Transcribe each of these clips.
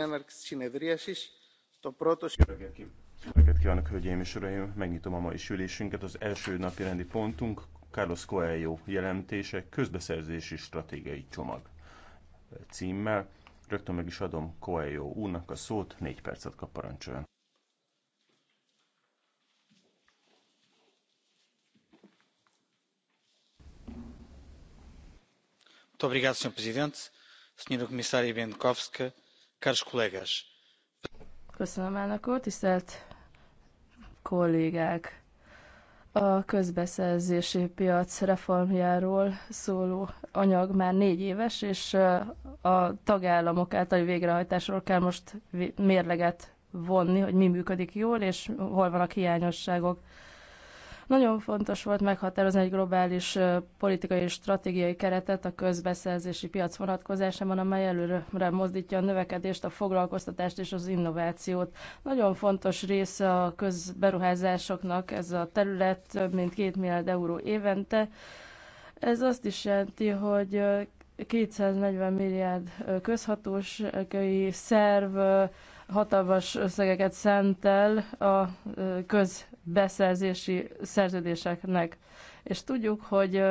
Jó reggelt kívánok, hölgyeim és uraim! Megnyitom a mai ülésünket. Az első napi rendi pontunk Carlos Coelho jelentése, közbeszerzési stratégiai csomag címmel. Rögtön meg is adom Coelho úrnak a szót, négy percet kap parancsoljon. Muito obrigado, Sr. Presidente, Sra. Comissária Bendkovska, Köszönöm, elnök úr, tisztelt kollégák! A közbeszerzési piac reformjáról szóló anyag már négy éves, és a tagállamok általi végrehajtásról kell most mérleget vonni, hogy mi működik jól, és hol vannak hiányosságok. Nagyon fontos volt meghatározni egy globális politikai és stratégiai keretet a közbeszerzési piac vonatkozásában, amely előre mozdítja a növekedést, a foglalkoztatást és az innovációt. Nagyon fontos része a közberuházásoknak ez a terület, több mint két milliárd euró évente. Ez azt is jelenti, hogy 240 milliárd közhatósági szerv, hatalmas összegeket szentel a közbeszerzési szerződéseknek. És tudjuk, hogy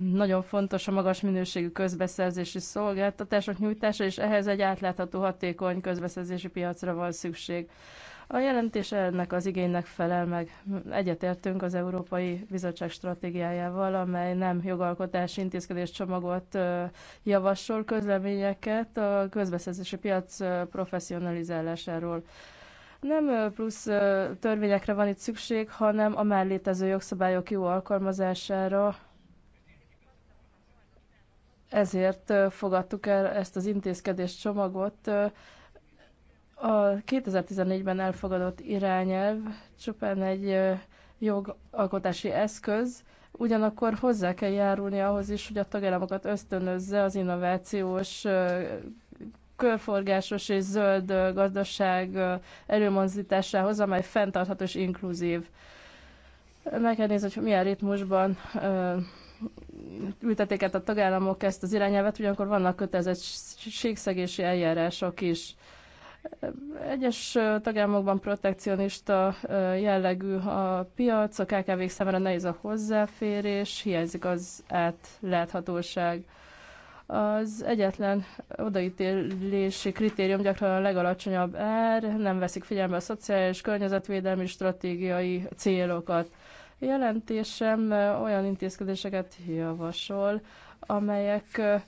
nagyon fontos a magas minőségű közbeszerzési szolgáltatások nyújtása, és ehhez egy átlátható, hatékony közbeszerzési piacra van szükség. A jelentés ennek az igénynek felel meg. Egyetértünk az Európai Bizottság stratégiájával, amely nem jogalkotási intézkedés csomagot javasol közleményeket a közbeszerzési piac professzionalizálásáról. Nem plusz törvényekre van itt szükség, hanem a már létező jogszabályok jó alkalmazására, ezért fogadtuk el ezt az intézkedés csomagot, a 2014-ben elfogadott irányelv csupán egy jogalkotási eszköz, ugyanakkor hozzá kell járulni ahhoz is, hogy a tagállamokat ösztönözze az innovációs, körforgásos és zöld gazdaság előmozdításához, amely fenntartható és inkluzív. Meg kell nézni, hogy milyen ritmusban ültették át a tagállamok ezt az irányelvet, ugyanakkor vannak kötelezettségszegési eljárások is. Egyes tagállamokban protekcionista jellegű a piac, a kkv számára nehéz a hozzáférés, hiányzik az átláthatóság. Az egyetlen odaítélési kritérium gyakran a legalacsonyabb ár, nem veszik figyelembe a szociális, környezetvédelmi, stratégiai célokat. A jelentésem olyan intézkedéseket javasol, amelyeket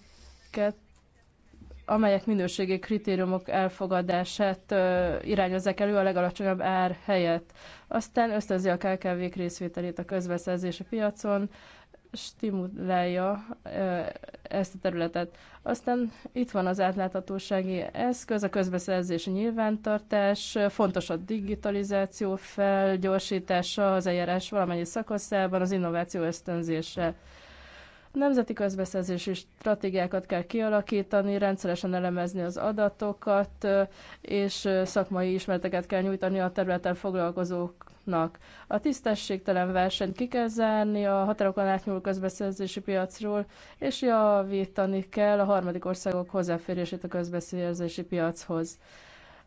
amelyek minőségi kritériumok elfogadását irányozzák elő a legalacsonyabb ár helyett. Aztán ösztönzi a KKV-k részvételét a közbeszerzési piacon, stimulálja ezt a területet. Aztán itt van az átláthatósági eszköz, a közbeszerzési nyilvántartás, fontos a digitalizáció felgyorsítása az eljárás valamennyi szakaszában, az innováció ösztönzése. Nemzeti közbeszerzési stratégiákat kell kialakítani, rendszeresen elemezni az adatokat, és szakmai ismereteket kell nyújtani a területen foglalkozóknak. A tisztességtelen versenyt ki kell zárni a határokon átnyúló közbeszerzési piacról, és javítani kell a harmadik országok hozzáférését a közbeszerzési piachoz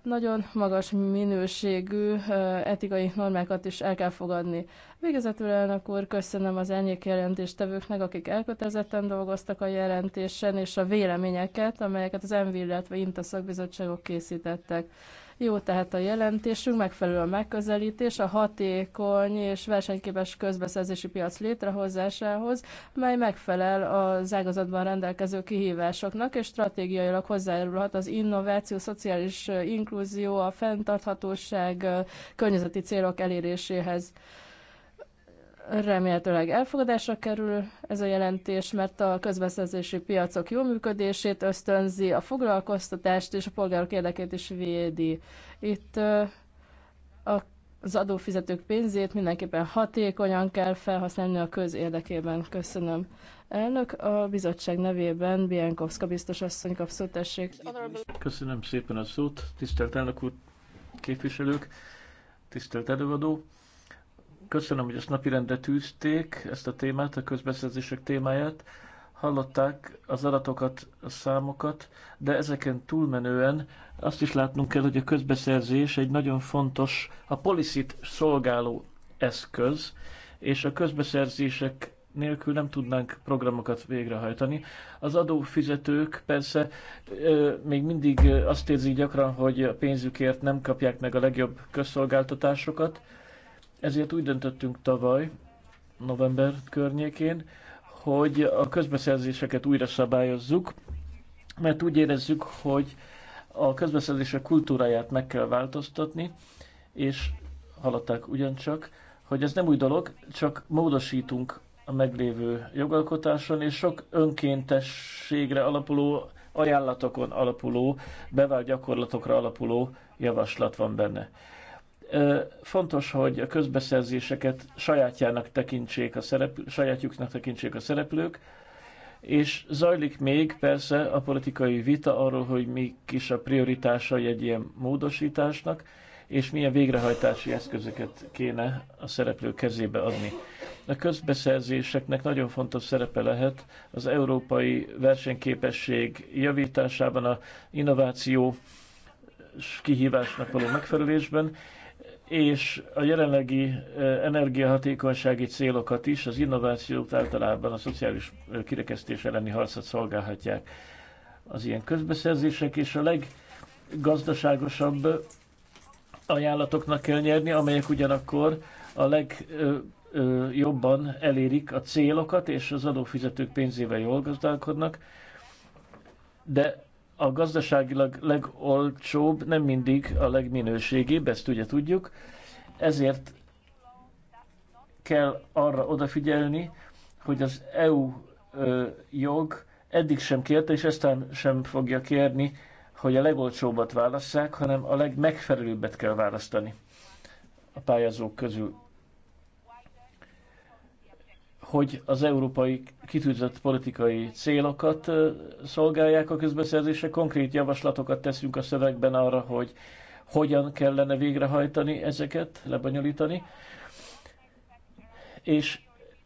nagyon magas minőségű etikai normákat is el kell fogadni. Végezetül elnök úr, köszönöm az elnyék jelentéstevőknek, akik elkötelezetten dolgoztak a jelentésen, és a véleményeket, amelyeket az MV, illetve INTA szakbizottságok készítettek. Jó tehát a jelentésünk, megfelelő a megközelítés a hatékony és versenyképes közbeszerzési piac létrehozásához, mely megfelel az ágazatban rendelkező kihívásoknak, és stratégiailag hozzájárulhat az innováció, szociális inkluzió, a fenntarthatóság, környezeti célok eléréséhez remélhetőleg elfogadásra kerül ez a jelentés, mert a közbeszerzési piacok jó működését ösztönzi, a foglalkoztatást és a polgárok érdekét is védi. Itt az adófizetők pénzét mindenképpen hatékonyan kell felhasználni a közérdekében. Köszönöm. Elnök a bizottság nevében Bienkowska biztos asszony kap szót, tessék. Köszönöm szépen a szót, tisztelt elnök úr, képviselők, tisztelt előadó Köszönöm, hogy ezt napirendre tűzték, ezt a témát, a közbeszerzések témáját. Hallották az adatokat, a számokat, de ezeken túlmenően azt is látnunk kell, hogy a közbeszerzés egy nagyon fontos, a policit szolgáló eszköz, és a közbeszerzések nélkül nem tudnánk programokat végrehajtani. Az adófizetők persze ö, még mindig azt érzik gyakran, hogy a pénzükért nem kapják meg a legjobb közszolgáltatásokat, ezért úgy döntöttünk tavaly, november környékén, hogy a közbeszerzéseket újra szabályozzuk, mert úgy érezzük, hogy a közbeszerzések kultúráját meg kell változtatni, és haladták ugyancsak, hogy ez nem új dolog, csak módosítunk a meglévő jogalkotáson, és sok önkéntességre alapuló, ajánlatokon alapuló, bevált gyakorlatokra alapuló javaslat van benne. Fontos, hogy a közbeszerzéseket sajátjának tekintsék a szereplők, sajátjuknak tekintsék a szereplők, és zajlik még persze a politikai vita arról, hogy mi is a prioritásai egy ilyen módosításnak, és milyen végrehajtási eszközöket kéne a szereplő kezébe adni. A közbeszerzéseknek nagyon fontos szerepe lehet az európai versenyképesség javításában, a innováció kihívásnak való megfelelésben, és a jelenlegi energiahatékonysági célokat is, az innovációt általában a szociális kirekesztés elleni harcot szolgálhatják az ilyen közbeszerzések, és a leggazdaságosabb ajánlatoknak kell nyerni, amelyek ugyanakkor a legjobban elérik a célokat, és az adófizetők pénzével jól gazdálkodnak, de a gazdaságilag legolcsóbb nem mindig a legminőségibb, ezt ugye tudjuk, ezért kell arra odafigyelni, hogy az EU ö, jog eddig sem kérte, és eztán sem fogja kérni, hogy a legolcsóbbat válasszák, hanem a legmegfelelőbbet kell választani a pályázók közül hogy az európai kitűzött politikai célokat szolgálják a közbeszerzésre. Konkrét javaslatokat teszünk a szövegben arra, hogy hogyan kellene végrehajtani ezeket, lebonyolítani. És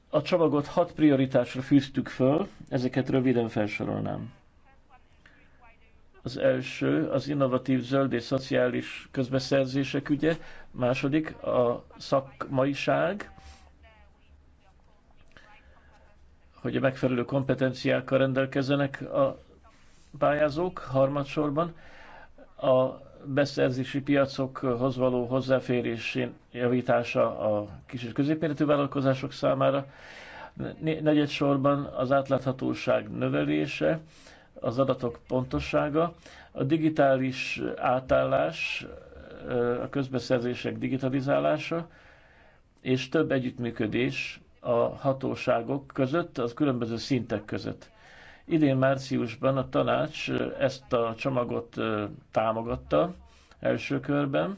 a csomagot hat prioritásra fűztük föl, ezeket röviden felsorolnám. Az első az innovatív zöld és szociális közbeszerzések ügye, második a szakmaiság, hogy a megfelelő kompetenciákkal rendelkezzenek a pályázók harmadsorban, a beszerzési piacokhoz való hozzáférésén javítása a kis és középméretű vállalkozások számára, negyedsorban az átláthatóság növelése, az adatok pontossága, a digitális átállás, a közbeszerzések digitalizálása, és több együttműködés a hatóságok között, az különböző szintek között. Idén márciusban a tanács ezt a csomagot támogatta első körben,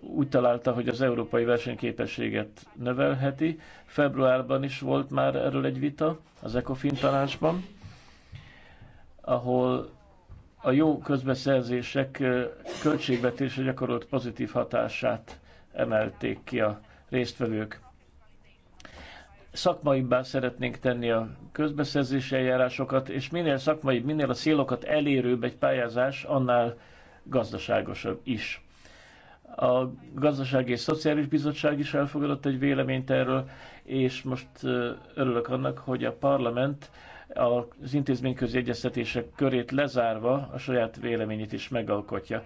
úgy találta, hogy az európai versenyképességet növelheti. Februárban is volt már erről egy vita az ECOFIN tanácsban, ahol a jó közbeszerzések költségvetésre gyakorolt pozitív hatását emelték ki a résztvevők szakmaibbá szeretnénk tenni a közbeszerzési eljárásokat, és minél szakmaibb, minél a célokat elérőbb egy pályázás, annál gazdaságosabb is. A Gazdasági és Szociális Bizottság is elfogadott egy véleményt erről, és most örülök annak, hogy a parlament az intézményközi egyeztetések körét lezárva a saját véleményét is megalkotja.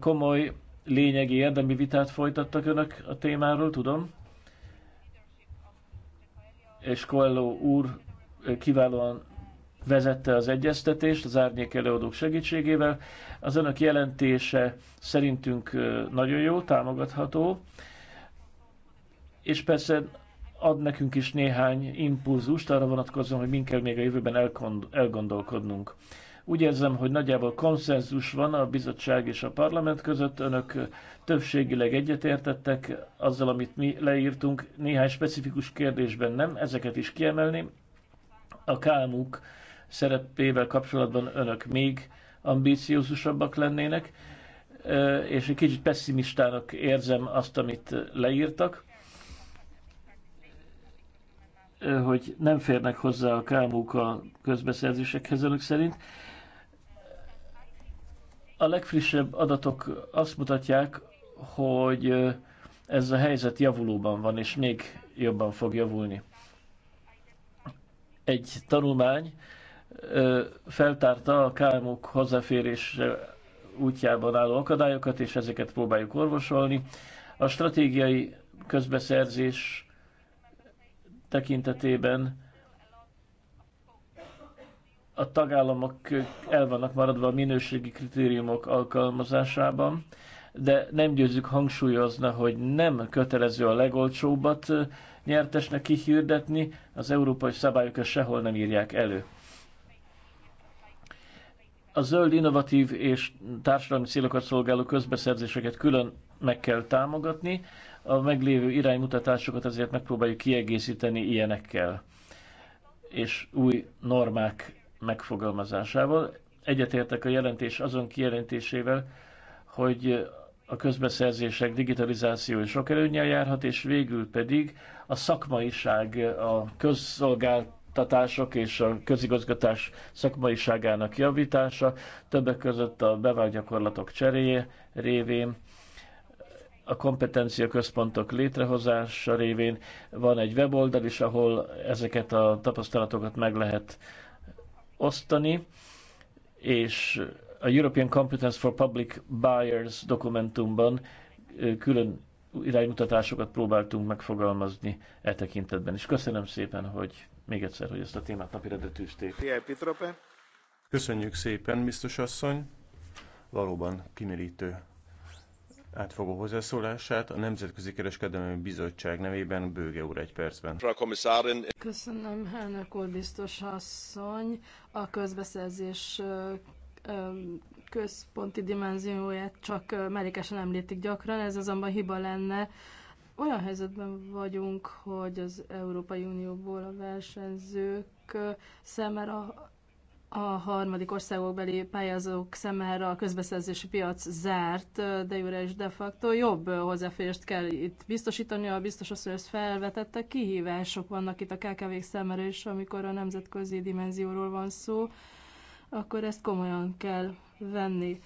Komoly, lényegi, érdemi vitát folytattak önök a témáról, tudom és Coelho úr eh, kiválóan vezette az egyeztetést az árnyék előadók segítségével. Az önök jelentése szerintünk eh, nagyon jó, támogatható, és persze ad nekünk is néhány impulzust arra vonatkozóan, hogy minket kell még a jövőben elgondolkodnunk. Úgy érzem, hogy nagyjából konszenzus van a bizottság és a parlament között. Önök többségileg egyetértettek azzal, amit mi leírtunk. Néhány specifikus kérdésben nem, ezeket is kiemelném. A KMU-k szerepével kapcsolatban önök még ambíciózusabbak lennének, és egy kicsit pessimistának érzem azt, amit leírtak hogy nem férnek hozzá a kámuk a közbeszerzésekhez önök szerint. A legfrissebb adatok azt mutatják, hogy ez a helyzet javulóban van, és még jobban fog javulni. Egy tanulmány feltárta a KMU-k hozzáférés útjában álló akadályokat, és ezeket próbáljuk orvosolni. A stratégiai közbeszerzés tekintetében a tagállamok el vannak maradva a minőségi kritériumok alkalmazásában, de nem győzzük hangsúlyozni, hogy nem kötelező a legolcsóbbat nyertesnek kihirdetni, az európai szabályok ezt sehol nem írják elő. A zöld, innovatív és társadalmi célokat szolgáló közbeszerzéseket külön meg kell támogatni, a meglévő iránymutatásokat azért megpróbáljuk kiegészíteni ilyenekkel és új normák megfogalmazásával. Egyetértek a jelentés azon kijelentésével, hogy a közbeszerzések digitalizációja sok előnyel járhat, és végül pedig a szakmaiság, a közszolgáltatások és a közigazgatás szakmaiságának javítása, többek között a bevált gyakorlatok cseréje révén, a kompetencia központok létrehozása révén van egy weboldal is, ahol ezeket a tapasztalatokat meg lehet osztani, és a European Competence for Public Buyers dokumentumban külön iránymutatásokat próbáltunk megfogalmazni e tekintetben is. Köszönöm szépen, hogy még egyszer, hogy ezt a témát napirendre tűzték. Köszönjük szépen, biztos asszony. Valóban kimerítő átfogó hozzászólását. A Nemzetközi Kereskedelmi Bizottság nevében Bőge úr egy percben. Köszönöm, elnök úr, biztos asszony. A közbeszerzés központi dimenzióját csak merékesen említik gyakran, ez azonban hiba lenne. Olyan helyzetben vagyunk, hogy az Európai Unióból a versenyzők számára a harmadik országokbeli pályázók szemére a közbeszerzési piac zárt, de jure is de facto jobb hozzáférést kell itt biztosítani. A biztos azt, hogy ezt felvetette, kihívások vannak itt a kkv szemére is, amikor a nemzetközi dimenzióról van szó, akkor ezt komolyan kell venni.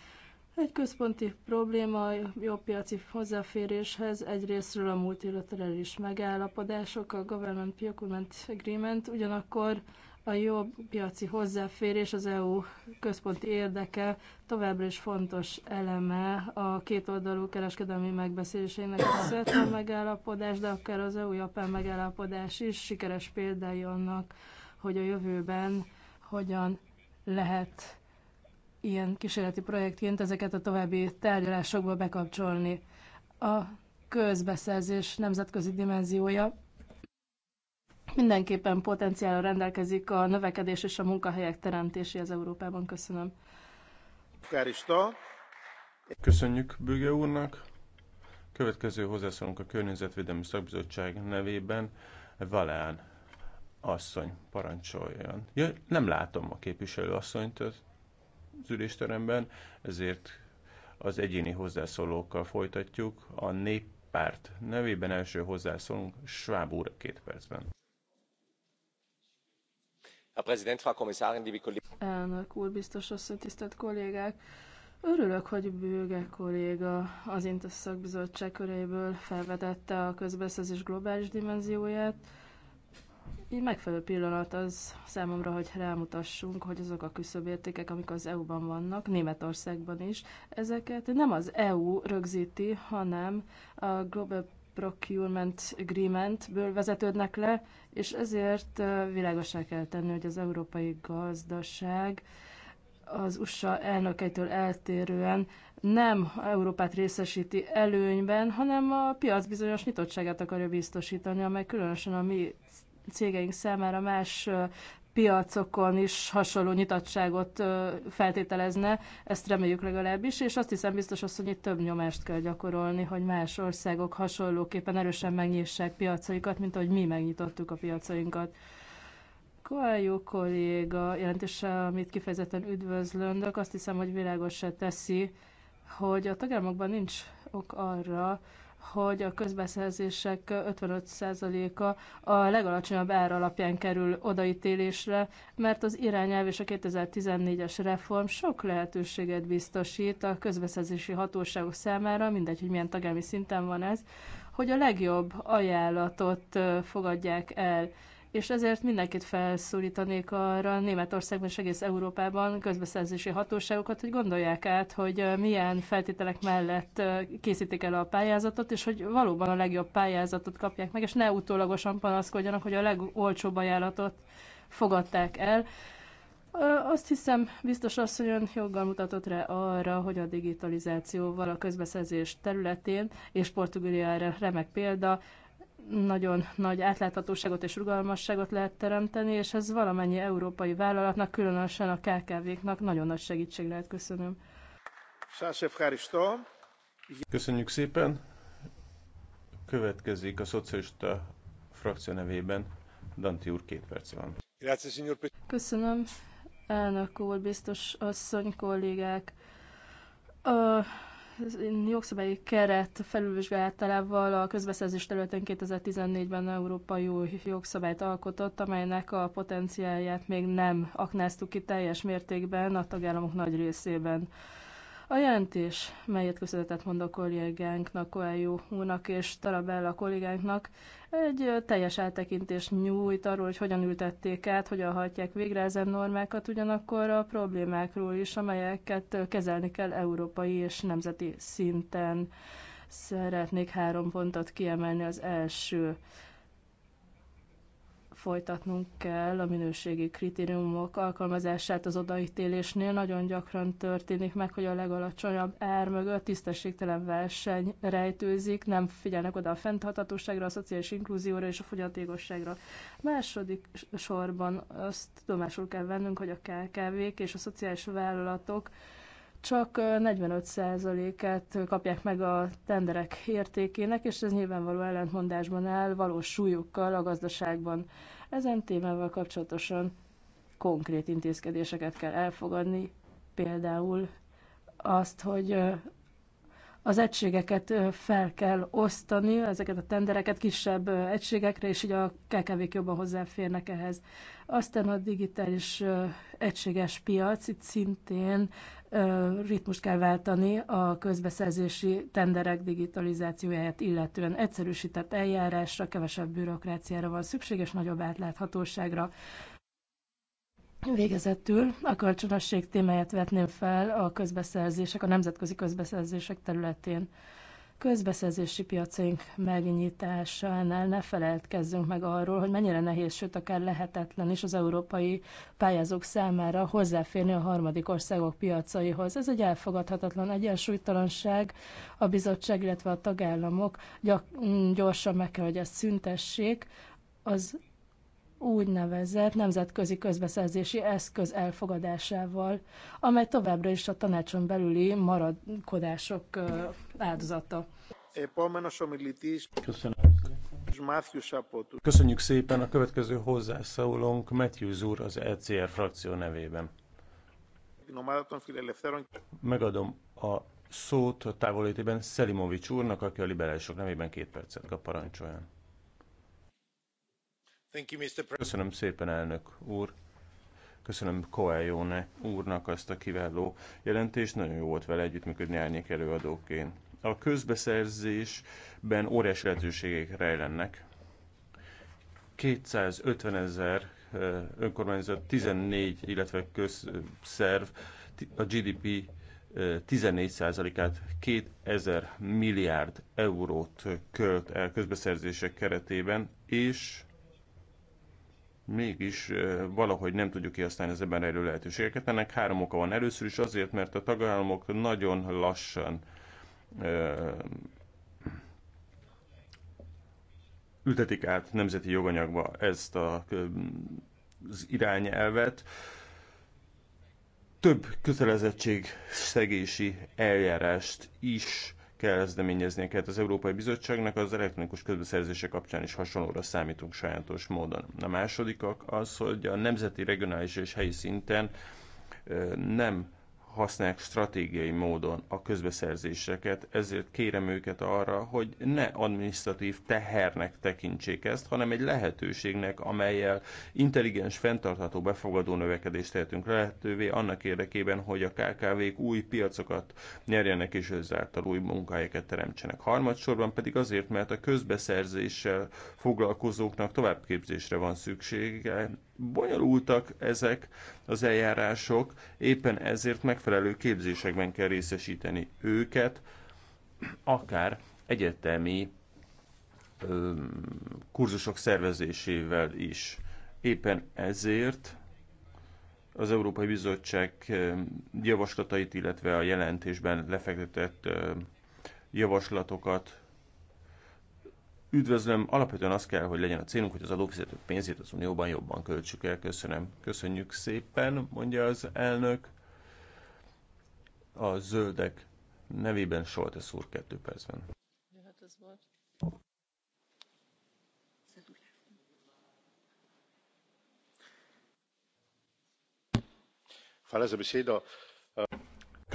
Egy központi probléma a jobb piaci hozzáféréshez egyrésztről a multilaterális megállapodások, a Government Procurement Agreement, ugyanakkor a jobb piaci hozzáférés az EU központi érdeke továbbra is fontos eleme a kétoldalú kereskedelmi megbeszélésének a CETA megállapodás, de akár az EU-Japán megállapodás is sikeres példája annak, hogy a jövőben hogyan lehet ilyen kísérleti projektként ezeket a további tárgyalásokba bekapcsolni. A közbeszerzés nemzetközi dimenziója mindenképpen potenciálra rendelkezik a növekedés és a munkahelyek teremtési az Európában. Köszönöm. Köszönjük Bőge úrnak. Következő hozzászólunk a Környezetvédelmi Szakbizottság nevében. Valán asszony parancsoljon. Ja, nem látom a képviselő asszonyt az ülésteremben, ezért az egyéni hozzászólókkal folytatjuk. A néppárt nevében első hozzászólunk Schwab úr két percben elnök úr biztos asszony tisztelt kollégák! örülök hogy böge kolléga az inte szakbizottság köréből felvetette a közbeszerzés globális dimenzióját így megfelelő pillanat az számomra, hogy rámutassunk, hogy azok a küszöbértékek, amik az EU-ban vannak, Németországban is, ezeket nem az EU rögzíti, hanem a Global Procurement Agreement-ből vezetődnek le, és ezért világosá kell tenni, hogy az európai gazdaság az USA elnökeitől eltérően nem Európát részesíti előnyben, hanem a piac bizonyos nyitottságát akarja biztosítani, amely különösen a mi cégeink számára más piacokon is hasonló nyitottságot feltételezne, ezt reméljük legalábbis, és azt hiszem biztos az, hogy itt több nyomást kell gyakorolni, hogy más országok hasonlóképpen erősen megnyissák piacaikat, mint ahogy mi megnyitottuk a piacainkat. Koályó kolléga jelentése, amit kifejezetten üdvözlöndök, azt hiszem, hogy világosra teszi, hogy a tagállamokban nincs ok arra, hogy a közbeszerzések 55%-a a legalacsonyabb ár alapján kerül odaítélésre, mert az irányelv és a 2014-es reform sok lehetőséget biztosít a közbeszerzési hatóságok számára, mindegy, hogy milyen tagállami szinten van ez, hogy a legjobb ajánlatot fogadják el és ezért mindenkit felszólítanék arra Németországban és egész Európában közbeszerzési hatóságokat, hogy gondolják át, hogy milyen feltételek mellett készítik el a pályázatot, és hogy valóban a legjobb pályázatot kapják meg, és ne utólagosan panaszkodjanak, hogy a legolcsóbb ajánlatot fogadták el. Azt hiszem, biztos asszonyon joggal mutatott rá arra, hogy a digitalizációval a közbeszerzés területén, és Portugália erre remek példa, nagyon nagy átláthatóságot és rugalmasságot lehet teremteni, és ez valamennyi európai vállalatnak, különösen a KKV-knak nagyon nagy segítség lehet. Köszönöm. Köszönjük szépen. Következik a szocialista frakció nevében. Danti úr, két perc van. Köszönöm, elnök úr, biztos asszony, kollégák. A jogszabályi keret felülvizsgálatával a közbeszerzés területén 2014-ben európai új jogszabályt alkotott, amelynek a potenciáját még nem aknáztuk ki teljes mértékben a tagállamok nagy részében. A jelentés, melyet köszönetet mond a kollégánknak, Koelyó úrnak és Tarabella kollégánknak, egy teljes áttekintést nyújt arról, hogy hogyan ültették át, hogyan hajtják végre ezen normákat, ugyanakkor a problémákról is, amelyeket kezelni kell európai és nemzeti szinten. Szeretnék három pontot kiemelni. Az első folytatnunk kell a minőségi kritériumok alkalmazását az odaítélésnél. Nagyon gyakran történik meg, hogy a legalacsonyabb ár mögött tisztességtelen verseny rejtőzik, nem figyelnek oda a fenntarthatóságra, a szociális inkluzióra és a fogyatékosságra. Második sorban azt tudomásul kell vennünk, hogy a KKV-k és a szociális vállalatok csak 45 et kapják meg a tenderek értékének, és ez nyilvánvaló ellentmondásban áll valós súlyukkal a gazdaságban. Ezen témával kapcsolatosan konkrét intézkedéseket kell elfogadni, például azt, hogy az egységeket fel kell osztani, ezeket a tendereket kisebb egységekre, és így a kekevék jobban hozzáférnek ehhez. Aztán a digitális egységes piac, itt szintén ritmust kell váltani a közbeszerzési tenderek digitalizációját, illetően egyszerűsített eljárásra, kevesebb bürokráciára van szükség, és nagyobb átláthatóságra. Végezetül a kölcsönösség témáját vetném fel a közbeszerzések, a nemzetközi közbeszerzések területén közbeszerzési piacaink megnyitásánál ne feledkezzünk meg arról, hogy mennyire nehéz, sőt akár lehetetlen is az európai pályázók számára hozzáférni a harmadik országok piacaihoz. Ez egy elfogadhatatlan egyensúlytalanság, a bizottság, illetve a tagállamok gyorsan meg kell, hogy ezt szüntessék. Az úgynevezett nemzetközi közbeszerzési eszköz elfogadásával, amely továbbra is a tanácson belüli maradkodások áldozata. Köszönöm. Köszönjük szépen a következő hozzászólónk Matthews úr az ECR frakció nevében. Megadom a szót a távolétében Szelimovics úrnak, aki a liberálisok nevében két percet kap parancsoljon. Köszönöm szépen, elnök úr. Köszönöm Coelho úrnak azt a kiváló jelentést, nagyon jó volt vele együttműködni árnyék előadóként. A közbeszerzésben óriási lehetőségek rejlennek. 250 ezer önkormányzat, 14, illetve közszerv a GDP 14%-át 2000 milliárd eurót költ el közbeszerzések keretében, és mégis valahogy nem tudjuk kihasználni az ebben rejlő lehetőségeket. Ennek három oka van. Először is azért, mert a tagállamok nagyon lassan ültetik át nemzeti joganyagba ezt a, az irányelvet. Több kötelezettség szegési eljárást is kezdeményeznie kellett az Európai Bizottságnak, az elektronikus közbeszerzése kapcsán is hasonlóra számítunk sajátos módon. A másodikak az, hogy a nemzeti, regionális és helyi szinten nem használják stratégiai módon a közbeszerzéseket, ezért kérem őket arra, hogy ne administratív tehernek tekintsék ezt, hanem egy lehetőségnek, amelyel intelligens, fenntartható, befogadó növekedést tehetünk lehetővé annak érdekében, hogy a KKV-k új piacokat nyerjenek és ezáltal új munkahelyeket teremtsenek. Harmadsorban pedig azért, mert a közbeszerzéssel foglalkozóknak továbbképzésre van szüksége, bonyolultak ezek az eljárások, éppen ezért megfelelő képzésekben kell részesíteni őket, akár egyetemi ö, kurzusok szervezésével is. Éppen ezért az Európai Bizottság javaslatait, illetve a jelentésben lefektetett javaslatokat üdvözlöm. Alapvetően az kell, hogy legyen a célunk, hogy az adófizetők pénzét az Unióban jobban költsük el. Köszönöm. Köszönjük szépen, mondja az elnök. A zöldek nevében Soltesz úr kettő percben. Jöhet ez volt. a beszéd a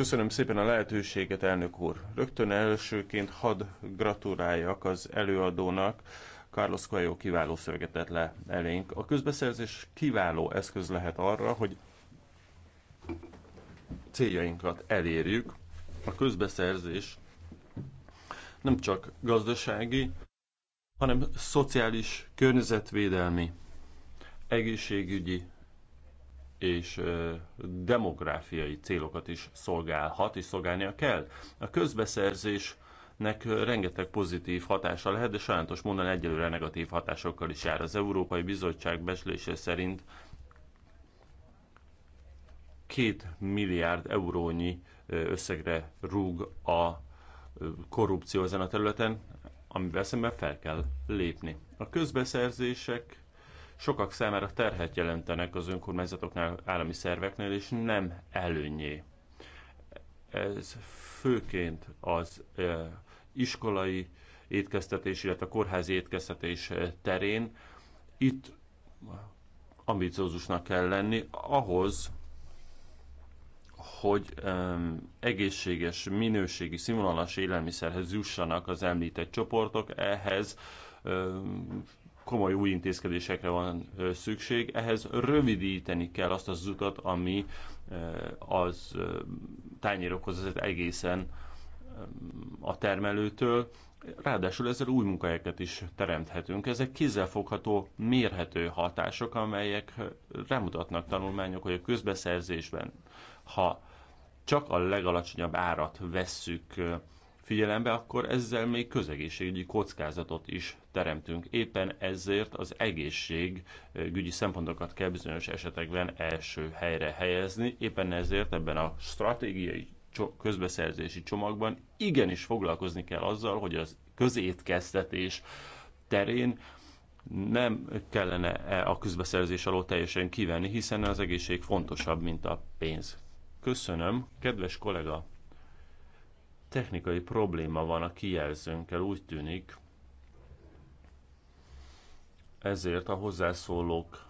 Köszönöm szépen a lehetőséget, elnök úr. Rögtön elsőként hadd gratuláljak az előadónak, Carlos Coelho kiváló szövegetett le elénk. A közbeszerzés kiváló eszköz lehet arra, hogy céljainkat elérjük. A közbeszerzés nem csak gazdasági, hanem szociális, környezetvédelmi, egészségügyi és demográfiai célokat is szolgálhat, és szolgálnia kell. A közbeszerzés nek rengeteg pozitív hatása lehet, de sajnos mondani egyelőre negatív hatásokkal is jár. Az Európai Bizottság beslése szerint két milliárd eurónyi összegre rúg a korrupció ezen a területen, amivel szemben fel kell lépni. A közbeszerzések sokak számára terhet jelentenek az önkormányzatoknál, állami szerveknél, és nem előnyé. Ez főként az iskolai étkeztetés, illetve a kórházi étkeztetés terén. Itt ambiciózusnak kell lenni ahhoz, hogy um, egészséges, minőségi, színvonalas élelmiszerhez jussanak az említett csoportok, ehhez um, komoly új intézkedésekre van szükség. Ehhez rövidíteni kell azt az utat, ami az tányérokhoz az egészen a termelőtől. Ráadásul ezzel új munkahelyeket is teremthetünk. Ezek kézzelfogható, mérhető hatások, amelyek remutatnak tanulmányok, hogy a közbeszerzésben, ha csak a legalacsonyabb árat vesszük figyelembe, akkor ezzel még közegészségügyi kockázatot is teremtünk. Éppen ezért az egészségügyi szempontokat kell bizonyos esetekben első helyre helyezni, éppen ezért ebben a stratégiai közbeszerzési csomagban igenis foglalkozni kell azzal, hogy az közétkeztetés terén nem kellene a közbeszerzés alól teljesen kivenni, hiszen az egészség fontosabb, mint a pénz. Köszönöm, kedves kollega! technikai probléma van a kijelzőnkkel, úgy tűnik. Ezért a hozzászólók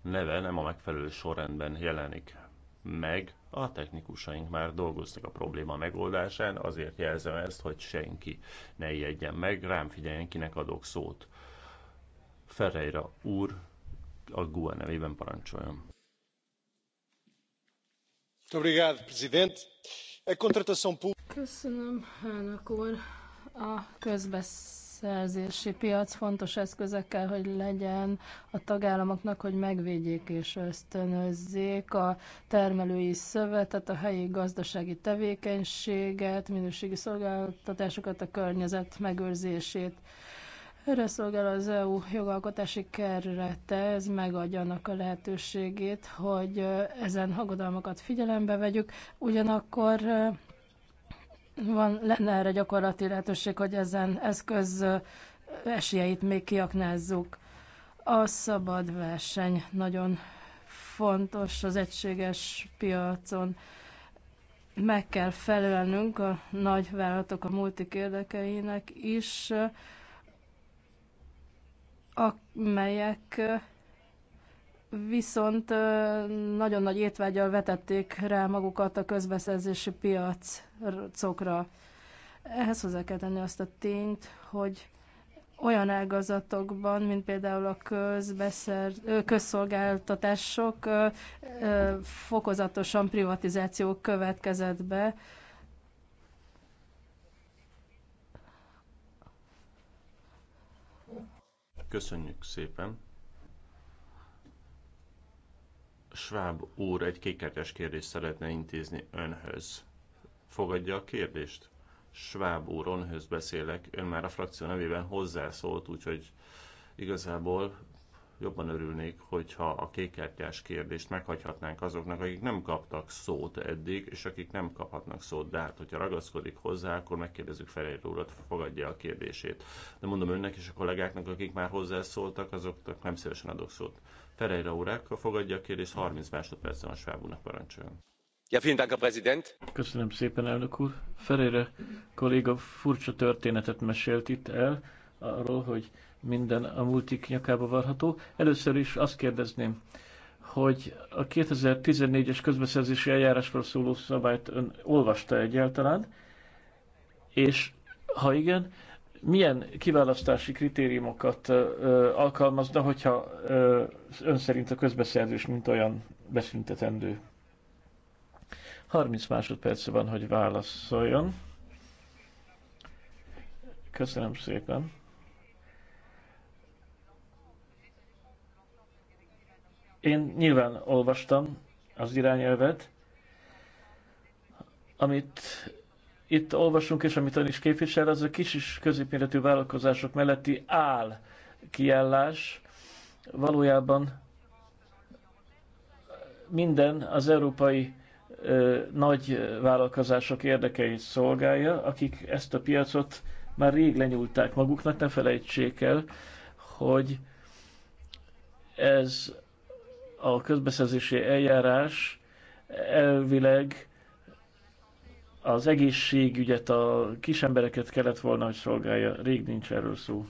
neve nem a megfelelő sorrendben jelenik meg. A technikusaink már dolgoznak a probléma megoldásán, azért jelzem ezt, hogy senki ne ijedjen meg, rám figyeljen, kinek adok szót. Ferreira úr a GUA nevében parancsoljon. Obrigado, presidente. Köszönöm, elnök úr. A közbeszerzési piac fontos eszközekkel, hogy legyen a tagállamoknak, hogy megvédjék és ösztönözzék a termelői szövetet, a helyi gazdasági tevékenységet, minőségi szolgáltatásokat, a környezet megőrzését. Erre szolgál az EU jogalkotási kerülete, ez megadja annak a lehetőségét, hogy ezen hagodalmakat figyelembe vegyük, ugyanakkor van, lenne erre gyakorlati lehetőség, hogy ezen eszköz esélyeit még kiaknázzuk. A szabad verseny nagyon fontos az egységes piacon. Meg kell felelnünk a nagy vállalatok a multik érdekeinek is, amelyek viszont nagyon nagy étvágyal vetették rá magukat a közbeszerzési piacokra. Ehhez hozzá kell tenni azt a tényt, hogy olyan ágazatokban, mint például a közbeszer, közszolgáltatások fokozatosan privatizáció következett be, Köszönjük szépen. Schwab úr egy kékkártyás kérdést szeretne intézni önhöz. Fogadja a kérdést? Schwab úr, önhöz beszélek. Ön már a frakció nevében hozzászólt, úgyhogy igazából jobban örülnék, hogyha a kékkártyás kérdést meghagyhatnánk azoknak, akik nem kaptak szót eddig, és akik nem kaphatnak szót, de hát, hogyha ragaszkodik hozzá, akkor megkérdezzük Ferejt úrat, fogadja a kérdését. De mondom önnek és a kollégáknak, akik már hozzászóltak, azoknak nem szívesen adok szót. Ferejra úrák, fogadja a kérdést, 30 másodpercen a svábúnak parancsoljon. Ja, vielen Dank, Herr Präsident. Köszönöm szépen, elnök úr. Ferére kolléga furcsa történetet mesélt itt el arról, hogy minden a multik nyakába varható. Először is azt kérdezném, hogy a 2014-es közbeszerzési eljárásról szóló szabályt ön olvasta egyáltalán, és ha igen, milyen kiválasztási kritériumokat ö, alkalmazna, hogyha ö, ön szerint a közbeszerzés mint olyan beszüntetendő? 30 másodperc van, hogy válaszoljon. Köszönöm szépen. Én nyilván olvastam az irányelvet, amit itt olvasunk, és amit ön is képvisel, az a kis és középméretű vállalkozások melletti áll kiállás valójában minden az európai ö, nagy vállalkozások érdekeit szolgálja, akik ezt a piacot már rég lenyúlták maguknak, ne felejtsék el, hogy ez a közbeszerzési eljárás elvileg az egészségügyet, a kisembereket kellett volna, hogy szolgálja. Rég nincs erről szó.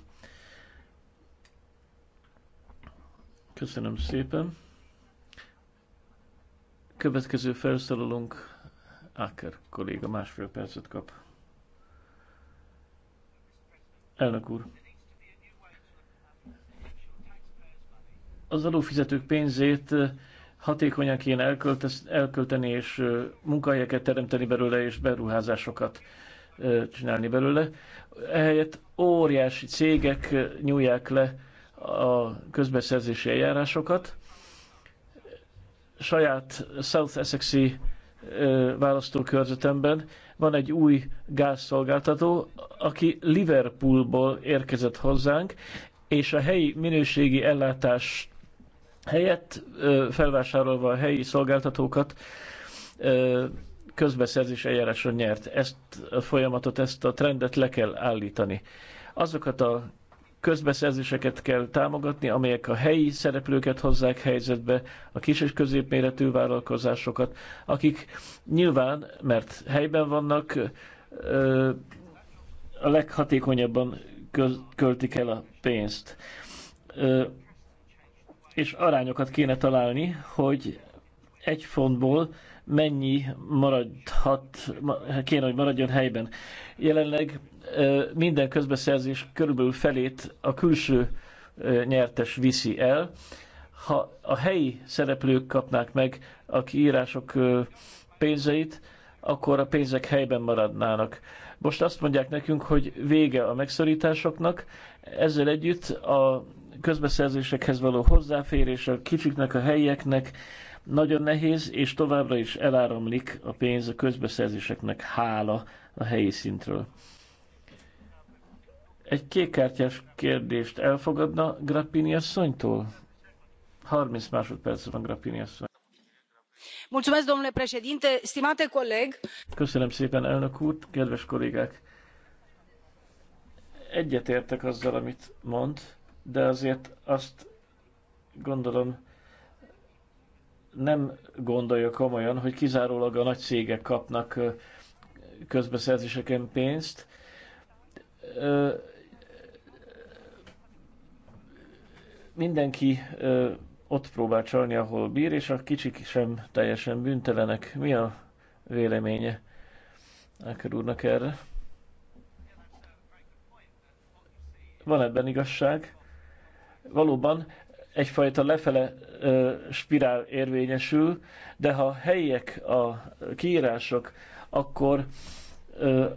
Köszönöm szépen. Következő felszólalunk Acker kolléga másfél percet kap. Elnök úr. az adófizetők pénzét hatékonyan kéne elkölteni, és munkahelyeket teremteni belőle, és beruházásokat csinálni belőle. Ehelyett óriási cégek nyúlják le a közbeszerzési eljárásokat. Saját South Essexi választókörzetemben van egy új gázszolgáltató, aki Liverpoolból érkezett hozzánk, és a helyi minőségi ellátást helyett felvásárolva a helyi szolgáltatókat közbeszerzés eljáráson nyert. Ezt a folyamatot, ezt a trendet le kell állítani. Azokat a közbeszerzéseket kell támogatni, amelyek a helyi szereplőket hozzák helyzetbe, a kis és középméretű vállalkozásokat, akik nyilván, mert helyben vannak, a leghatékonyabban költik el a pénzt és arányokat kéne találni, hogy egy fontból mennyi maradhat, kéne, hogy maradjon helyben. Jelenleg minden közbeszerzés körülbelül felét a külső nyertes viszi el. Ha a helyi szereplők kapnák meg a kiírások pénzeit, akkor a pénzek helyben maradnának. Most azt mondják nekünk, hogy vége a megszorításoknak, ezzel együtt a közbeszerzésekhez való hozzáférés a kicsiknek, a helyieknek nagyon nehéz, és továbbra is eláramlik a pénz a közbeszerzéseknek hála a helyi szintről. Egy kékkártyás kérdést elfogadna Grappini asszonytól? 30 másodperc van Grappini asszony. domnule președinte stimate coleg köszönöm szépen elnök úr kedves kollégák egyetértek azzal amit mond de azért azt gondolom nem gondolja komolyan, hogy kizárólag a nagy cégek kapnak közbeszerzéseken pénzt. Mindenki ott próbál csalni, ahol bír, és a kicsik sem teljesen büntelenek. Mi a véleménye Áker úrnak erre? Van ebben igazság? valóban egyfajta lefele spirál érvényesül, de ha helyek a kiírások, akkor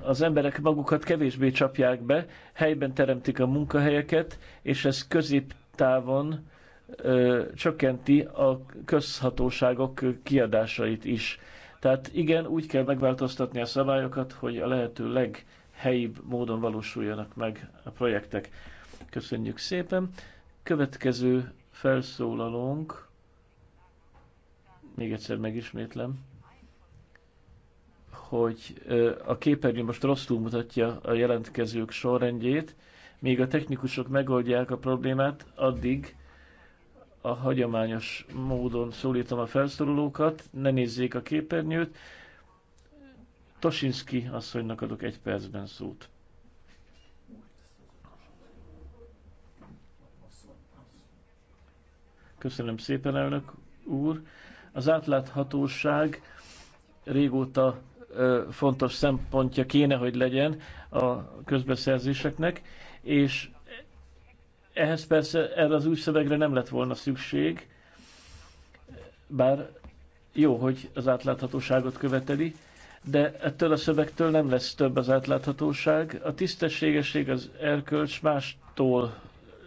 az emberek magukat kevésbé csapják be, helyben teremtik a munkahelyeket, és ez középtávon csökkenti a közhatóságok kiadásait is. Tehát igen, úgy kell megváltoztatni a szabályokat, hogy a lehető leghelyibb módon valósuljanak meg a projektek. Köszönjük szépen! Következő felszólalónk, még egyszer megismétlem, hogy a képernyő most rosszul mutatja a jelentkezők sorrendjét, még a technikusok megoldják a problémát, addig a hagyományos módon szólítom a felszólalókat, ne nézzék a képernyőt. Tosinski asszonynak adok egy percben szót. Köszönöm szépen, elnök úr. Az átláthatóság régóta fontos szempontja kéne, hogy legyen a közbeszerzéseknek, és ehhez persze erre az új szövegre nem lett volna szükség, bár jó, hogy az átláthatóságot követeli, de ettől a szövegtől nem lesz több az átláthatóság. A tisztességesség, az erkölcs mástól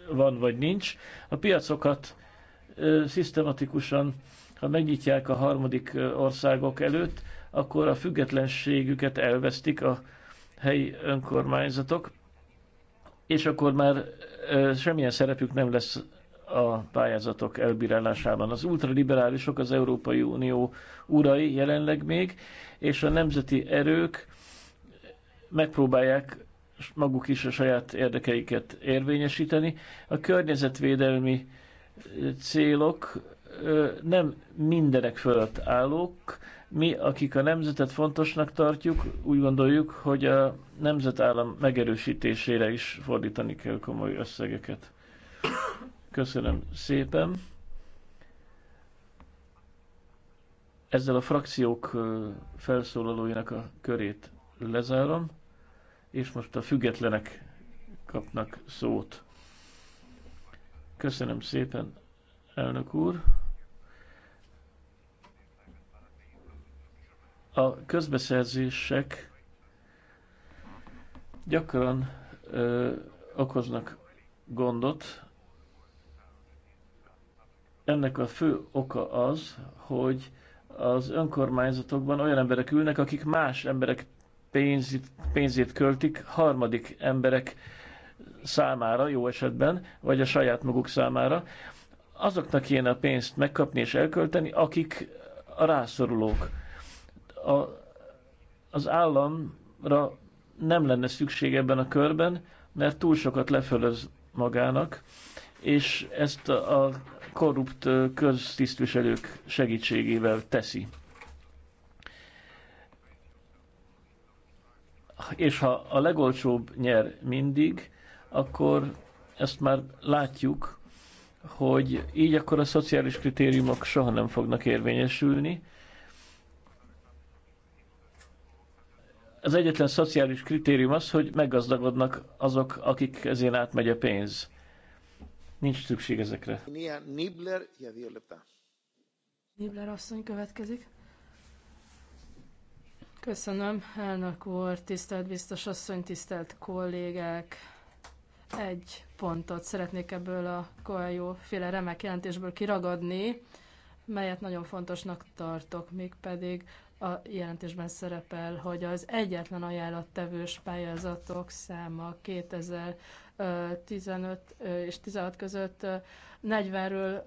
van vagy nincs. A piacokat szisztematikusan, ha megnyitják a harmadik országok előtt, akkor a függetlenségüket elvesztik a helyi önkormányzatok, és akkor már semmilyen szerepük nem lesz a pályázatok elbírálásában. Az ultraliberálisok az Európai Unió urai jelenleg még, és a nemzeti erők megpróbálják maguk is a saját érdekeiket érvényesíteni. A környezetvédelmi célok nem mindenek fölött állók. Mi, akik a nemzetet fontosnak tartjuk, úgy gondoljuk, hogy a nemzetállam megerősítésére is fordítani kell komoly összegeket. Köszönöm szépen. Ezzel a frakciók felszólalóinak a körét lezárom, és most a függetlenek kapnak szót. Köszönöm szépen, elnök úr. A közbeszerzések gyakran ö, okoznak gondot. Ennek a fő oka az, hogy az önkormányzatokban olyan emberek ülnek, akik más emberek pénzét, pénzét költik harmadik emberek számára jó esetben, vagy a saját maguk számára, azoknak kéne a pénzt megkapni és elkölteni, akik a rászorulók. A, az államra nem lenne szükség ebben a körben, mert túl sokat lefölöz magának, és ezt a korrupt köztisztviselők segítségével teszi. És ha a legolcsóbb nyer mindig, akkor ezt már látjuk, hogy így akkor a szociális kritériumok soha nem fognak érvényesülni. Az egyetlen szociális kritérium az, hogy meggazdagodnak azok, akik ezén átmegy a pénz. Nincs szükség ezekre. Nibler, Nibler asszony következik. Köszönöm, elnök úr, tisztelt biztos asszony, tisztelt kollégák. Egy pontot szeretnék ebből a Koeljó féle remek jelentésből kiragadni, melyet nagyon fontosnak tartok, mégpedig a jelentésben szerepel, hogy az egyetlen ajánlattevős pályázatok száma 2015 és 16 között 40-ről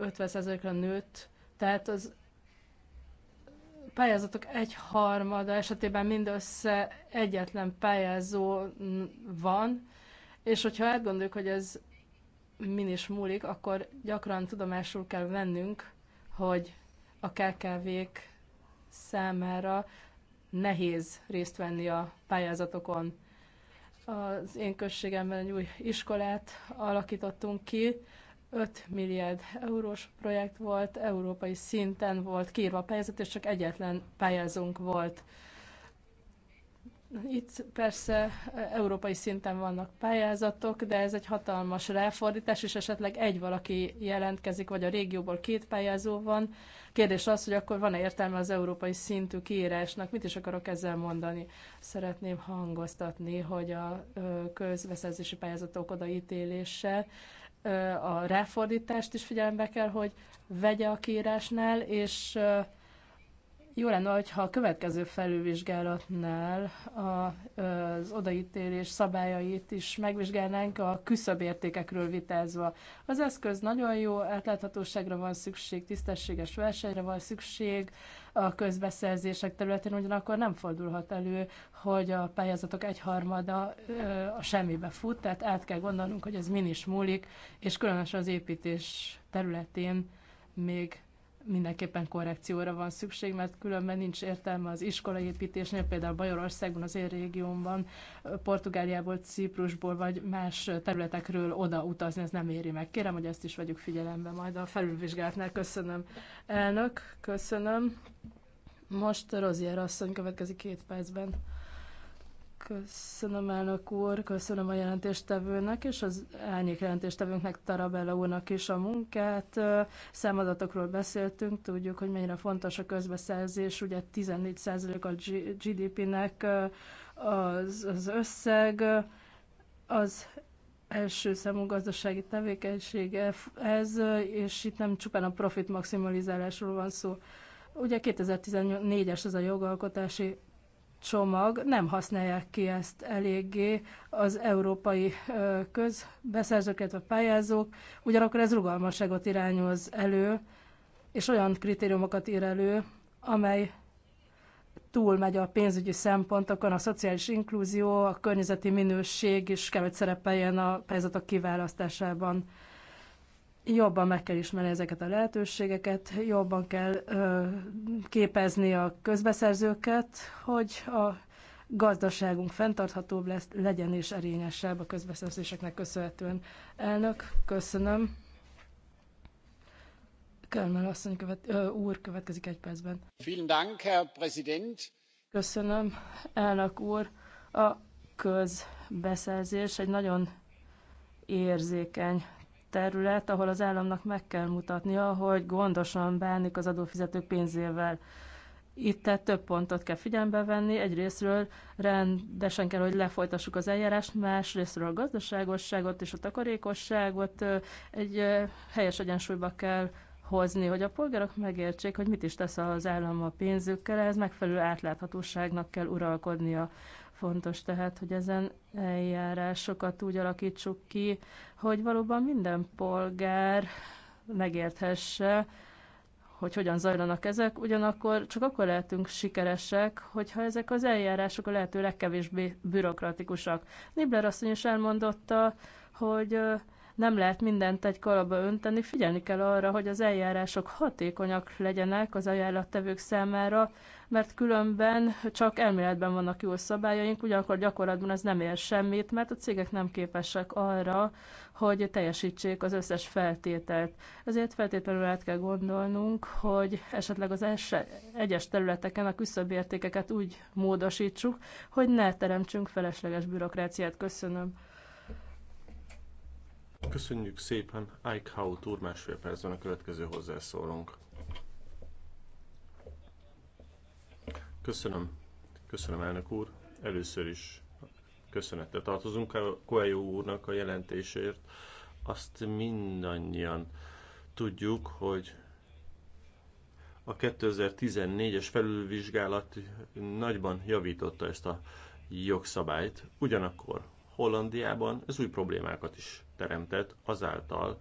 50%-ra nőtt, tehát az pályázatok egy harmada esetében mindössze egyetlen pályázó van, és hogyha átgondoljuk, hogy ez min is múlik, akkor gyakran tudomásul kell vennünk, hogy a KKV-k számára nehéz részt venni a pályázatokon. Az én községemben egy új iskolát alakítottunk ki, 5 milliárd eurós projekt volt, európai szinten volt kiírva a pályázat, és csak egyetlen pályázónk volt. Itt persze e, európai szinten vannak pályázatok, de ez egy hatalmas ráfordítás, és esetleg egy valaki jelentkezik, vagy a régióból két pályázó van. Kérdés az, hogy akkor van-e értelme az európai szintű kiírásnak? Mit is akarok ezzel mondani? Szeretném hangoztatni, hogy a közbeszerzési pályázatok odaítélése a ráfordítást is figyelembe kell, hogy vegye a kiírásnál, és jó lenne, hogyha a következő felülvizsgálatnál az odaítélés szabályait is megvizsgálnánk a küszöbértékekről vitázva. Az eszköz nagyon jó, átláthatóságra van szükség, tisztességes versenyre van szükség, a közbeszerzések területén ugyanakkor nem fordulhat elő, hogy a pályázatok egyharmada a semmibe fut, tehát át kell gondolnunk, hogy ez min is múlik, és különösen az építés területén még mindenképpen korrekcióra van szükség, mert különben nincs értelme az iskolaépítésnél, például Bajorországban, az én régiómban, Portugáliából, Ciprusból vagy más területekről oda utazni, ez nem éri meg. Kérem, hogy ezt is vegyük figyelembe majd a felülvizsgálatnál. Köszönöm. Elnök, köszönöm. Most Rozier asszony következik két percben. Köszönöm elnök úr, köszönöm a jelentéstevőnek és az elnyék jelentéstevőnknek, Tarabella úrnak is a munkát. Számadatokról beszéltünk, tudjuk, hogy mennyire fontos a közbeszerzés, ugye 14% a GDP-nek az, az összeg, az első számú gazdasági tevékenység ez, és itt nem csupán a profit maximalizálásról van szó. Ugye 2014-es az a jogalkotási csomag, nem használják ki ezt eléggé az európai közbeszerzőket, a pályázók, ugyanakkor ez rugalmasságot irányoz elő, és olyan kritériumokat ír elő, amely megy a pénzügyi szempontokon, a szociális inklúzió, a környezeti minőség is kell, hogy szerepeljen a pályázatok kiválasztásában jobban meg kell ismerni ezeket a lehetőségeket, jobban kell ö, képezni a közbeszerzőket, hogy a gazdaságunk fenntarthatóbb lesz, legyen és erényesebb a közbeszerzéseknek köszönhetően. Elnök, köszönöm. Kölmel asszony követ, ö, úr következik egy percben. Vielen Dank, Herr Präsident. Köszönöm, elnök úr. A közbeszerzés egy nagyon érzékeny terület, ahol az államnak meg kell mutatnia, hogy gondosan bánik az adófizetők pénzével. Itt tehát több pontot kell figyelembe venni. Egyrésztről rendesen kell, hogy lefolytassuk az eljárást, másrésztről a gazdaságosságot és a takarékosságot egy helyes egyensúlyba kell hozni, hogy a polgárok megértsék, hogy mit is tesz az állam a pénzükkel, ez megfelelő átláthatóságnak kell uralkodnia. Fontos tehát, hogy ezen eljárásokat úgy alakítsuk ki, hogy valóban minden polgár megérthesse, hogy hogyan zajlanak ezek, ugyanakkor csak akkor lehetünk sikeresek, hogyha ezek az eljárások a lehető legkevésbé bürokratikusak. Nibler asszony is elmondotta, hogy nem lehet mindent egy kalapba önteni, figyelni kell arra, hogy az eljárások hatékonyak legyenek az ajánlattevők számára, mert különben csak elméletben vannak jó szabályaink, ugyanakkor gyakorlatban ez nem ér semmit, mert a cégek nem képesek arra, hogy teljesítsék az összes feltételt. Ezért feltétlenül át kell gondolnunk, hogy esetleg az e egyes területeken a küszöbértékeket úgy módosítsuk, hogy ne teremtsünk felesleges bürokráciát. Köszönöm. Köszönjük szépen, Eichhaut úr, másfél percben a következő hozzászólunk. Köszönöm, köszönöm elnök úr. Először is köszönettel tartozunk a Coelho úrnak a jelentésért. Azt mindannyian tudjuk, hogy a 2014-es felülvizsgálat nagyban javította ezt a jogszabályt. Ugyanakkor Hollandiában ez új problémákat is teremtett azáltal,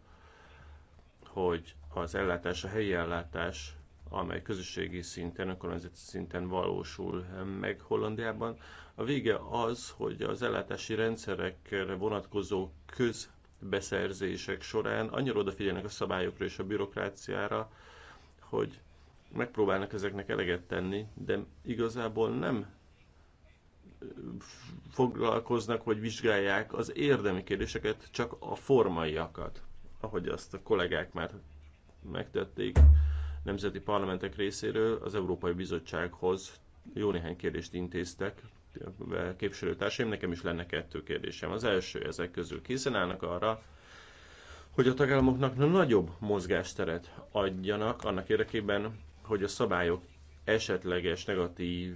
hogy az ellátás, a helyi ellátás, amely közösségi szinten, önkormányzati szinten valósul meg Hollandiában, a vége az, hogy az ellátási rendszerekre vonatkozó közbeszerzések során annyira odafigyelnek a szabályokra és a bürokráciára, hogy megpróbálnak ezeknek eleget tenni, de igazából nem foglalkoznak, hogy vizsgálják az érdemi kérdéseket, csak a formaiakat, ahogy azt a kollégák már megtették nemzeti parlamentek részéről, az Európai Bizottsághoz jó néhány kérdést intéztek képviselőtársaim, nekem is lenne kettő kérdésem. Az első ezek közül készen állnak arra, hogy a tagállamoknak nagyobb mozgásteret adjanak annak érdekében, hogy a szabályok esetleges negatív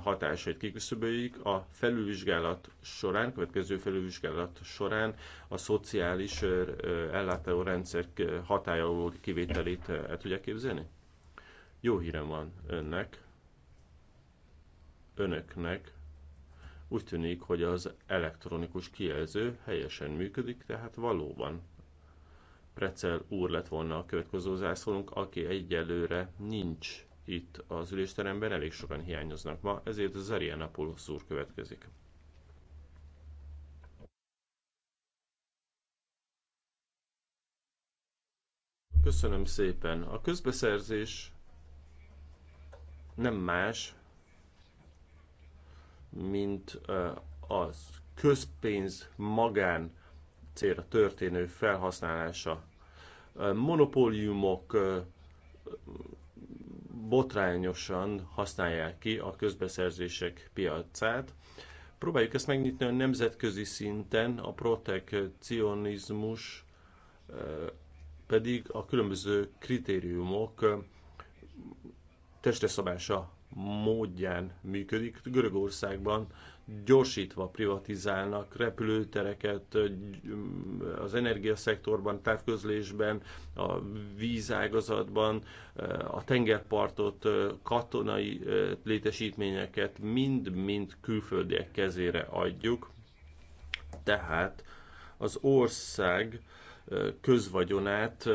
hatásait kiküszöböljük. A felülvizsgálat során, következő felülvizsgálat során a szociális ellátó rendszer hatája alól kivételét el tudják képzelni? Jó hírem van önnek, önöknek. Úgy tűnik, hogy az elektronikus kijelző helyesen működik, tehát valóban Precel úr lett volna a következő zászlónk, aki egyelőre nincs itt az ülésteremben elég sokan hiányoznak ma, ezért az Zarianapoulos úr következik. Köszönöm szépen. A közbeszerzés nem más, mint az közpénz magán célra történő felhasználása. Monopóliumok botrányosan használják ki a közbeszerzések piacát. Próbáljuk ezt megnyitni a nemzetközi szinten, a protekcionizmus eh, pedig a különböző kritériumok eh, testeszabása módján működik. Görögországban gyorsítva privatizálnak repülőtereket, az energiaszektorban, távközlésben, a vízágazatban, a tengerpartot, katonai létesítményeket mind-mind külföldiek kezére adjuk. Tehát az ország közvagyonát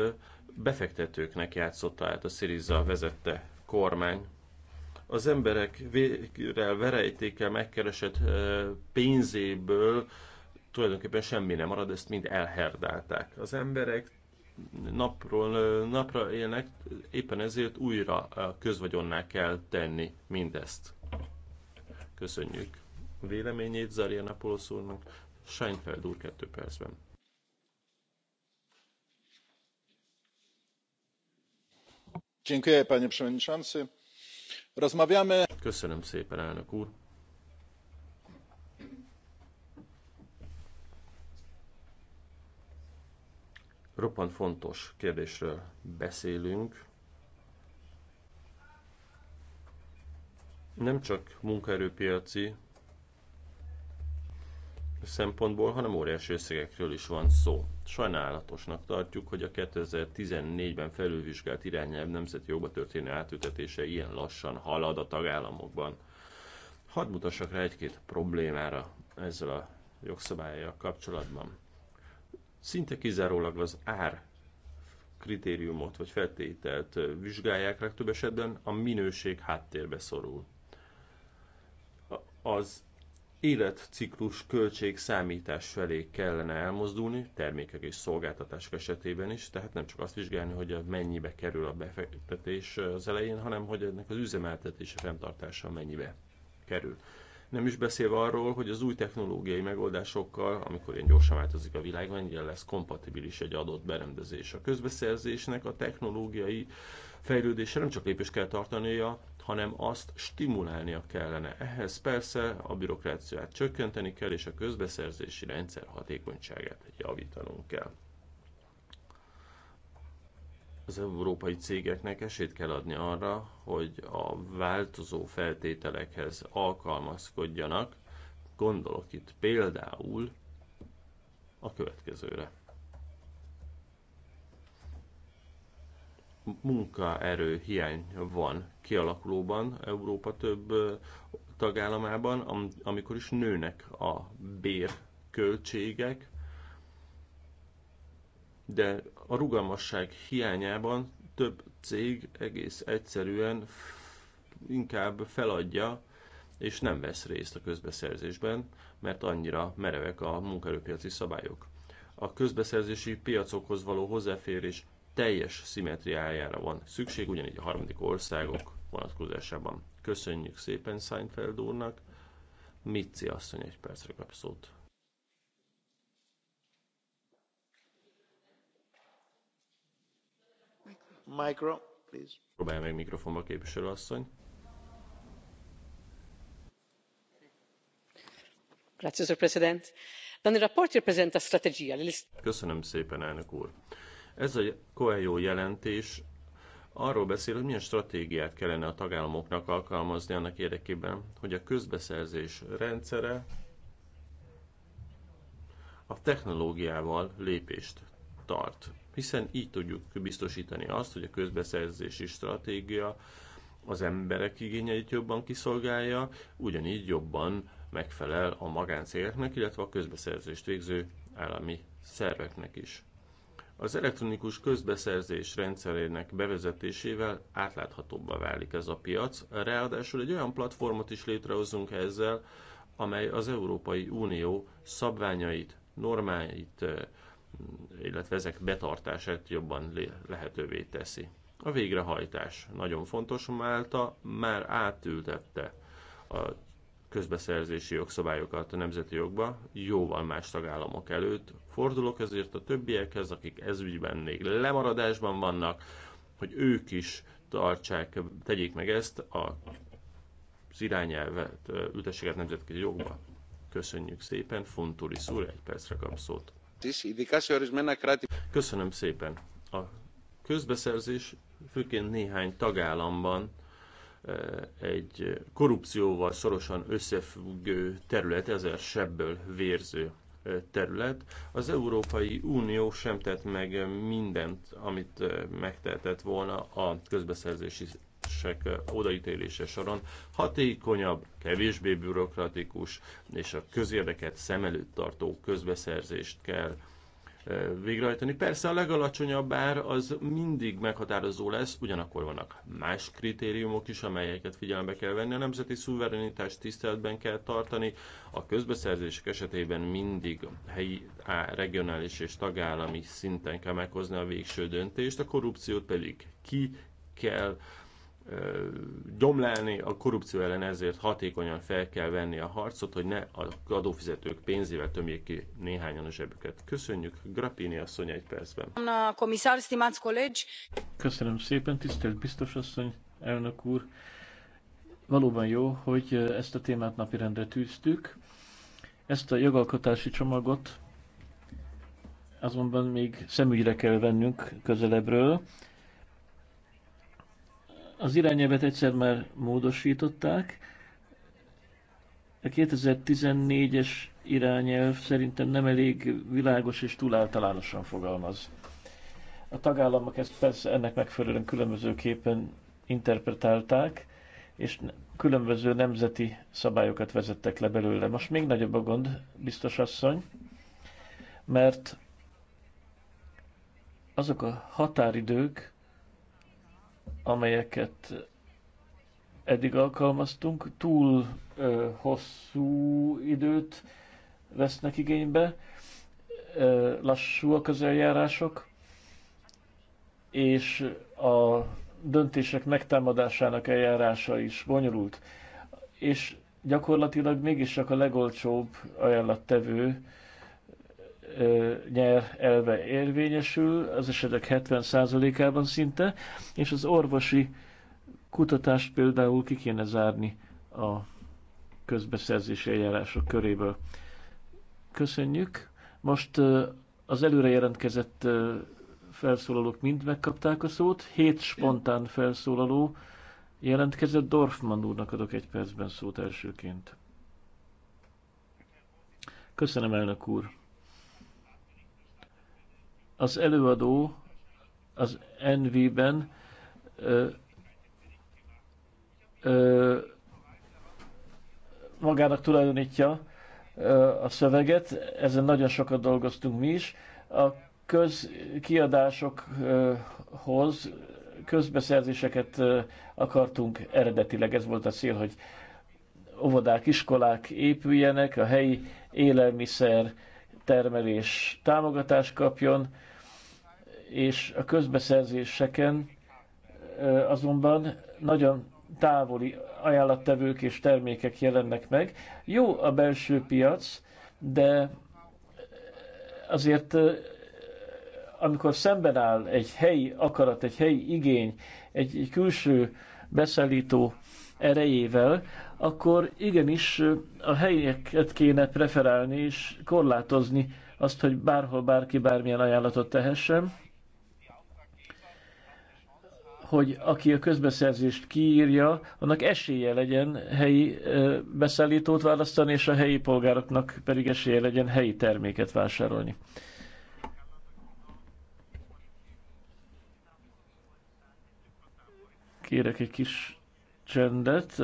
befektetőknek játszotta át a Siriza vezette kormány az emberek végre verejtékkel megkeresett pénzéből tulajdonképpen semmi nem marad, ezt mind elherdálták. Az emberek napról napra élnek, éppen ezért újra közvagyonná kell tenni mindezt. Köszönjük véleményét Zaria Napolos úrnak, Seinfeld úr kettő percben. Dziękuję, panie przewodniczący. Rozmawiamy... Köszönöm szépen, elnök úr. Roppant fontos kérdésről beszélünk. Nem csak munkaerőpiaci szempontból, hanem óriási összegekről is van szó. Sajnálatosnak tartjuk, hogy a 2014-ben felülvizsgált irányelv nemzeti jogba történő átültetése ilyen lassan halad a tagállamokban. Hadd mutassak rá egy-két problémára ezzel a jogszabályjal kapcsolatban. Szinte kizárólag az ár kritériumot vagy feltételt vizsgálják legtöbb esetben, a minőség háttérbe szorul. Az életciklus költség számítás felé kellene elmozdulni, termékek és szolgáltatások esetében is, tehát nem csak azt vizsgálni, hogy mennyibe kerül a befektetés az elején, hanem hogy ennek az üzemeltetése fenntartása mennyibe kerül. Nem is beszélve arról, hogy az új technológiai megoldásokkal, amikor ilyen gyorsan változik a világ, mennyire lesz kompatibilis egy adott berendezés. A közbeszerzésnek a technológiai fejlődésre nem csak lépést kell tartania, hanem azt stimulálnia kellene. Ehhez persze a bürokráciát csökkenteni kell, és a közbeszerzési rendszer hatékonyságát javítanunk kell. Az európai cégeknek esélyt kell adni arra, hogy a változó feltételekhez alkalmazkodjanak, gondolok itt például a következőre. munkaerő hiány van kialakulóban Európa több tagállamában, amikor is nőnek a bérköltségek, de a rugalmasság hiányában több cég egész egyszerűen inkább feladja és nem vesz részt a közbeszerzésben, mert annyira merevek a munkaerőpiaci szabályok. A közbeszerzési piacokhoz való hozzáférés teljes szimmetriájára van szükség, ugyanígy a harmadik országok vonatkozásában. Köszönjük szépen Seinfeld úrnak. Mitzi asszony egy percre kap szót. Micro, please. Próbálja meg mikrofonba képviselő asszony. Grazie, Sir President. rapporto presenta strategia. Köszönöm szépen, elnök úr. Ez a Coelho jelentés arról beszél, hogy milyen stratégiát kellene a tagállamoknak alkalmazni annak érdekében, hogy a közbeszerzés rendszere a technológiával lépést tart. Hiszen így tudjuk biztosítani azt, hogy a közbeszerzési stratégia az emberek igényeit jobban kiszolgálja, ugyanígy jobban megfelel a magáncégeknek, illetve a közbeszerzést végző állami szerveknek is. Az elektronikus közbeszerzés rendszerének bevezetésével átláthatóbbá válik ez a piac, ráadásul egy olyan platformot is létrehozunk ezzel, amely az Európai Unió szabványait, normáit, eh, illetve ezek betartását jobban lehetővé teszi. A végrehajtás nagyon fontos, Málta már átültette a közbeszerzési jogszabályokat a nemzeti jogba, jóval más tagállamok előtt, fordulok ezért a többiekhez, akik ezügyben még lemaradásban vannak, hogy ők is tartsák, tegyék meg ezt a az irányelvet, ültességet nemzetközi jogba. Köszönjük szépen, Fonturi Szúr, egy percre kap szót. Köszönöm szépen. A közbeszerzés főként néhány tagállamban egy korrupcióval szorosan összefüggő terület, ezer sebből vérző terület. Az Európai Unió sem tett meg mindent, amit megtehetett volna a közbeszerzési odaítélése soron hatékonyabb, kevésbé bürokratikus és a közérdeket szem előtt tartó közbeszerzést kell végrehajtani. Persze a legalacsonyabb ár az mindig meghatározó lesz, ugyanakkor vannak más kritériumok is, amelyeket figyelembe kell venni. A nemzeti szuverenitást tiszteletben kell tartani. A közbeszerzések esetében mindig helyi, á, regionális és tagállami szinten kell meghozni a végső döntést, a korrupciót pedig ki kell uh, gyomlálni, a korrupció ellen ezért hatékonyan fel kell venni a harcot, hogy ne az adófizetők pénzével tömjék ki néhányan a zsebüket. Köszönjük, Grappini asszony egy percben. A Köszönöm szépen, tisztelt biztos asszony, elnök úr. Valóban jó, hogy ezt a témát napirendre tűztük. Ezt a jogalkotási csomagot azonban még szemügyre kell vennünk közelebbről, az irányelvet egyszer már módosították. A 2014-es irányelv szerintem nem elég világos és túl általánosan fogalmaz. A tagállamok ezt persze ennek megfelelően különbözőképpen interpretálták, és különböző nemzeti szabályokat vezettek le belőle. Most még nagyobb a gond, biztos asszony, mert azok a határidők, amelyeket eddig alkalmaztunk, túl ö, hosszú időt vesznek igénybe, ö, lassúak az eljárások, és a döntések megtámadásának eljárása is bonyolult. És gyakorlatilag mégis csak a legolcsóbb ajánlattevő nyer elve érvényesül, az esetek 70%-ában szinte, és az orvosi kutatást például ki kéne zárni a közbeszerzési eljárások köréből. Köszönjük. Most az előre jelentkezett felszólalók mind megkapták a szót. Hét spontán felszólaló jelentkezett. Dorfman úrnak adok egy percben szót elsőként. Köszönöm, elnök úr. Az előadó az NV-ben magának tulajdonítja a szöveget, ezen nagyon sokat dolgoztunk mi is. A közkiadásokhoz közbeszerzéseket akartunk eredetileg, ez volt a cél, hogy óvodák, iskolák épüljenek, a helyi élelmiszer termelés támogatást kapjon, és a közbeszerzéseken azonban nagyon távoli ajánlattevők és termékek jelennek meg. Jó a belső piac, de azért amikor szemben áll egy helyi akarat, egy helyi igény, egy, egy külső beszállító erejével, akkor igenis a helyeket kéne preferálni és korlátozni azt, hogy bárhol bárki bármilyen ajánlatot tehessen hogy aki a közbeszerzést kiírja, annak esélye legyen helyi beszállítót választani, és a helyi polgároknak pedig esélye legyen helyi terméket vásárolni. Kérek egy kis csendet.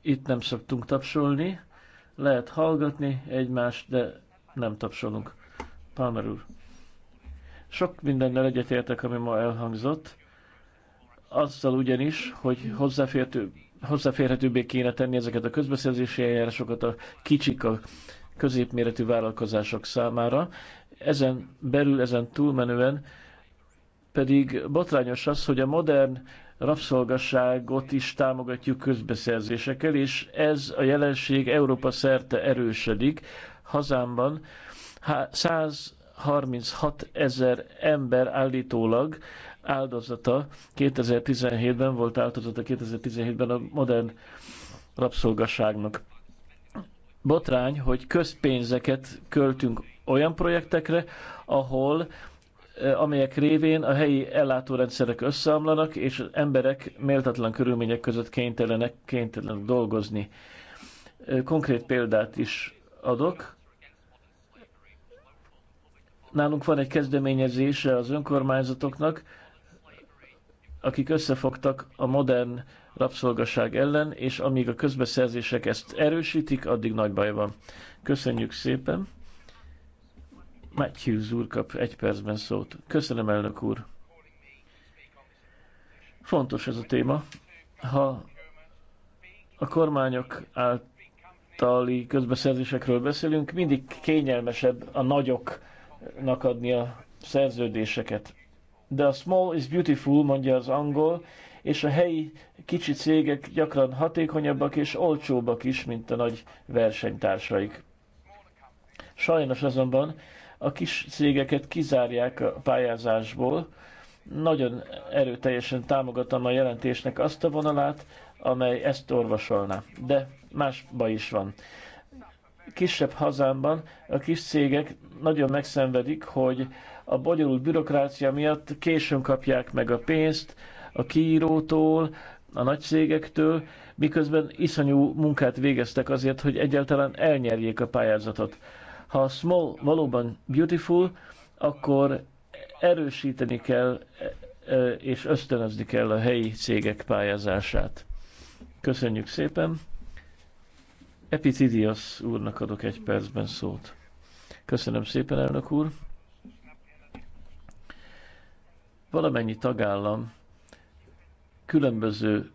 Itt nem szoktunk tapsolni. Lehet hallgatni egymást, de nem tapsolunk. Palmer úr. Sok mindennel egyetértek, ami ma elhangzott, azzal ugyanis, hogy hozzáférhető, hozzáférhetőbbé kéne tenni ezeket a közbeszerzési eljárásokat a kicsik, a középméretű vállalkozások számára. Ezen belül, ezen túlmenően pedig botrányos az, hogy a modern rabszolgasságot is támogatjuk közbeszerzésekkel, és ez a jelenség Európa szerte erősödik. Hazámban 100 36 ezer ember állítólag áldozata 2017-ben volt áldozata 2017-ben a modern rabszolgaságnak. Botrány, hogy közpénzeket költünk olyan projektekre, ahol eh, amelyek révén a helyi ellátórendszerek összeomlanak, és az emberek méltatlan körülmények között kénytelenek, kénytelenek dolgozni. Eh, konkrét példát is adok. Nálunk van egy kezdeményezése az önkormányzatoknak, akik összefogtak a modern rabszolgaság ellen, és amíg a közbeszerzések ezt erősítik, addig nagy baj van. Köszönjük szépen. Matthews úr kap egy percben szót. Köszönöm, elnök úr. Fontos ez a téma. Ha a kormányok által közbeszerzésekről beszélünk, mindig kényelmesebb a nagyok adni a szerződéseket. De a small is beautiful, mondja az angol, és a helyi kicsi cégek gyakran hatékonyabbak és olcsóbbak is, mint a nagy versenytársaik. Sajnos azonban a kis cégeket kizárják a pályázásból. Nagyon erőteljesen támogatom a jelentésnek azt a vonalát, amely ezt orvosolná. De más baj is van kisebb hazámban a kis cégek nagyon megszenvedik, hogy a bonyolult bürokrácia miatt későn kapják meg a pénzt a kiírótól, a nagy cégektől, miközben iszonyú munkát végeztek azért, hogy egyáltalán elnyerjék a pályázatot. Ha a small valóban beautiful, akkor erősíteni kell e, e, és ösztönözni kell a helyi cégek pályázását. Köszönjük szépen! Epitidias úrnak adok egy percben szót. Köszönöm szépen, elnök úr. Valamennyi tagállam különböző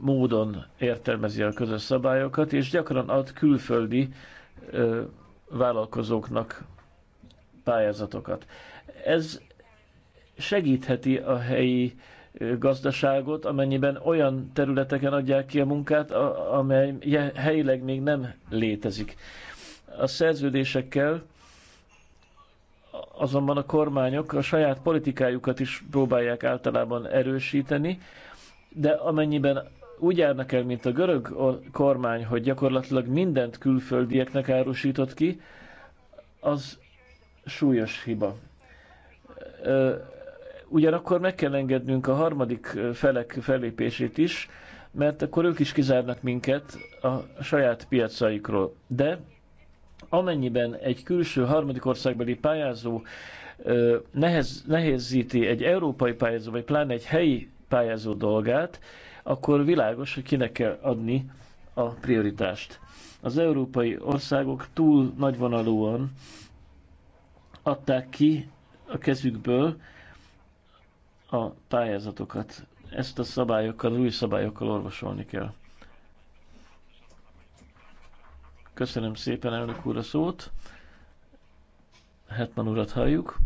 módon értelmezi a közös szabályokat, és gyakran ad külföldi vállalkozóknak pályázatokat. Ez segítheti a helyi gazdaságot, amennyiben olyan területeken adják ki a munkát, amely helyileg még nem létezik. A szerződésekkel azonban a kormányok a saját politikájukat is próbálják általában erősíteni, de amennyiben úgy járnak el, mint a görög kormány, hogy gyakorlatilag mindent külföldieknek árusított ki, az súlyos hiba ugyanakkor meg kell engednünk a harmadik felek fellépését is, mert akkor ők is kizárnak minket a saját piacaikról. De amennyiben egy külső harmadik országbeli pályázó nehez, nehézíti egy európai pályázó, vagy pláne egy helyi pályázó dolgát, akkor világos, hogy kinek kell adni a prioritást. Az európai országok túl nagyvonalúan adták ki a kezükből a pályázatokat. Ezt a szabályokkal, az új szabályokkal orvosolni kell. Köszönöm szépen elnök úr a szót. Hetman urat halljuk.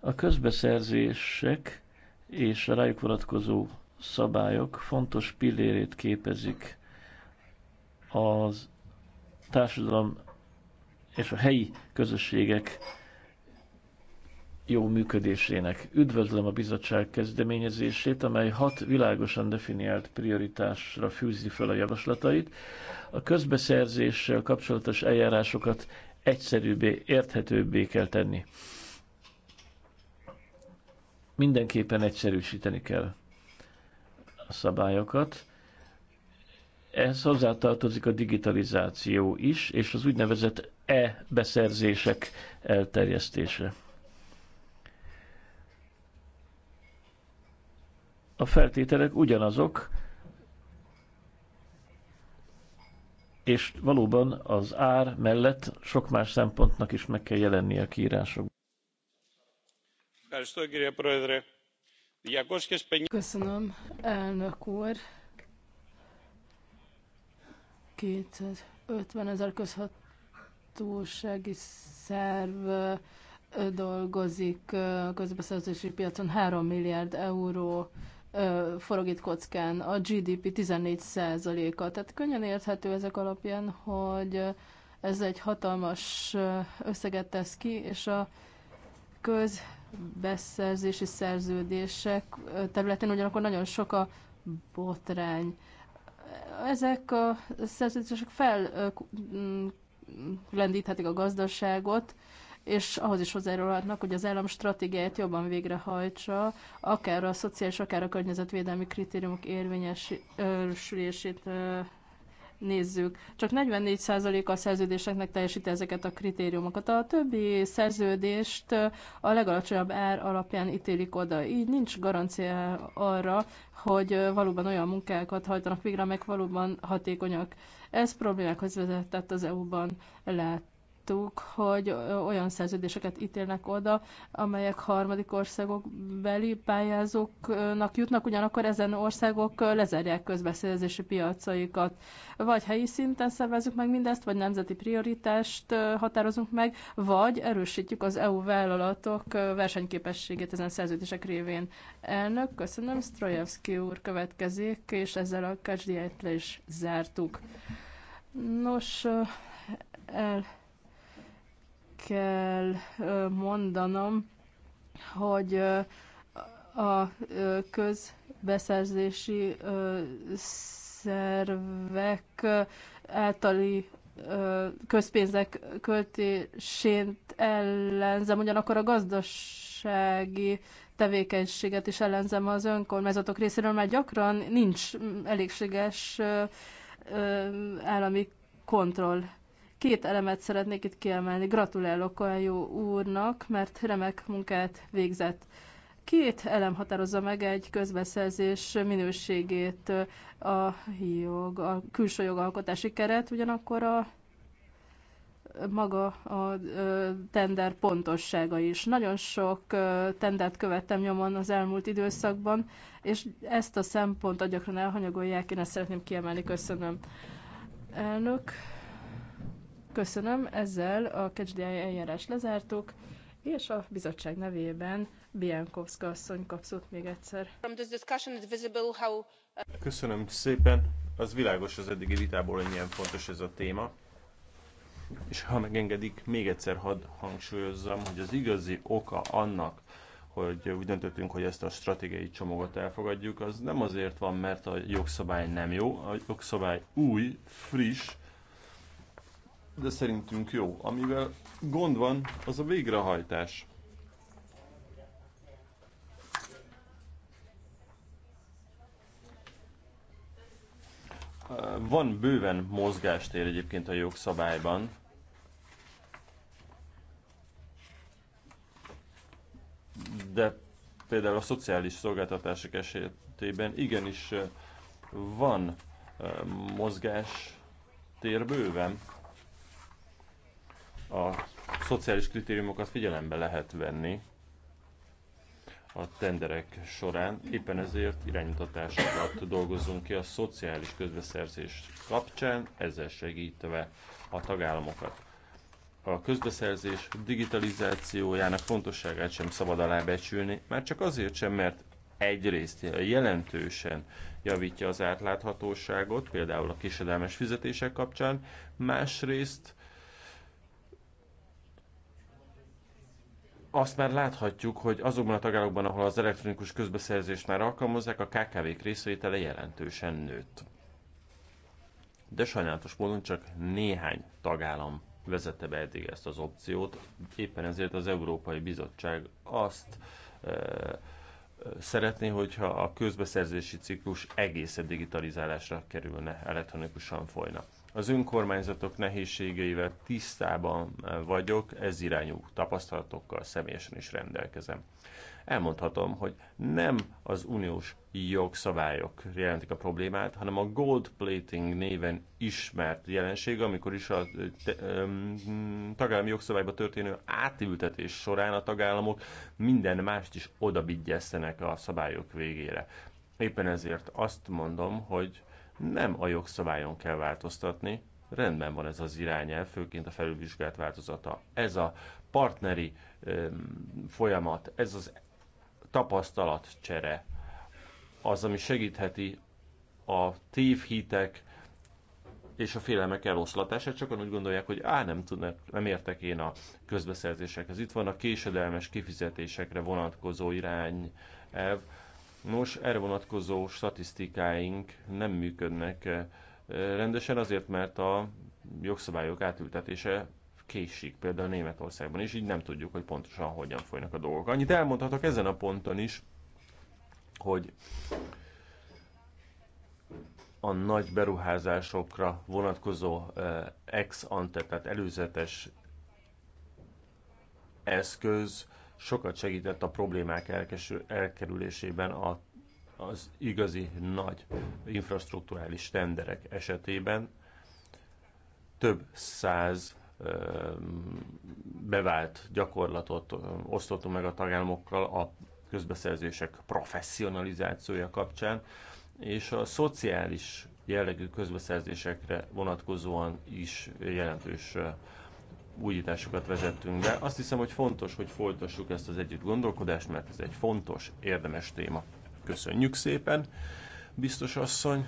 A közbeszerzések és a rájuk vonatkozó szabályok fontos pillérét képezik az társadalom és a helyi közösségek jó működésének. Üdvözlöm a bizottság kezdeményezését, amely hat világosan definiált prioritásra fűzi fel a javaslatait. A közbeszerzéssel kapcsolatos eljárásokat egyszerűbbé, érthetőbbé kell tenni. Mindenképpen egyszerűsíteni kell a szabályokat. Ehhez hozzátartozik a digitalizáció is, és az úgynevezett e-beszerzések elterjesztése. a feltételek ugyanazok, és valóban az ár mellett sok más szempontnak is meg kell jelennie a kiírásokban. Köszönöm, elnök úr. 250 ezer közhatósági szerv dolgozik közbeszerzési piacon 3 milliárd euró forog itt kockán, a GDP 14%-a. Tehát könnyen érthető ezek alapján, hogy ez egy hatalmas összeget tesz ki, és a közbeszerzési szerződések területén ugyanakkor nagyon sok a botrány. Ezek a szerződések fellendíthetik a gazdaságot, és ahhoz is hozzájárulhatnak, hogy az állam stratégiáját jobban végrehajtsa, akár a szociális, akár a környezetvédelmi kritériumok érvényesülését nézzük. Csak 44% a szerződéseknek teljesíti ezeket a kritériumokat. A többi szerződést a legalacsonyabb ár alapján ítélik oda. Így nincs garancia arra, hogy valóban olyan munkákat hajtanak végre, amelyek valóban hatékonyak. Ez problémákhoz vezetett az EU-ban. Lehet láttuk, hogy olyan szerződéseket ítélnek oda, amelyek harmadik országok beli pályázóknak jutnak, ugyanakkor ezen országok lezárják közbeszerzési piacaikat. Vagy helyi szinten szervezzük meg mindezt, vagy nemzeti prioritást határozunk meg, vagy erősítjük az EU vállalatok versenyképességét ezen szerződések révén. Elnök, köszönöm, Strojevski úr következik, és ezzel a ksdi is zártuk. Nos, el kell mondanom, hogy a közbeszerzési szervek általi közpénzek költését ellenzem, ugyanakkor a gazdasági tevékenységet is ellenzem az önkormányzatok részéről, mert gyakran nincs elégséges állami kontroll Két elemet szeretnék itt kiemelni. Gratulálok olyan jó úrnak, mert remek munkát végzett. Két elem határozza meg egy közbeszerzés minőségét a, jog, a külső jogalkotási keret, ugyanakkor a maga a tender pontossága is. Nagyon sok tendert követtem nyomon az elmúlt időszakban, és ezt a szempontot gyakran elhanyagolják, én ezt szeretném kiemelni, köszönöm. Elnök. Köszönöm, ezzel a kecsdiai eljárás lezártuk, és a bizottság nevében Bienkowska asszony kapszott még egyszer. Uh, Köszönöm szépen, az világos az eddigi vitából, hogy milyen fontos ez a téma. És ha megengedik, még egyszer hadd hangsúlyozzam, hogy az igazi oka annak, hogy úgy döntöttünk, hogy ezt a stratégiai csomagot elfogadjuk, az nem azért van, mert a jogszabály nem jó, a jogszabály új, friss, de szerintünk jó. Amivel gond van, az a végrehajtás. Van bőven mozgástér egyébként a jogszabályban. De például a szociális szolgáltatások esetében igenis eh, van eh, mozgás tér bőven a szociális kritériumokat figyelembe lehet venni a tenderek során. Éppen ezért iránymutatásokat dolgozunk ki a szociális közbeszerzés kapcsán, ezzel segítve a tagállamokat. A közbeszerzés digitalizációjának fontosságát sem szabad alábecsülni, már csak azért sem, mert egyrészt jelentősen javítja az átláthatóságot, például a késedelmes fizetések kapcsán, másrészt azt már láthatjuk, hogy azokban a tagállamokban, ahol az elektronikus közbeszerzést már alkalmazzák, a KKV-k részvétele jelentősen nőtt. De sajnálatos módon csak néhány tagállam vezette be eddig ezt az opciót. Éppen ezért az Európai Bizottság azt e, szeretné, hogyha a közbeszerzési ciklus egészen digitalizálásra kerülne, elektronikusan folyna. Az önkormányzatok nehézségeivel tisztában e, vagyok, ez irányú tapasztalatokkal személyesen is rendelkezem. Elmondhatom, hogy nem az uniós jogszabályok jelentik a problémát, hanem a gold plating néven ismert jelenség, amikor is a e, e, tagállami jogszabályba történő átültetés során a tagállamok minden mást is odabigyeztenek a szabályok végére. Éppen ezért azt mondom, hogy nem a jogszabályon kell változtatni, rendben van ez az irányelv, főként a felülvizsgált változata. Ez a partneri folyamat, ez az tapasztalatcsere, az, ami segítheti a tévhitek és a félelmek eloszlatását, sokan úgy gondolják, hogy á, nem, tudnak, nem értek én a közbeszerzésekhez. Itt van a késedelmes kifizetésekre vonatkozó irányelv, Nos, erre vonatkozó statisztikáink nem működnek eh, rendesen azért, mert a jogszabályok átültetése késik, például Németországban, is, így nem tudjuk, hogy pontosan hogyan folynak a dolgok. Annyit elmondhatok ezen a ponton is, hogy a nagy beruházásokra vonatkozó eh, ex ante, tehát előzetes eszköz sokat segített a problémák elkerülésében a, az igazi nagy infrastruktúrális tenderek esetében. Több száz bevált gyakorlatot osztottunk meg a tagállamokkal a közbeszerzések professzionalizációja kapcsán, és a szociális jellegű közbeszerzésekre vonatkozóan is jelentős újításokat vezettünk be. Azt hiszem, hogy fontos, hogy folytassuk ezt az együtt gondolkodást, mert ez egy fontos, érdemes téma. Köszönjük szépen, biztos asszony.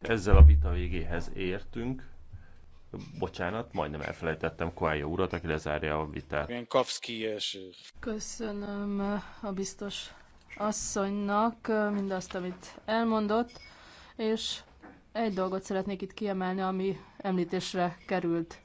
Ezzel a vita végéhez értünk. Bocsánat, majdnem elfelejtettem Koája urat, aki lezárja a vitát. Köszönöm a biztos asszonynak mindazt, amit elmondott, és egy dolgot szeretnék itt kiemelni, ami említésre került.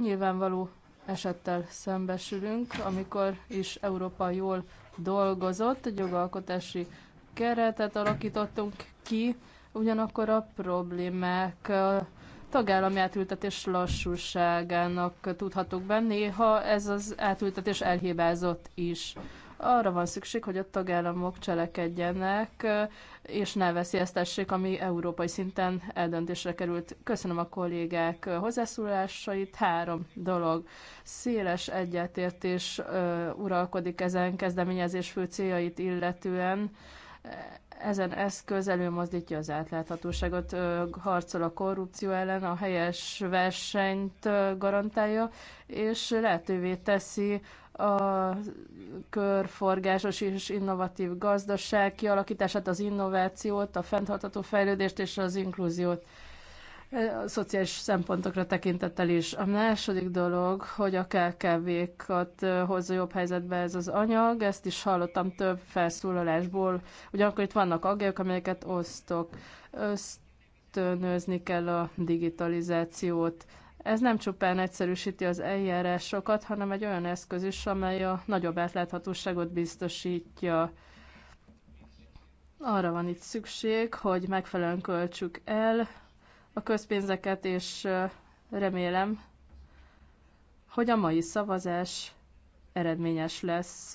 Nyilvánvaló esettel szembesülünk, amikor is Európa jól dolgozott, egy jogalkotási keretet alakítottunk ki, ugyanakkor a problémák a tagállami átültetés lassúságának tudhatók benne, néha ez az átültetés elhibázott is. Arra van szükség, hogy a tagállamok cselekedjenek, és ne veszélyeztessék, ami európai szinten eldöntésre került. Köszönöm a kollégák hozzászólásait. Három dolog. Széles egyetértés uralkodik ezen kezdeményezés fő céljait illetően ezen eszköz előmozdítja az átláthatóságot, harcol a korrupció ellen, a helyes versenyt garantálja, és lehetővé teszi a körforgásos és innovatív gazdaság kialakítását, az innovációt, a fenntartható fejlődést és az inkluziót e, a szociális szempontokra tekintettel is. A második dolog, hogy a KKV-kat e, hozza jobb helyzetbe ez az anyag, ezt is hallottam több felszólalásból, ugyanakkor itt vannak aggályok, amelyeket osztok. Ösztönözni kell a digitalizációt. Ez nem csupán egyszerűsíti az eljárásokat, hanem egy olyan eszköz is, amely a nagyobb átláthatóságot biztosítja. Arra van itt szükség, hogy megfelelően költsük el a közpénzeket, és remélem, hogy a mai szavazás eredményes lesz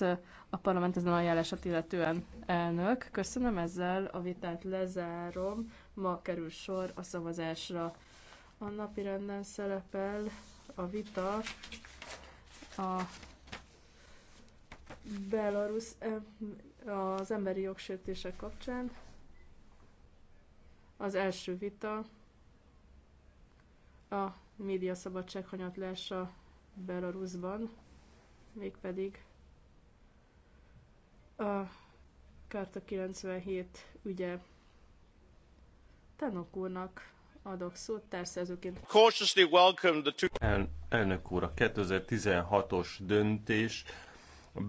a parlament ezen ajánlását illetően elnök. Köszönöm ezzel, a vitát lezárom. Ma kerül sor a szavazásra. A napirenden szerepel a vita a Belarus az emberi jogsértések kapcsán. Az első vita a médiaszabadság hanyatlása Belarusban, mégpedig a Kárta 97 ügye Tanok úrnak adok szót társzerzőként. Cautiously welcome the two... El, elnök úr, a 2016-os döntés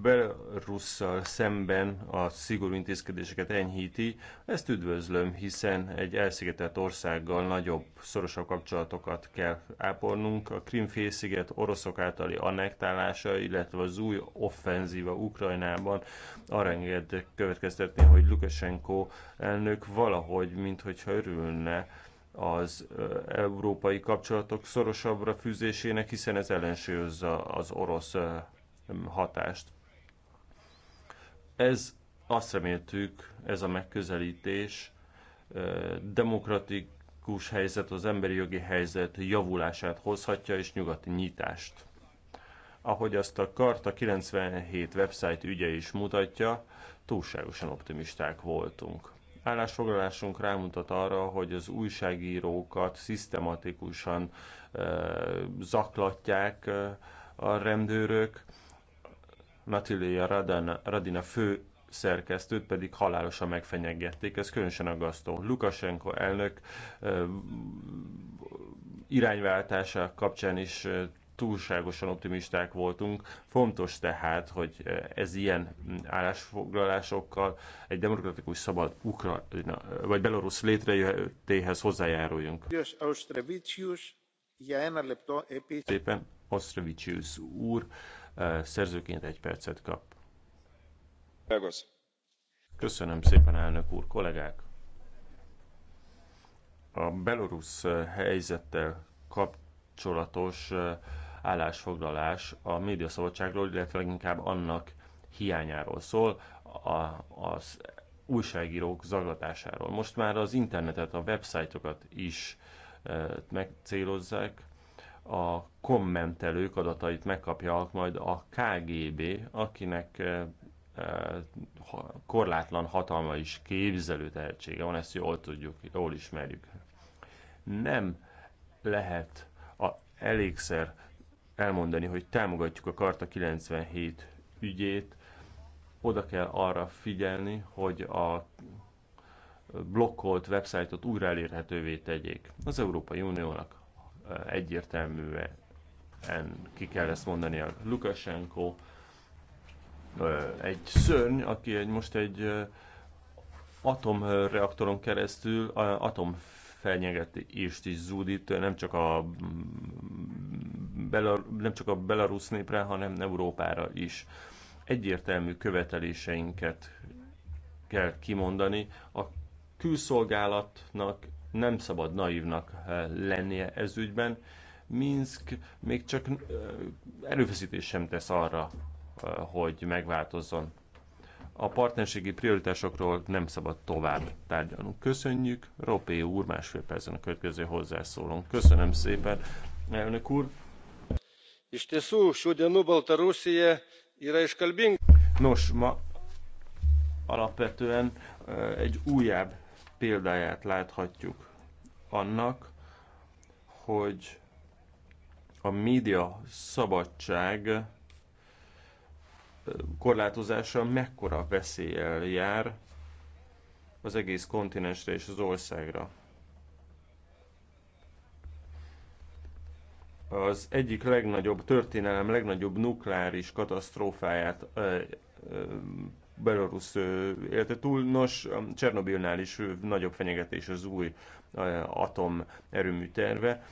Belarusszal szemben a szigorú intézkedéseket enyhíti. Ezt üdvözlöm, hiszen egy elszigetelt országgal nagyobb, szorosabb kapcsolatokat kell ápolnunk. A Krimfélsziget oroszok általi annektálása, illetve az új offenzíva Ukrajnában arra engedett következtetni, hogy Lukashenko elnök valahogy, mintha örülne az európai kapcsolatok szorosabbra fűzésének, hiszen ez ellensúlyozza az orosz hatást. Ez azt reméltük, ez a megközelítés demokratikus helyzet, az emberi jogi helyzet javulását hozhatja, és nyugati nyitást. Ahogy azt a Karta 97 website ügye is mutatja, túlságosan optimisták voltunk. Állásfoglalásunk rámutat arra, hogy az újságírókat szisztematikusan zaklatják a rendőrök, Natilia Radana, Radina fő szerkesztőt pedig halálosan megfenyegették. Ez különösen aggasztó. Lukasenko elnök irányváltása kapcsán is túlságosan optimisták voltunk. Fontos tehát, hogy ez ilyen állásfoglalásokkal egy demokratikus szabad Ukrajna vagy Belarus létrejöttéhez hozzájáruljunk. Szépen Osztrevicius úr eh, szerzőként egy percet kap. Köszönöm szépen, elnök úr, kollégák! A belorusz eh, helyzettel kapcsolatos eh, állásfoglalás a médiaszabadságról, illetve leginkább annak hiányáról szól, a, az újságírók zaglatásáról. Most már az internetet, a websájtokat is e, megcélozzák, a kommentelők adatait megkapja majd a KGB, akinek e, e korlátlan hatalma is képzelő tehetsége van, ezt jól tudjuk, jól ismerjük. Nem lehet a elégszer elmondani, hogy támogatjuk a Karta 97 ügyét, oda kell arra figyelni, hogy a blokkolt websájtot újra elérhetővé tegyék. Az Európai Uniónak egyértelműen ki kell ezt mondani a Lukashenko, egy szörny, aki egy, most egy atomreaktoron keresztül atom fenyegetést is zúdít, nem csak a, Belar, nem csak a belarusz népre, hanem Európára is. Egyértelmű követeléseinket kell kimondani. A külszolgálatnak nem szabad naívnak eh, lennie ez ügyben. Minsk még csak eh, erőfeszítés sem tesz arra, eh, hogy megváltozzon a partnerségi prioritásokról nem szabad tovább tárgyalnunk. Köszönjük, Ropé úr, másfél percen a következő hozzászólónk. Köszönöm szépen, elnök úr. Iš tiesų, šių dienų Baltarusija yra iškalbinga. Nos, ma alapvetően egy újabb példáját láthatjuk annak, hogy a média szabadság korlátozása mekkora veszéllyel jár az egész kontinensre és az országra. Az egyik legnagyobb történelem, legnagyobb nukleáris katasztrófáját Belarus élte túl. Nos, Csernobilnál is nagyobb fenyegetés az új atom erőmű terve.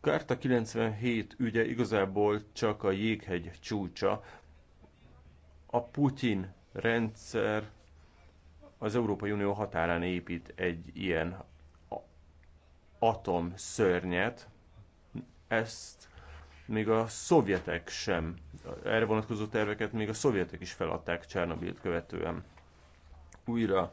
Kárta 97 ügye igazából csak a jéghegy csúcsa, a Putin rendszer az Európai Unió határán épít egy ilyen atom szörnyet. Ezt még a szovjetek sem, erre vonatkozó terveket még a szovjetek is feladták Csernobilt követően. Újra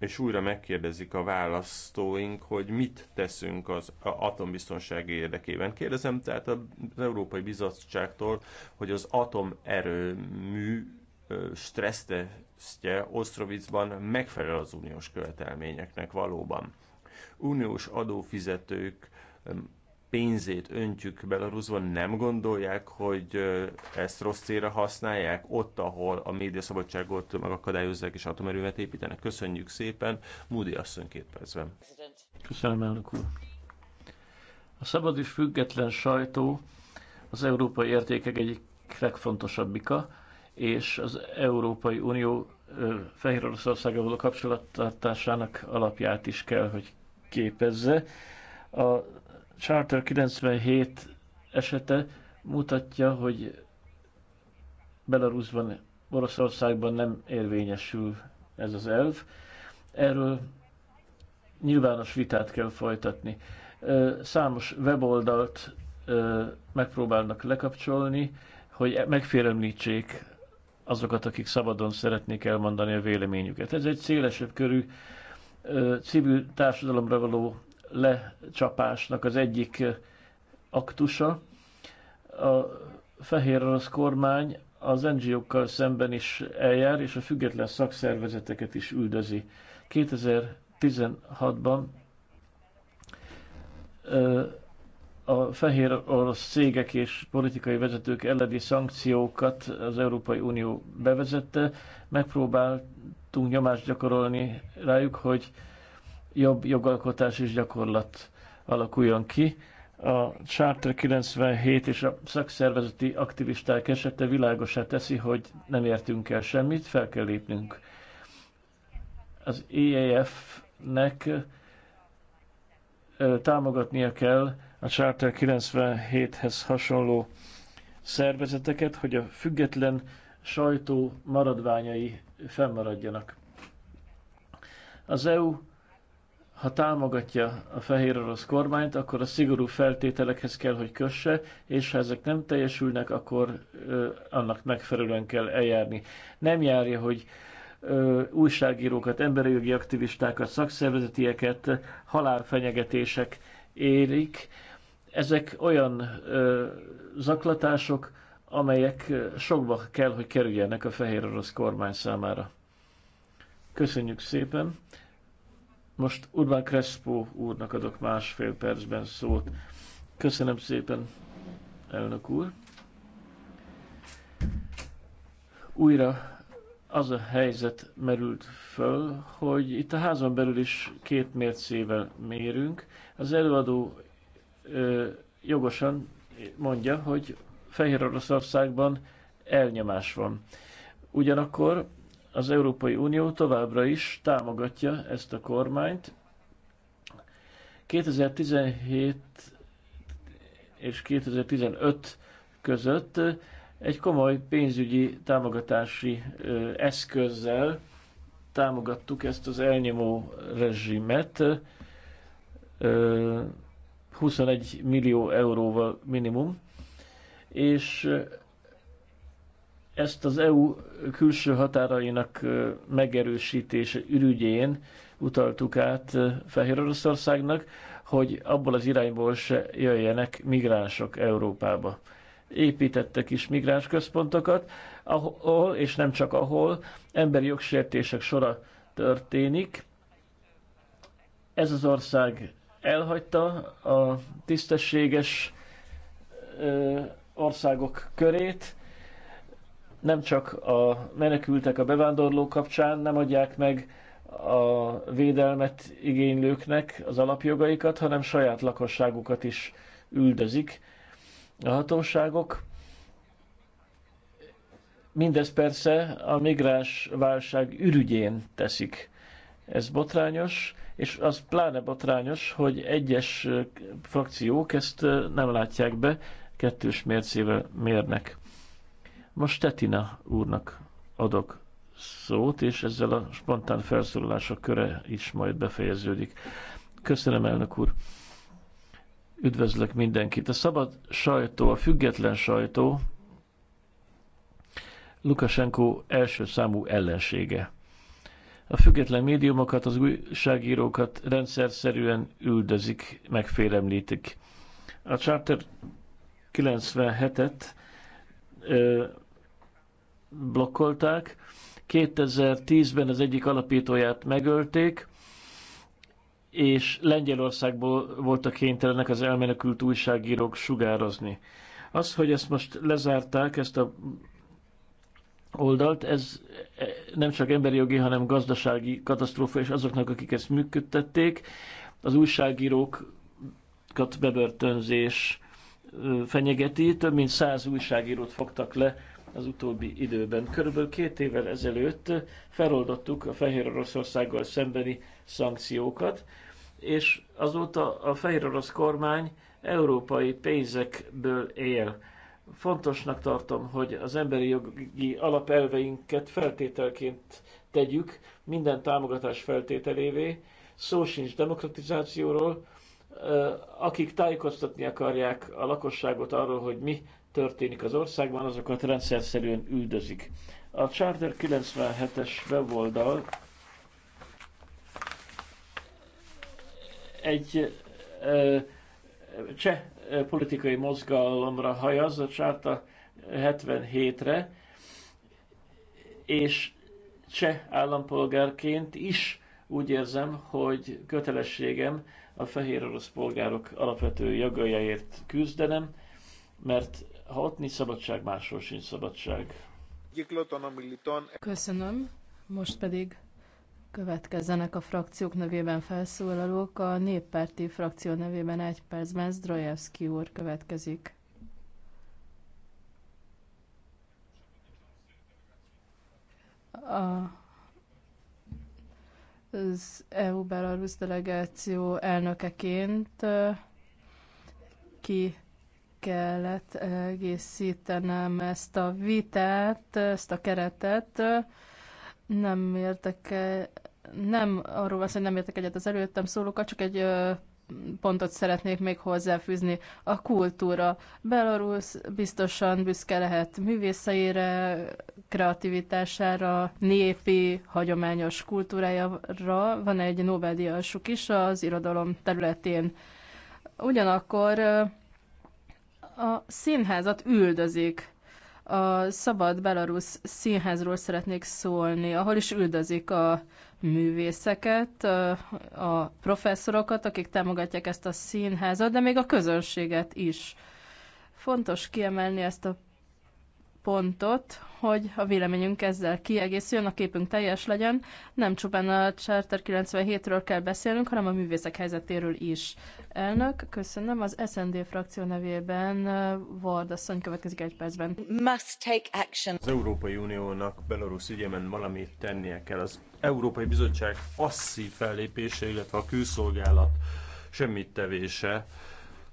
és újra megkérdezik a választóink, hogy mit teszünk az atombiztonsági érdekében. Kérdezem tehát az Európai Bizottságtól, hogy az atomerőmű stressztesztje Osztrovicban megfelel az uniós követelményeknek valóban. Uniós adófizetők pénzét öntjük Belarusba, nem gondolják, hogy ezt rossz célra használják, ott, ahol a médiaszabadságot megakadályozzák és atomerővet építenek. Köszönjük szépen, Múdi asszony két percben. Köszönöm, elnök úr. A szabad és független sajtó az európai értékek egyik legfontosabbika, és az Európai Unió Fehér Oroszországgal való kapcsolattartásának alapját is kell, hogy képezze. A Charter 97 esete mutatja, hogy Belarusban, Oroszországban nem érvényesül ez az elv. Erről nyilvános vitát kell folytatni. Számos weboldalt megpróbálnak lekapcsolni, hogy megfélemlítsék azokat, akik szabadon szeretnék elmondani a véleményüket. Ez egy szélesebb körű civil társadalomra való lecsapásnak az egyik eh, aktusa. A fehér orosz kormány az NGO-kkal szemben is eljár, és a független szakszervezeteket is üldözi. 2016-ban eh, a fehér orosz cégek és politikai vezetők elleni szankciókat az Európai Unió bevezette. Megpróbáltunk nyomást gyakorolni rájuk, hogy jobb jogalkotás és gyakorlat alakuljon ki. A Charter 97 és a szakszervezeti aktivisták esete világosá teszi, hogy nem értünk el semmit, fel kell lépnünk. Az EAF-nek támogatnia kell a Charter 97-hez hasonló szervezeteket, hogy a független sajtó maradványai fennmaradjanak. Az EU ha támogatja a fehér orosz kormányt, akkor a szigorú feltételekhez kell, hogy kösse, és ha ezek nem teljesülnek, akkor ö, annak megfelelően kell eljárni. Nem járja, hogy ö, újságírókat, emberi jogi aktivistákat, szakszervezetieket halálfenyegetések érik. Ezek olyan ö, zaklatások, amelyek sokba kell, hogy kerüljenek a fehér orosz kormány számára. Köszönjük szépen! Most Urban Crespo úrnak adok másfél percben szót. Köszönöm szépen, elnök úr. Újra az a helyzet merült föl, hogy itt a házon belül is két mércével mérünk. Az előadó ö, jogosan mondja, hogy Fehér Oroszországban elnyomás van. Ugyanakkor az Európai Unió továbbra is támogatja ezt a kormányt. 2017 és 2015 között egy komoly pénzügyi támogatási eszközzel támogattuk ezt az elnyomó rezsimet 21 millió euróval minimum, és ezt az EU külső határainak megerősítése ürügyén utaltuk át Fehér Oroszországnak, hogy abból az irányból se jöjjenek migránsok Európába. Építettek is migráns központokat, ahol, és nem csak ahol, emberi jogsértések sora történik. Ez az ország elhagyta a tisztességes országok körét, nem csak a menekültek, a bevándorlók kapcsán nem adják meg a védelmet igénylőknek az alapjogaikat, hanem saját lakosságukat is üldözik a hatóságok. Mindez persze a migráns válság ürügyén teszik. Ez botrányos, és az pláne botrányos, hogy egyes frakciók ezt nem látják be, kettős mércével mérnek. Most Tetina úrnak adok szót, és ezzel a spontán felszólalások köre is majd befejeződik. Köszönöm, elnök úr! Üdvözlök mindenkit! A szabad sajtó, a független sajtó Lukasenko első számú ellensége. A független médiumokat, az újságírókat rendszer szerűen üldözik, megfélemlítik. A Charter 97-et blokkolták. 2010-ben az egyik alapítóját megölték, és Lengyelországból voltak kénytelenek az elmenekült újságírók sugározni. Az, hogy ezt most lezárták, ezt a oldalt, ez e, nem csak emberi jogi, hanem gazdasági katasztrófa, és azoknak, akik ezt működtették, az újságírókat bebörtönzés fenyegeti. Több mint száz újságírót fogtak le az utóbbi időben. Körülbelül két évvel ezelőtt feloldottuk a Fehér Oroszországgal szembeni szankciókat, és azóta a Fehér Orosz kormány európai pénzekből él. Fontosnak tartom, hogy az emberi jogi alapelveinket feltételként tegyük minden támogatás feltételévé. Szó sincs demokratizációról, akik tájékoztatni akarják a lakosságot arról, hogy mi történik az országban, azokat szerűen üldözik. A Charter 97-es weboldal egy cseh politikai mozgalomra hajaz, a Csárta 77-re, és cseh állampolgárként is úgy érzem, hogy kötelességem a fehér orosz polgárok alapvető jogaiért küzdenem, mert ha ott nincs szabadság, máshol sincs szabadság. Köszönöm. Most pedig következzenek a frakciók nevében felszólalók. A néppárti frakció nevében egy percben Zdrojevski úr következik. A az EU-Belarus delegáció elnökeként ki kellett eh, egészítenem ezt a vitát, ezt a keretet. Nem értek, e, nem arról van hogy nem értek egyet az előttem szólókat, csak egy pontot szeretnék még hozzáfűzni. A kultúra. Belarus biztosan büszke lehet művészeire, kreativitására, népi, hagyományos kultúrájára. Van egy Nobel-díjasuk is az irodalom területén. Ugyanakkor a színházat üldözik. A Szabad Belarus színházról szeretnék szólni, ahol is üldözik a művészeket, a professzorokat, akik támogatják ezt a színházat, de még a közönséget is. Fontos kiemelni ezt a pontot, hogy a véleményünk ezzel kiegészüljön, a képünk teljes legyen. Nem csupán a Charter 97-ről kell beszélnünk, hanem a művészek helyzetéről is. Elnök, köszönöm. Az SND frakció nevében Vardasszony uh, következik egy percben. Must take action. Az Európai Uniónak Belarus ügyében valamit tennie kell. Az Európai Bizottság passzív fellépése, illetve a külszolgálat semmit tevése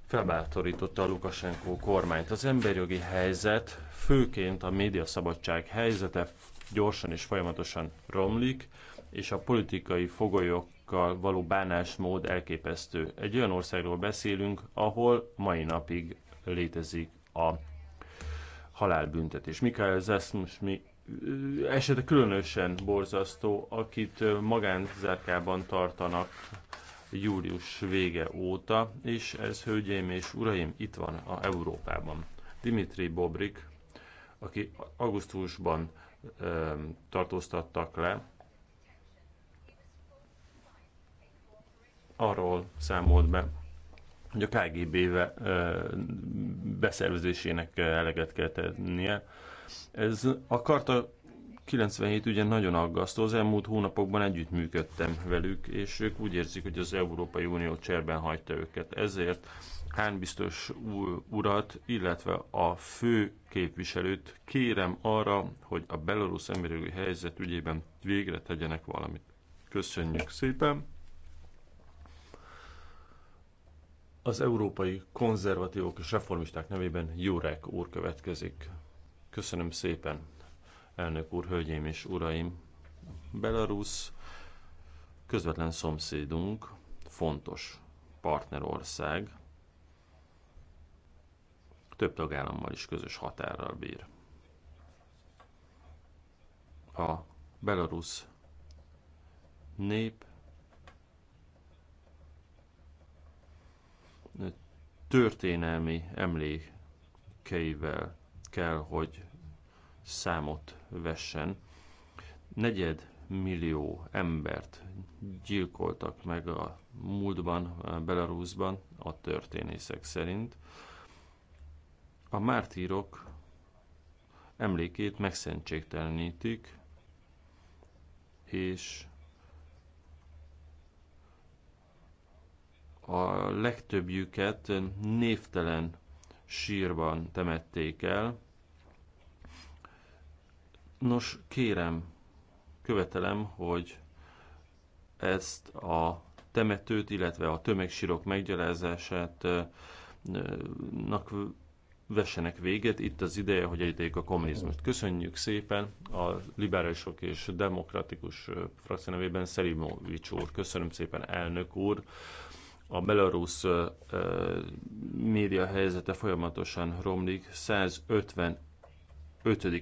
felbátorította a Lukasenko kormányt. Az emberjogi helyzet főként a médiaszabadság helyzete gyorsan és folyamatosan romlik, és a politikai fogolyokkal való bánásmód elképesztő. Egy olyan országról beszélünk, ahol mai napig létezik a halálbüntetés. Mikael mi esete különösen borzasztó, akit magánzárkában tartanak július vége óta, és ez, hölgyeim és uraim, itt van a Európában. Dimitri Bobrik aki augusztusban tartóztattak le, arról számolt be, hogy a KGB beszervezésének eleget kell tennie. Ez a karta 97 ugye nagyon aggasztó, az elmúlt hónapokban együttműködtem velük, és ők úgy érzik, hogy az Európai Unió cserben hagyta őket. Ezért Hán biztos urat, illetve a fő képviselőt kérem arra, hogy a belorusz emberi helyzet ügyében végre tegyenek valamit. Köszönjük szépen! Az európai konzervatívok és reformisták nevében Jurek úr következik. Köszönöm szépen, elnök úr, hölgyeim és uraim! Belarus közvetlen szomszédunk, fontos partnerország, több tagállammal is közös határral bír. A belarusz nép történelmi emlékeivel kell, hogy számot vessen. Negyed millió embert gyilkoltak meg a múltban, Belarusban, a történészek szerint a mártírok emlékét megszentségtelenítik, és a legtöbbjüket névtelen sírban temették el. Nos, kérem, követelem, hogy ezt a temetőt, illetve a tömegsírok meggyalázását nak vessenek véget. Itt az ideje, hogy egyék a kommunizmust. Köszönjük szépen a liberálisok és demokratikus frakció nevében Szerimovics úr. Köszönöm szépen, elnök úr. A belarusz uh, média helyzete folyamatosan romlik. 150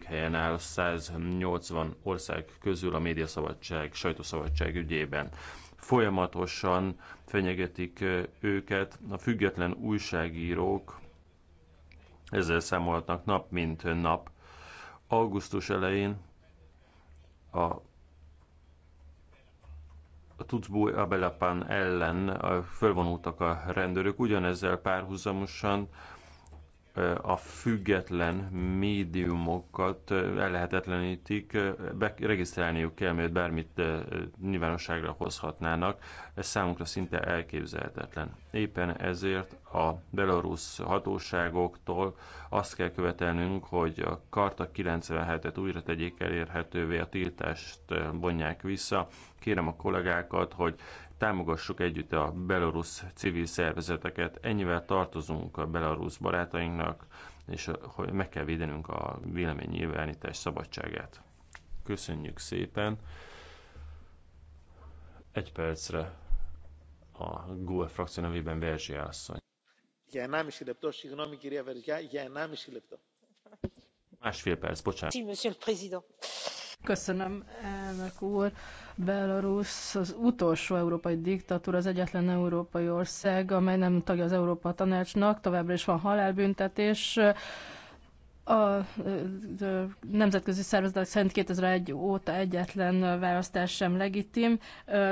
helyen áll 180 ország közül a médiaszabadság, sajtószabadság ügyében. Folyamatosan fenyegetik őket a független újságírók, ezzel számoltak nap mint nap. Augusztus elején a, a Tutsbu Abelapán ellen fölvonultak a rendőrök, ugyanezzel párhuzamosan a független médiumokat ellehetetlenítik, be, regisztrálniuk kell, mert bármit nyilvánosságra hozhatnának. Ez számunkra szinte elképzelhetetlen. Éppen ezért a belorusz hatóságoktól azt kell követelnünk, hogy a Karta 97-et újra tegyék elérhetővé, a tiltást vonják vissza. Kérem a kollégákat, hogy támogassuk együtt a belorusz civil szervezeteket. Ennyivel tartozunk a belorusz barátainknak, és hogy meg kell védenünk a véleménynyilvánítás szabadságát. Köszönjük szépen! Egy percre a Google frakció nevében Verzsi asszony. Για 1,5 λεπτό, συγγνώμη κυρία Βεριά, για 1,5 Másfél perc, bocsánat. Köszönöm, elnök úr. Belarus az utolsó európai diktatúra, az egyetlen európai ország, amely nem tagja az Európa Tanácsnak, továbbra is van halálbüntetés a nemzetközi szervezetek szerint 2001 óta egyetlen választás sem legitim.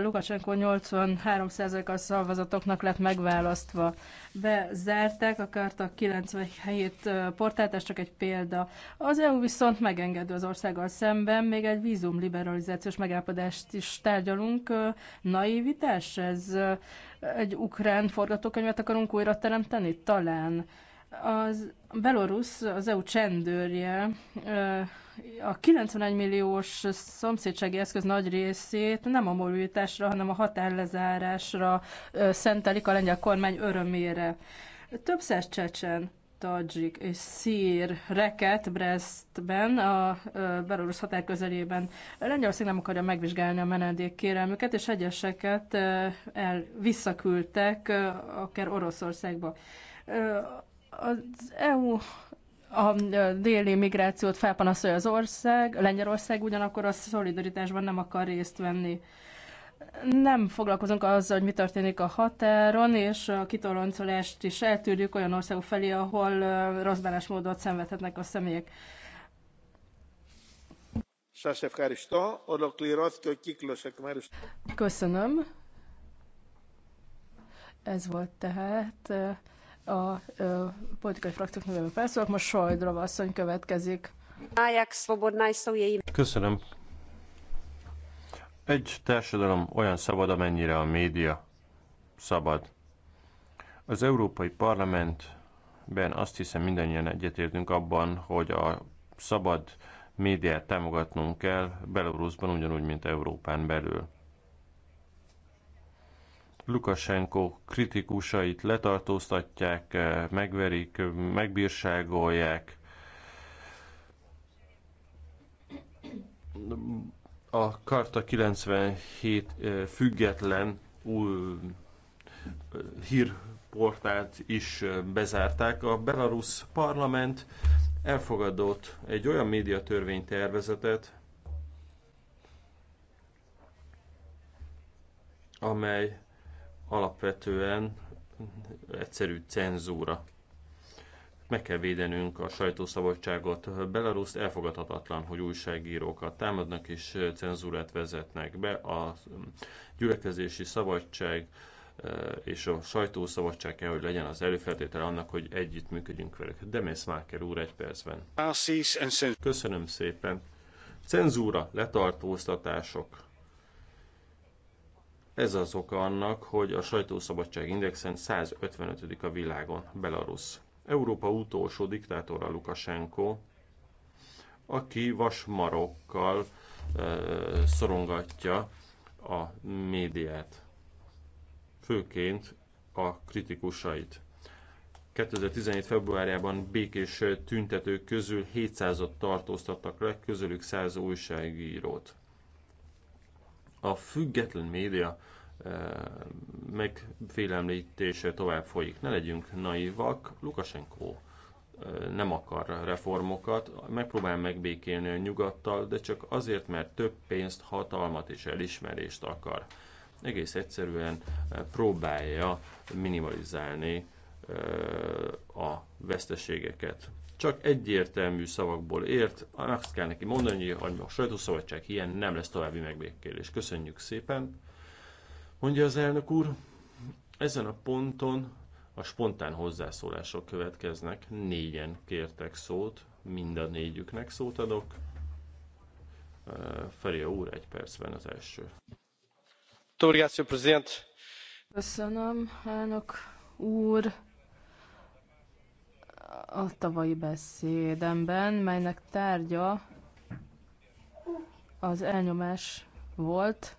Lukashenko 83%-a szavazatoknak lett megválasztva. Bezárták a Karta 97 portált, ez csak egy példa. Az EU viszont megengedő az országgal szemben, még egy vízum liberalizációs megállapodást is tárgyalunk. Naivitás ez? Egy ukrán forgatókönyvet akarunk újra teremteni? Talán az Belarus, az EU csendőrje, a 91 milliós szomszédsági eszköz nagy részét nem a mobilitásra, hanem a határlezárásra szentelik a lengyel kormány örömére. Több száz csecsen, tadzsik és szír reket Brestben, a belorusz határ közelében. Lengyelország nem akarja megvizsgálni a menedék kérelmüket, és egyeseket el visszaküldtek akár Oroszországba. Az EU a déli migrációt felpanaszolja az ország, Lengyelország ugyanakkor a szolidaritásban nem akar részt venni. Nem foglalkozunk azzal, hogy mi történik a határon, és a kitoloncolást is eltűrjük olyan országok felé, ahol rossz bánásmódot szenvedhetnek a személyek. Köszönöm. Ez volt tehát a ö, politikai frakciók nevében felszólok. Most Sojdrova asszony következik. Köszönöm. Egy társadalom olyan szabad, amennyire a média szabad. Az Európai Parlamentben azt hiszem mindannyian egyetértünk abban, hogy a szabad médiát támogatnunk kell Belarusban, ugyanúgy, mint Európán belül. Lukashenko kritikusait letartóztatják, eh, megverik, megbírságolják. A Karta 97 eh, független új eh, hírportált is bezárták. A Belarus parlament elfogadott egy olyan médiatörvénytervezetet, amely alapvetően egyszerű cenzúra. Meg kell védenünk a sajtószabadságot. Belarus elfogadhatatlan, hogy újságírókat támadnak és cenzúrát vezetnek be. A gyülekezési szabadság eh, és a sajtószabadság kell, hogy legyen az előfeltétele annak, hogy együtt működjünk velük. Demész Máker úr egy percben. Köszönöm szépen. Cenzúra, letartóztatások, ez az oka annak, hogy a sajtószabadság indexen 155. a világon Belarus. Európa utolsó diktátora Lukasenko, aki vasmarokkal e, szorongatja a médiát, főként a kritikusait. 2017. februárjában békés tüntetők közül 700-at tartóztattak le, közülük 100 újságírót. A független média eh, megfélemlítése tovább folyik. Ne legyünk naivak, Lukasenko eh, nem akar reformokat, megpróbál megbékélni a nyugattal, de csak azért, mert több pénzt, hatalmat és elismerést akar. Egész egyszerűen eh, próbálja minimalizálni a veszteségeket csak egyértelmű szavakból ért, azt kell neki mondani, hogy a sajtószabadság ilyen nem lesz további megbékélés. Köszönjük szépen, mondja az elnök úr. Ezen a ponton a spontán hozzászólások következnek. Négyen kértek szót, mind a négyüknek szót adok. Feria úr, egy percben az első. Köszönöm, elnök úr a tavalyi beszédemben, melynek tárgya az elnyomás volt.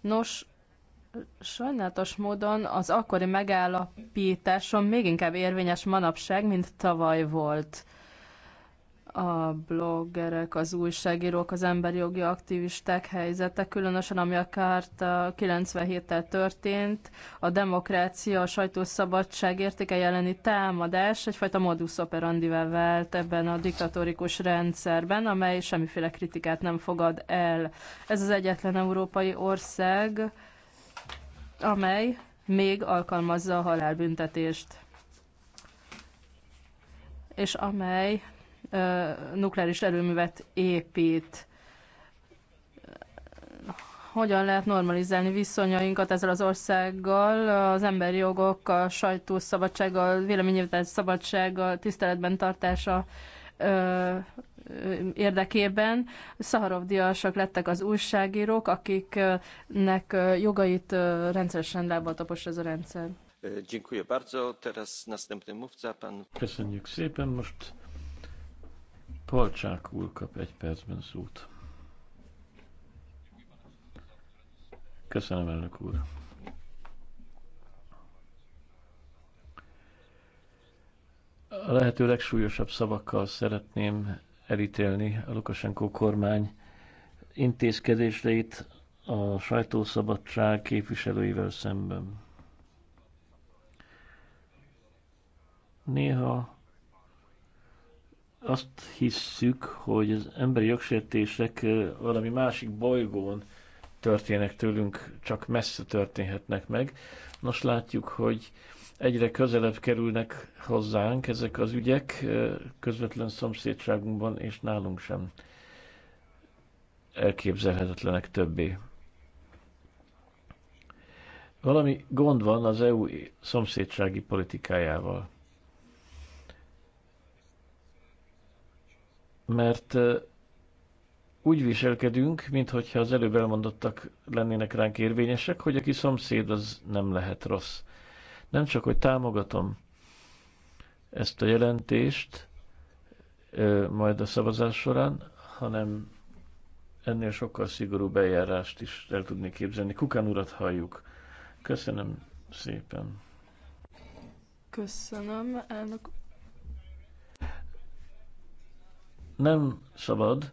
Nos, sajnálatos módon az akkori megállapításom még inkább érvényes manapság, mint tavaly volt a bloggerek, az újságírók, az emberi jogi aktivisták helyzete, különösen ami a kárt 97-tel történt, a demokrácia, a sajtószabadság értéke jeleni támadás egyfajta modus operandivel vált ebben a diktatórikus rendszerben, amely semmiféle kritikát nem fogad el. Ez az egyetlen európai ország, amely még alkalmazza a halálbüntetést és amely nukleáris erőművet épít. Hogyan lehet normalizálni viszonyainkat ezzel az országgal, az emberi jogok, a sajtószabadsággal, véleménynyilvánítás szabadsággal, tiszteletben tartása érdekében. Szaharovdiasak lettek az újságírók, akiknek jogait rendszeresen lábbal tapos ez a rendszer. Köszönjük szépen, most Polcsák úr kap egy percben szót. Köszönöm, elnök úr. A lehető legsúlyosabb szavakkal szeretném elítélni a Lukasenko kormány intézkedéseit a sajtószabadság képviselőivel szemben. Néha azt hisszük, hogy az emberi jogsértések valami másik bolygón történnek tőlünk, csak messze történhetnek meg. Nos, látjuk, hogy egyre közelebb kerülnek hozzánk ezek az ügyek, közvetlen szomszédságunkban és nálunk sem elképzelhetetlenek többé. Valami gond van az EU szomszédsági politikájával. mert úgy viselkedünk, mintha az előbb elmondottak lennének ránk érvényesek, hogy aki szomszéd, az nem lehet rossz. Nem csak, hogy támogatom ezt a jelentést majd a szavazás során, hanem ennél sokkal szigorú bejárást is el tudnék képzelni. Kukán urat halljuk. Köszönöm szépen. Köszönöm, elnök Nem szabad,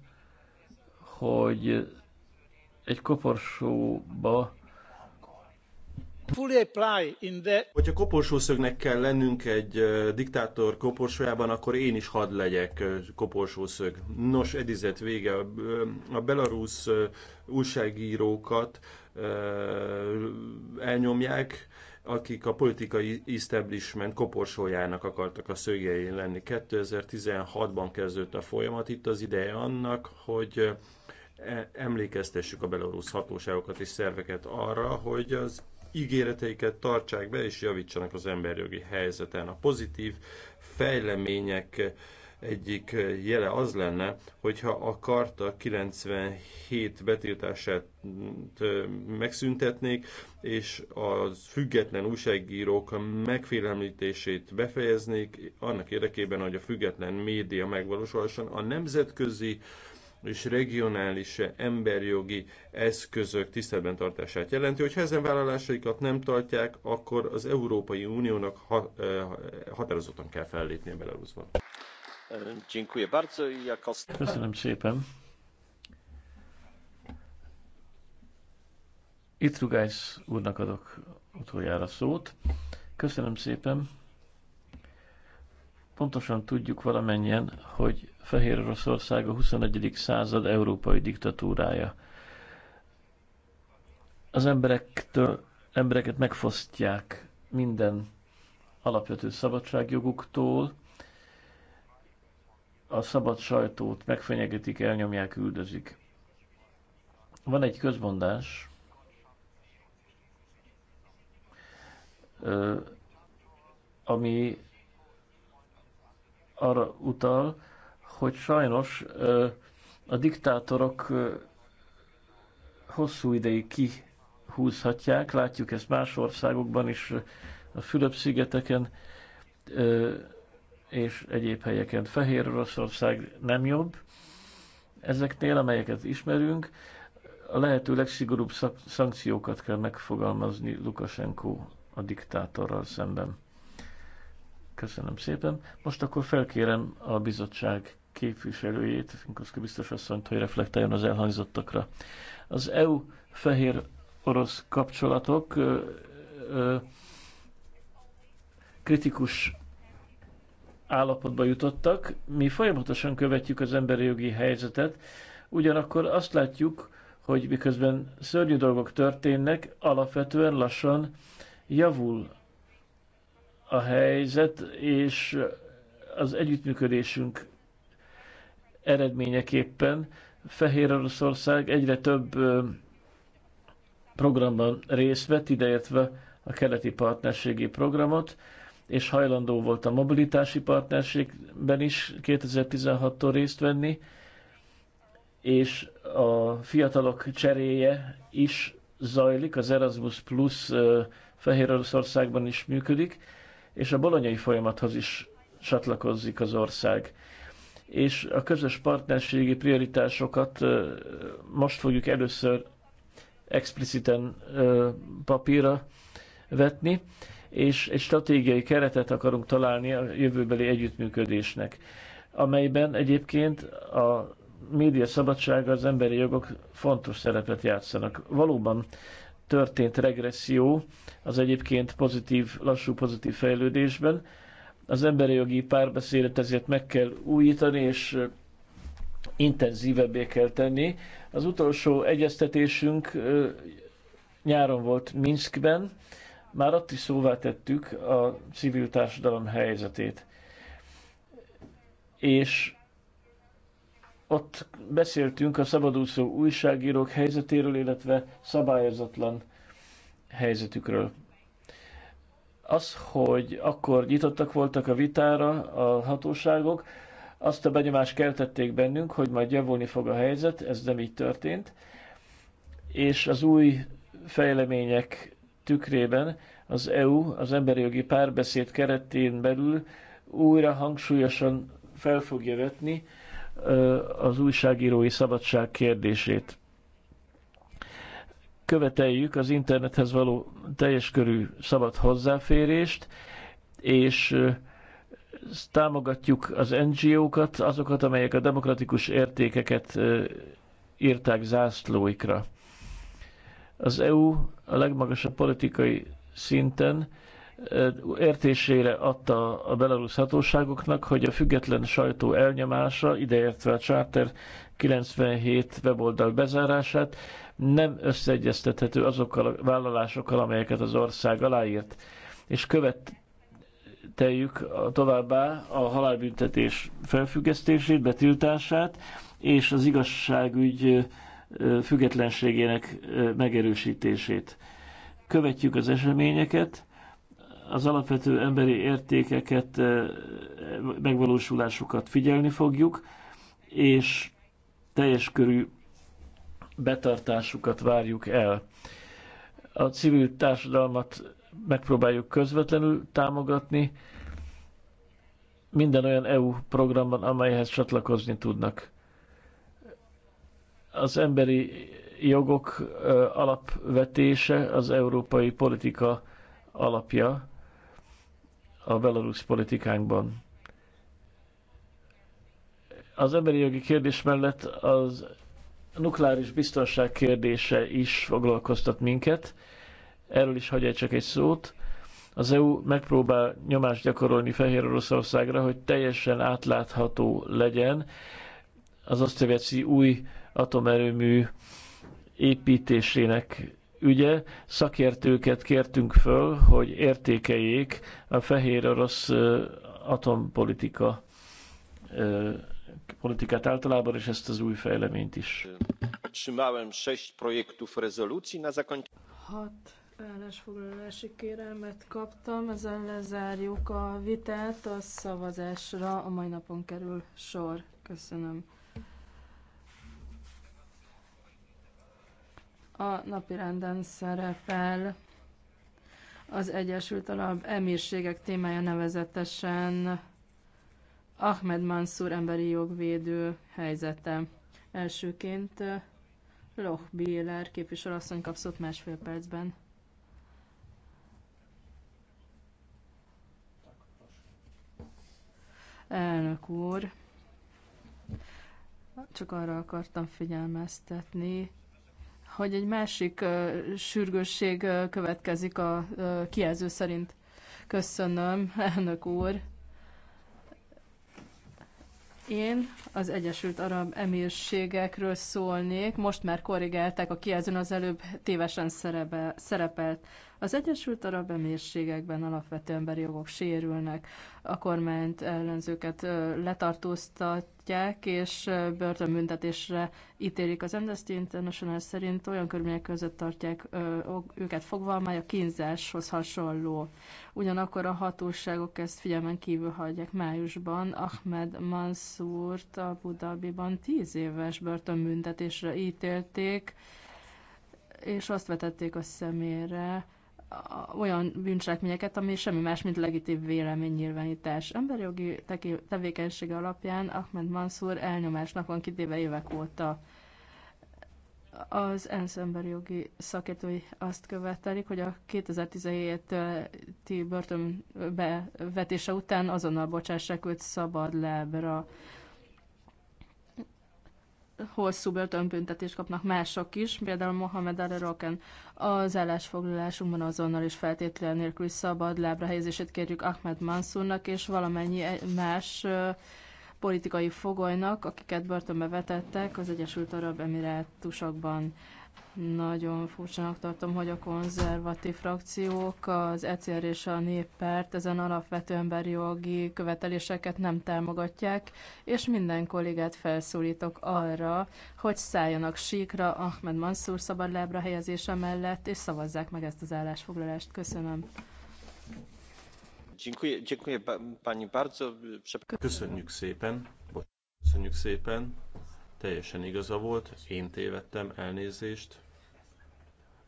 hogy egy koporsóba Hogyha koporsószögnek kell lennünk egy diktátor koporsójában, akkor én is hadd legyek koporsószög. Nos, edizet vége. A belarusz újságírókat elnyomják, akik a politikai establishment koporsójának akartak a szögjein lenni. 2016-ban kezdődött a folyamat, itt az ideje annak, hogy e, emlékeztessük a belorusz hatóságokat és szerveket arra, hogy az ígéreteiket tartsák be és javítsanak az emberjogi helyzeten. A pozitív fejlemények egyik jele az lenne, hogyha a karta 97 betiltását megszüntetnék, és az független újságírók megfélemlítését befejeznék, annak érdekében, hogy a független média megvalósulhasson. A nemzetközi és regionális emberjogi eszközök tiszteletben tartását jelenti, hogy ha ezen vállalásaikat nem tartják, akkor az Európai Uniónak ha, határozottan kell fellépnie Belarusban. Köszönöm szépen. Itt Rugász úrnak adok utoljára szót. Köszönöm szépen. Pontosan tudjuk valamennyien, hogy Fehér Oroszország a 21. század európai diktatúrája. Az emberektől, embereket megfosztják minden alapvető szabadságjoguktól, a szabad sajtót megfenyegetik, elnyomják, üldözik. Van egy közmondás, ami arra utal, hogy sajnos a diktátorok hosszú ideig kihúzhatják, látjuk ezt más országokban is, a Fülöp-szigeteken és egyéb helyeken. Fehér Oroszország nem jobb. Ezeknél, amelyeket ismerünk, a lehető legszigorúbb szankciókat kell megfogalmazni Lukasenko a diktátorral szemben. Köszönöm szépen. Most akkor felkérem a bizottság képviselőjét, Finkoszka biztos asszonyt, hogy reflektáljon az elhangzottakra. Az EU-fehér orosz kapcsolatok ö, ö, kritikus állapotba jutottak. Mi folyamatosan követjük az emberi jogi helyzetet, ugyanakkor azt látjuk, hogy miközben szörnyű dolgok történnek, alapvetően lassan javul a helyzet, és az együttműködésünk eredményeképpen Fehér Oroszország egyre több programban részt vett, ideértve a keleti partnerségi programot, és hajlandó volt a mobilitási partnerségben is 2016-tól részt venni, és a fiatalok cseréje is zajlik, az Erasmus Plus Fehér Oroszországban is működik, és a bolonyai folyamathoz is csatlakozik az ország. És a közös partnerségi prioritásokat most fogjuk először expliciten papírra vetni és egy stratégiai keretet akarunk találni a jövőbeli együttműködésnek, amelyben egyébként a média szabadsága, az emberi jogok fontos szerepet játszanak. Valóban történt regresszió az egyébként pozitív, lassú pozitív fejlődésben. Az emberi jogi párbeszédet ezért meg kell újítani, és intenzívebbé kell tenni. Az utolsó egyeztetésünk nyáron volt Minskben, már ott is szóvá tettük a civil társadalom helyzetét. És ott beszéltünk a szabadúszó újságírók helyzetéről, illetve szabályozatlan helyzetükről. Az, hogy akkor nyitottak voltak a vitára a hatóságok, azt a benyomást keltették bennünk, hogy majd javulni fog a helyzet, ez nem így történt, és az új fejlemények tükrében az EU az emberi jogi párbeszéd keretén belül újra hangsúlyosan fel fogja vetni az újságírói szabadság kérdését. Követeljük az internethez való teljes körű szabad hozzáférést, és támogatjuk az NGO-kat, azokat, amelyek a demokratikus értékeket írták zászlóikra. Az EU a legmagasabb politikai szinten értésére adta a belarus hatóságoknak, hogy a független sajtó elnyomása, ideértve a Charter 97 weboldal bezárását, nem összeegyeztethető azokkal a vállalásokkal, amelyeket az ország aláírt, és követeljük a továbbá a halálbüntetés felfüggesztését, betiltását, és az igazságügy függetlenségének megerősítését. Követjük az eseményeket, az alapvető emberi értékeket, megvalósulásukat figyelni fogjuk, és teljes körű betartásukat várjuk el. A civil társadalmat megpróbáljuk közvetlenül támogatni minden olyan EU programban, amelyhez csatlakozni tudnak az emberi jogok alapvetése az európai politika alapja a belarusz politikánkban. Az emberi jogi kérdés mellett az nukleáris biztonság kérdése is foglalkoztat minket. Erről is hagyj csak egy szót. Az EU megpróbál nyomást gyakorolni Fehér Oroszországra, hogy teljesen átlátható legyen az osztöveci új atomerőmű építésének ügye. Szakértőket kértünk föl, hogy értékeljék a fehér orosz atompolitika politikát általában, és ezt az új fejleményt is. Trzymałem sześć projektów rezolucji na zakończenie. Hat állásfoglalási kérelmet kaptam, ezzel lezárjuk a vitát, a szavazásra a mai napon kerül sor. Köszönöm. a napirenden szerepel az Egyesült Arab Emírségek témája nevezetesen Ahmed Mansour emberi jogvédő helyzete. Elsőként eh, Loch Bieler képviselőasszony kapszott másfél percben. Elnök úr, csak arra akartam figyelmeztetni, hogy egy másik sürgősség következik a kijelző szerint. Köszönöm, elnök úr. Én az Egyesült Arab Emírségekről szólnék, most már korrigálták a kijelzőn, az előbb tévesen szerepelt. Az Egyesült Arab Emírségekben alapvető emberi jogok sérülnek, a kormányt ellenzőket letartóztatják, és börtönbüntetésre ítélik. Az Amnesty International szerint olyan körülmények között tartják őket fogva, amely a kínzáshoz hasonló. Ugyanakkor a hatóságok ezt figyelmen kívül hagyják. Májusban Ahmed Mansurt a Budabiban 10 éves börtönbüntetésre ítélték, és azt vetették a szemére, olyan bűncselekményeket, ami semmi más, mint legitim véleménynyilvánítás. Emberjogi tevékenysége alapján Ahmed Mansour elnyomásnak van kitéve évek óta. Az ENSZ emberjogi szakértői azt követelik, hogy a 2017 ti börtönbevetése után azonnal bocsássák őt szabad lábra hosszú börtönbüntetést kapnak mások is, például Mohamed Ali Roken. Az állásfoglalásunkban azonnal és feltétlenül nélkül szabad lábra helyezését kérjük Ahmed Mansurnak és valamennyi más politikai fogolynak, akiket börtönbe vetettek az Egyesült Arab Emirátusokban. Nagyon furcsának tartom, hogy a konzervatív frakciók, az ECR és a néppárt ezen alapvető emberi jogi követeléseket nem támogatják, és minden kollégát felszólítok arra, hogy szálljanak síkra Ahmed Mansur szabadlábra helyezése mellett, és szavazzák meg ezt az állásfoglalást. Köszönöm. Köszönjük szépen. Köszönjük szépen teljesen igaza volt, én tévedtem, elnézést.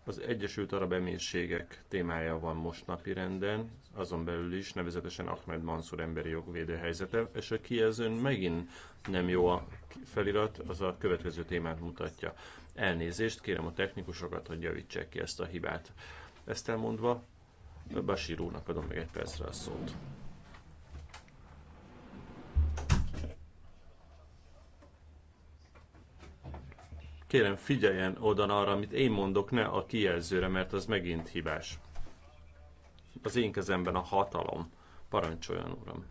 Az Egyesült Arab Emírségek témája van most napirenden, azon belül is, nevezetesen Ahmed Mansur emberi jogvédő helyzete, és a kijelzőn megint nem jó a felirat, az a következő témát mutatja. Elnézést, kérem a technikusokat, hogy javítsák ki ezt a hibát. Ezt elmondva, Basir úrnak adom meg egy percre a szót. Kérem, figyeljen oda arra, amit én mondok, ne a kijelzőre, mert az megint hibás. Az én kezemben a hatalom. Parancsoljon, uram.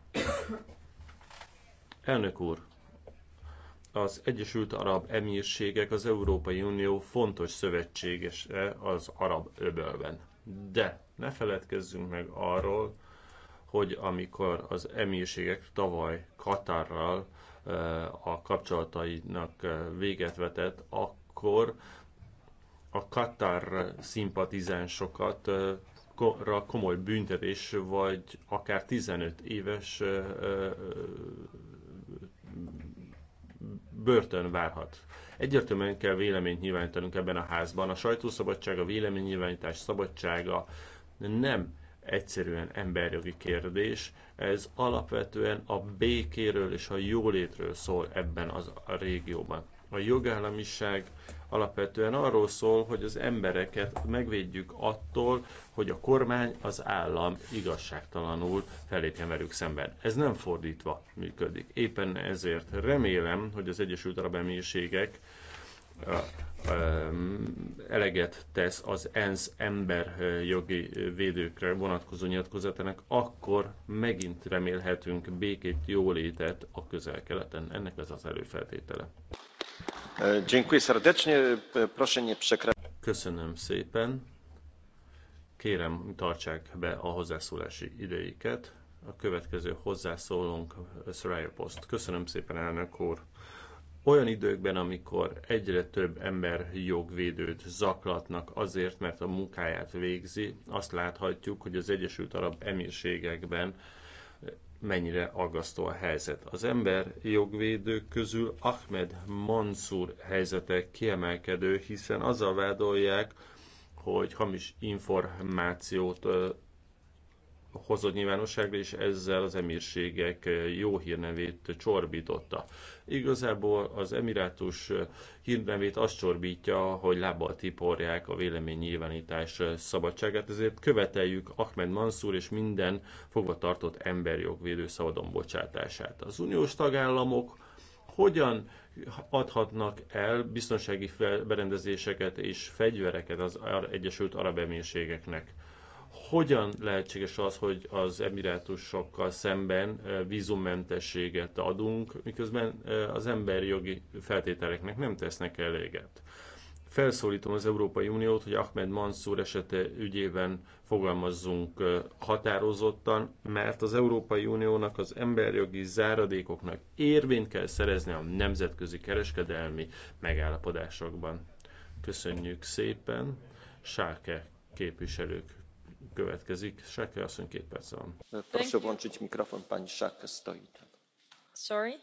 Elnök úr, az Egyesült Arab Emírségek az Európai Unió fontos szövetségese az arab öbölben. De ne feledkezzünk meg arról, hogy amikor az emírségek tavaly Katarral a kapcsolatainak véget vetett, akkor a Katar szimpatizánsokat komoly büntetés, vagy akár 15 éves börtön várhat. Egyértelműen kell véleményt nyilvánítanunk ebben a házban. A sajtószabadság, a véleménynyilvánítás szabadsága nem egyszerűen emberjogi kérdés, ez alapvetően a békéről és a jólétről szól ebben az, a régióban. A jogállamiság alapvetően arról szól, hogy az embereket megvédjük attól, hogy a kormány, az állam igazságtalanul felépjen velük szemben. Ez nem fordítva működik. Éppen ezért remélem, hogy az Egyesült Arab Emírségek eleget tesz az ENSZ emberjogi védőkre vonatkozó nyilatkozatának, akkor megint remélhetünk békét, jólétet a közel-keleten. Ennek ez az előfeltétele. Köszönöm szépen. Kérem, tartsák be a hozzászólási ideiket. A következő hozzászólónk Soraya Post. Köszönöm szépen, elnök úr olyan időkben, amikor egyre több ember jogvédőt zaklatnak azért, mert a munkáját végzi, azt láthatjuk, hogy az Egyesült Arab Emírségekben mennyire aggasztó a helyzet. Az ember jogvédők közül Ahmed Mansur helyzete kiemelkedő, hiszen azzal vádolják, hogy hamis információt hozott nyilvánosságra, és ezzel az emírségek eh, jó hírnevét csorbította. Igazából az emirátus eh, hírnevét azt csorbítja, hogy lábbal tiporják a vélemény nyilvánítás eh, szabadságát, ezért követeljük Ahmed Mansur és minden fogvatartott emberjogvédő szabadon bocsátását. Az uniós tagállamok hogyan adhatnak el biztonsági berendezéseket és fegyvereket az Egyesült Arab Emírségeknek? hogyan lehetséges az, hogy az emirátusokkal szemben vízummentességet adunk, miközben az emberi jogi feltételeknek nem tesznek eléget. Felszólítom az Európai Uniót, hogy Ahmed Mansour esete ügyében fogalmazzunk határozottan, mert az Európai Uniónak az emberjogi záradékoknak érvényt kell szerezni a nemzetközi kereskedelmi megállapodásokban. Köszönjük szépen, Sáke képviselők következik. Sáke asszony két perc van. Proszę włączyć mikrofon, pani Sáke stoi Sorry?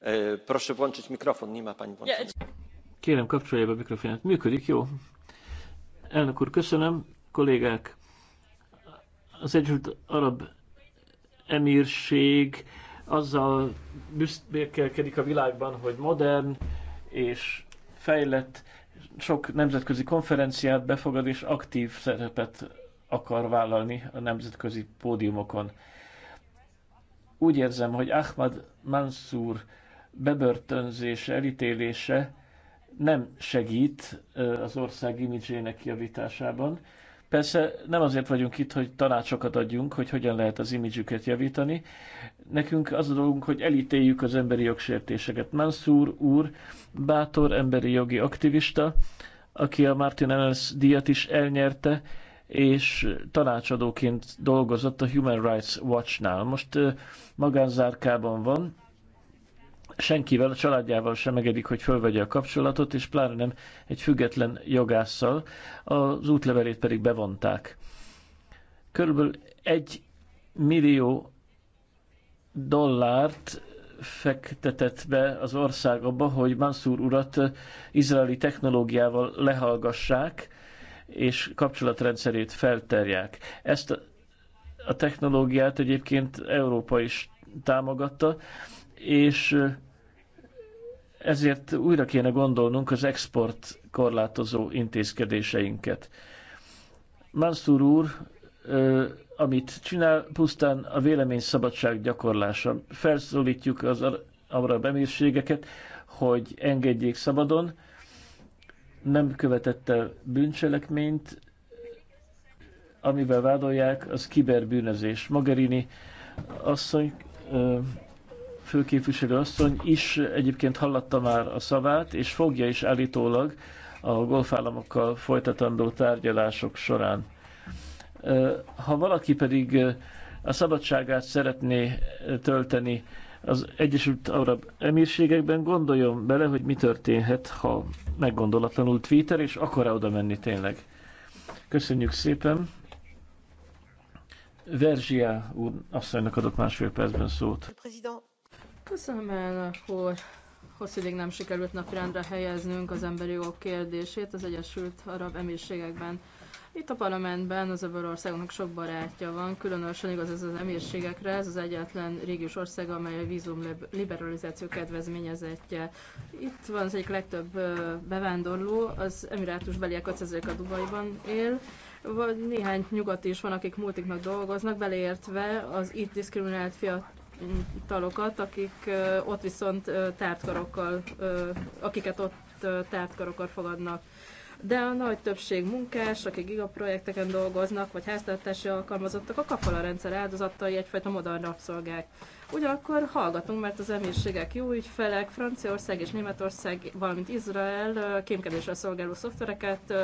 E, proszę włączyć mikrofon, nie ma pani włączony. Kérem, kapcsolja be a mikrofonját. Működik, jó? Elnök úr, köszönöm. Kollégák, az Egyesült Arab Emírség azzal büszkélkedik a világban, hogy modern és fejlett, sok nemzetközi konferenciát befogad és aktív szerepet akar vállalni a nemzetközi pódiumokon. Úgy érzem, hogy Ahmad Mansur bebörtönzése, elítélése nem segít az ország imidzsének javításában. Persze nem azért vagyunk itt, hogy tanácsokat adjunk, hogy hogyan lehet az imidzsüket javítani. Nekünk az a dolgunk, hogy elítéljük az emberi jogsértéseket. Mansur úr, bátor emberi jogi aktivista, aki a Martin Ellis díjat is elnyerte, és tanácsadóként dolgozott a Human Rights Watch-nál. Most magánzárkában van, senkivel, a családjával sem megedik, hogy fölvegye a kapcsolatot, és pláne nem egy független jogásszal, az útlevelét pedig bevonták. Körülbelül egy millió dollárt fektetett be az ország abba, hogy Mansur urat izraeli technológiával lehallgassák, és kapcsolatrendszerét felterják. Ezt a, technológiát egyébként Európa is támogatta, és ezért újra kéne gondolnunk az export korlátozó intézkedéseinket. Mansur úr, amit csinál, pusztán a véleményszabadság gyakorlása. Felszólítjuk az arab emírségeket, hogy engedjék szabadon, nem követette bűncselekményt, amivel vádolják, az kiberbűnözés. Magarini asszony, főképviselő asszony is egyébként hallatta már a szavát, és fogja is állítólag a golfállamokkal folytatandó tárgyalások során. Ha valaki pedig a szabadságát szeretné tölteni az Egyesült Arab Emírségekben, gondoljon bele, hogy mi történhet, ha meggondolatlanul Twitter, és akar -e oda menni tényleg. Köszönjük szépen. Verzsia úr asszonynak adok másfél percben szót. Köszönöm elnök úr. Hosszú ideig nem sikerült napirendre helyeznünk az emberi jogok kérdését az Egyesült Arab Emírségekben. Itt a parlamentben az Öbölországnak sok barátja van, különösen igaz ez az emírségekre, ez az egyetlen régiós ország, amely a vízum liberalizáció kedvezményezettje. Itt van az egyik legtöbb bevándorló, az emirátus beliek 5%-a Dubajban él, vagy néhány nyugati is van, akik multiknak dolgoznak, beleértve az itt diszkriminált fiatalokat, akik ott viszont tártkarokkal, akiket ott tártkarokkal fogadnak de a nagy többség munkás, akik gigaprojekteken dolgoznak, vagy háztartási alkalmazottak, a kapola rendszer áldozatai egyfajta modern rabszolgák. Ugyanakkor hallgatunk, mert az emírségek jó ügyfelek, Franciaország és Németország, valamint Izrael kémkedésre szolgáló szoftvereket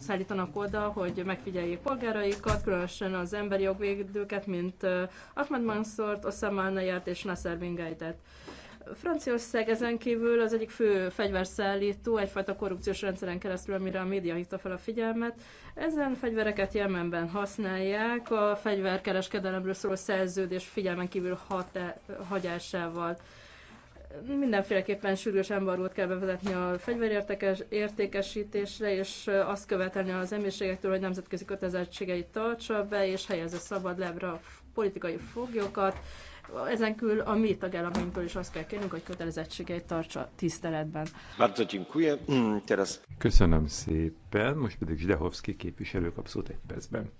szállítanak oda, hogy megfigyeljék polgáraikat, különösen az emberi jogvédőket, mint Ahmed Mansort, Osama Nayart és Nasser Bingaitet. Franciaország ezen kívül az egyik fő fegyverszállító egyfajta korrupciós rendszeren keresztül, amire a média hívta fel a figyelmet. Ezen fegyvereket Jemenben használják a fegyverkereskedelemről szóló szerződés figyelmen kívül hatá- hagyásával. Mindenféleképpen sürgős embargót kell bevezetni a fegyverértékesítésre, és azt követelni az emírségektől, hogy nemzetközi kötelezettségeit tartsa be, és helyezze szabad lábra a politikai foglyokat, ezen kül a mi tagállamunktól is azt kell kérnünk, hogy kötelezettségeit tartsa tiszteletben. Mm, Köszönöm szépen, most pedig Zsidehovszki képviselő kap szót egy percben.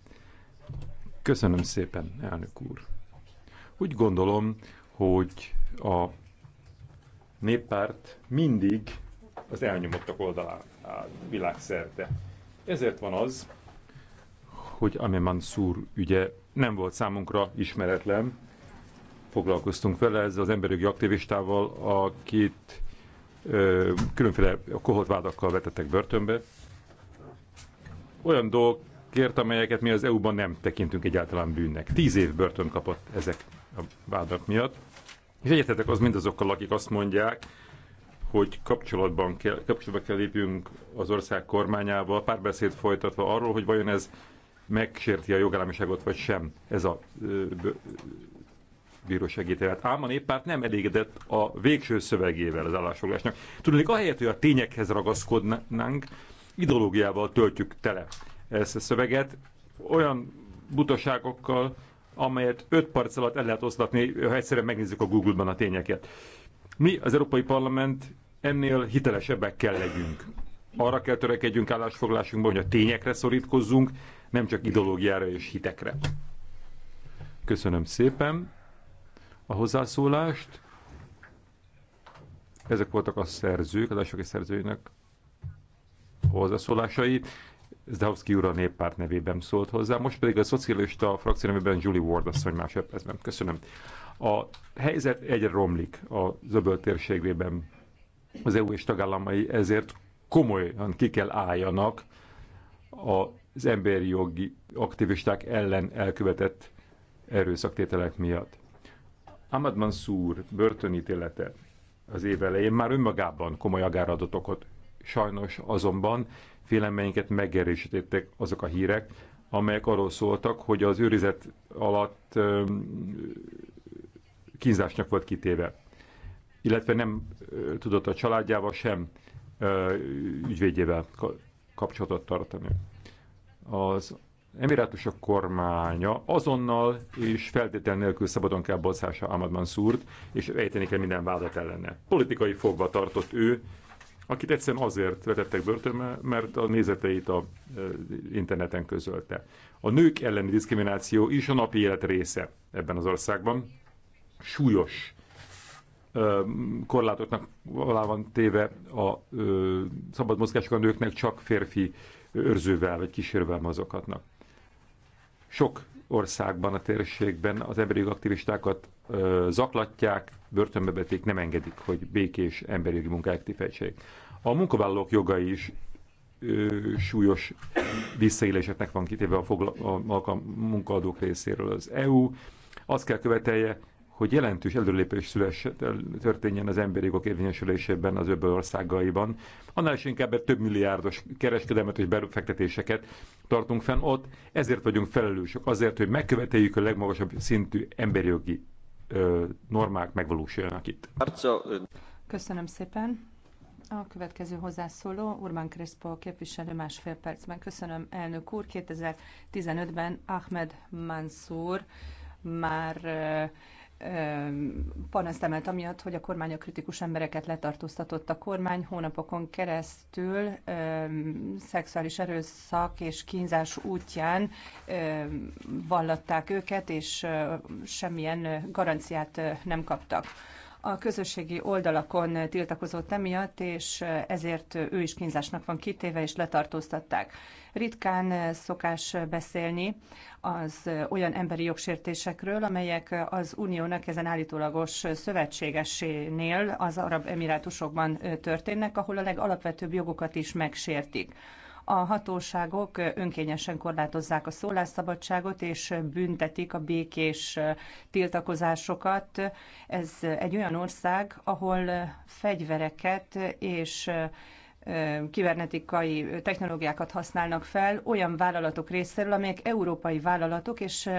Köszönöm szépen, elnök úr. Úgy gondolom, hogy a néppárt mindig az elnyomottak oldalán áll világszerte. Ezért van az, hogy amemán Mansur ügye nem volt számunkra ismeretlen, foglalkoztunk vele, ez az emberjogi aktivistával, akit ö, különféle kohotvádakkal vetettek börtönbe. Olyan dolgokért, amelyeket mi az EU-ban nem tekintünk egyáltalán bűnnek. Tíz év börtön kapott ezek a vádak miatt. És egyetetek az mindazokkal, akik azt mondják, hogy kapcsolatban kell, kapcsolatban kell lépjünk az ország kormányával, párbeszéd folytatva arról, hogy vajon ez megsérti a jogállamiságot, vagy sem ez a bírósági ítélet. Ám a néppárt nem elégedett a végső szövegével az állásfoglásnak. Tudnék, ahelyett, hogy a tényekhez ragaszkodnánk, ideológiával töltjük tele ezt a szöveget, olyan butaságokkal, amelyet öt perc alatt el lehet oszlatni, ha egyszerűen megnézzük a Google-ban a tényeket. Mi, az Európai Parlament ennél hitelesebbek kell legyünk. Arra kell törekedjünk állásfoglásunkban, hogy a tényekre szorítkozzunk, nem csak ideológiára és hitekre. Köszönöm szépen a hozzászólást. Ezek voltak a szerzők, az elsők szerzőinek hozzászólásai. Zdehovszki úr a néppárt nevében szólt hozzá, most pedig a szocialista frakció nevében Julie Ward asszony másodpercben. Köszönöm. A helyzet egyre romlik a zöböl térségében. Az EU és tagállamai ezért komolyan ki kell álljanak az emberi jogi aktivisták ellen elkövetett erőszaktételek miatt. Ahmad Mansour börtönítélete az év elején már önmagában komoly agáradot okot. Sajnos azonban félelmeinket megerősítettek azok a hírek, amelyek arról szóltak, hogy az őrizet alatt kínzásnak volt kitéve. Illetve nem tudott a családjával sem ügyvédjével kapcsolatot tartani. Az Emirátusok kormánya azonnal és feltétel nélkül szabadon kell bocsássa Ahmad Mansurt, és ejteni kell minden vádat ellene. Politikai fogva tartott ő, akit egyszerűen azért vetettek börtönbe, mert a nézeteit a interneten közölte. A nők elleni diszkrimináció is a napi élet része ebben az országban. Súlyos korlátoknak alá van téve a szabad mozgások a nőknek, csak férfi őrzővel vagy kísérővel mozoghatnak. Sok országban, a térségben az emberi aktivistákat ö, zaklatják, börtönbe betik, nem engedik, hogy békés emberi jogi munkák tifejtsék. A munkavállalók jogai is ö, súlyos visszaéléseknek van kitéve a, fogla- a, a munkaadók részéről az EU. Azt kell követelje, hogy jelentős előlépés szüles, történjen az emberi jogok érvényesülésében az öböl országaiban. Annál is inkább több milliárdos kereskedelmet és befektetéseket tartunk fenn ott, ezért vagyunk felelősök, azért, hogy megköveteljük a legmagasabb szintű emberi jogi ö, normák megvalósuljanak itt. Köszönöm szépen. A következő hozzászóló Urban Crespo képviselő másfél percben. Köszönöm, elnök úr. 2015-ben Ahmed Mansour már panaszt emelt amiatt, hogy a kormány a kritikus embereket letartóztatott. A kormány hónapokon keresztül szexuális erőszak és kínzás útján vallatták őket, és semmilyen garanciát nem kaptak a közösségi oldalakon tiltakozott emiatt, és ezért ő is kínzásnak van kitéve, és letartóztatták. Ritkán szokás beszélni az olyan emberi jogsértésekről, amelyek az uniónak ezen állítólagos szövetségesénél az arab emirátusokban történnek, ahol a legalapvetőbb jogokat is megsértik a hatóságok önkényesen korlátozzák a szólásszabadságot és büntetik a békés tiltakozásokat. Ez egy olyan ország, ahol fegyvereket és kibernetikai technológiákat használnak fel olyan vállalatok részéről, amelyek európai vállalatok, és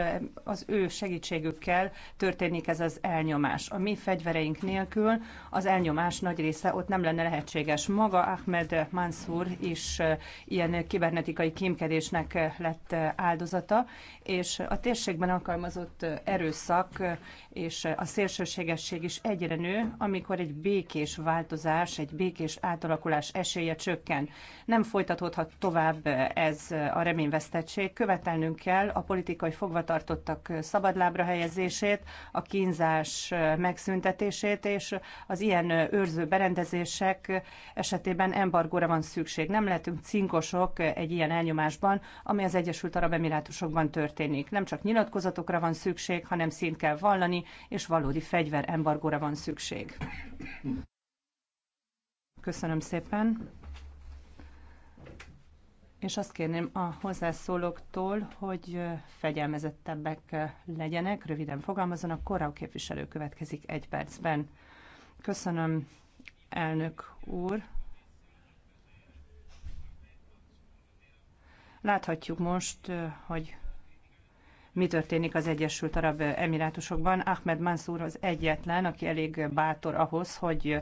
az ő segítségükkel történik ez az elnyomás. A mi fegyvereink nélkül az elnyomás nagy része ott nem lenne lehetséges. Maga Ahmed Mansour is ilyen kibernetikai kémkedésnek lett áldozata, és a térségben alkalmazott erőszak és a szélsőségesség is egyre nő, amikor egy békés változás, egy békés átalakulás esély esélye csökken. Nem folytatódhat tovább ez a reményvesztettség. Követelnünk kell a politikai fogvatartottak szabadlábra helyezését, a kínzás megszüntetését, és az ilyen őrző berendezések esetében embargóra van szükség. Nem lehetünk cinkosok egy ilyen elnyomásban, ami az Egyesült Arab Emirátusokban történik. Nem csak nyilatkozatokra van szükség, hanem szint kell vallani, és valódi embargóra van szükség. Köszönöm szépen. És azt kérném a hozzászólóktól, hogy fegyelmezettebbek legyenek, röviden a korau képviselő következik egy percben. Köszönöm, elnök úr. Láthatjuk most, hogy mi történik az Egyesült Arab Emirátusokban. Ahmed Mansour az egyetlen, aki elég bátor ahhoz, hogy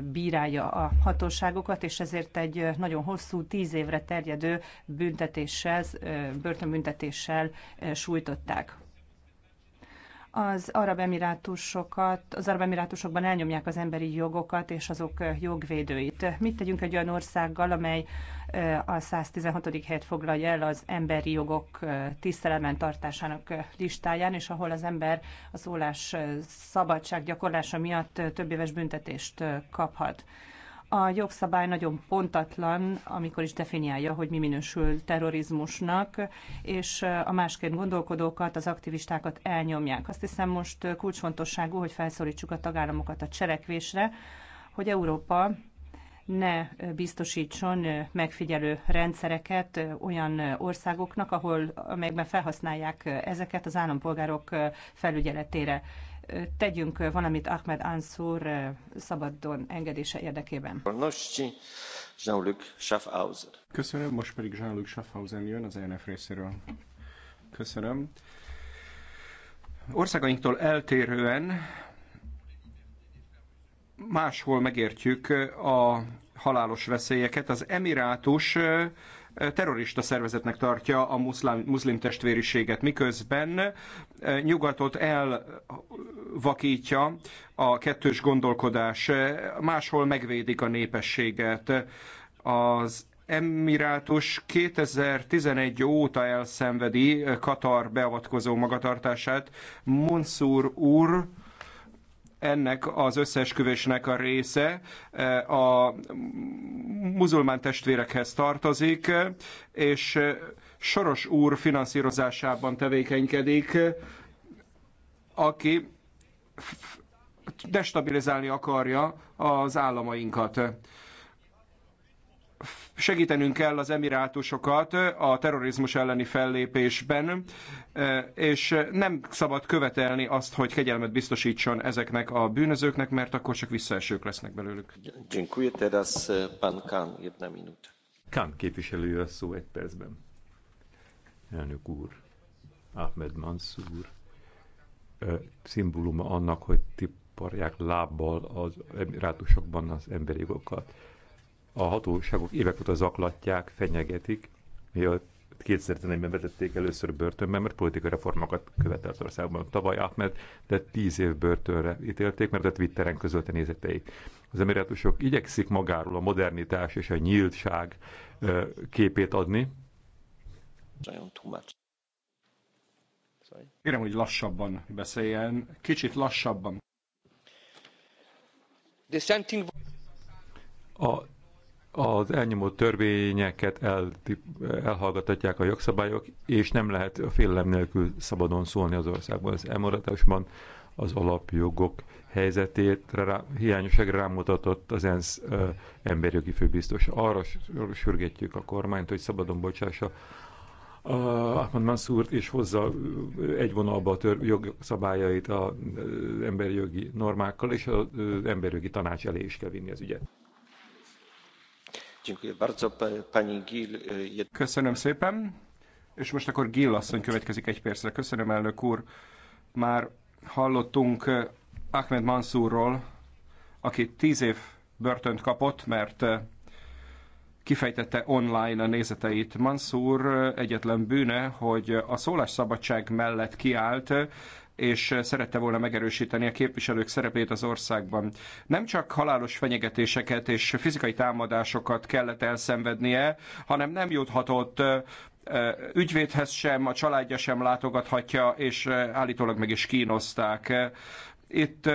bírálja a hatóságokat, és ezért egy nagyon hosszú, tíz évre terjedő büntetéssel, börtönbüntetéssel sújtották az arab emirátusokat, az arab emirátusokban elnyomják az emberi jogokat és azok jogvédőit. Mit tegyünk egy olyan országgal, amely a 116. helyet foglalja el az emberi jogok tisztelemen tartásának listáján, és ahol az ember a szólás szabadság gyakorlása miatt több éves büntetést kaphat. A jogszabály nagyon pontatlan, amikor is definiálja, hogy mi minősül terrorizmusnak, és a másként gondolkodókat, az aktivistákat elnyomják. Azt hiszem most kulcsfontosságú, hogy felszólítsuk a tagállamokat a cselekvésre, hogy Európa ne biztosítson megfigyelő rendszereket olyan országoknak, ahol, amelyekben felhasználják ezeket az állampolgárok felügyeletére. Tegyünk valamit Ahmed Ansur szabadon engedése érdekében. Jean-Luc Schaffhauser. Köszönöm, most pedig Jean-Luc Schaffhauser jön az ENF részéről. Köszönöm. Országainktól eltérően máshol megértjük a halálos veszélyeket. Az emirátus terrorista szervezetnek tartja a muszlim, muszlim testvériséget, miközben nyugatot elvakítja a kettős gondolkodás, máshol megvédik a népességet. Az Emirátus 2011 óta elszenvedi Katar beavatkozó magatartását. Monsur úr ennek az összeesküvésnek a része eh, a muzulmán testvérekhez tartozik, és eh, Soros úr finanszírozásában tevékenykedik, aki destabilizálni akarja az államainkat segítenünk kell az emirátusokat a terrorizmus elleni fellépésben, e, és nem szabad követelni azt, hogy kegyelmet biztosítson ezeknek a bűnözőknek, mert akkor csak visszaesők lesznek belőlük. Dziękuję teraz e, pan Kán, jedna minuta. Kán képviselő a szó egy percben. Elnök úr, Ahmed Mansur, e, szimbóluma annak, hogy tipparják lábbal az emirátusokban az emberi jogokat a hatóságok évek óta zaklatják, fenyegetik, mielőtt 2011-ben vetették először börtönbe, mert politikai reformokat követelt országban. Tavaly Ahmed, de 10 év börtönre ítélték, mert a Twitteren közölte nézetei. Az emirátusok igyekszik magáról a modernitás és a nyíltság képét adni. Kérem, hogy lassabban beszéljen, kicsit lassabban. A az elnyomó törvényeket el, elhallgatják a jogszabályok, és nem lehet a félelem nélkül szabadon szólni az országban. Az elmaradásban az alapjogok helyzetét rá, hiányosságra rámutatott az ENSZ ö, emberjogi főbiztos. Arra sürgetjük a kormányt, hogy szabadon bocsássa Ahmad Mansurt, és hozza egy vonalba a tör, jogszabályait az emberi jogi normákkal, és az emberi jogi tanács elé is kell vinni az ügyet. E, Köszönöm szépen. És most akkor Gill asszony következik egy percre. Köszönöm, elnök úr. Már hallottunk e, Ahmed Mansurról, aki tíz év börtönt kapott, mert e, kifejtette online a nézeteit. Mansur egyetlen bűne, hogy a szólásszabadság mellett kiállt, és szerette volna megerősíteni a képviselők szerepét az országban. Nem csak halálos fenyegetéseket és fizikai támadásokat kellett elszenvednie, hanem nem juthatott ügyvédhez sem, a családja sem látogathatja, és állítólag meg is kínozták. Itt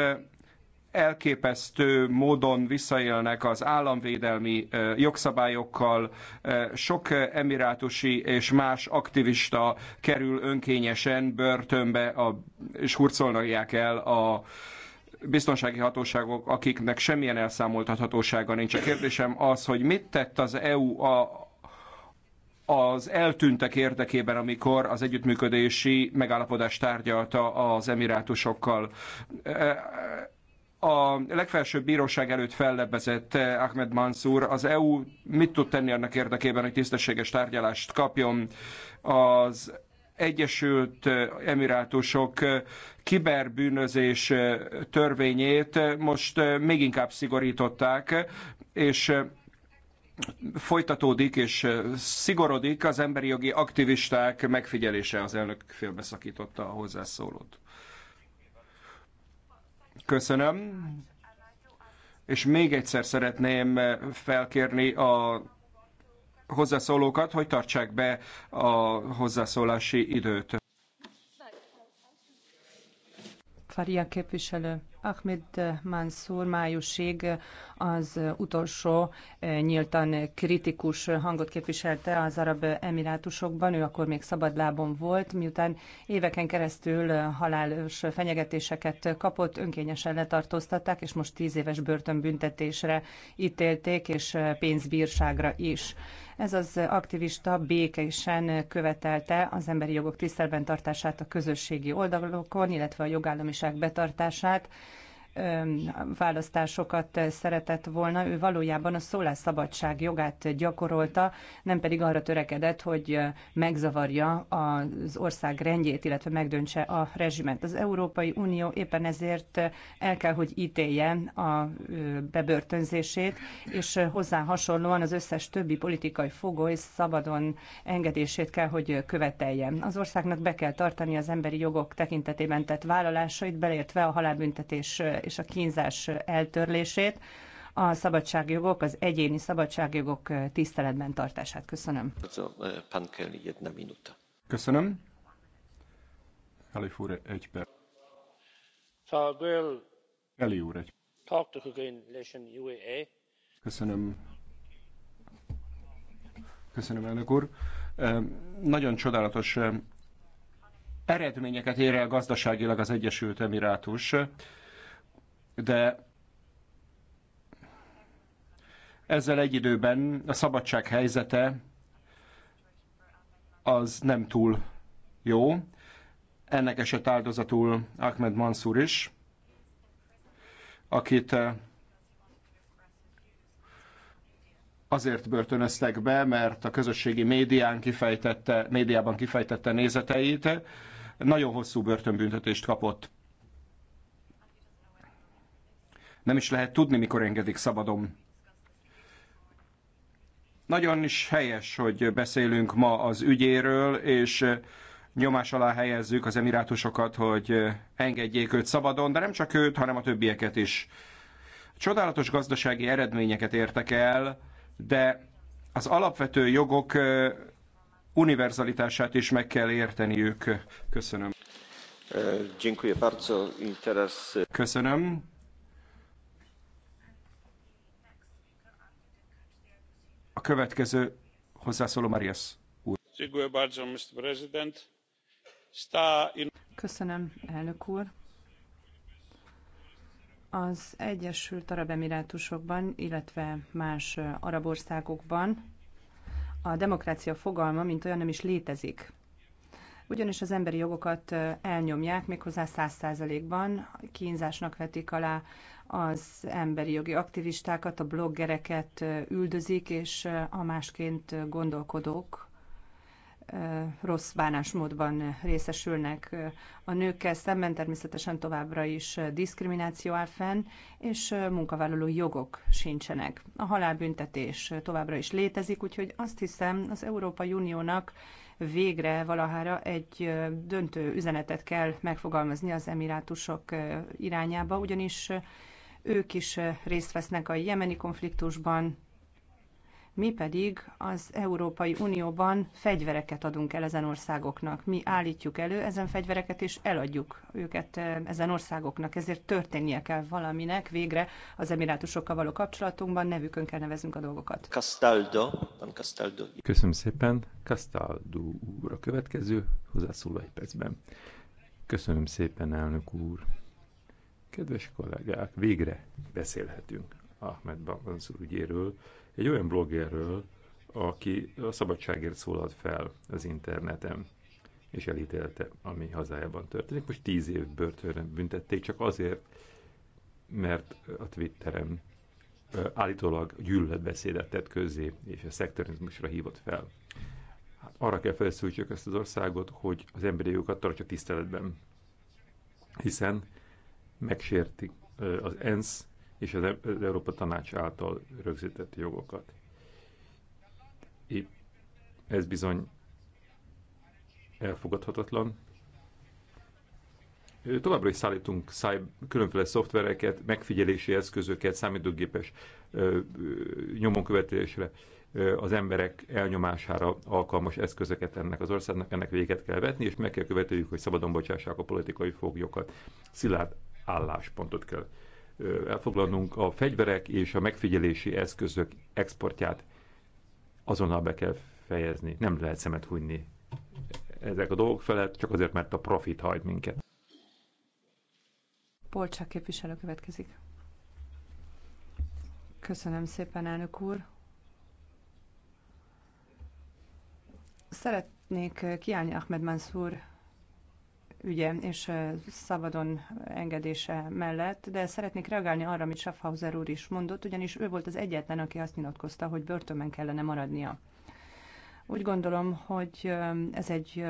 elképesztő módon visszaélnek az államvédelmi jogszabályokkal, sok emirátusi és más aktivista kerül önkényesen börtönbe, a, és hurcolnak el a biztonsági hatóságok, akiknek semmilyen elszámoltathatósága nincs. A kérdésem az, hogy mit tett az EU a, az eltűntek érdekében, amikor az együttműködési megállapodást tárgyalta az emirátusokkal a legfelsőbb bíróság előtt fellebbezett eh, Ahmed Mansour, az EU mit tud tenni annak érdekében, hogy tisztességes tárgyalást kapjon az Egyesült eh, Emirátusok eh, kiberbűnözés törvényét most még inkább szigorították, és folytatódik és szigorodik az emberi jogi aktivisták megfigyelése. Az elnök félbeszakította a hozzászólót. Köszönöm. És még egyszer szeretném felkérni a hozzászólókat, hogy tartsák be a hozzászólási időt. Faria képviselő. Ahmed Mansour májusig az utolsó eh, nyíltan kritikus hangot képviselte az arab emirátusokban. Ő akkor még szabadlábon volt, miután éveken keresztül eh, halálos fenyegetéseket kapott, önkényesen letartóztatták, és most tíz éves börtönbüntetésre ítélték, és eh, pénzbírságra is. Ez az aktivista békésen követelte az emberi jogok tisztelben tartását a közösségi oldalokon, illetve a jogállamiság betartását, választásokat szeretett volna, ő valójában a szólásszabadság jogát gyakorolta, nem pedig arra törekedett, hogy megzavarja az ország rendjét, illetve megdöntse a rezsimet. Az Európai Unió éppen ezért el kell, hogy ítélje a bebörtönzését, és hozzá hasonlóan az összes többi politikai fogoly szabadon engedését kell, hogy követelje. Az országnak be kell tartani az emberi jogok tekintetében tett vállalásait, beleértve a halálbüntetés és a kínzás eltörlését, a szabadságjogok, az egyéni szabadságjogok tiszteletben tartását. Köszönöm. Köszönöm. Eli egy perc. Eli úr, egy Köszönöm. Köszönöm, elnök úr. Nagyon csodálatos eredményeket ér el gazdaságilag az Egyesült Emirátus de ezzel egy időben a szabadság helyzete az nem túl jó. Ennek esett áldozatul Ahmed Mansur is, akit eh, azért börtönöztek be, mert a közösségi médián kifejtette, médiában kifejtette nézeteit. Nagyon hosszú börtönbüntetést kapott. nem is lehet tudni, mikor engedik szabadon. Nagyon is helyes, hogy beszélünk ma az ügyéről, és nyomás alá helyezzük az emirátusokat, hogy engedjék őt szabadon, de nem csak őt, hanem a többieket is. Csodálatos gazdasági eredményeket értek el, de az alapvető jogok univerzalitását is meg kell érteniük. Köszönöm. Köszönöm. következő hozzászóló Marias úr. Köszönöm, elnök úr. Az Egyesült Arab Emirátusokban, illetve más arab országokban a demokrácia fogalma, mint olyan nem is létezik. Ugyanis az emberi jogokat elnyomják, méghozzá száz százalékban, kínzásnak vetik alá az emberi jogi aktivistákat, a bloggereket üldözik, és a másként gondolkodók rossz bánásmódban részesülnek. A nőkkel szemben természetesen továbbra is diszkrimináció áll fenn, és munkavállaló jogok sincsenek. A halálbüntetés továbbra is létezik, úgyhogy azt hiszem az Európai Uniónak végre valahára egy döntő üzenetet kell megfogalmazni az emirátusok irányába, ugyanis ők is eh, részt vesznek a jemeni konfliktusban, mi pedig az Európai Unióban fegyvereket adunk el ezen országoknak. Mi állítjuk elő ezen fegyvereket, és eladjuk őket eh, ezen országoknak. Ezért történnie kell valaminek végre az emirátusokkal való kapcsolatunkban, nevükön kell nevezünk a dolgokat. Castaldo. Castaldo. Köszönöm szépen. Castaldo úr a következő, hozzászóló egy percben. Köszönöm szépen, elnök úr. Kedves kollégák, végre beszélhetünk Ahmed Banzur ügyéről, egy olyan bloggerről, aki a szabadságért szólalt fel az interneten, és elítélte, ami hazájában történik. Most tíz év börtönre büntették, csak azért, mert a Twitteren állítólag gyűlöletbeszédet tett közzé, és a szektorizmusra hívott fel. Hát arra kell felszólítsuk ezt az országot, hogy az emberi jogokat tartsa tiszteletben. Hiszen megsértik az ENSZ és e- az Európa Tanács által rögzített jogokat. Ez bizony elfogadhatatlan. Továbbra is szállítunk száj, különféle szoftvereket, megfigyelési eszközöket, számítógépes nyomonkövetésre, az emberek elnyomására alkalmas eszközöket ennek az országnak, ennek véget kell vetni, és meg kell követeljük, hogy szabadon bocsássák a politikai foglyokat. Szilárd álláspontot kell elfoglalnunk. A fegyverek és a megfigyelési eszközök exportját azonnal be kell fejezni. Nem lehet szemet hunyni ezek a dolgok felett, csak azért, mert a profit hajt minket. Polcsák képviselő következik. Köszönöm szépen, elnök úr. Szeretnék kiállni Ahmed Mansour ügye és szabadon engedése mellett, de szeretnék reagálni arra, amit Schaffhauser úr is mondott, ugyanis ő volt az egyetlen, aki azt nyilatkozta, hogy börtönben kellene maradnia. Úgy gondolom, hogy ez egy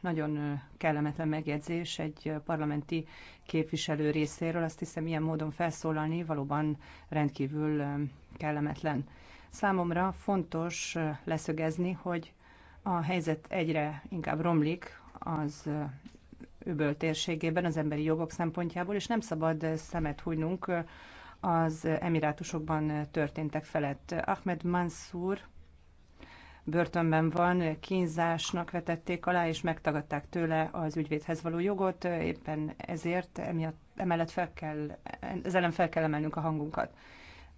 nagyon kellemetlen megjegyzés egy parlamenti képviselő részéről. Azt hiszem, ilyen módon felszólalni valóban rendkívül kellemetlen. Számomra fontos leszögezni, hogy a helyzet egyre inkább romlik az öböl térségében az emberi jogok szempontjából, és nem szabad szemet hújnunk az emirátusokban történtek felett. Ahmed Mansour börtönben van, kínzásnak vetették alá, és megtagadták tőle az ügyvédhez való jogot, éppen ezért emiatt, emellett fel kell, ezzel fel kell emelnünk a hangunkat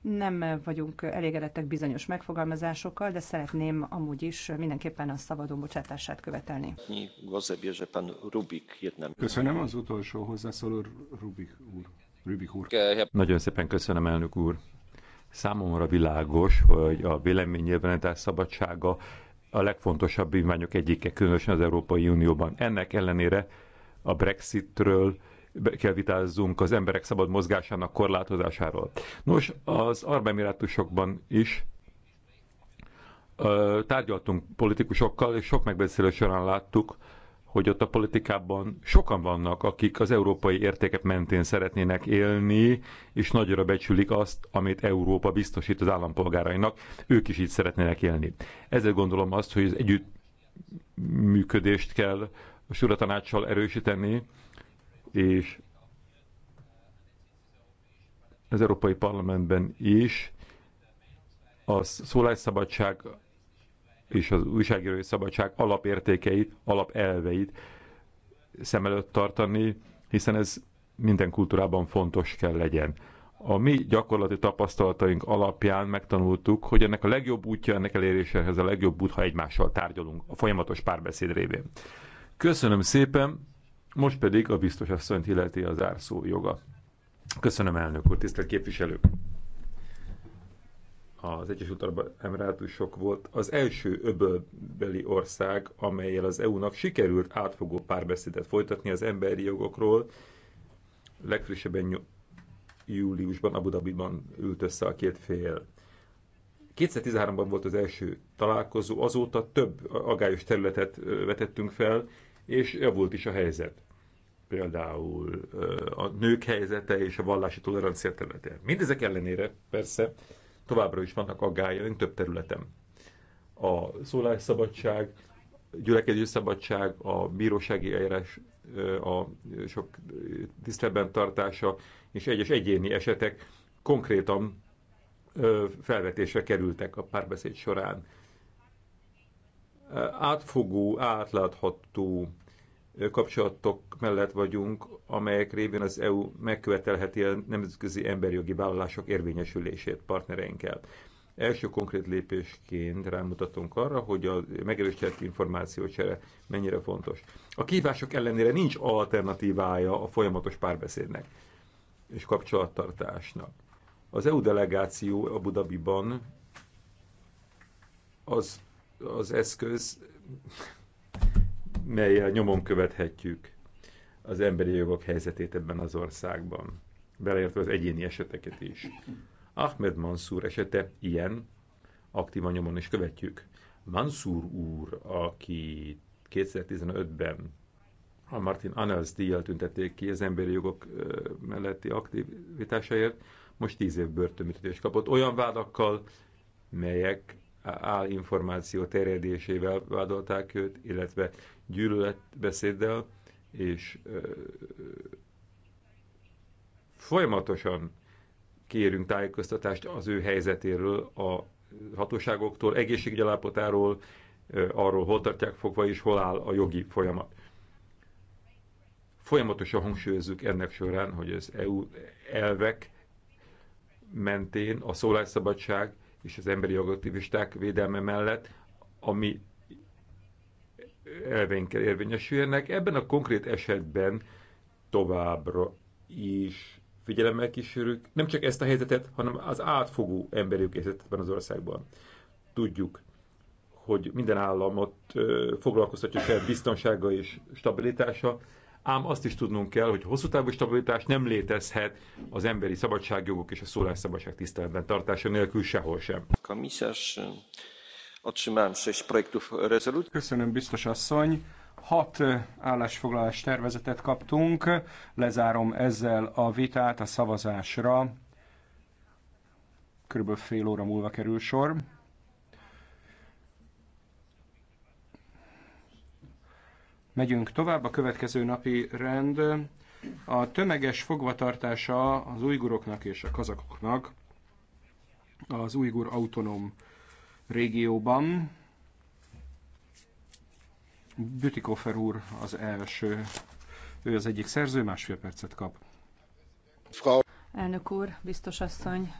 nem vagyunk elégedettek bizonyos megfogalmazásokkal, de szeretném amúgy is mindenképpen a szabadon bocsátását követelni. Köszönöm az utolsó hozzászóló Rubik úr. Rubik úr. Nagyon szépen köszönöm, elnök úr. Számomra világos, hogy a véleménynyilvánítás szabadsága a legfontosabb bíványok egyike, különösen az Európai Unióban. Ennek ellenére a Brexitről kell vitázzunk az emberek szabad mozgásának korlátozásáról. Nos, az Arab Emirátusokban is tárgyaltunk politikusokkal, és sok megbeszélő során láttuk, hogy ott a politikában sokan vannak, akik az európai értékek mentén szeretnének élni, és nagyra becsülik azt, amit Európa biztosít az állampolgárainak, ők is így szeretnének élni. Ezért gondolom azt, hogy az együttműködést kell a Sura Tanácssal erősíteni, és az Európai Parlamentben is a szólásszabadság és az újságírói szabadság alapértékeit, alapelveit szem előtt tartani, hiszen ez minden kultúrában fontos kell legyen. A mi gyakorlati tapasztalataink alapján megtanultuk, hogy ennek a legjobb útja ennek eléréséhez a legjobb út, ha egymással tárgyalunk a folyamatos párbeszéd révén. Köszönöm szépen! Most pedig a biztos asszonyt illeti az árszó joga. Köszönöm, elnök úr, tisztelt képviselők! Az Egyesült Arab Emirátusok volt az első öbölbeli ország, amelyel az EU-nak sikerült átfogó párbeszédet folytatni az emberi jogokról. Legfrissebben júliusban Abu Dhabiban ült össze a két fél. 2013-ban volt az első találkozó, azóta több agályos területet vetettünk fel, és javult is a helyzet. Például a nők helyzete és a vallási tolerancia területe. Mindezek ellenére persze továbbra is vannak aggályaink több területen. A szólásszabadság, gyülekező szabadság, a bírósági eljárás, a sok tiszteletben tartása és egyes egyéni esetek konkrétan felvetésre kerültek a párbeszéd során. Átfogó, átlátható kapcsolatok mellett vagyunk, amelyek révén az EU megkövetelheti a nemzetközi emberjogi vállalások érvényesülését partnereinkkel. Első konkrét lépésként rámutatunk arra, hogy a megerősített információcsere mennyire fontos. A kívások ellenére nincs alternatívája a folyamatos párbeszédnek és kapcsolattartásnak. Az EU delegáció a Budabiban az, az eszköz melyel nyomon követhetjük az emberi jogok helyzetét ebben az országban, beleértve az egyéni eseteket is. Ahmed Mansur esete ilyen, aktívan nyomon is követjük. Mansur úr, aki 2015-ben a Martin Annals díjjal tüntették ki az emberi jogok melletti aktivitásáért, most 10 év börtönbüntetést kapott olyan vádakkal, melyek állinformáció terjedésével vádolták őt, illetve gyűlöletbeszéddel, és ö, folyamatosan kérünk tájékoztatást az ő helyzetéről a hatóságoktól, egészségügyi állapotáról, arról hol tartják fogva és hol áll a jogi folyamat. Folyamatosan hangsúlyozzuk ennek során, hogy az EU elvek mentén a szólásszabadság és az emberi jogaktivisták védelme mellett, ami elveinkkel érvényesüljenek. Ebben a konkrét esetben továbbra is figyelemmel kísérjük nem csak ezt a helyzetet, hanem az átfogó emberi helyzetben az országban. Tudjuk, hogy minden államot foglalkoztatja fel biztonsága és stabilitása, ám azt is tudnunk kell, hogy hosszú távú stabilitás nem létezhet az emberi szabadságjogok és a szólásszabadság tiszteletben tartása nélkül sehol sem. Komisarz, e, otrzymałem sześć projektów rezolucji. Köszönöm, biztos asszony. Hat e, állásfoglalás tervezetet kaptunk, lezárom ezzel a vitát a szavazásra. Körülbelül fél óra múlva kerül sor. Megyünk tovább, a következő napi rend a tömeges fogvatartása az ujguroknak és a kazakoknak az ujgur autonóm régióban. Bütikofer úr az első, ő az egyik szerző, másfél percet kap. Elnök úr, biztos asszony,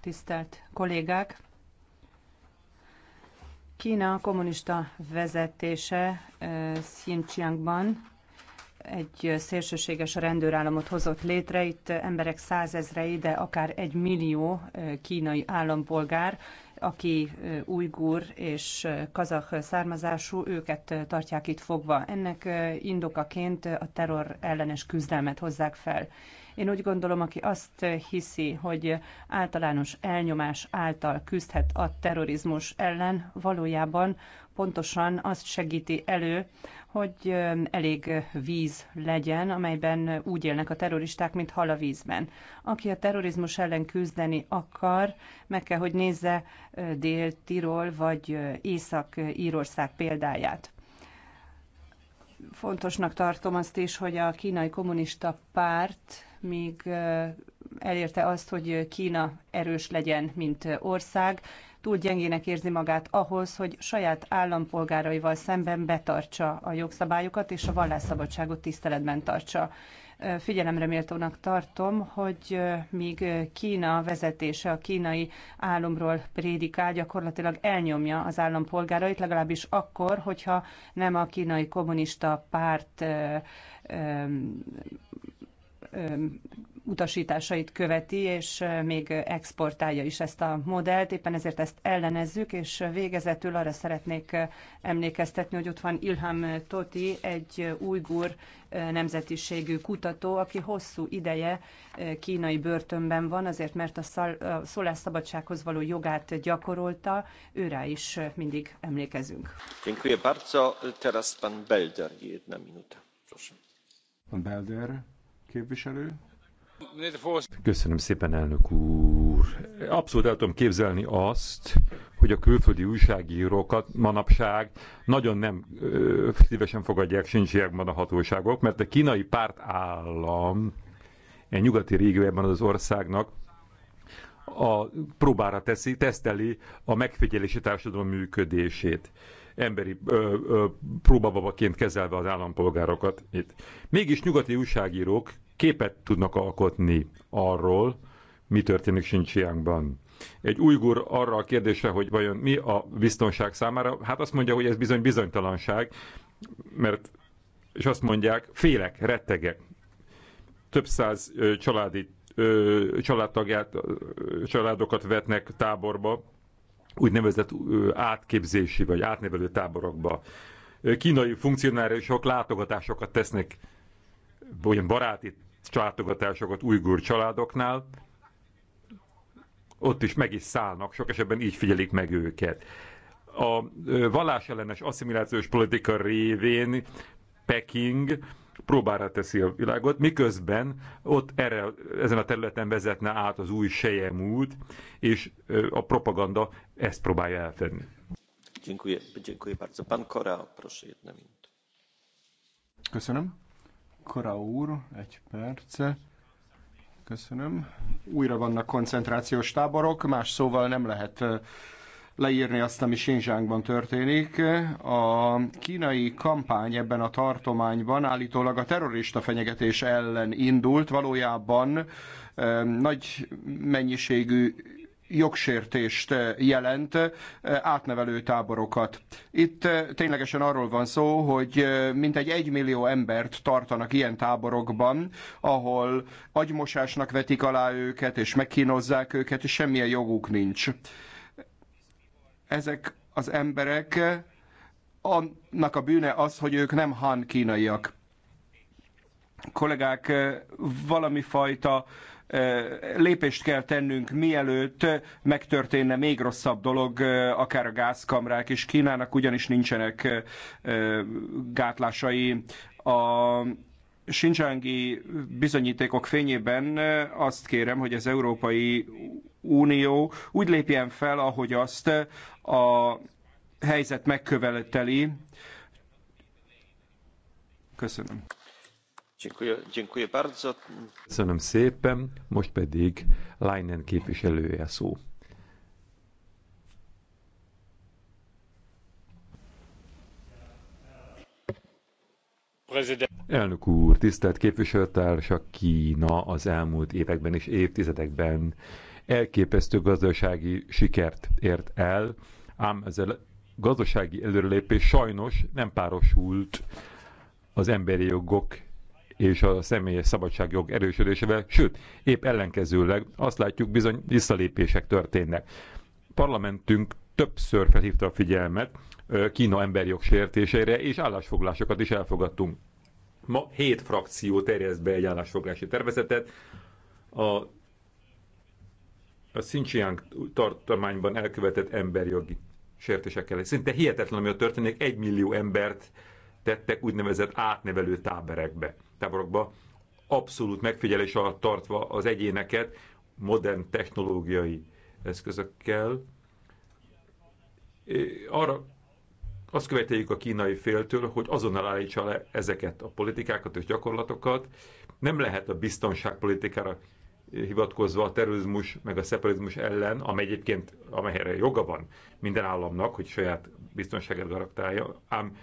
tisztelt kollégák! Kína kommunista vezetése Xinjiangban egy szélsőséges rendőrállamot hozott létre. Itt emberek százezrei, de akár egy millió kínai állampolgár, aki ujgur és kazah származású, őket tartják itt fogva. Ennek indokaként a terror ellenes küzdelmet hozzák fel. Én úgy gondolom, aki azt hiszi, hogy általános elnyomás által küzdhet a terrorizmus ellen, valójában pontosan azt segíti elő, hogy elég víz legyen, amelyben úgy élnek a terroristák, mint hal a vízben. Aki a terrorizmus ellen küzdeni akar, meg kell, hogy nézze Dél-Tirol vagy Észak-Írország példáját. Fontosnak tartom azt is, hogy a kínai kommunista párt még elérte azt, hogy Kína erős legyen, mint ország, túl gyengének érzi magát ahhoz, hogy saját állampolgáraival szemben betartsa a jogszabályokat és a vallásszabadságot tiszteletben tartsa figyelemre méltónak tartom, hogy míg Kína vezetése a kínai álomról prédikál, gyakorlatilag elnyomja az állampolgárait, legalábbis akkor, hogyha nem a kínai kommunista párt utasításait követi, és még exportálja is ezt a modellt. Éppen ezért ezt ellenezzük, és végezetül arra szeretnék emlékeztetni, hogy ott van Ilham Toti, egy újgur nemzetiségű kutató, aki hosszú ideje kínai börtönben van, azért mert a szólásszabadsághoz való jogát gyakorolta, őrá is mindig emlékezünk. Dziękuję bardzo. Teraz pan Belder, jedna minuta. Proszę. Belder képviselő. Köszönöm szépen, elnök úr. Abszolút el tudom képzelni azt, hogy a külföldi újságírókat manapság nagyon nem ö, szívesen fogadják sincsiekben a hatóságok, mert a kínai pártállam egy nyugati régióban az országnak a próbára teszi, teszteli a megfigyelési társadalom működését emberi próbababaként kezelve az állampolgárokat itt. Mégis nyugati újságírók képet tudnak alkotni arról, mi történik Xinjiangban. Egy újgur arra a kérdésre, hogy vajon mi a biztonság számára, hát azt mondja, hogy ez bizony bizonytalanság, mert, és azt mondják, félek, rettegek. Több száz családi családtagját, családokat vetnek táborba, úgynevezett átképzési vagy átnevelő táborokba. Kínai funkcionáriusok látogatásokat tesznek, olyan baráti látogatásokat ujgur családoknál, ott is meg is szállnak, sok esetben így figyelik meg őket. A vallásellenes asszimilációs politika révén Peking próbára teszi a világot, miközben ott erre, ezen a területen vezetne át az új sejemút, és a propaganda ezt próbálja elfedni. Dziękuję, dziękuję bardzo. Pan Korao, proszę, jedna minuta. Köszönöm. Kora úr, egy perc. Köszönöm. Újra vannak koncentrációs táborok, más szóval nem lehet leírni azt, ami Xinjiangban történik. A kínai kampány ebben a tartományban állítólag a terrorista fenyegetés ellen indult, valójában nagy mennyiségű jogsértést eh, jelent, eh, átnevelő táborokat. Itt eh, ténylegesen arról van szó, hogy mintegy egy millió embert tartanak ilyen táborokban, ahol agymosásnak vetik alá őket, és megkínozzák őket, és semmilyen joguk nincs. Ezek az emberek, annak a bűne az, hogy ők nem han kínaiak. Kollégák, valami fajta lépést kell tennünk, mielőtt megtörténne még rosszabb dolog, akár a gázkamrák is Kínának, ugyanis nincsenek gátlásai a Sincsángi bizonyítékok fényében azt kérem, hogy az Európai Unió úgy lépjen fel, ahogy azt a helyzet megköveteli. Köszönöm. Köszönöm szépen, most pedig Leinen képviselője szó. Elnök úr, tisztelt képviselőtársak, Kína az elmúlt években és évtizedekben elképesztő gazdasági sikert ért el, ám ez a gazdasági előrelépés sajnos nem párosult az emberi jogok és a személyes szabadságjog erősödésével, sőt, épp ellenkezőleg azt látjuk bizony visszalépések történnek. Parlamentünk többször felhívta a figyelmet Kína sértéseire, és állásfoglásokat is elfogadtunk. Ma hét frakció terjeszt be egy állásfoglási tervezetet. A a Xinjiang tartományban elkövetett emberjogi sértésekkel. Szinte hihetetlen, ami ott történik, egy millió embert tettek úgynevezett átnevelő táberekbe táborokba, abszolút megfigyelés alatt tartva az egyéneket modern technológiai eszközökkel. Arra azt követeljük a kínai féltől, hogy azonnal állítsa le ezeket a politikákat és gyakorlatokat. Nem lehet a biztonságpolitikára hivatkozva a terrorizmus meg a szeparizmus ellen, amely egyébként, amelyre joga van minden államnak, hogy saját biztonságát garantálja, ám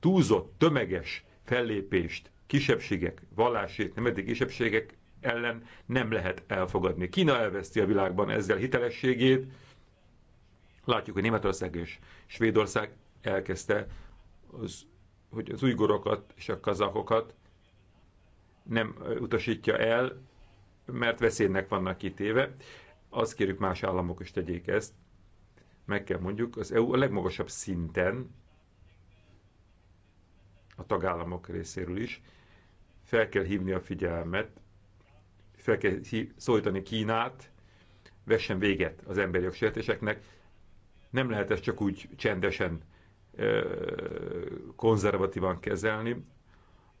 túlzott, tömeges fellépést kisebbségek, vallási, eddig kisebbségek ellen nem lehet elfogadni. Kína elveszti a világban ezzel hitelességét. Látjuk, hogy Németország és Svédország elkezdte, az, hogy az ujgorokat és a kazakokat nem utasítja el, mert veszélynek vannak kitéve. Azt kérjük más államok is tegyék ezt. Meg kell mondjuk, az EU a legmagasabb szinten, a tagállamok részéről is, fel kell hívni a figyelmet, fel kell szólítani Kínát, vessen véget az emberi jogsértéseknek. Nem lehet ezt csak úgy csendesen, konzervatívan kezelni.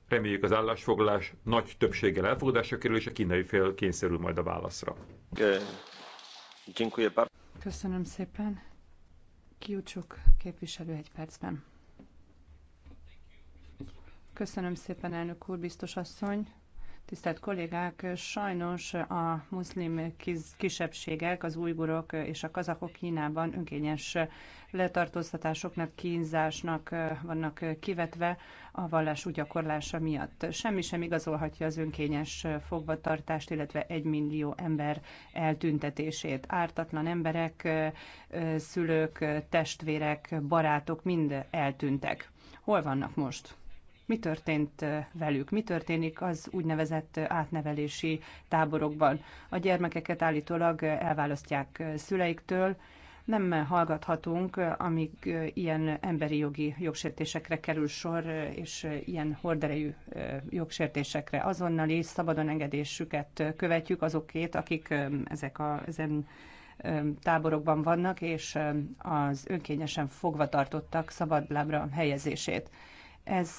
Reméljük az állásfoglalás nagy többséggel elfogadásra kerül, és a kínai fél kényszerül majd a válaszra. Köszönöm szépen. Kiúcsuk képviselő egy percben. Köszönöm szépen, elnök úr, biztos asszony. Tisztelt kollégák, sajnos a muszlim kisebbségek, az ujgurok és a kazakok Kínában önkényes letartóztatásoknak, kínzásnak vannak kivetve a vallású gyakorlása miatt. Semmi sem igazolhatja az önkényes fogvatartást, illetve egy millió ember eltüntetését. Ártatlan emberek, szülők, testvérek, barátok mind eltűntek. Hol vannak most? mi történt velük, mi történik az úgynevezett átnevelési táborokban. A gyermekeket állítólag elválasztják szüleiktől, nem hallgathatunk, amíg ilyen emberi jogi jogsértésekre kerül sor, és ilyen horderejű jogsértésekre. Azonnali szabadon engedésüket követjük azokét, akik ezek a, ezen táborokban vannak, és az önkényesen fogvatartottak szabadlábra helyezését. Ez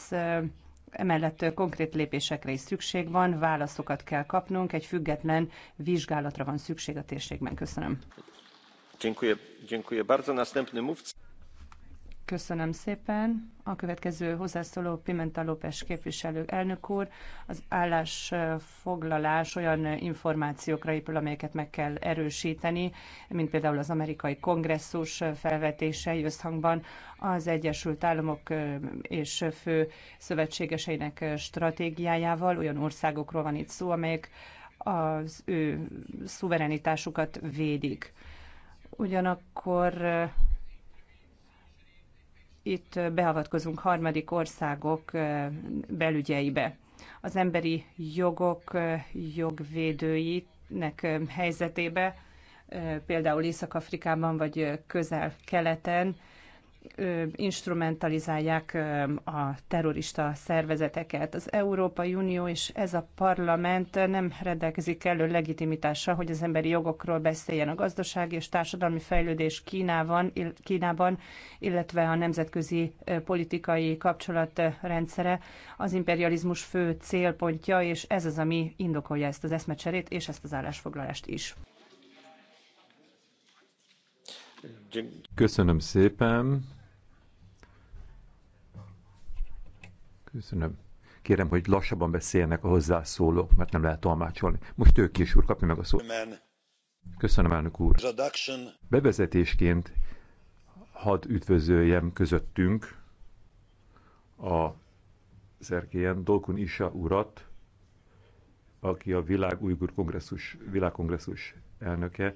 Emellett konkrét lépésekre is szükség van, válaszokat kell kapnunk, egy független vizsgálatra van szükség a térségben. Köszönöm. Dziękuję, dziękuję bardzo. Następny mówca. Köszönöm szépen. A következő hozzászóló Pimenta López képviselő elnök úr. Az állásfoglalás olyan információkra épül, amelyeket meg kell erősíteni, mint például az amerikai kongresszus felvetései összhangban az Egyesült Államok és fő szövetségeseinek stratégiájával. Olyan országokról van itt szó, amelyek az ő szuverenitásukat védik. Ugyanakkor itt beavatkozunk harmadik országok belügyeibe. Az emberi jogok jogvédőinek helyzetébe, például Észak-Afrikában vagy Közel-Keleten instrumentalizálják a terrorista szervezeteket. Az Európai Unió és ez a parlament nem rendelkezik elő legitimitással, hogy az emberi jogokról beszéljen a gazdasági és társadalmi fejlődés Kínában, Kínában illetve a nemzetközi politikai kapcsolatrendszere az imperializmus fő célpontja, és ez az, ami indokolja ezt az eszmecserét és ezt az állásfoglalást is. Köszönöm szépen. Köszönöm. Kérem, hogy lassabban beszélnek a hozzászólók, mert nem lehet tolmácsolni. Most ők is úr, kapni meg a szót. Köszönöm, elnök úr. Bevezetésként hadd üdvözöljem közöttünk a szerkélyen Dolkun Isa urat, aki a Világ Kongresszus, Világkongresszus elnöke,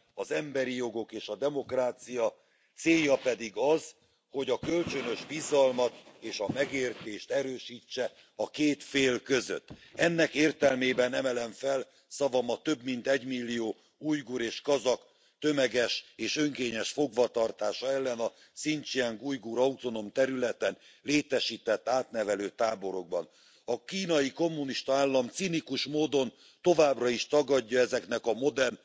az emberi jogok és a demokrácia célja pedig az hogy a kölcsönös bizalmat és a megértést erőstse a két fél között. ennek értelmében emelem fel szavamat több mint egymillió ujgur és kazak tömeges és önkényes fogvatartása ellen a hszincsiang ujgur autonóm területen létestett átnevelő táborokban. a knai kommunista állam cinikus módon továbbra is tagadja ezeknek a modern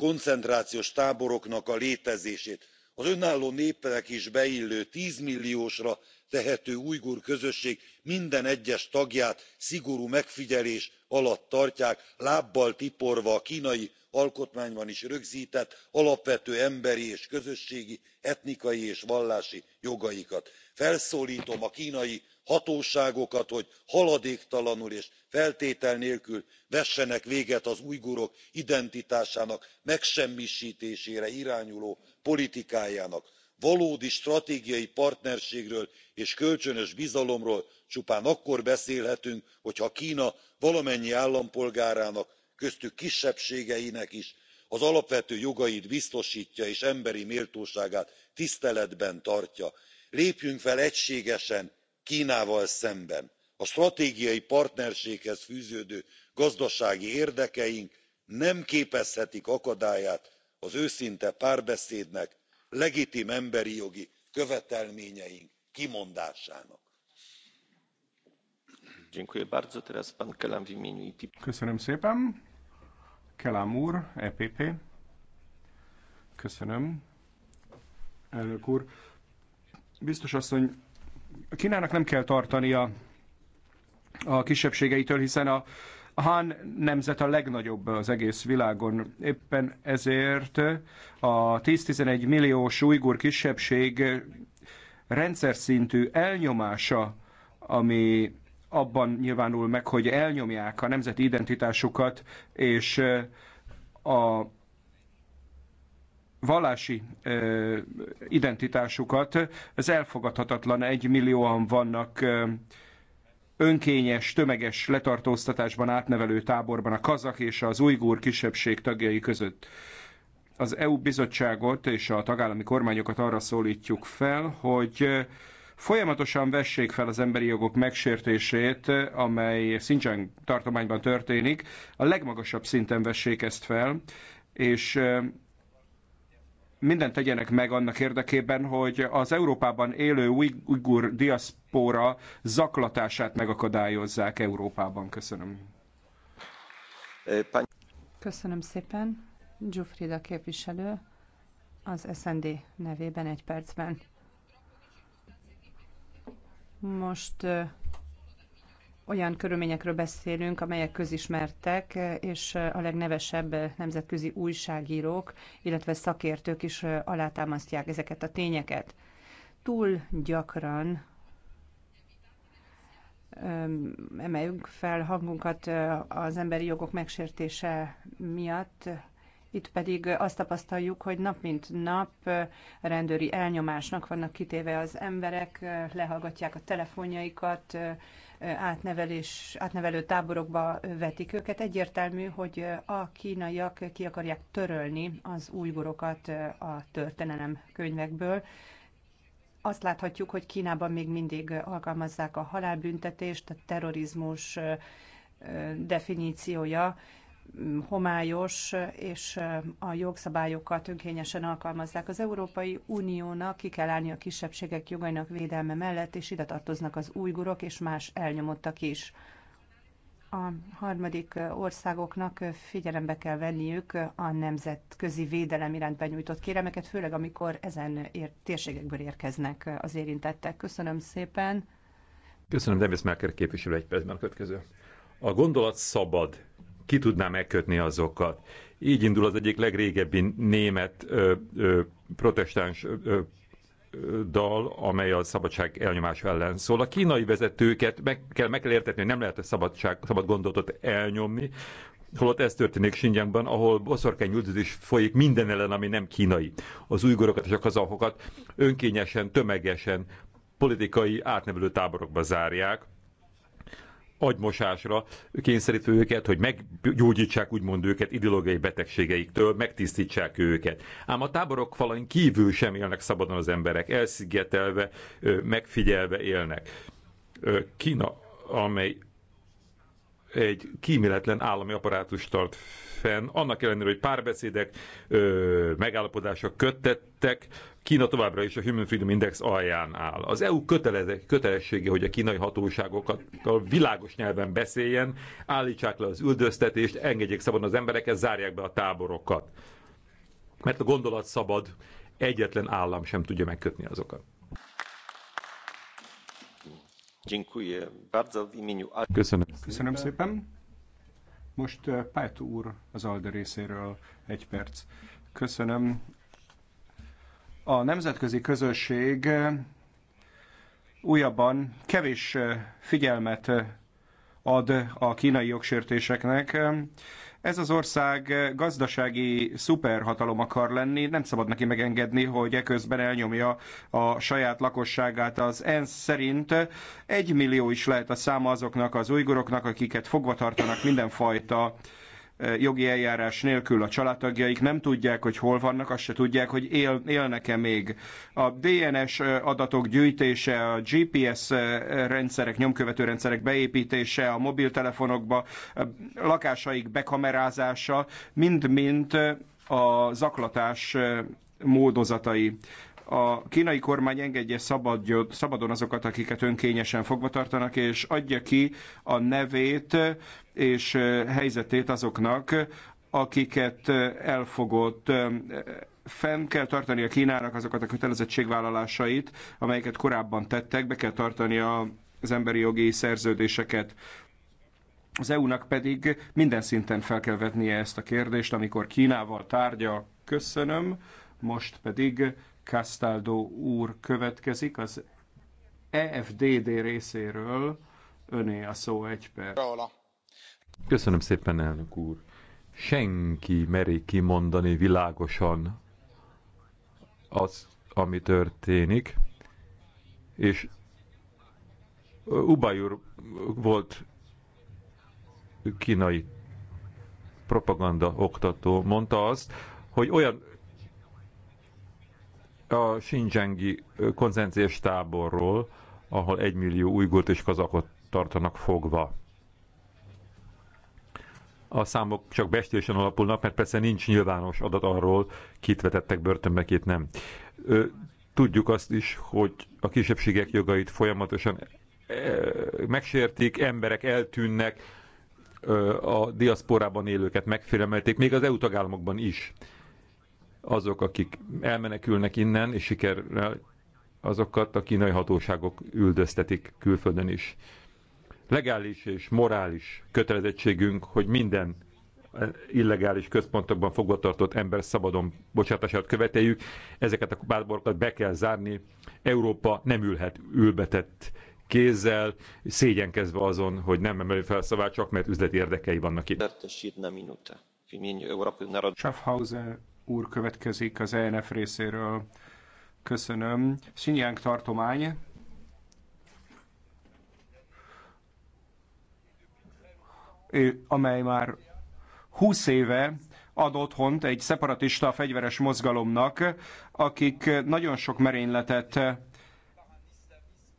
koncentrációs táboroknak a létezését az önálló népnek is beillő tzmilliósra tehető ujgur közösség minden egyes tagját szigorú megfigyelés alatt tartják lábbal tiporva a knai alkotmányban is rögztett alapvető emberi és közösségi etnikai és vallási jogaikat. felszóltom a knai hatóságokat hogy haladéktalanul és feltétel nélkül vessenek véget az ujgurok identitásának megsemmistésére irányuló politikájának. valódi stratégiai partnerségről és kölcsönös bizalomról csupán akkor beszélhetünk hogyha kna valamennyi állampolgárának köztük kisebbségeinek is az alapvető jogait biztostja és emberi méltóságát tiszteletben tartja. lépjünk fel egységesen knával szemben! a stratégiai partnerséghez fűződő gazdasági érdekeink nem képezhetik akadályát az őszinte párbeszédnek legitim emberi jogi követelményeink kimondásának. köszönöm szépen! Kelamur, úr, EPP. Köszönöm. Elnök úr. Biztos asszony, Kínának nem kell tartania a kisebbségeitől, hiszen a Han nemzet a legnagyobb az egész világon. Éppen ezért a 10-11 milliós ujgur kisebbség rendszer szintű elnyomása, ami abban nyilvánul meg, hogy elnyomják a nemzeti identitásukat, és a vallási identitásukat. Ez elfogadhatatlan, egy millióan vannak önkényes, tömeges letartóztatásban átnevelő táborban a kazak és az ujgur kisebbség tagjai között. Az EU bizottságot és a tagállami kormányokat arra szólítjuk fel, hogy folyamatosan vessék fel az emberi jogok megsértését, amely Xinjiang tartományban történik, a legmagasabb szinten vessék ezt fel, és mindent tegyenek meg annak érdekében, hogy az Európában élő uigur diaszpóra zaklatását megakadályozzák Európában. Köszönöm. Köszönöm szépen. Gyufrida képviselő az SND nevében egy percben. Most olyan körülményekről beszélünk, amelyek közismertek, és a legnevesebb nemzetközi újságírók, illetve szakértők is alátámasztják ezeket a tényeket. Túl gyakran emeljük fel hangunkat az emberi jogok megsértése miatt, itt pedig azt tapasztaljuk, hogy nap mint nap rendőri elnyomásnak vannak kitéve az emberek, lehallgatják a telefonjaikat, átnevelés, átnevelő táborokba vetik őket. Egyértelmű, hogy a kínaiak ki akarják törölni az újgorokat a történelem könyvekből. Azt láthatjuk, hogy Kínában még mindig alkalmazzák a halálbüntetést, a terrorizmus definíciója homályos, és a jogszabályokat önkényesen alkalmazzák. Az Európai Uniónak ki kell állni a kisebbségek jogainak védelme mellett, és ide tartoznak az újgurok és más elnyomottak is. A harmadik országoknak figyelembe kell venniük a nemzetközi védelem iránt benyújtott kéremeket, főleg amikor ezen ér- térségekből érkeznek az érintettek. Köszönöm szépen. Köszönöm, Demis Merker képviselő egy percben a következő. A gondolat szabad, ki tudná megkötni azokat. Így indul az egyik legrégebbi német ö, ö, protestáns ö, dal, amely a szabadság elnyomás ellen szól. A kínai vezetőket meg kell, meg kell értetni, hogy nem lehet a szabadság, szabad gondolatot elnyomni, holott ez történik Xinjiangban, ahol boszorkány üldözés folyik minden ellen, ami nem kínai. Az újgorokat és a kazahokat önkényesen, tömegesen politikai átnevelő táborokba zárják, agymosásra kényszerítve őket, hogy meggyógyítsák úgymond őket ideológiai betegségeiktől, megtisztítsák őket. Ám a táborok falain kívül sem élnek szabadon az emberek, elszigetelve, megfigyelve élnek. Kína, amely egy kíméletlen állami apparátust tart fenn, annak ellenére, hogy párbeszédek, ö, megállapodások köttettek, Kína továbbra is a Human Freedom Index alján áll. Az EU kötelessége, hogy a kínai hatóságokat a világos nyelven beszéljen, állítsák le az üldöztetést, engedjék szabadon az embereket, zárják be a táborokat. Mert a gondolat szabad, egyetlen állam sem tudja megkötni azokat. Köszönöm. Köszönöm szépen. Most Pájtó úr az Alde részéről egy perc. Köszönöm. A nemzetközi közösség újabban kevés figyelmet ad a kínai jogsértéseknek, ez az ország gazdasági szuperhatalom akar lenni, nem szabad neki megengedni, hogy eközben elnyomja a saját lakosságát. Az ENSZ szerint egy millió is lehet a száma azoknak az ujguroknak, akiket fogva tartanak mindenfajta jogi eljárás nélkül a családtagjaik nem tudják, hogy hol vannak, azt se tudják, hogy él, élnek-e még. A DNS adatok gyűjtése, a GPS rendszerek, nyomkövető rendszerek beépítése a mobiltelefonokba, a lakásaik bekamerázása, mind-mind a zaklatás módozatai a kínai kormány engedje szabadon azokat, akiket önkényesen fogva tartanak, és adja ki a nevét és helyzetét azoknak, akiket elfogott. Fenn kell tartani a Kínának azokat a kötelezettségvállalásait, amelyeket korábban tettek, be kell tartani az emberi jogi szerződéseket. Az EU-nak pedig minden szinten fel kell vetnie ezt a kérdést, amikor Kínával tárgya. Köszönöm. Most pedig Castaldo úr következik az EFDD részéről. Öné a szó egy perc. Köszönöm szépen, elnök úr. Senki meri kimondani világosan az, ami történik, és Ubay úr volt kínai propaganda oktató, mondta azt, hogy olyan a Xinjiangi koncentriás táborról, ahol egymillió ujgurt és kazakot tartanak fogva. A számok csak bestésen alapulnak, mert persze nincs nyilvános adat arról, kit vetettek börtönbe, kit nem. Tudjuk azt is, hogy a kisebbségek jogait folyamatosan e, megsértik, emberek eltűnnek, a diaszporában élőket megfélemelték, még az EU tagállamokban is azok, akik elmenekülnek innen, és sikerrel azokat a kínai hatóságok üldöztetik külföldön is. Legális és morális kötelezettségünk, hogy minden illegális központokban fogvatartott ember szabadon bocsátását követeljük. Ezeket a báborokat be kell zárni. Európa nem ülhet ülbetett kézzel, szégyenkezve azon, hogy nem emeli fel szavát, csak mert üzleti érdekei vannak itt. Schaffhauser úr következik az ENF részéről. Köszönöm. Xinjiang tartomány. amely már 20 éve ad otthont egy szeparatista fegyveres mozgalomnak, akik nagyon sok merényletet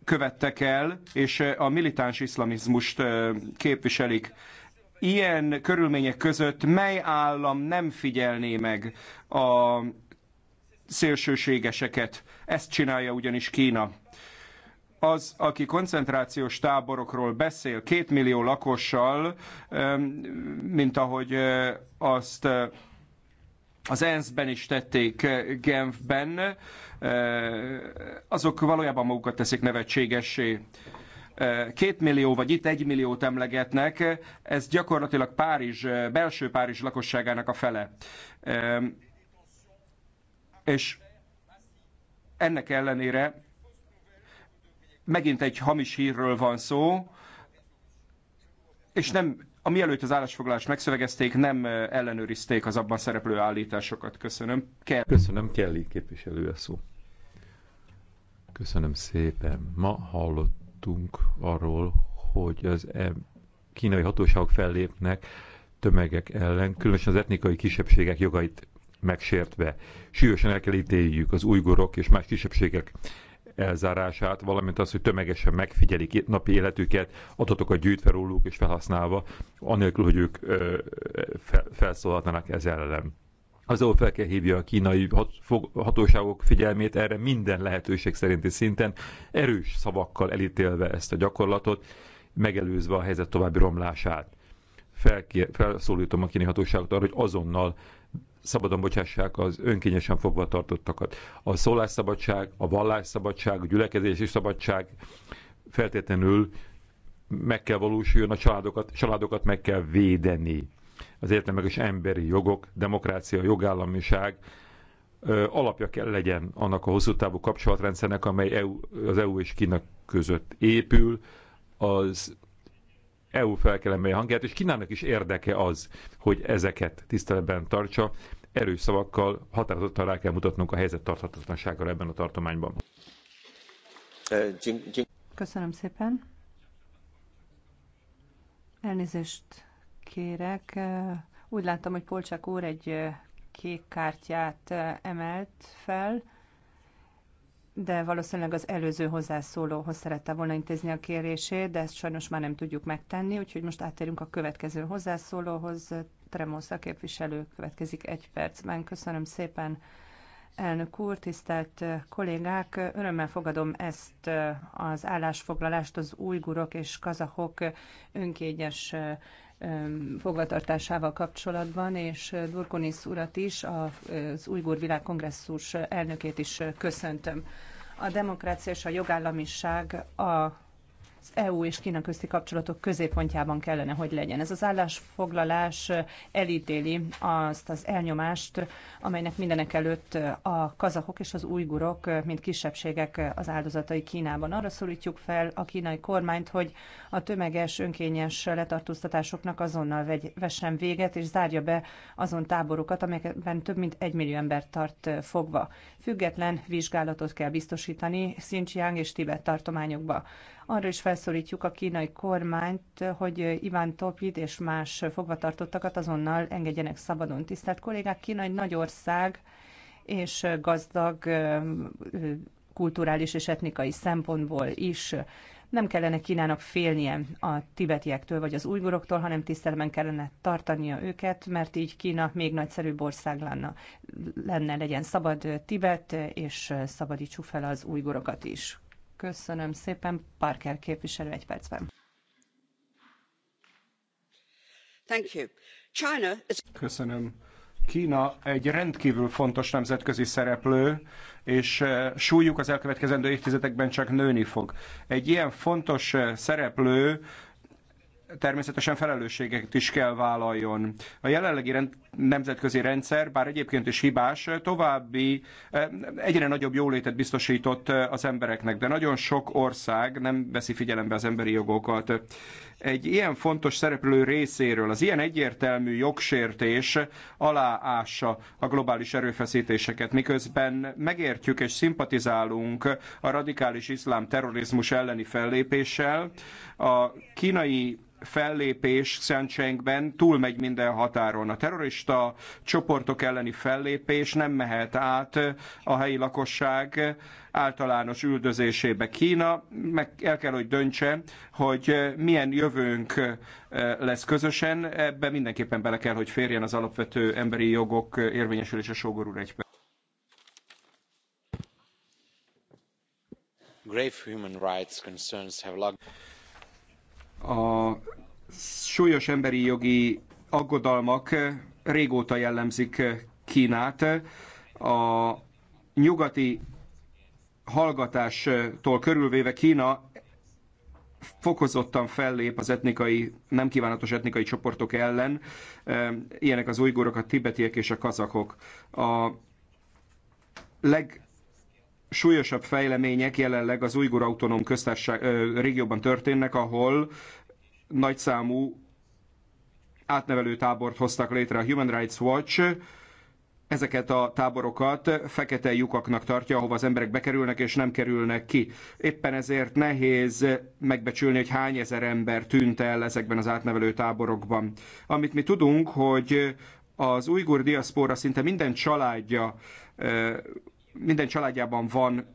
követtek el, és a militáns iszlamizmust képviselik ilyen körülmények között mely állam nem figyelné meg a szélsőségeseket? Ezt csinálja ugyanis Kína. Az, aki koncentrációs táborokról beszél, két millió lakossal, mint ahogy azt az ENSZ-ben is tették Genfben, azok valójában magukat teszik nevetségessé két millió vagy itt egy milliót emlegetnek, ez gyakorlatilag Párizs, belső Párizs lakosságának a fele. És ennek ellenére megint egy hamis hírről van szó, és nem, a mielőtt az állásfoglalást megszövegezték, nem ellenőrizték az abban szereplő állításokat. Köszönöm. Kell. Köszönöm, Kelly képviselő a szó. Köszönöm szépen. Ma hallott hallottunk arról, hogy az e- kínai hatóságok fellépnek tömegek ellen, különösen az etnikai kisebbségek jogait megsértve. Sűrűsen el kell ítéljük az ujgurok és más kisebbségek elzárását, valamint az, hogy tömegesen megfigyelik napi életüket, adatokat gyűjtve róluk és felhasználva, anélkül, hogy ők ö, ez ellen az ahol fel kell hívja a kínai hatóságok figyelmét erre minden lehetőség szerinti szinten, erős szavakkal elítélve ezt a gyakorlatot, megelőzve a helyzet további romlását. Felkér, felszólítom a kínai hatóságot arra, hogy azonnal szabadon bocsássák az önkényesen fogva tartottakat. A szólásszabadság, a vallásszabadság, a gyülekezési szabadság feltétlenül meg kell valósuljon, a családokat, családokat meg kell védeni az értelmeges emberi jogok, demokrácia, jogállamiság alapja kell legyen annak a hosszú távú kapcsolatrendszernek, amely EU, az EU és Kína között épül, az EU fel kell emelje hangját, és Kínának is érdeke az, hogy ezeket tiszteletben tartsa. Erős szavakkal határozottan rá kell mutatnunk a helyzet tarthatatlanságra ebben a tartományban. Köszönöm szépen. Elnézést kérek. Úgy láttam, hogy Polcsák úr egy kék kártyát emelt fel, de valószínűleg az előző hozzászólóhoz szerette volna intézni a kérését, de ezt sajnos már nem tudjuk megtenni, úgyhogy most áttérünk a következő hozzászólóhoz. Tremosza képviselő következik egy percben. Köszönöm szépen, elnök úr, tisztelt kollégák! Örömmel fogadom ezt az állásfoglalást az újgurok és kazahok önkényes fogvatartásával kapcsolatban, és Durkonis urat is, az Ujgur Világkongresszus elnökét is köszöntöm. A demokrácia és a jogállamiság a az EU és Kína közti kapcsolatok középpontjában kellene, hogy legyen. Ez az állásfoglalás elítéli azt az elnyomást, amelynek mindenek előtt a kazahok és az ujgurok, mint kisebbségek az áldozatai Kínában. Arra szólítjuk fel a kínai kormányt, hogy a tömeges önkényes letartóztatásoknak azonnal vegy, vessen véget, és zárja be azon táborokat, amelyekben több mint egy millió ember tart fogva. Független vizsgálatot kell biztosítani Xinjiang és Tibet tartományokba. Arra is felszólítjuk a kínai kormányt, hogy Iván Topid és más fogvatartottakat azonnal engedjenek szabadon. Tisztelt kollégák, Kína egy nagy ország, és gazdag kulturális és etnikai szempontból is nem kellene Kínának félnie a tibetiektől vagy az újgoroktól, hanem tisztelben kellene tartania őket, mert így Kína még nagyszerűbb ország lenne, lenne legyen szabad Tibet, és szabadítsuk fel az újgorokat is. Köszönöm szépen. Parker képviselő egy percben. Thank you. China is... Köszönöm. Kína egy rendkívül fontos nemzetközi szereplő, és eh, súlyuk az elkövetkezendő évtizedekben csak nőni fog. Egy ilyen fontos eh, szereplő természetesen felelősséget is kell vállaljon. A jelenlegi rend, nemzetközi rendszer, bár egyébként is hibás, további eh, egyre nagyobb jólétet biztosított eh, az embereknek, de nagyon sok ország nem veszi figyelembe az emberi jogokat egy ilyen fontos szereplő részéről az ilyen egyértelmű jogsértés aláássa a globális erőfeszítéseket, miközben megértjük és szimpatizálunk a radikális iszlám terrorizmus elleni fellépéssel, a kínai fellépés Szentsenkben túlmegy minden határon. A terrorista csoportok elleni fellépés nem mehet át a helyi lakosság általános üldözésébe. Kína meg el kell, hogy döntse, hogy eh, milyen jövőnk eh, lesz közösen, ebbe mindenképpen bele kell, hogy férjen az alapvető emberi jogok érvényesülése Sógor úr egy Grave human rights concerns have A súlyos emberi jogi aggodalmak eh, régóta jellemzik Kínát. A nyugati hallgatástól körülvéve Kína fokozottan fellép az etnikai, nem kívánatos etnikai csoportok ellen. Ilyenek az ujgurok, a tibetiek és a kazakok. A legsúlyosabb fejlemények jelenleg az ujgur autonóm köztársaság régióban történnek, ahol nagyszámú átnevelő tábort hoztak létre a Human Rights Watch, ezeket a táborokat fekete lyukaknak tartja, ahova az emberek bekerülnek és nem kerülnek ki. Éppen ezért nehéz megbecsülni, hogy hány ezer ember tűnt el ezekben az átnevelő táborokban. Amit mi tudunk, hogy az ujgur diaszpora szinte minden családja, minden családjában van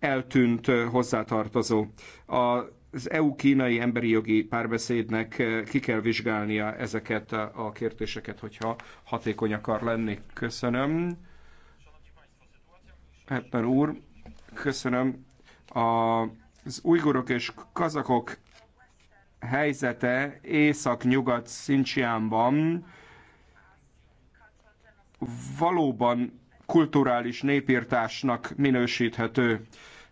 eltűnt hozzátartozó. A az EU-kínai emberi jogi párbeszédnek eh, ki kell vizsgálnia ezeket a kérdéseket, hogyha hatékony akar lenni. Köszönöm. Hepner úr, köszönöm. A, az ujgurok és kazakok helyzete észak-nyugat Szincsiánban valóban kulturális népírtásnak minősíthető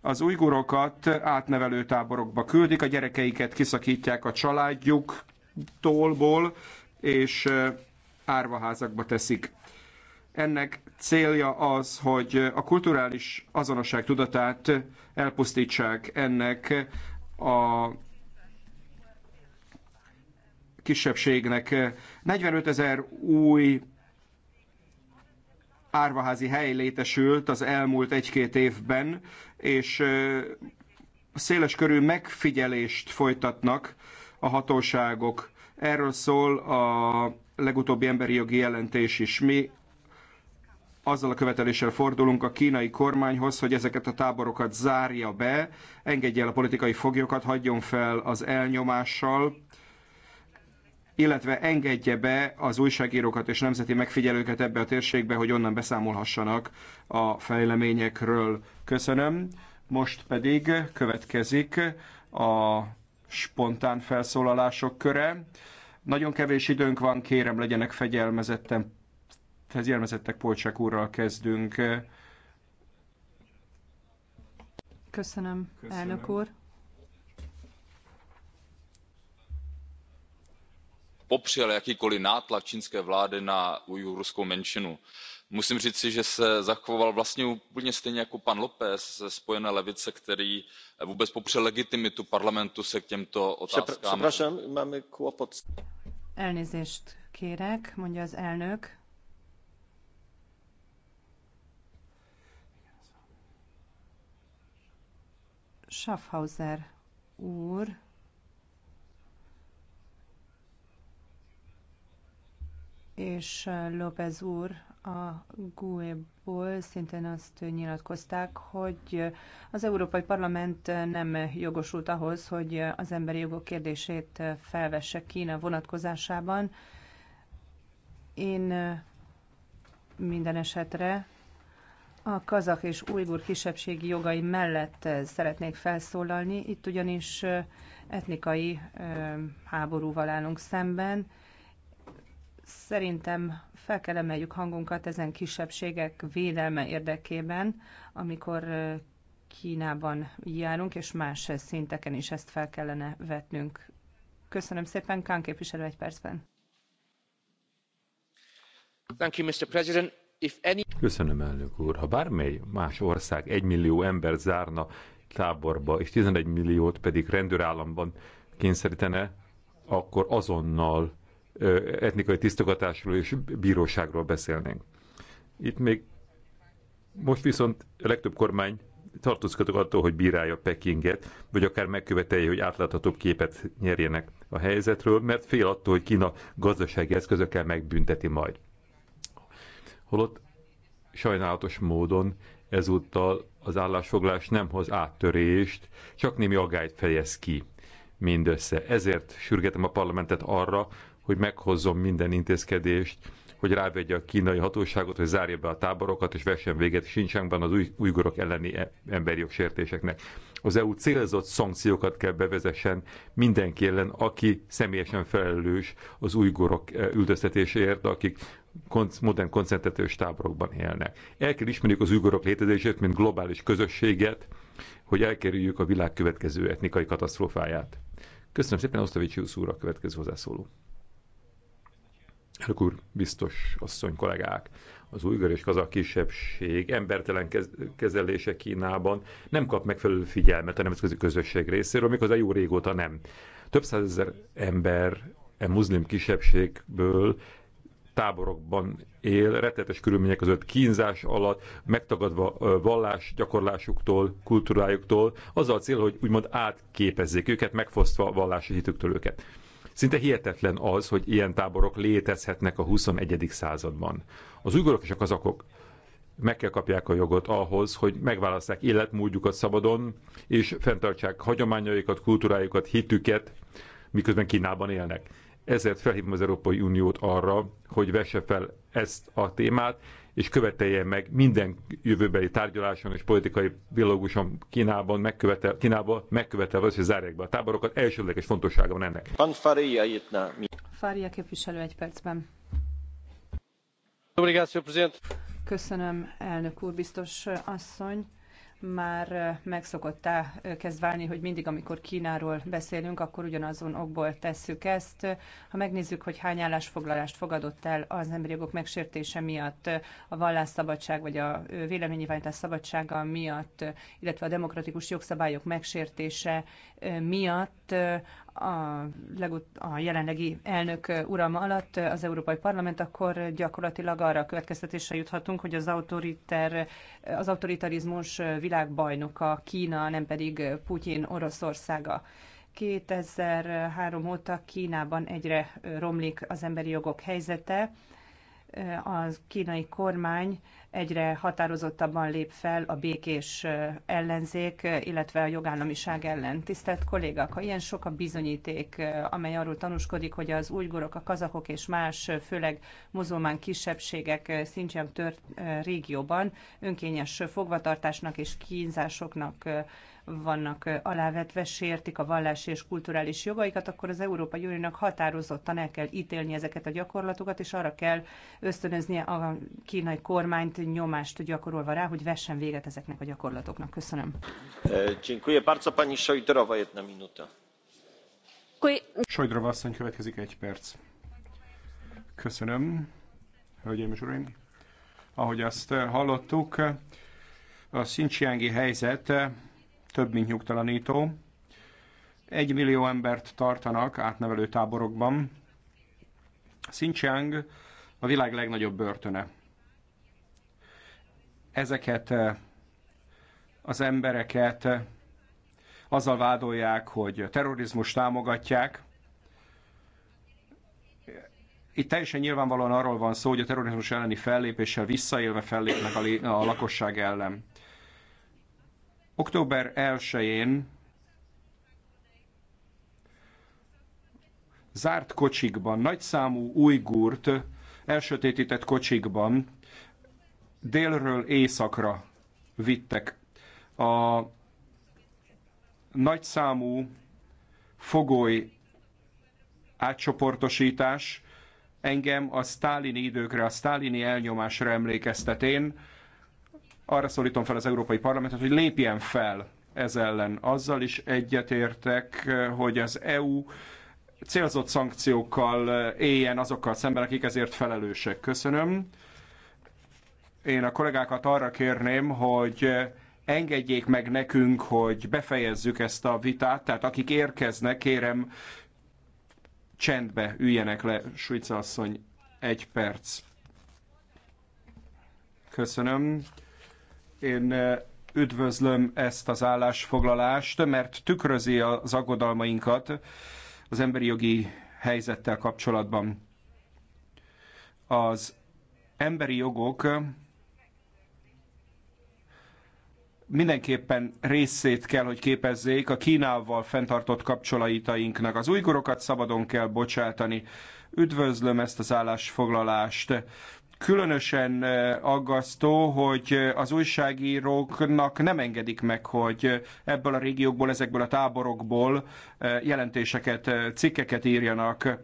az ujgurokat átnevelő táborokba küldik, a gyerekeiket kiszakítják a családjuk tólból, és árvaházakba teszik. Ennek célja az, hogy a kulturális azonosság tudatát elpusztítsák ennek a kisebbségnek. 45 ezer új árvaházi hely létesült az elmúlt egy-két évben, és széles körű megfigyelést folytatnak a hatóságok. Erről szól a legutóbbi emberi jogi jelentés is. Mi azzal a követeléssel fordulunk a kínai kormányhoz, hogy ezeket a táborokat zárja be, engedje el a politikai foglyokat, hagyjon fel az elnyomással, illetve engedje be az újságírókat és nemzeti megfigyelőket ebbe a térségbe, hogy onnan beszámolhassanak a fejleményekről. Köszönöm. Most pedig következik a spontán felszólalások köre. Nagyon kevés időnk van, kérem legyenek fegyelmezetten, fegyelmezettek Polcsák úrral kezdünk. Köszönöm, Köszönöm. elnök úr. popřel jakýkoliv nátlak čínské vlády na ujgurskou menšinu. musím říci že se zachoval vlastně úplně stejně jako pan lópez ze spojené levice který vůbec popřel legitimitu parlamentu se k těmto otázkám. mondja az elnök. schaffhauser és López úr a GUE-ból szintén azt nyilatkozták, hogy az Európai Parlament nem jogosult ahhoz, hogy az emberi jogok kérdését felvesse Kína vonatkozásában. Én minden esetre a kazak és ujgur kisebbségi jogai mellett szeretnék felszólalni. Itt ugyanis etnikai háborúval állunk szemben, szerintem fel kell emeljük hangunkat ezen kisebbségek védelme érdekében, amikor Kínában járunk, és más szinteken is ezt fel kellene vetnünk. Köszönöm szépen, Kán képviselő egy percben. Thank you, Mr. President. If any... Köszönöm, elnök úr. Ha bármely más ország egymillió ember zárna táborba, és 11 milliót pedig rendőrállamban kényszerítene, akkor azonnal etnikai tisztogatásról és bíróságról beszélnénk. Itt még most viszont a legtöbb kormány tartózkodik attól, hogy bírálja Pekinget, vagy akár megkövetelje, hogy átláthatóbb képet nyerjenek a helyzetről, mert fél attól, hogy Kína gazdasági eszközökkel megbünteti majd. Holott sajnálatos módon ezúttal az állásfoglás nem hoz áttörést, csak némi agályt fejez ki mindössze. Ezért sürgetem a parlamentet arra, hogy meghozzon minden intézkedést, hogy rávegye a kínai hatóságot, hogy zárja be a táborokat, és vessen véget Xinjiangban az új, ujgurok elleni e- emberi jogsértéseknek. Az EU célzott szankciókat kell bevezessen mindenki ellen, aki személyesen felelős az ujgurok e, üldöztetéséért, akik modern koncentrációs táborokban élnek. El kell ismerjük az ujgurok létezését, mint globális közösséget, hogy elkerüljük a világ következő etnikai katasztrófáját. Köszönöm szépen, Osztavicsi úr a következő hozzászóló. Elnök úr, biztos asszony kollégák, az ujgar és kazak kisebbség embertelen kezelése Kínában nem kap megfelelő figyelmet a nemzetközi közösség részéről, méghozzá jó régóta nem. Több százezer ember e muszlim kisebbségből táborokban él, rettetes körülmények között kínzás alatt, megtagadva vallás gyakorlásuktól, kultúrájuktól, azzal a cél, hogy úgymond átképezzék őket, megfosztva vallási hitüktől őket Szinte hihetetlen az, hogy ilyen táborok létezhetnek a 21. században. Az ugorok és a kazakok meg kell kapják a jogot ahhoz, hogy megválasszák életmódjukat szabadon, és fenntartsák hagyományaikat, kultúrájukat, hitüket, miközben Kínában élnek. Ezért felhívom az Európai Uniót arra, hogy vesse fel ezt a témát, és követelje meg minden jövőbeli tárgyaláson és politikai dialóguson Kínában megkövetel, Kínában megkövetelve az, hogy zárják be a táborokat. Elsődleges fontossága van ennek. Van Faria jutna. Faria képviselő egy percben. Köszönöm, elnök úr, biztos asszony már megszokottá kezd válni, hogy mindig, amikor Kínáról beszélünk, akkor ugyanazon okból tesszük ezt. Ha megnézzük, hogy hány állásfoglalást fogadott el az emberi jogok megsértése miatt, a vallásszabadság vagy a véleményváltás szabadsága miatt, illetve a demokratikus jogszabályok megsértése miatt, a, legut- a jelenlegi elnök uralma alatt az Európai Parlament, akkor gyakorlatilag arra a következtetésre juthatunk, hogy az, autoriter, az autoritarizmus világbajnoka Kína, nem pedig Putyin Oroszországa. 2003 óta Kínában egyre romlik az emberi jogok helyzete, a kínai kormány egyre határozottabban lép fel a békés ellenzék, illetve a jogállamiság ellen. Tisztelt kollégák, ha ilyen sok a bizonyíték, amely arról tanúskodik, hogy az újgorok, a kazakok és más, főleg muzulmán kisebbségek Xinjiang tört régióban önkényes fogvatartásnak és kínzásoknak vannak alávetve, sértik a vallási és kulturális jogaikat, akkor az Európai Uniónak határozottan el kell ítélni ezeket a gyakorlatokat, és arra kell ösztönöznie a kínai kormányt nyomást gyakorolva rá, hogy vessen véget ezeknek a gyakorlatoknak. Köszönöm. Dziękuję bardzo, pani Sojdrova, jedna minuta. Sojdrova asszony, következik egy perc. Köszönöm, hölgyeim és uraim. Ahogy azt hallottuk, a szincsiángi helyzet több, mint nyugtalanító. Egy millió embert tartanak átnevelő táborokban. Xinjiang a világ legnagyobb börtöne. Ezeket eh, az embereket eh, azzal vádolják, hogy terrorizmus támogatják. Itt teljesen nyilvánvalóan arról van szó, hogy a terrorizmus elleni fellépéssel visszaélve fellépnek a, a lakosság ellen. Október 1-én zárt kocsikban, nagyszámú újgúrt elsötétített kocsikban délről északra vittek. A nagyszámú fogoly átcsoportosítás engem a sztálini időkre, a sztálini elnyomásra emlékeztetén, arra szólítom fel az Európai Parlamentet, hogy lépjen fel ez ellen. Azzal is egyetértek, hogy az EU célzott szankciókkal éljen azokkal szemben, akik ezért felelősek. Köszönöm. Én a kollégákat arra kérném, hogy engedjék meg nekünk, hogy befejezzük ezt a vitát, tehát akik érkeznek, kérem, csendbe üljenek le, Svica asszony, egy perc. Köszönöm. Én üdvözlöm ezt az állásfoglalást, mert tükrözi az aggodalmainkat az emberi jogi helyzettel kapcsolatban. Az emberi jogok mindenképpen részét kell, hogy képezzék a Kínával fenntartott kapcsolatainknak. Az ujgurokat szabadon kell bocsátani. Üdvözlöm ezt az állásfoglalást különösen eh, aggasztó, hogy eh, az újságíróknak nem engedik meg, hogy eh, ebből a régiókból, ezekből a táborokból jelentéseket, cikkeket írjanak.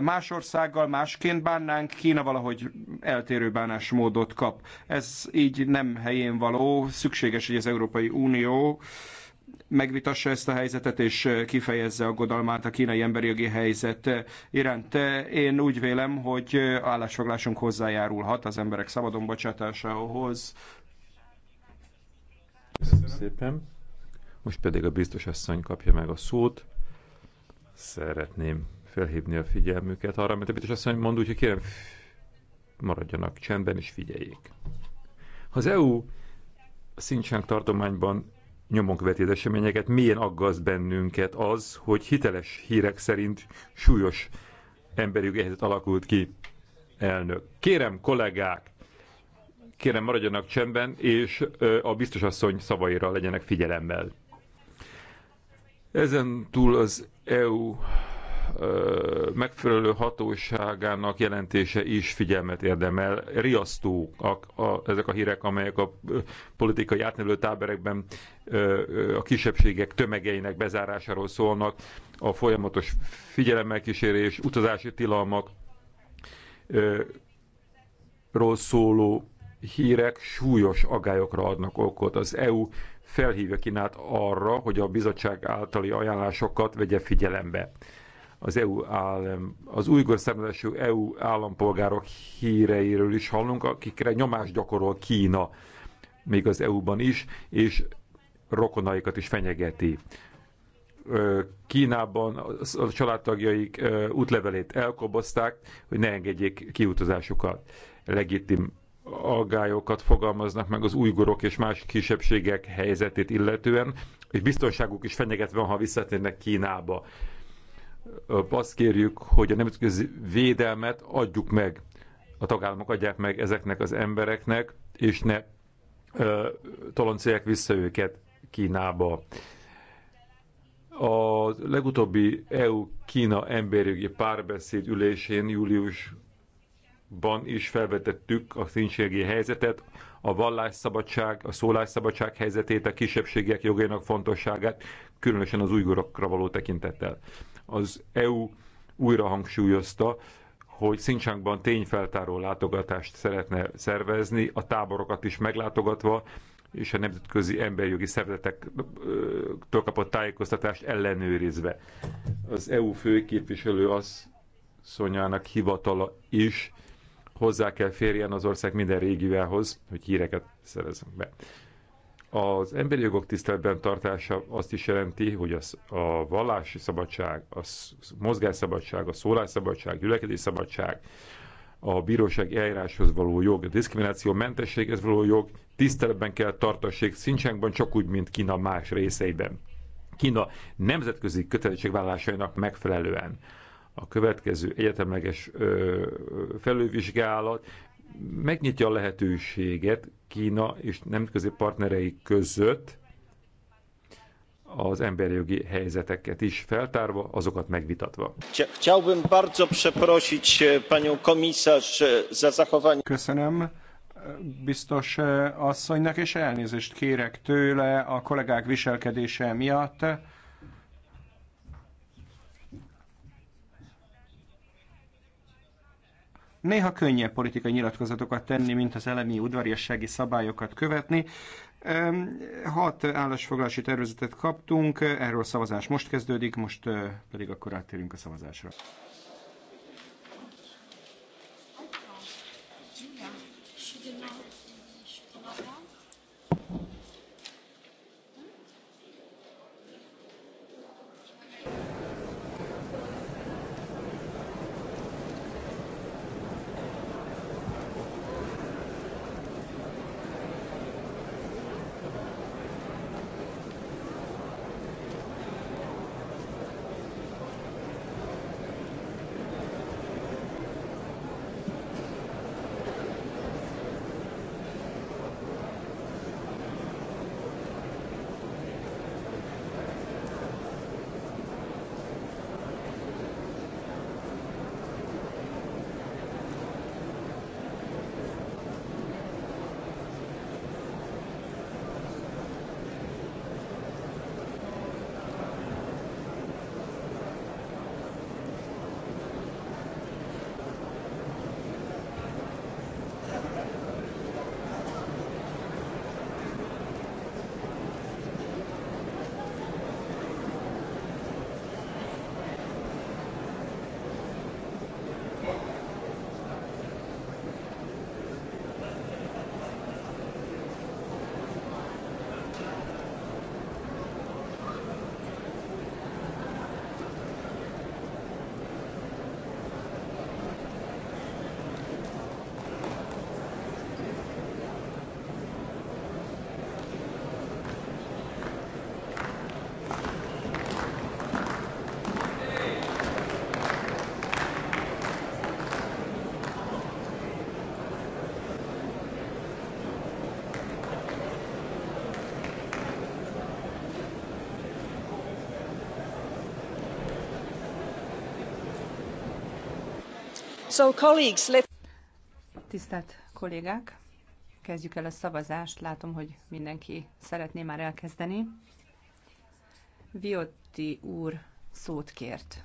Más országgal másként bánnánk, Kína valahogy eltérő bánásmódot kap. Ez így nem helyén való, szükséges, hogy az Európai Unió megvitassa ezt a helyzetet, és eh, kifejezze aggodalmát a kínai emberi jogi helyzet eh, iránt. Eh, én úgy vélem, hogy állásfoglásunk hozzájárulhat az emberek szabadon bocsátásához. Köszönöm szépen. Most pedig a biztos asszony kapja meg a szót. Szeretném felhívni a figyelmüket arra, mert a biztos asszony mond, úgyhogy kérem maradjanak csendben és figyeljék. Ha az EU a tartományban nyomon követi az eseményeket, milyen aggaszt bennünket az, hogy hiteles hírek szerint súlyos emberi helyzet alakult ki elnök. Kérem, kollégák, kérem maradjanak csendben, és a biztosasszony szavaira legyenek figyelemmel. Ezen túl az EU megfelelő hatóságának jelentése is figyelmet érdemel. Riasztók a, a, ezek a hírek, amelyek a politikai átnevelő táberekben a kisebbségek tömegeinek bezárásáról szólnak, a folyamatos figyelemmel kísérés, utazási tilalmak, ról szóló hírek súlyos agályokra adnak okot. Az EU felhívja Kínát arra, hogy a bizottság általi ajánlásokat vegye figyelembe az EU állam, az újgor származású EU állampolgárok híreiről is hallunk, akikre nyomást gyakorol Kína, még az EU-ban is, és rokonaikat is fenyegeti. Kínában a családtagjaik útlevelét elkobozták, hogy ne engedjék kiutazásukat. Legitim aggályokat fogalmaznak meg az újgorok és más kisebbségek helyzetét illetően, és biztonságuk is fenyegetve, ha visszatérnek Kínába azt kérjük, hogy a nemzetközi védelmet adjuk meg, a tagállamok adják meg ezeknek az embereknek, és ne toloncolják vissza őket Kínába. A legutóbbi EU-Kína emberjogi párbeszéd ülésén júliusban is felvetettük a színségi helyzetet, a vallásszabadság, a szólásszabadság helyzetét, a kisebbségek jogainak fontosságát, különösen az újgurokra való tekintettel az EU újra hangsúlyozta, hogy Szincsánkban tényfeltáró látogatást szeretne szervezni, a táborokat is meglátogatva, és a nemzetközi emberjogi szervezetektől kapott tájékoztatást ellenőrizve. Az EU főképviselő asszonyának hivatala is hozzá kell férjen az ország minden régiójához, hogy híreket szerezünk be. Az emberi jogok tiszteletben tartása azt is jelenti, hogy az, a vallási szabadság, a mozgásszabadság, a szólásszabadság, szabadság, a bíróság eljáráshoz való jog, a diszkrimináció mentességhez való jog tiszteletben kell tartassék Szincsánkban csak úgy, mint Kína más részeiben. Kína nemzetközi kötelezettségvállalásainak megfelelően a következő egyetemleges felülvizsgálat megnyitja a lehetőséget Kína és nemzetközi partnerei között az emberi jogi helyzeteket is feltárva, azokat megvitatva. E, e, Köszönöm biztos e, asszonynak, és elnézést kérek tőle a kollégák viselkedése miatt. Néha könnyebb politikai nyilatkozatokat tenni, mint az elemi udvariassági szabályokat követni. Hat állásfoglalási tervezetet kaptunk, erről szavazás most kezdődik, most pedig akkor áttérünk a szavazásra. Tisztelt kollégák, kezdjük el a szavazást. Látom, hogy mindenki szeretné már elkezdeni. Viotti úr szót kért.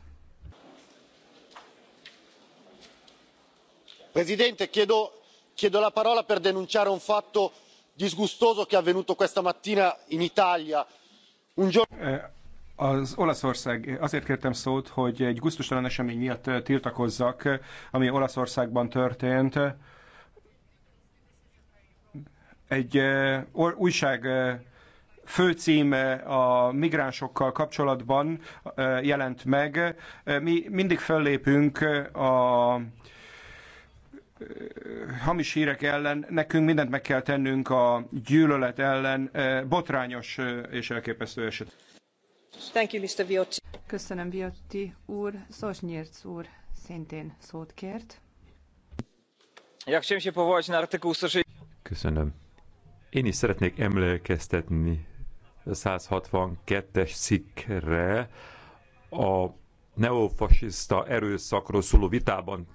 Presidente, chiedo, chiedo la parola per denunciare un fatto disgustoso che è avvenuto questa mattina in Italia. Un giorno... Eh az Olaszország, azért kértem szót, hogy egy guztustalan esemény miatt tiltakozzak, ami Olaszországban történt. Egy újság főcíme a migránsokkal kapcsolatban jelent meg. Mi mindig föllépünk a hamis hírek ellen, nekünk mindent meg kell tennünk a gyűlölet ellen, botrányos és elképesztő eset. Köszönöm, Viotti úr. Szosnyírc úr szintén szót kért. Ja chciałem Köszönöm. Én is szeretnék emlékeztetni a 162-es cikkre a neofasiszta erőszakról szóló vitában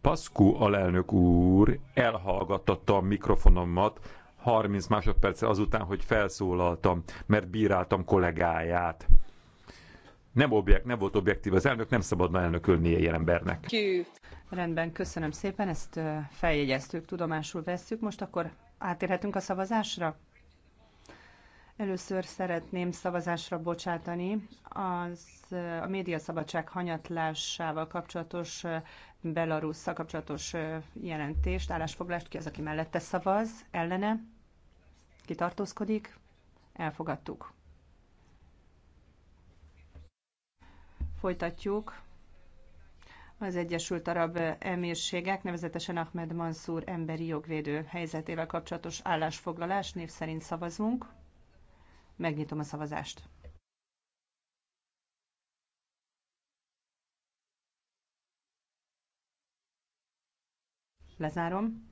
Pascu alelnök úr elhallgattatta a mikrofonomat, 30 másodperce azután, hogy felszólaltam, mert bíráltam kollégáját. Nem, objekt, nem volt objektív az elnök, nem szabadna elnökölni ilyen embernek. Kű. Rendben, köszönöm szépen, ezt feljegyeztük, tudomásul vesszük. Most akkor átérhetünk a szavazásra? Először szeretném szavazásra bocsátani az a médiaszabadság hanyatlásával kapcsolatos Belarusszal kapcsolatos jelentést, állásfoglást. Ki az, aki mellette szavaz, ellene, ki tartózkodik, elfogadtuk. Folytatjuk az Egyesült Arab Emírségek, nevezetesen Ahmed Mansur emberi jogvédő helyzetével kapcsolatos állásfoglalás. Név szerint szavazunk. Megnyitom a szavazást. Lezárom.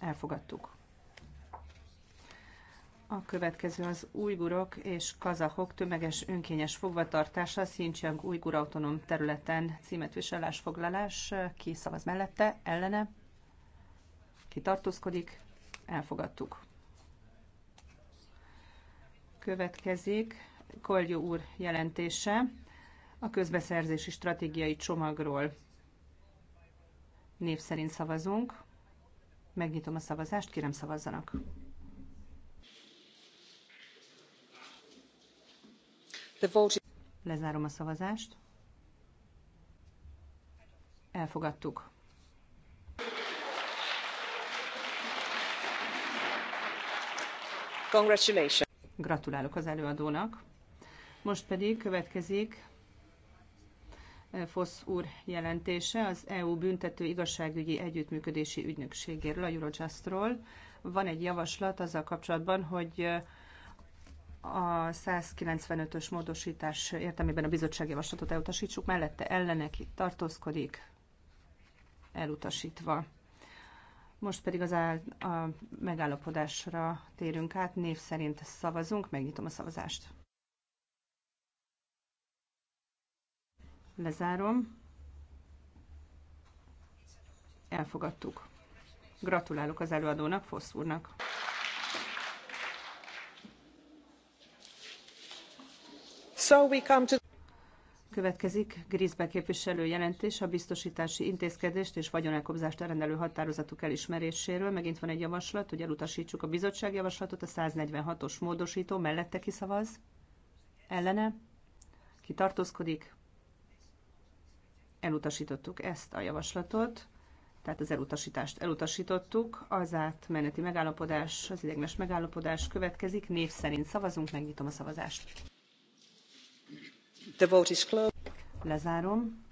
Elfogadtuk. A következő az újgurok és kazahok tömeges önkényes fogvatartása Xinjiang újgur autonóm területen címet viselás foglalás Ki szavaz mellette? Ellene? Ki tartózkodik? Elfogadtuk. Következik Kolgyó úr jelentése a közbeszerzési stratégiai csomagról. Név szerint szavazunk. Megnyitom a szavazást, kérem szavazzanak. Lezárom a szavazást. Elfogadtuk. Congratulations. Gratulálok az előadónak. Most pedig következik eh, Fosz úr jelentése az EU büntető igazságügyi együttműködési ügynökségéről, a Eurojustról. Van egy javaslat azzal kapcsolatban, hogy eh, a 195-ös módosítás értelmében a bizottság javaslatot elutasítsuk, mellette ellenek tartózkodik, elutasítva. Most pedig az áll, a megállapodásra térünk át, név szerint szavazunk, megnyitom a szavazást. Lezárom. Elfogadtuk. Gratulálok az előadónak, Fosz úrnak. So we come to... Következik Grízbe képviselő jelentés a biztosítási intézkedést és vagyonelkobzást elrendelő határozatuk elismeréséről. Megint van egy javaslat, hogy elutasítsuk a bizottság javaslatot, a 146-os módosító mellette kiszavaz, ellene, tartózkodik? elutasítottuk ezt a javaslatot, tehát az elutasítást elutasítottuk, az átmeneti megállapodás, az ideglenes megállapodás következik, név szerint szavazunk, megnyitom a szavazást vote is Lezárom.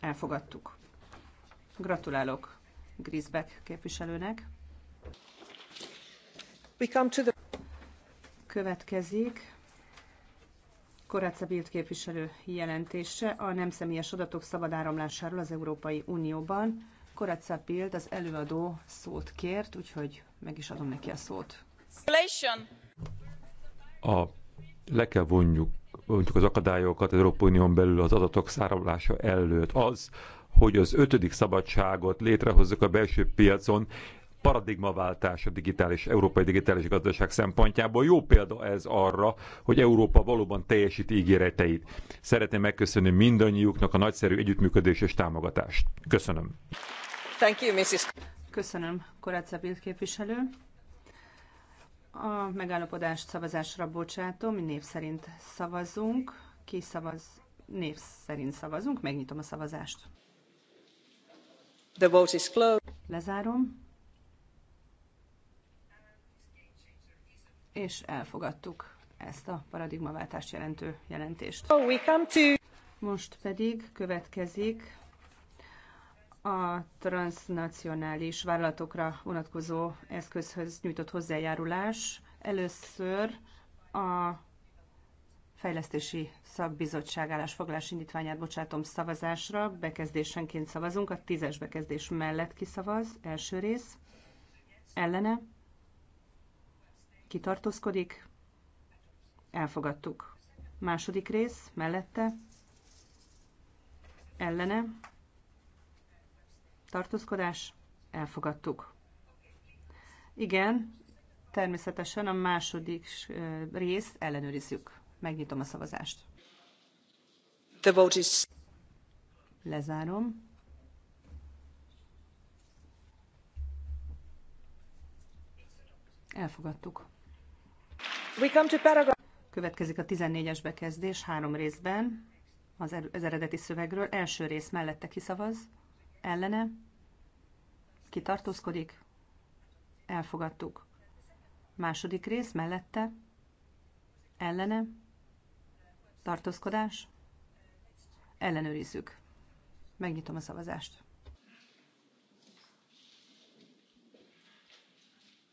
Elfogadtuk. Gratulálok Grisbeck képviselőnek. We come to the... Következik Koráca Bild képviselő jelentése a nem személyes adatok szabad áramlásáról az Európai Unióban. Koráca Bild az előadó szót kért, úgyhogy meg is adom neki a szót. A le kell vonjuk, vonjuk az akadályokat az Európai Unión belül az adatok száramlása előtt. Az, hogy az ötödik szabadságot létrehozzuk a belső piacon, paradigmaváltás a digitális, európai digitális gazdaság szempontjából. Jó példa ez arra, hogy Európa valóban teljesít ígéreteit. Szeretném megköszönni mindannyiuknak a nagyszerű együttműködés és támogatást. Köszönöm. Thank you, Mrs. Köszönöm, Korácsa Bild képviselő. A megállapodást szavazásra bocsátom, mi név szerint szavazunk. Ki szavaz? Név szerint szavazunk. Megnyitom a szavazást. The vote is closed. Lezárom. És elfogadtuk ezt a paradigmaváltást jelentő jelentést. Most pedig következik a transnacionális vállalatokra vonatkozó eszközhöz nyújtott hozzájárulás először a Fejlesztési Szakbizottság állásfoglalás indítványát bocsátom szavazásra. Bekezdésenként szavazunk. A tízes bekezdés mellett kiszavaz. Első rész. Ellene. Kitartózkodik. Elfogadtuk. Második rész. Mellette. Ellene tartózkodás, elfogadtuk. Igen, természetesen a második részt ellenőrizzük. Megnyitom a szavazást. The vote is... Lezárom. Elfogadtuk. We come to paragraph... Következik a 14-es bekezdés három részben er- az eredeti szövegről. Első rész mellette kiszavaz ellene, kitartózkodik. elfogadtuk. Második rész mellette, ellene, tartózkodás, ellenőrizzük. Megnyitom a szavazást.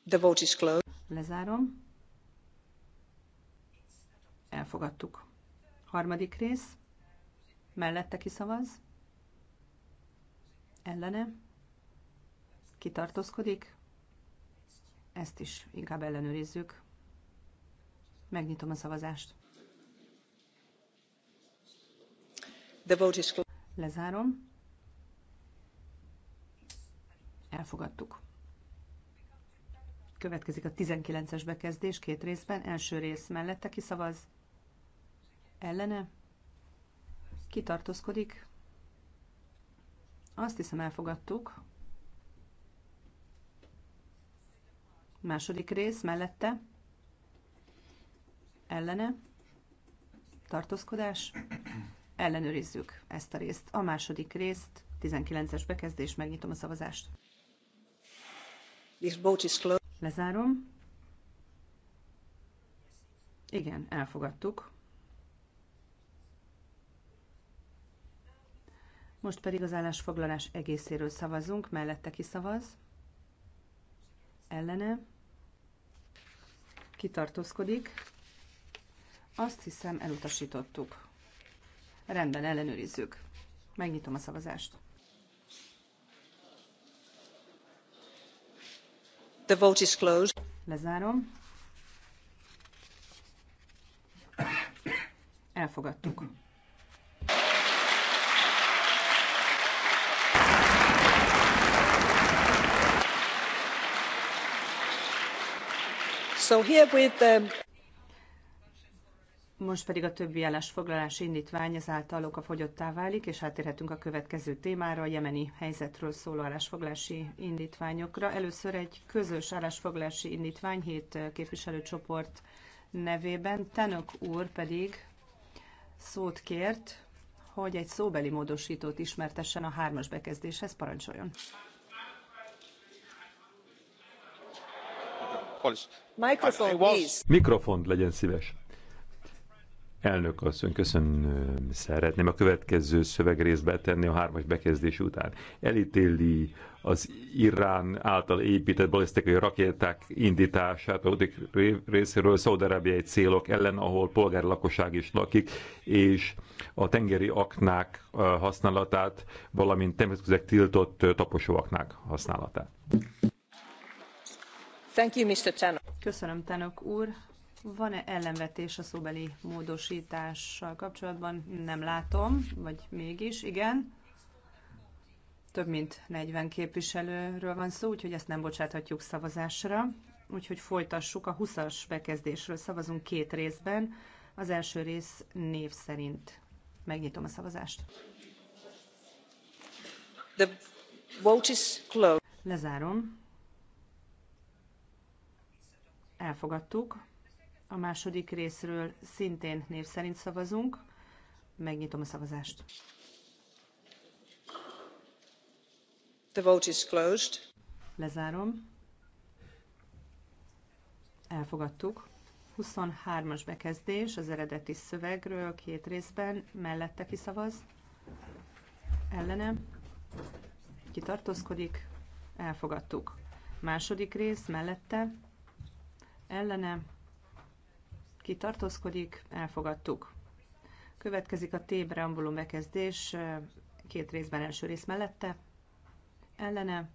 The vote is closed. Lezárom. Elfogadtuk. Harmadik rész. Mellette kiszavaz ellene, kitartózkodik, ezt is inkább ellenőrizzük. Megnyitom a szavazást. The vote is Lezárom. Elfogadtuk. Következik a 19-es bekezdés két részben. Első rész mellette kiszavaz. Ellene. Kitartózkodik. Azt hiszem elfogadtuk. Második rész mellette. Ellene. Tartózkodás. Ellenőrizzük ezt a részt. A második részt, 19-es bekezdés, megnyitom a szavazást. This boat is closed. Lezárom. Igen, elfogadtuk. Most pedig az állásfoglalás egészéről szavazunk, mellette ki szavaz, ellene, kitartózkodik, azt hiszem elutasítottuk. Rendben, ellenőrizzük. Megnyitom a szavazást. The vote is closed. Lezárom. Elfogadtuk. Um, Most pedig a többi állásfoglalás indítvány ezáltal fogyottá válik, és átérhetünk a következő témára, a jemeni helyzetről szóló állásfoglalási indítványokra. Először egy közös állásfoglalási indítvány hét képviselőcsoport nevében, Tenök úr pedig szót kért, hogy egy szóbeli módosítót ismertessen a hármas bekezdéshez, parancsoljon. Mikrofont legyen szíves. Elnök asszony, köszönöm. Szeretném a következő szövegrészt betenni a hármas bekezdés után. Elítéli az Irán által épített balisztikai rakéták indítását a részéről szaudarábiai célok ellen, ahol polgár lakosság is lakik, és a tengeri aknák eh, használatát, valamint természetesen tiltott eh, taposóaknák használatát. Köszönöm, Tanok úr. Van-e ellenvetés a szóbeli módosítással kapcsolatban? Nem látom, vagy mégis, igen. Több mint 40 képviselőről van szó, úgyhogy ezt nem bocsáthatjuk szavazásra. Úgyhogy folytassuk a 20-as bekezdésről. Szavazunk két részben. Az első rész név szerint. Megnyitom a szavazást. The vote is closed. Lezárom. Elfogadtuk. A második részről szintén név szerint szavazunk. Megnyitom a szavazást. The vote is closed. Lezárom. Elfogadtuk. 23-as bekezdés az eredeti szövegről két részben, mellette kiszavaz, ellene, kitartózkodik, elfogadtuk. Második rész mellette, ellene, ki elfogadtuk. Következik a T preambulum bekezdés, két részben első rész mellette, ellene,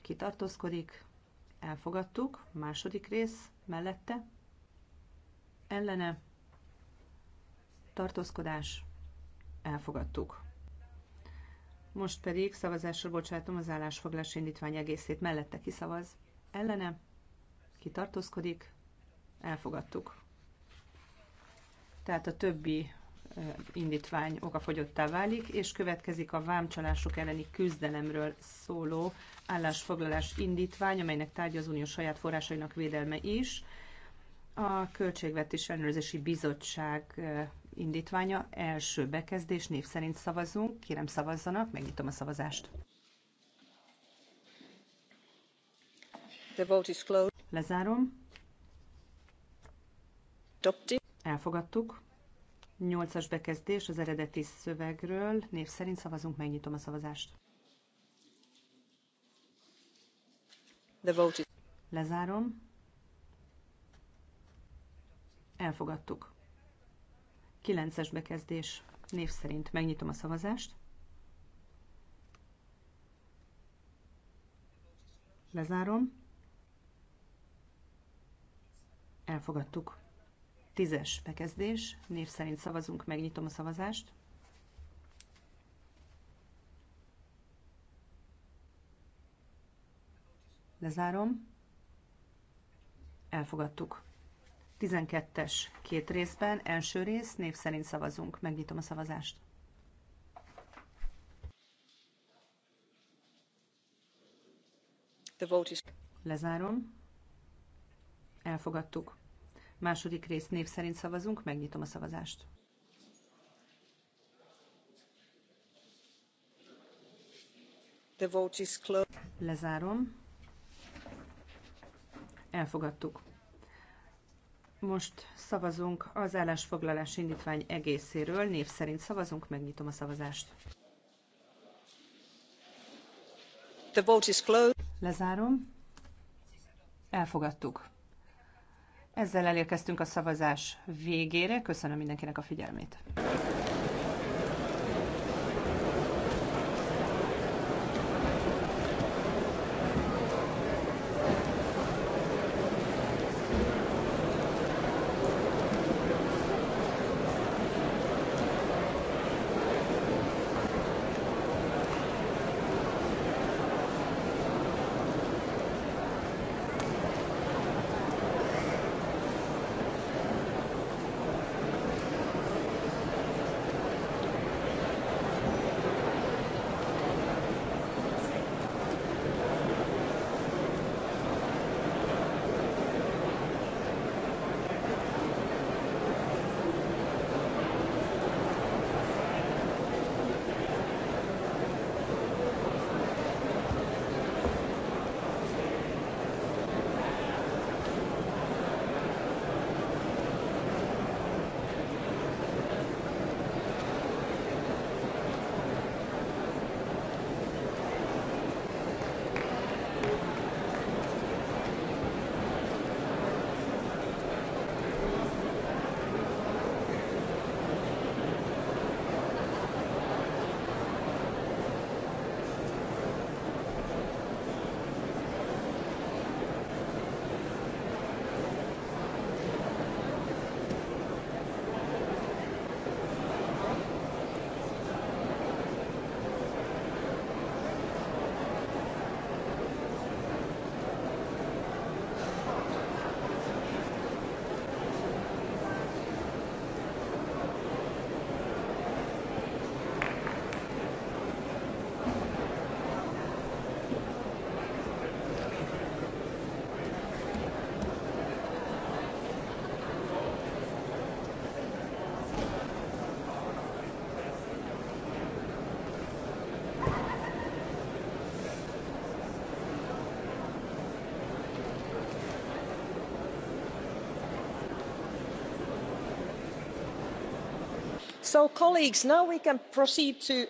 ki elfogadtuk, második rész mellette, ellene, tartózkodás, elfogadtuk. Most pedig szavazásra bocsátom az állásfoglás indítvány egészét mellette kiszavaz, ellene, kitartózkodik, elfogadtuk. Tehát a többi indítvány okafogyottá válik, és következik a vámcsalások elleni küzdelemről szóló állásfoglalás indítvány, amelynek tárgya az unió saját forrásainak védelme is. A Költségvetés Ellenőrzési Bizottság indítványa első bekezdés, név szerint szavazunk. Kérem szavazzanak, megnyitom a szavazást. The vote is closed. Lezárom. Elfogadtuk. Nyolcas bekezdés az eredeti szövegről. Név szerint szavazunk, megnyitom a szavazást. The vote is... Lezárom. Elfogadtuk. Kilences bekezdés. Név szerint megnyitom a szavazást. Lezárom. Elfogadtuk. Tízes bekezdés. Név szerint szavazunk, megnyitom a szavazást. Lezárom. Elfogadtuk. 12-es két részben, első rész, név szerint szavazunk. Megnyitom a szavazást. The vote is... Lezárom. Elfogadtuk. Második rész név szerint szavazunk, megnyitom a szavazást. The vote is closed. Lezárom. Elfogadtuk. Most szavazunk az állásfoglalás indítvány egészéről. Név szerint szavazunk, megnyitom a szavazást. The vote is closed. Lezárom. Elfogadtuk. Ezzel elérkeztünk a szavazás végére. Köszönöm mindenkinek a figyelmét.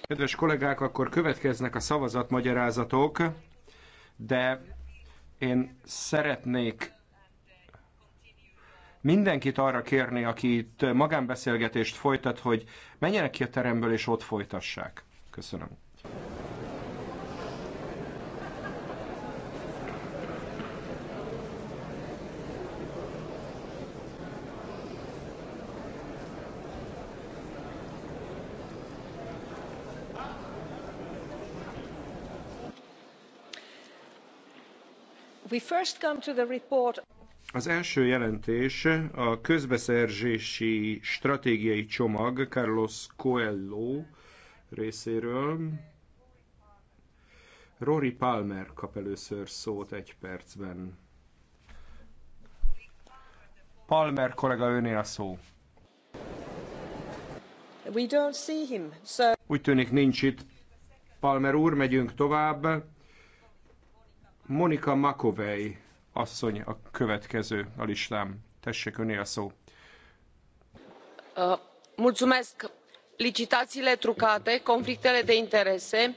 Kedves kollégák, akkor következnek a szavazatmagyarázatok, de én szeretnék mindenkit arra kérni, aki itt magánbeszélgetést folytat, hogy menjenek ki a teremből és ott folytassák. Köszönöm. Az első jelentés a közbeszerzési stratégiai csomag Carlos Coelho részéről. Rory Palmer kap először szót egy percben. Palmer kollega öné a szó. We don't see him, so... Úgy tűnik nincs itt. Palmer úr, megyünk tovább. Monika Makovej asszony a következő a listám. Tessék, öné a szó. Uh, mulțumesc. Licitațiile trucate, conflictele de interese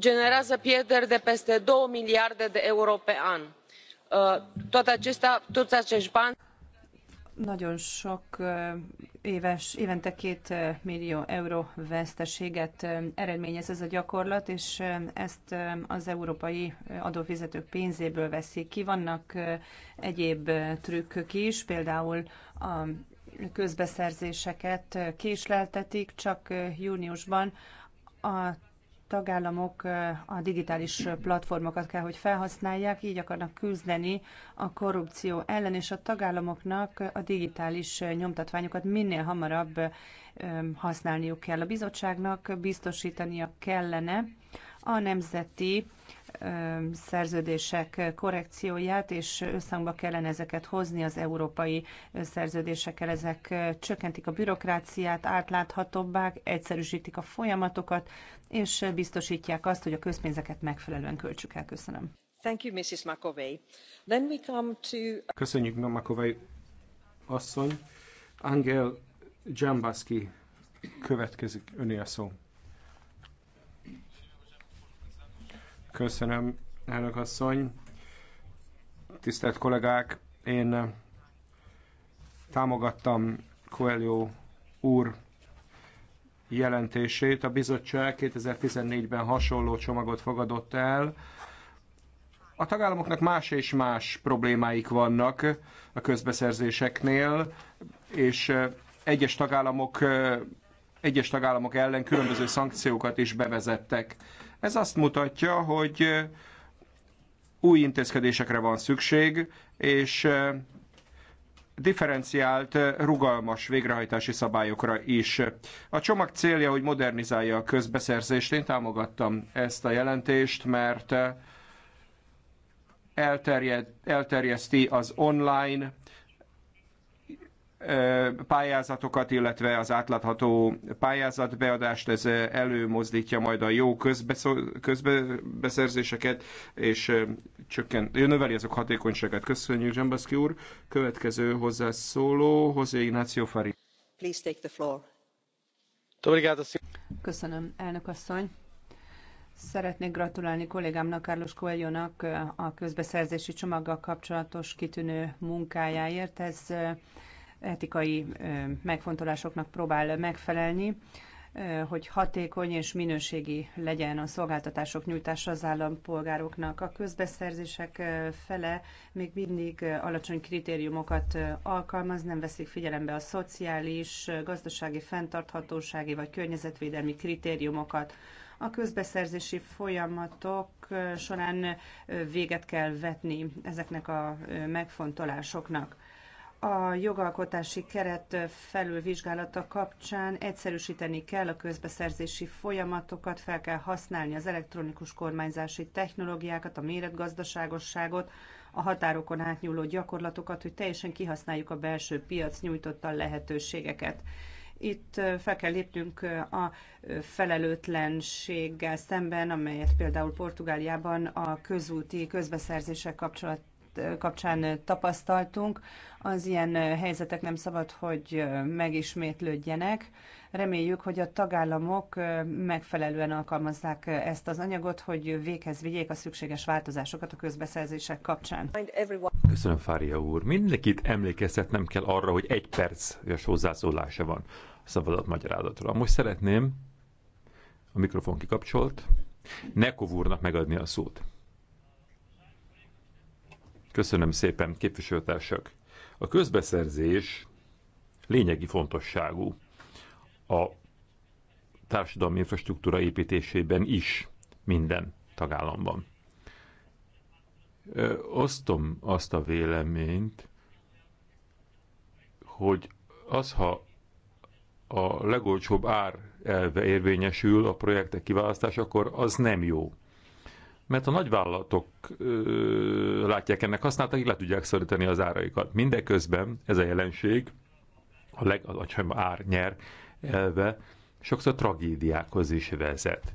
generează pierderi de peste 2 miliarde de euro pe an. Uh, toate acestea, toți acești bani nagyon sok éves, évente két millió euró veszteséget eredményez ez a gyakorlat, és ezt az európai adófizetők pénzéből veszik ki. Vannak egyéb trükkök is, például a közbeszerzéseket késleltetik, csak júniusban a tagállamok a digitális platformokat kell, hogy felhasználják, így akarnak küzdeni a korrupció ellen, és a tagállamoknak a digitális nyomtatványokat minél hamarabb használniuk kell. A bizottságnak biztosítania kellene a nemzeti szerződések korrekcióját, és összhangba kellene ezeket hozni az európai szerződésekkel. Ezek csökkentik a bürokráciát, átláthatóbbá, egyszerűsítik a folyamatokat, és biztosítják azt, hogy a közpénzeket megfelelően költsük el. Köszönöm. Thank you, Mrs. McAvey. Then we come to... Köszönjük, McAvey asszony. Angel Jambaski következik, öné a szó. Köszönöm, elnök asszony. Tisztelt kollégák, én támogattam Coelho úr jelentését. A bizottság 2014-ben hasonló csomagot fogadott el. A tagállamoknak más és más problémáik vannak a közbeszerzéseknél, és egyes tagállamok, egyes tagállamok ellen különböző szankciókat is bevezettek. Ez azt mutatja, hogy új intézkedésekre van szükség, és differenciált, rugalmas végrehajtási szabályokra is. A csomag célja, hogy modernizálja a közbeszerzést. Én támogattam ezt a jelentést, mert elterjed, elterjeszti az online pályázatokat, illetve az átlátható pályázatbeadást, ez előmozdítja majd a jó közbeszerzéseket, és csökken, növeli azok hatékonyságát. Köszönjük, Zsambaszki úr. Következő hozzászóló, Hozé Ignacio Fari. Please take the floor. Köszönöm, elnök asszony. Szeretnék gratulálni kollégámnak, Carlos Coelho-nak a közbeszerzési csomaggal kapcsolatos kitűnő munkájáért. Ez etikai megfontolásoknak próbál megfelelni, hogy hatékony és minőségi legyen a szolgáltatások nyújtása az állampolgároknak. A közbeszerzések fele még mindig alacsony kritériumokat alkalmaz, nem veszik figyelembe a szociális, gazdasági, fenntarthatósági vagy környezetvédelmi kritériumokat a közbeszerzési folyamatok során véget kell vetni ezeknek a megfontolásoknak a jogalkotási keret felülvizsgálata kapcsán egyszerűsíteni kell a közbeszerzési folyamatokat, fel kell használni az elektronikus kormányzási technológiákat, a méretgazdaságosságot, a határokon átnyúló gyakorlatokat, hogy teljesen kihasználjuk a belső piac nyújtotta lehetőségeket. Itt fel kell lépnünk a felelőtlenséggel szemben, amelyet például Portugáliában a közúti közbeszerzések kapcsolatban kapcsán tapasztaltunk. Az ilyen helyzetek nem szabad, hogy megismétlődjenek. Reméljük, hogy a tagállamok megfelelően alkalmazzák ezt az anyagot, hogy véghez vigyék a szükséges változásokat a közbeszerzések kapcsán. Köszönöm, Fária úr. Mindenkit emlékeztetnem kell arra, hogy egy perces hozzászólása van a magyarázatról. Most szeretném a mikrofon kikapcsolt, Nekov úrnak megadni a szót. Köszönöm szépen, képviselőtársak! A közbeszerzés lényegi fontosságú a társadalmi infrastruktúra építésében is minden tagállamban. Osztom azt a véleményt, hogy az, ha a legolcsóbb ár elve érvényesül a projektek kiválasztás, akkor az nem jó mert a nagyvállalatok ö, látják ennek hasznát, akik le tudják szorítani az áraikat. Mindeközben ez a jelenség, a legalacsonyabb ár nyer elve, sokszor tragédiákhoz is vezet.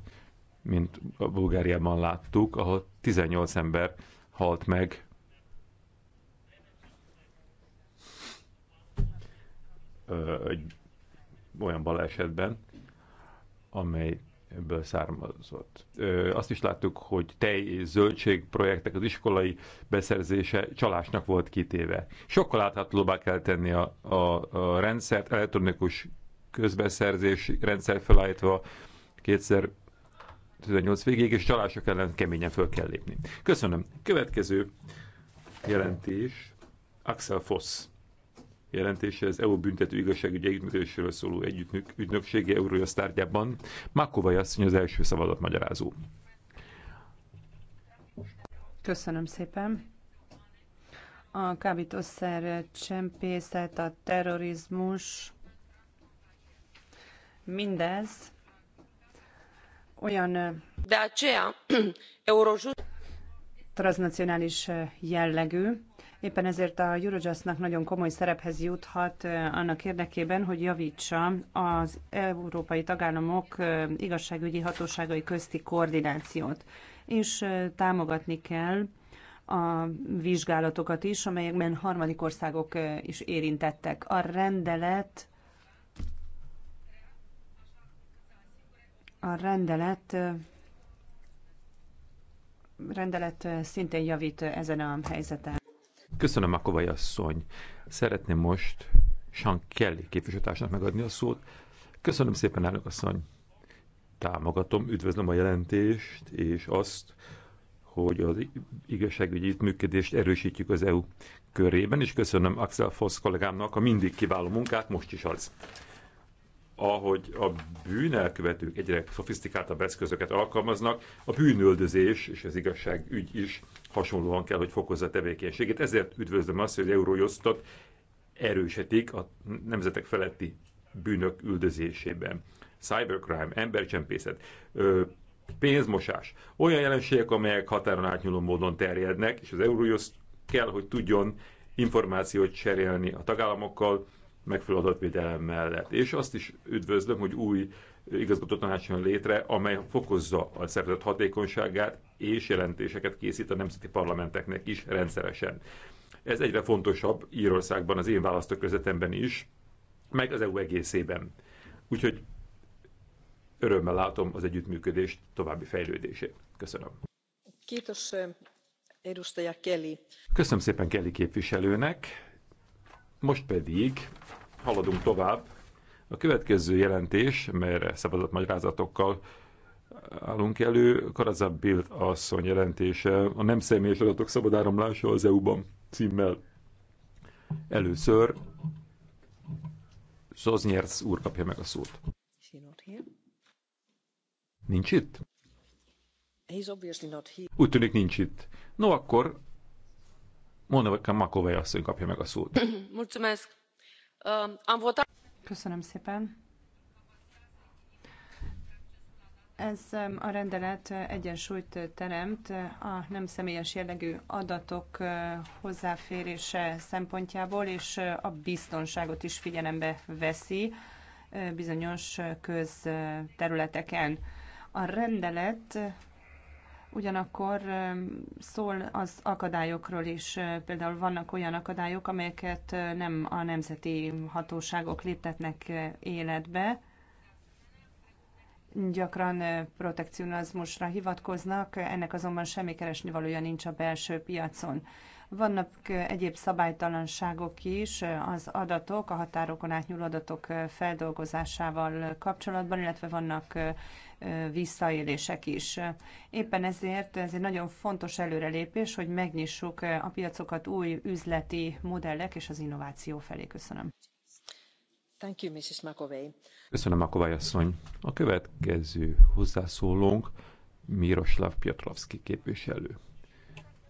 Mint a Bulgáriában láttuk, ahol 18 ember halt meg ö, egy olyan balesetben, amely ből származott. Ö, azt is láttuk, hogy tej és zöldség projektek az iskolai beszerzése csalásnak volt kitéve. Sokkal láthatóbbá kell tenni a, a, a rendszert, elektronikus közbeszerzés rendszer felállítva kétszer 18 végéig, és csalások ellen keményen föl kell lépni. Köszönöm. Következő jelentés Axel Foss jelentése az EU büntető igazságügyi együttműködésről szóló együttműk ügynöksége Eurójasz tárgyában. Makovai asszony az első magyarázó. Köszönöm szépen. A kábítószer csempészet, a terrorizmus, mindez olyan de aceea eurojust transnacionális jellegű Éppen ezért a Eurojustnak nagyon komoly szerephez juthat annak érdekében, hogy javítsa az európai tagállamok igazságügyi hatóságai közti koordinációt, és támogatni kell a vizsgálatokat is, amelyekben harmadik országok is érintettek. A rendelet a rendelet rendelet szintén javít ezen a helyzeten. Köszönöm, a Kovai asszony. Szeretném most Sean Kelly képviselőtársnak megadni a szót. Köszönöm szépen, elnök asszony. Támogatom, üdvözlöm a jelentést, és azt, hogy az igazságügyi működést erősítjük az EU körében, és köszönöm Axel Foss kollégámnak a mindig kiváló munkát, most is az ahogy a bűnelkövetők egyre szofisztikáltabb eszközöket alkalmaznak, a bűnöldözés és az igazságügy is hasonlóan kell, hogy fokozza a tevékenységét. Ezért üdvözlöm azt, hogy Eurojustot erősítik a nemzetek feletti bűnök üldözésében. Cybercrime, embercsempészet, pénzmosás, olyan jelenségek, amelyek határon átnyúló módon terjednek, és az Eurojust kell, hogy tudjon információt cserélni a tagállamokkal, megfelelő adatvédelem mellett. És azt is üdvözlöm, hogy új igazgató tanács jön létre, amely fokozza a szervezet hatékonyságát és jelentéseket készít a nemzeti parlamenteknek is rendszeresen. Ez egyre fontosabb Írországban, az én választókörzetemben is, meg az EU egészében. Úgyhogy örömmel látom az együttműködés további fejlődését. Köszönöm. Köszönöm szépen Kelly képviselőnek. Most pedig haladunk tovább. A következő jelentés, melyre magyarázatokkal állunk elő, Karazab Bild asszony jelentése a nem személyes adatok szabad áramlása az EU-ban címmel. Először Szoznyersz úr kapja meg a szót. Nincs itt? Úgy tűnik nincs itt. No akkor Monika Makovej asszony kapja meg a szót. Köszönöm szépen. Ez a rendelet egyensúlyt teremt a nem személyes jellegű adatok hozzáférése szempontjából, és a biztonságot is figyelembe veszi bizonyos közterületeken. A rendelet ugyanakkor szól az akadályokról is. Például vannak olyan akadályok, amelyeket nem a nemzeti hatóságok léptetnek életbe, gyakran protekcionizmusra hivatkoznak, ennek azonban semmi keresnivalója nincs a belső piacon. Vannak egyéb szabálytalanságok is az adatok, a határokon átnyúló adatok feldolgozásával kapcsolatban, illetve vannak visszaélések is. Éppen ezért ez egy nagyon fontos előrelépés, hogy megnyissuk a piacokat új üzleti modellek és az innováció felé. Köszönöm. Thank you, Mrs. McAvey. Köszönöm, McAvey asszony. A következő hozzászólónk Miroslav Piotrowski képviselő.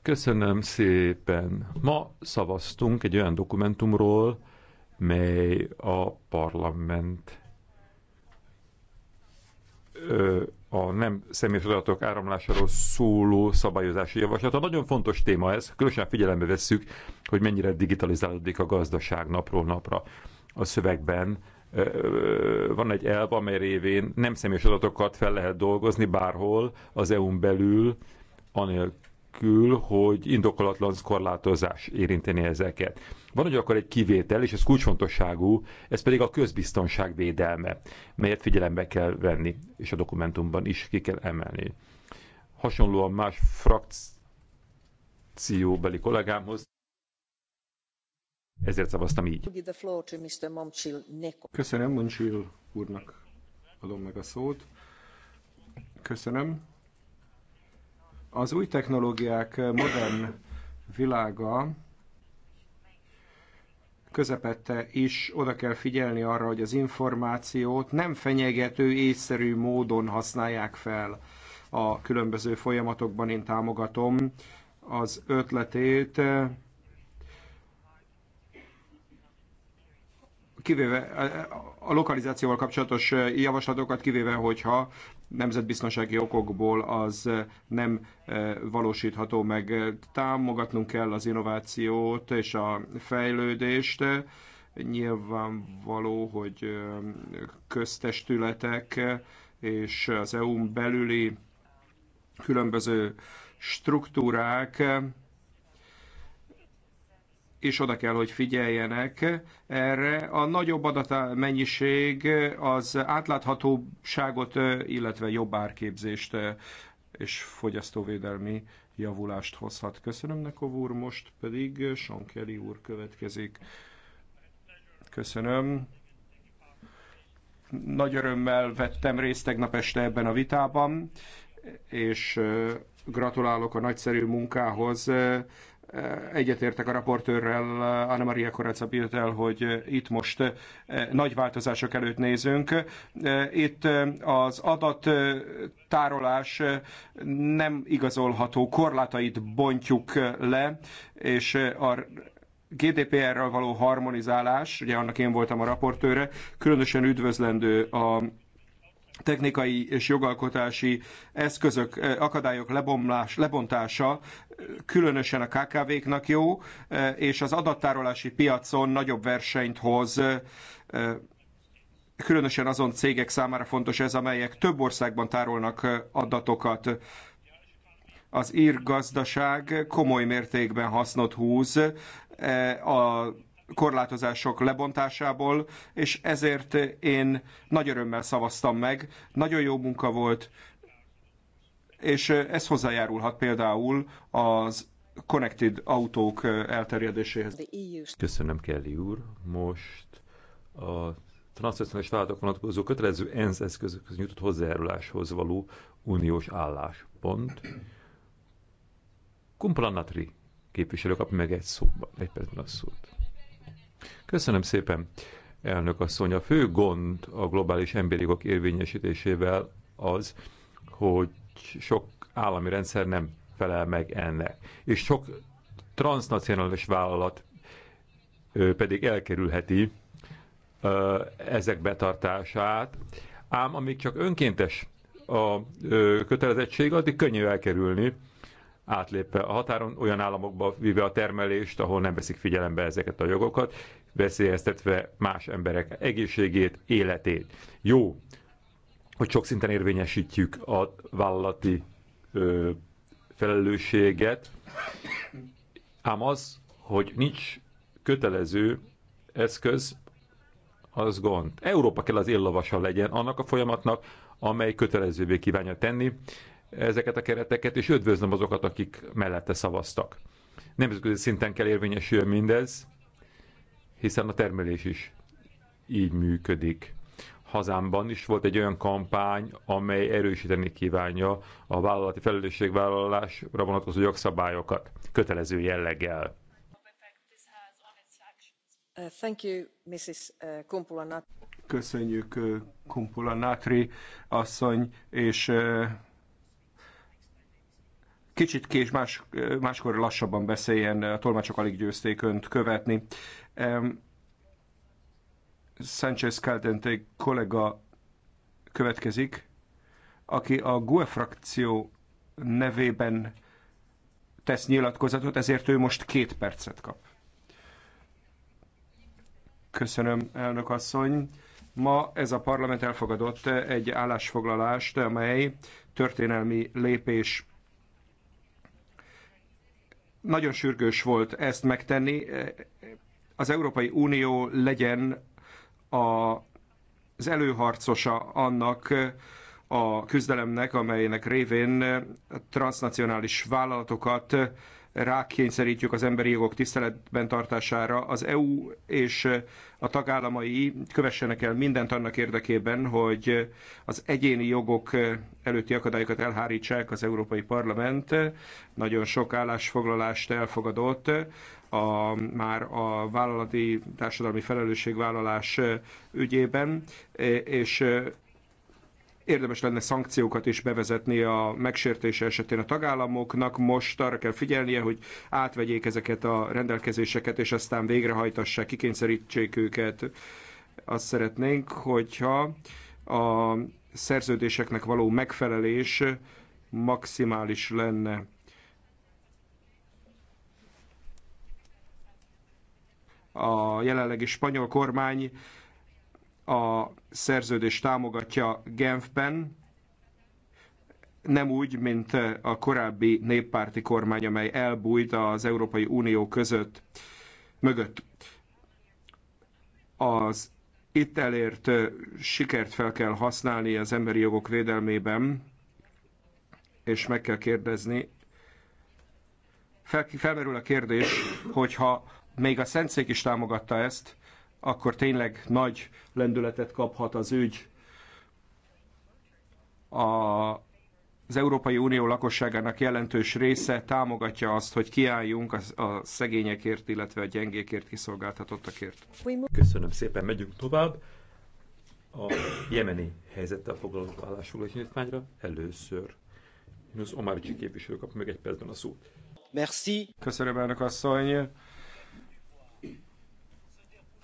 Köszönöm szépen. Ma szavaztunk egy olyan dokumentumról, mely a parlament a nem személyes adatok áramlásáról szóló szabályozási javaslata. Nagyon fontos téma ez, különösen figyelembe vesszük, hogy mennyire digitalizálódik a gazdaság napról napra. A szövegben van egy elv, amely révén nem személyes adatokat fel lehet dolgozni bárhol az EU-n belül, anélkül, anélkül, hogy indokolatlan korlátozás érinteni ezeket. Van akkor egy kivétel, és ez kulcsfontosságú, ez pedig a közbiztonság védelme, melyet figyelembe kell venni, és a dokumentumban is ki kell emelni. Hasonlóan más frakcióbeli kollégámhoz, ezért szavaztam így. Köszönöm, Moncsil úrnak adom meg a szót. Köszönöm. Az új technológiák modern világa közepette is oda kell figyelni arra, hogy az információt nem fenyegető, észszerű módon használják fel a különböző folyamatokban. Én támogatom az ötletét, kivéve a lokalizációval kapcsolatos javaslatokat, kivéve, hogyha nemzetbiztonsági okokból az nem valósítható meg. Támogatnunk kell az innovációt és a fejlődést. Nyilvánvaló, hogy köztestületek és az EU-n belüli különböző struktúrák és oda kell, hogy figyeljenek erre. A nagyobb adatmennyiség az átláthatóságot, illetve jobb árképzést és fogyasztóvédelmi javulást hozhat. Köszönöm, Nekov úr, most pedig Sean Kelly úr következik. Köszönöm. Nagy örömmel vettem részt tegnap este ebben a vitában, és gratulálok a nagyszerű munkához egyetértek a raportőrrel, Anna Maria el, hogy itt most eh, nagy változások előtt nézünk. Eh, itt eh, az adat tárolás nem igazolható korlátait bontjuk le, és a GDPR-ral való harmonizálás, ugye annak én voltam a raportőre, különösen üdvözlendő a technikai és jogalkotási eszközök, eh, akadályok lebomlás, lebontása különösen a KKV-knak jó, eh, és az adattárolási piacon nagyobb versenyt hoz eh, különösen azon cégek számára fontos ez, amelyek több országban tárolnak adatokat. Az ír gazdaság komoly mértékben hasznot húz a korlátozások lebontásából, és ezért én nagy örömmel szavaztam meg. Nagyon jó munka volt, és ez hozzájárulhat például az connected autók elterjedéséhez. Köszönöm, Kelly úr. Most a transznacionális vállalatok vonatkozó kötelező ENSZ eszközökhöz nyújtott hozzájáruláshoz való uniós álláspont. Kumpalanatri képviselő kap meg egy szóban, egy percben a szót. Köszönöm szépen, elnök asszony. A fő gond a globális emberi jogok érvényesítésével az, hogy sok állami rendszer nem felel meg ennek. És sok transnacionális vállalat pedig elkerülheti ezek betartását, ám amíg csak önkéntes a kötelezettség, addig könnyű elkerülni átlépve a határon, olyan államokba vive a termelést, ahol nem veszik figyelembe ezeket a jogokat, veszélyeztetve más emberek egészségét, életét. Jó, hogy sok szinten érvényesítjük a vállalati ö, felelősséget, ám az, hogy nincs kötelező eszköz, az gond. Európa kell az éllovasa legyen annak a folyamatnak, amely kötelezővé kívánja tenni ezeket a kereteket, és üdvözlöm azokat, akik mellette szavaztak. Nemzetközi szinten kell érvényesüljön mindez, hiszen a termelés is így működik. Hazámban is volt egy olyan kampány, amely erősíteni kívánja a vállalati felelősségvállalásra vonatkozó jogszabályokat kötelező jelleggel. Thank you, Mrs. Uh, Kumpula Köszönjük uh, Kumpula Nátri asszony, és uh, kicsit kés, más, máskor lassabban beszéljen, a tolmácsok alig győzték önt követni. Sánchez Caldente kollega következik, aki a GUE frakció nevében tesz nyilatkozatot, ezért ő most két percet kap. Köszönöm, elnök asszony. Ma ez a parlament elfogadott egy állásfoglalást, amely történelmi lépés nagyon sürgős volt ezt megtenni. Az Európai Unió legyen a, az előharcosa annak a küzdelemnek, amelynek révén transnacionális vállalatokat rákényszerítjük az emberi jogok tiszteletben tartására, az EU és a tagállamai kövessenek el mindent annak érdekében, hogy az egyéni jogok előtti akadályokat elhárítsák az Európai Parlament. Nagyon sok állásfoglalást elfogadott, a, már a vállalati társadalmi felelősségvállalás ügyében, és érdemes lenne szankciókat is bevezetni a megsértése esetén a tagállamoknak. Most arra kell figyelnie, hogy átvegyék ezeket a rendelkezéseket, és aztán végrehajtassák, kikényszerítsék őket. Azt szeretnénk, hogyha a szerződéseknek való megfelelés maximális lenne. A jelenlegi spanyol kormány a szerződés támogatja Genfben, nem úgy, mint a korábbi néppárti kormány, amely elbújt az Európai Unió között mögött. Az itt elért sikert fel kell használni az emberi jogok védelmében, és meg kell kérdezni, fel, felmerül a kérdés, hogyha még a Szentszék is támogatta ezt, akkor tényleg nagy lendületet kaphat az ügy. A, az Európai Unió lakosságának jelentős része támogatja azt, hogy kiálljunk a, a szegényekért, illetve a gyengékért, kiszolgáltatottakért. Köszönöm szépen, megyünk tovább. A jemeni helyzettel foglalkozó állásfoglalási nyitványra először. Én az Omar képviselő kap meg egy percben a szót. Merci. Köszönöm, elnök asszony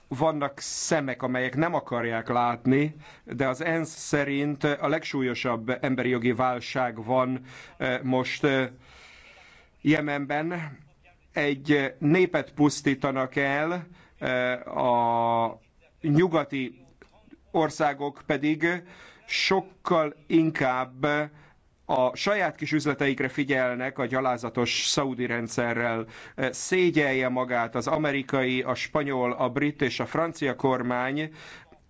vannak szemek, amelyek nem akarják látni, de az ENSZ szerint a legsúlyosabb emberi jogi válság van eh, most eh, Jemenben. Egy népet pusztítanak el, eh, a nyugati országok pedig sokkal inkább a saját kis üzleteikre figyelnek a gyalázatos szaudi rendszerrel. E, szégyelje magát az amerikai, a spanyol, a brit és a francia kormány,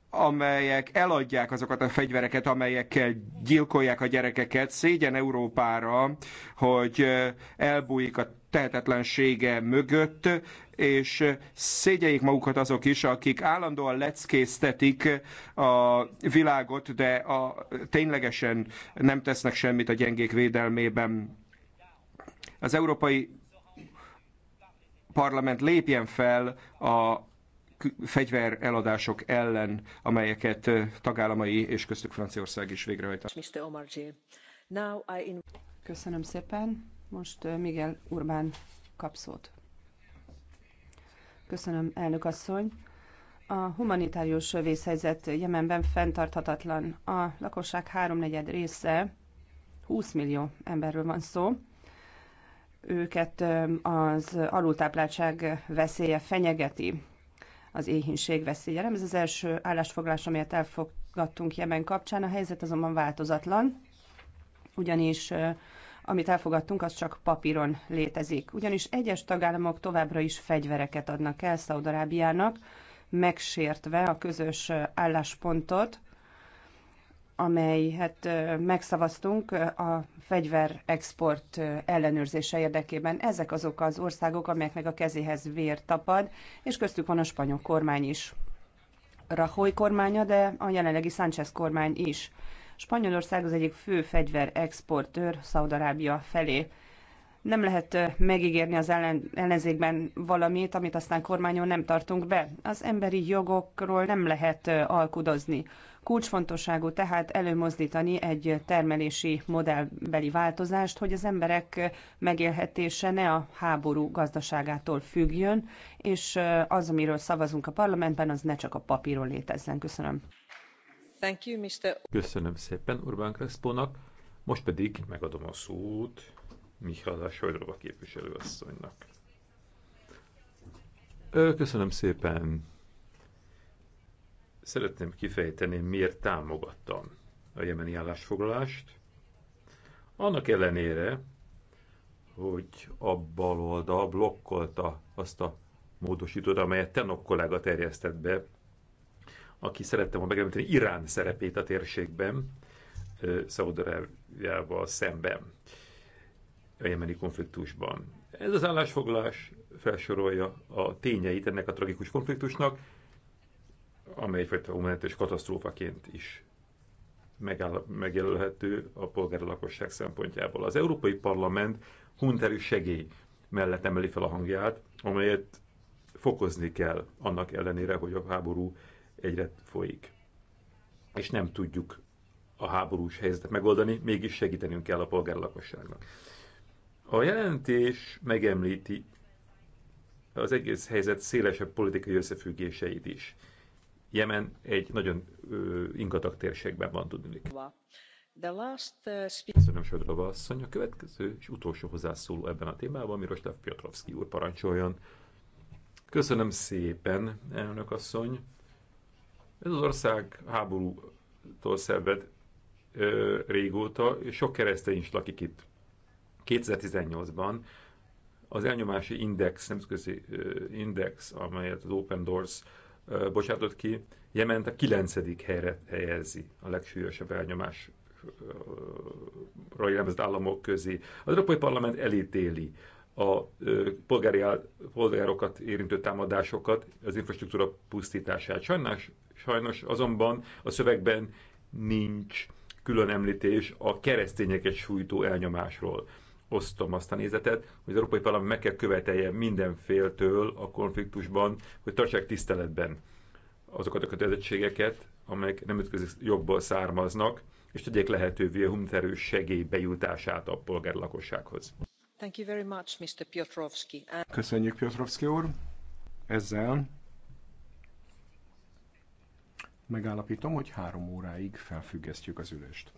amelyek eladják azokat a fegyvereket, amelyekkel gyilkolják a gyerekeket. Szégyen Európára, hogy e, elbújik a tehetetlensége mögött, és szégyeljék magukat azok is, akik állandóan leckésztetik a világot, de a, ténylegesen nem tesznek semmit a gyengék védelmében. Az Európai Parlament lépjen fel a fegyver eladások ellen, amelyeket tagállamai és köztük Franciaország is végrehajtanak. Köszönöm szépen. Most Miguel Urbán kap szót. Köszönöm, elnök asszony. A humanitárius vészhelyzet Jemenben fenntarthatatlan. A lakosság háromnegyed része, 20 millió emberről van szó, őket az alultápláltság veszélye fenyegeti, az éhínség veszélye. Nem ez az első állásfoglalás, amelyet elfogadtunk Jemen kapcsán, a helyzet azonban változatlan, ugyanis amit elfogadtunk, az csak papíron létezik. Ugyanis egyes tagállamok továbbra is fegyvereket adnak el Szaudarábiának, megsértve a közös álláspontot, amelyet hát, megszavaztunk a fegyverexport ellenőrzése érdekében. Ezek azok az országok, amelyeknek a kezéhez vér tapad, és köztük van a spanyol kormány is. Rajoy kormánya, de a jelenlegi Sánchez kormány is. Spanyolország az egyik fő fegyver exportőr Szaudarábia felé. Nem lehet megígérni az ellen, ellenzékben valamit, amit aztán kormányon nem tartunk be. Az emberi jogokról nem lehet alkudozni. Kulcsfontosságú tehát előmozdítani egy termelési modellbeli változást, hogy az emberek megélhetése ne a háború gazdaságától függjön, és az, amiről szavazunk a parlamentben, az ne csak a papíron létezzen. Köszönöm. Thank you, Mr. Köszönöm szépen Urbán Kreszpónak. Most pedig megadom a szót Mihály Sajdrova képviselőasszonynak. Köszönöm szépen. Szeretném kifejteni, miért támogattam a jemeni állásfoglalást. Annak ellenére, hogy a baloldal blokkolta azt a módosítót, amelyet Tenok kollega terjesztett be aki szerettem volna megemlíteni Irán szerepét a térségben, Szaudarábiával szemben, a jemeni konfliktusban. Ez az állásfoglalás felsorolja a tényeit ennek a tragikus konfliktusnak, amely egyfajta humanitárius katasztrófaként is megáll, megjelölhető a polgári lakosság szempontjából. Az Európai Parlament hunterű segély mellett emeli fel a hangját, amelyet fokozni kell annak ellenére, hogy a háború egyre folyik. És nem tudjuk a háborús helyzetet megoldani, mégis segítenünk kell a polgárlakosságnak. A jelentés megemlíti az egész helyzet szélesebb politikai összefüggéseit is. Jemen egy nagyon ö, ingatag térségben van, tudnék. Uh, Köszönöm, Södrova asszony. A következő és utolsó hozzászóló ebben a témában, Miroslav Piotrowski úr parancsoljon. Köszönöm szépen, elnök asszony. Ez az ország háborútól szenved régóta, és sok keresztény is lakik itt. 2018-ban az elnyomási index, nemzetközi index, amelyet az Open Doors bocsátott ki, Jement a kilencedik helyre helyezi a legsúlyosabb elnyomás jellemzett államok közé. Az Európai Parlament elítéli a polgári, polgárokat érintő támadásokat, az infrastruktúra pusztítását. Sajnos sajnos azonban a szövegben nincs külön említés a keresztényeket sújtó elnyomásról. Osztom azt a nézetet, hogy az Európai Parlament meg kell követelje mindenféltől a konfliktusban, hogy tartsák tiszteletben azokat a kötelezettségeket, amelyek nemzetközi jogból származnak, és tegyék lehetővé a humanitárius segély bejutását a polgárlakossághoz. Thank you very much, Mr. Piotrowski. Köszönjük, Piotrowski úr! Ezzel megállapítom, hogy három óráig felfüggesztjük az ülést.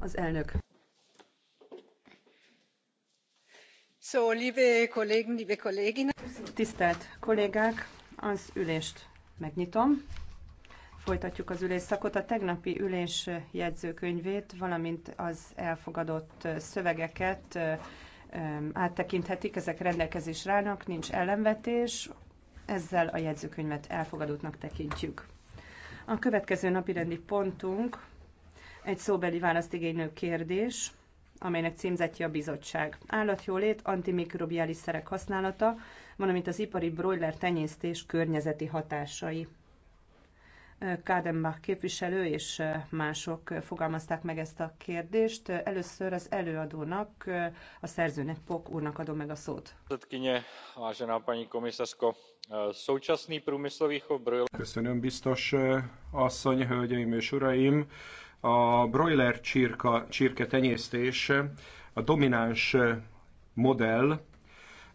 Az elnök. liebe Kollegen, liebe Tisztelt kollégák, az ülést megnyitom. Folytatjuk az ülésszakot. A tegnapi ülés jegyzőkönyvét, valamint az elfogadott szövegeket áttekinthetik, ezek rendelkezésre állnak, nincs ellenvetés, ezzel a jegyzőkönyvet elfogadottnak tekintjük. A következő napi rendi pontunk egy szóbeli választigénylő kérdés, amelynek címzetje a bizottság. Állatjólét, antimikrobiális szerek használata, valamint az ipari broiler tenyésztés környezeti hatásai. Kádenbach képviselő és mások fogalmazták meg ezt a kérdést. Először az előadónak, a szerzőnek, Pok úrnak adom meg a szót. Köszönöm, vážená pani komisarko, Eh, Köszönöm, biztos eh, asszony, hölgyeim és uraim! A broiler csirka, csirke tenyésztés eh, a domináns modell,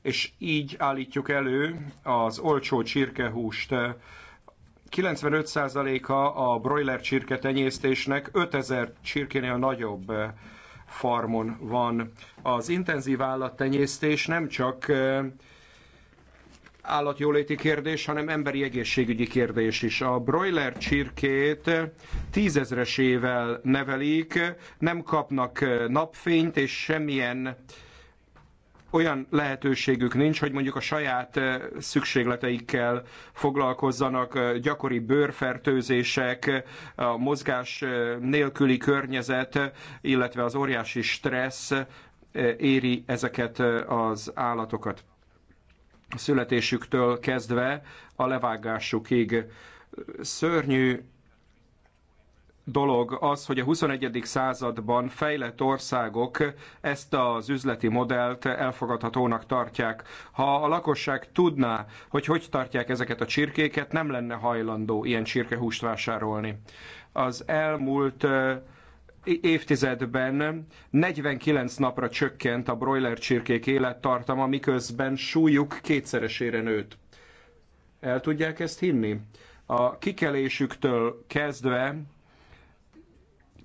és így állítjuk elő az olcsó csirkehúst. 95%-a a broiler csirke tenyésztésnek 5000 csirkénél nagyobb farmon van. Az intenzív állattenyésztés nem csak állatjóléti kérdés, hanem emberi egészségügyi kérdés is. A broiler csirkét tízezresével nevelik, nem kapnak napfényt és semmilyen olyan lehetőségük nincs, hogy mondjuk a saját szükségleteikkel foglalkozzanak, gyakori bőrfertőzések, a mozgás nélküli környezet, illetve az óriási stressz éri ezeket az állatokat születésüktől kezdve a levágásukig. Szörnyű dolog az, hogy a 21. században fejlett országok ezt az üzleti modellt elfogadhatónak tartják. Ha a lakosság tudná, hogy hogy tartják ezeket a csirkéket, nem lenne hajlandó ilyen csirkehúst vásárolni. Az elmúlt évtizedben 49 napra csökkent a broiler csirkék élettartama, miközben súlyuk kétszeresére nőtt. El tudják ezt hinni? A kikelésüktől kezdve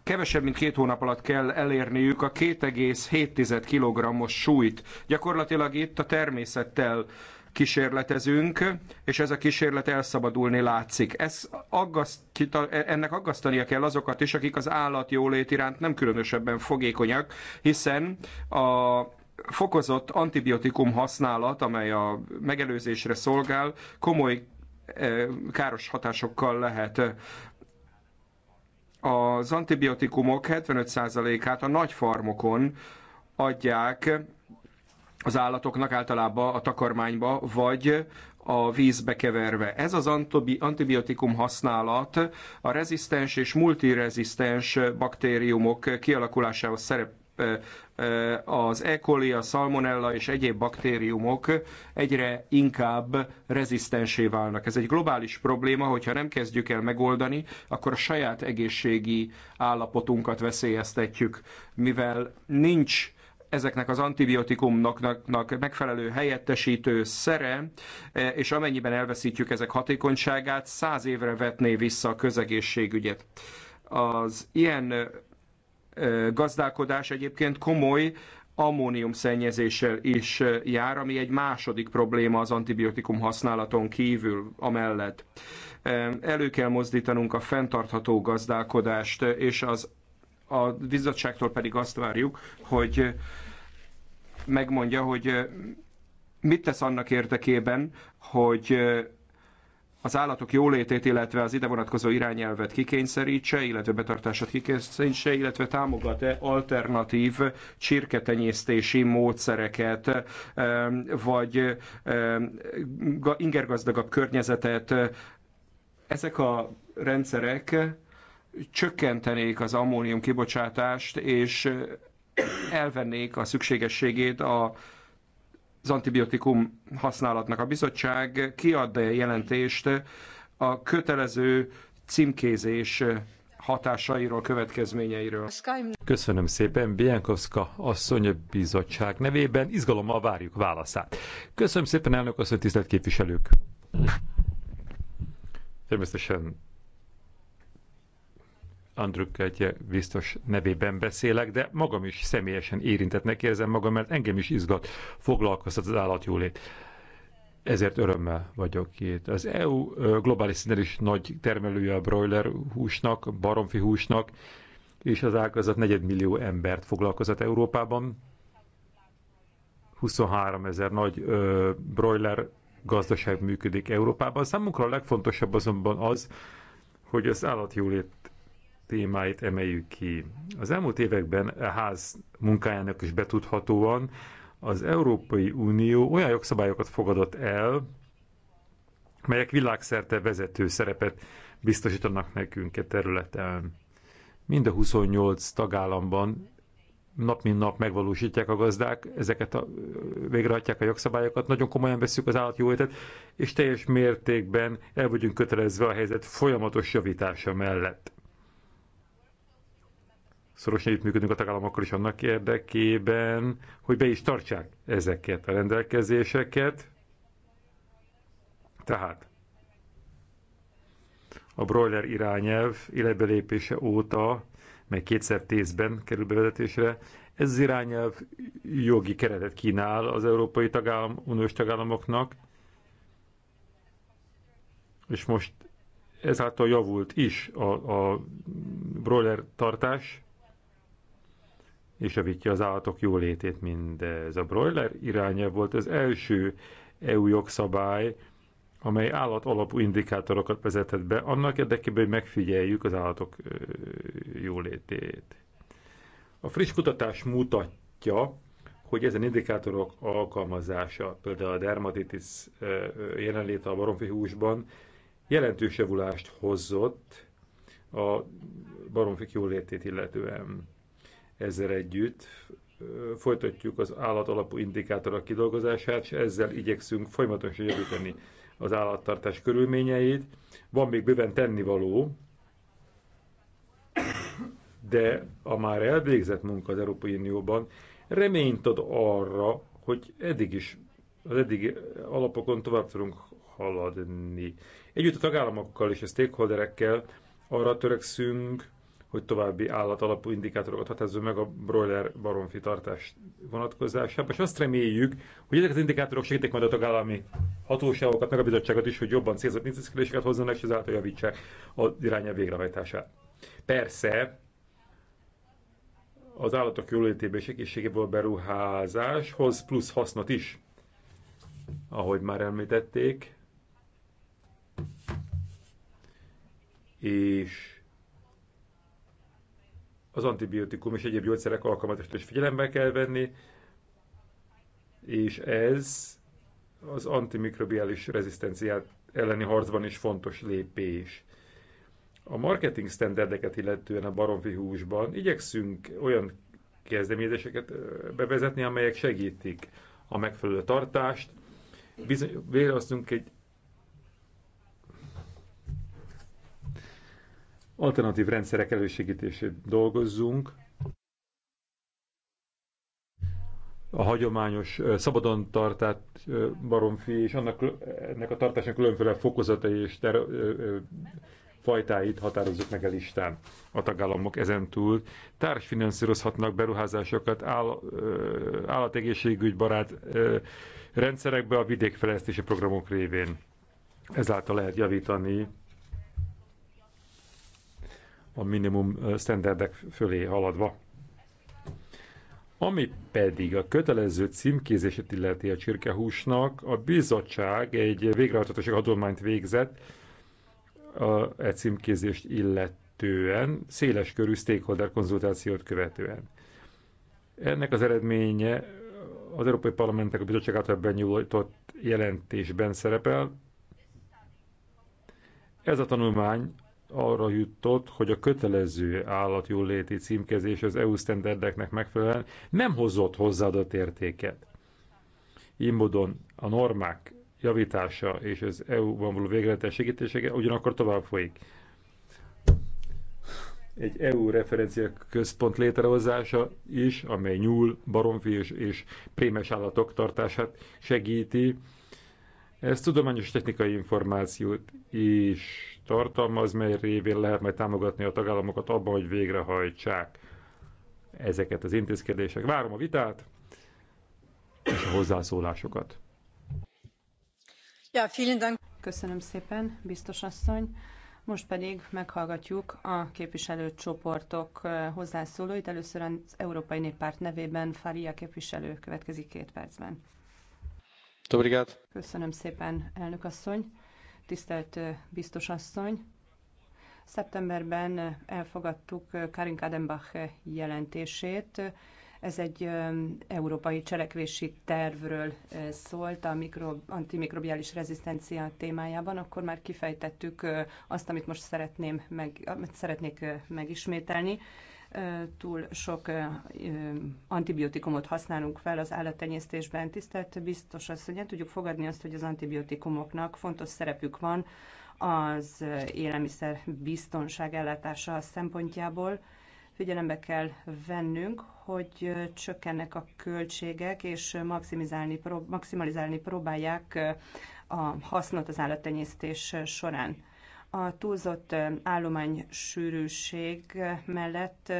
kevesebb, mint két hónap alatt kell elérniük a 2,7 kg-os súlyt. Gyakorlatilag itt a természettel kísérletezünk, és ez a kísérlet elszabadulni látszik. Ez aggaszt, ennek aggasztania kell azokat is, akik az jólét iránt nem különösebben fogékonyak, hiszen a fokozott antibiotikum használat, amely a megelőzésre szolgál, komoly eh, káros hatásokkal lehet az antibiotikumok 75%-át a nagy farmokon adják az állatoknak általában a takarmányba, vagy a vízbe keverve. Ez az antibiotikum használat a rezisztens és multirezisztens baktériumok kialakulásához szerep, az E. coli, a salmonella és egyéb baktériumok egyre inkább rezisztensé válnak. Ez egy globális probléma, hogyha nem kezdjük el megoldani, akkor a saját egészségi állapotunkat veszélyeztetjük, mivel nincs ezeknek az antibiotikumnak megfelelő helyettesítő szere, és amennyiben elveszítjük ezek hatékonyságát, száz évre vetné vissza a közegészségügyet. Az ilyen gazdálkodás egyébként komoly ammónium szennyezéssel is jár, ami egy második probléma az antibiotikum használaton kívül amellett. Elő kell mozdítanunk a fenntartható gazdálkodást, és az a bizottságtól pedig azt várjuk, hogy megmondja, hogy mit tesz annak érdekében, hogy az állatok jólétét, illetve az ide vonatkozó irányelvet kikényszerítse, illetve betartását kikényszerítse, illetve támogat-e alternatív csirketenyésztési módszereket, vagy ingergazdagabb környezetet. Ezek a rendszerek csökkentenék az ammónium kibocsátást, és elvennék a szükségességét a az antibiotikum használatnak. A bizottság kiad jelentést a kötelező címkézés hatásairól, következményeiről. Köszönöm szépen, Biankovska asszony bizottság nevében. Izgalommal várjuk válaszát. Köszönöm szépen, elnök asszony, tisztelt képviselők! Természetesen Andrew Keltje biztos nevében beszélek, de magam is személyesen érintettnek érzem magam, mert engem is izgat, foglalkoztat az állatjólét. Ezért örömmel vagyok itt. Az EU globális szinten is nagy termelője a broiler húsnak, baromfi húsnak, és az ágazat negyedmillió embert foglalkoztat Európában. 23 ezer nagy ö, broiler gazdaság működik Európában. Számunkra a legfontosabb azonban az, hogy az állatjólét témáit emeljük ki. Az elmúlt években a ház munkájának is betudhatóan az Európai Unió olyan jogszabályokat fogadott el, melyek világszerte vezető szerepet biztosítanak nekünk e területen. Mind a 28 tagállamban nap mint nap megvalósítják a gazdák, ezeket a, végrehajtják a jogszabályokat, nagyon komolyan veszük az állatjóétet, és teljes mértékben el vagyunk kötelezve a helyzet folyamatos javítása mellett szorosan együttműködünk a akkor is annak érdekében, hogy be is tartsák ezeket a rendelkezéseket. Tehát a broiler irányelv életbelépése óta, mely 2010-ben kerül bevezetésre, ez az irányelv jogi keretet kínál az európai tagállam, uniós tagállamoknak, és most ezáltal javult is a, a broiler tartás, és javítja az állatok jólétét ez A broiler irányelv volt az első EU jogszabály, amely állat alapú indikátorokat vezetett be, annak érdekében, hogy megfigyeljük az állatok jólétét. A friss kutatás mutatja, hogy ezen indikátorok alkalmazása, például a dermatitis jelenléte a baromfi húsban jelentős javulást hozott a baromfik jólétét illetően. Ezzel együtt folytatjuk az állatalapú indikátorok kidolgozását, és ezzel igyekszünk folyamatosan javítani az állattartás körülményeit. Van még bőven tennivaló, de a már elvégzett munka az Európai Unióban reményt ad arra, hogy eddig is az eddigi alapokon tovább tudunk haladni. Együtt a tagállamokkal és a stakeholderekkel arra törekszünk, hogy további állatalapú indikátorokat határozzon meg a broiler baromfi tartás vonatkozásában, és azt reméljük, hogy ezek az indikátorok segítik majd a tagállami hatóságokat, meg a bizottságot is, hogy jobban célzott intézkedéseket hozzanak, és ezáltal javítsák az irány végrehajtását. Persze, az állatok jólétében és egészségéből beruházás hoz plusz hasznot is, ahogy már említették, és az antibiotikum és egyéb gyógyszerek alkalmazást is figyelembe kell venni, és ez az antimikrobiális rezisztenciát elleni harcban is fontos lépés. A marketing standardeket illetően a baromfi húsban igyekszünk olyan kezdeményezéseket bevezetni, amelyek segítik a megfelelő tartást. Bizony, egy alternatív rendszerek elősegítését dolgozzunk, a hagyományos szabadon tartát baromfi, és annak, ennek a tartásnak különféle fokozatai és ter, fajtáit határozzuk meg a listán. A tagállamok ezen túl társfinanszírozhatnak beruházásokat áll, állategészségügy barát rendszerekbe a vidékfejlesztési programok révén. Ezáltal lehet javítani a minimum standardek fölé haladva. Ami pedig a kötelező címkézését illeti a csirkehúsnak, a bizottság egy végrehajtatási adományt végzett a e címkézést illetően, széles körű stakeholder konzultációt követően. Ennek az eredménye az Európai Parlamentnek a bizottság által benyújtott jelentésben szerepel. Ez a tanulmány arra jutott, hogy a kötelező állatjóléti címkezés az EU sztenderdeknek megfelelően nem hozott hozzáadott értéket. Így módon a normák javítása és az EU-ban való végletes segítése ugyanakkor tovább folyik. Egy EU referencia központ létrehozása is, amely nyúl, baromfi és, és prémes állatok tartását segíti. Ez tudományos technikai információt is tartalmaz, mely révén lehet majd támogatni a tagállamokat abban, hogy végrehajtsák ezeket az intézkedések. Várom a vitát és a hozzászólásokat. Ja, vielen Dank. Köszönöm szépen, biztos asszony. Most pedig meghallgatjuk a képviselőcsoportok eh, hozzászólóit. Először az Európai Néppárt nevében Faria képviselő következik két percben. Obrigado. Köszönöm szépen, elnök asszony tisztelt biztos asszony! Szeptemberben elfogadtuk Karin Kadenbach jelentését. Ez egy európai cselekvési tervről szólt a mikro, antimikrobiális rezisztencia témájában. Akkor már kifejtettük azt, amit most szeretném meg, amit szeretnék megismételni túl sok antibiotikumot használunk fel az állattenyésztésben. Tisztelt biztos hogy el tudjuk fogadni azt, hogy az antibiotikumoknak fontos szerepük van az élelmiszer biztonság ellátása szempontjából. Figyelembe kell vennünk, hogy csökkennek a költségek, és maximizálni, maximalizálni próbálják a hasznot az állattenyésztés során a túlzott állománysűrűség mellett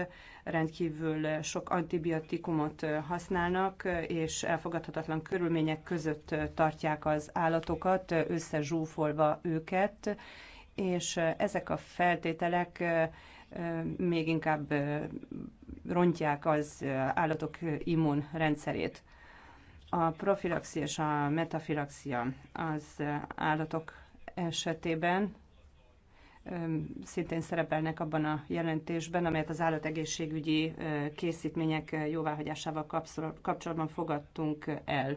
rendkívül sok antibiotikumot használnak, és elfogadhatatlan körülmények között tartják az állatokat, összezsúfolva őket, és ezek a feltételek még inkább rontják az állatok immunrendszerét. A profilaxia és a metafilaxia az állatok esetében szintén szerepelnek abban a jelentésben, amelyet az állategészségügyi készítmények jóváhagyásával kapcsolatban fogadtunk el.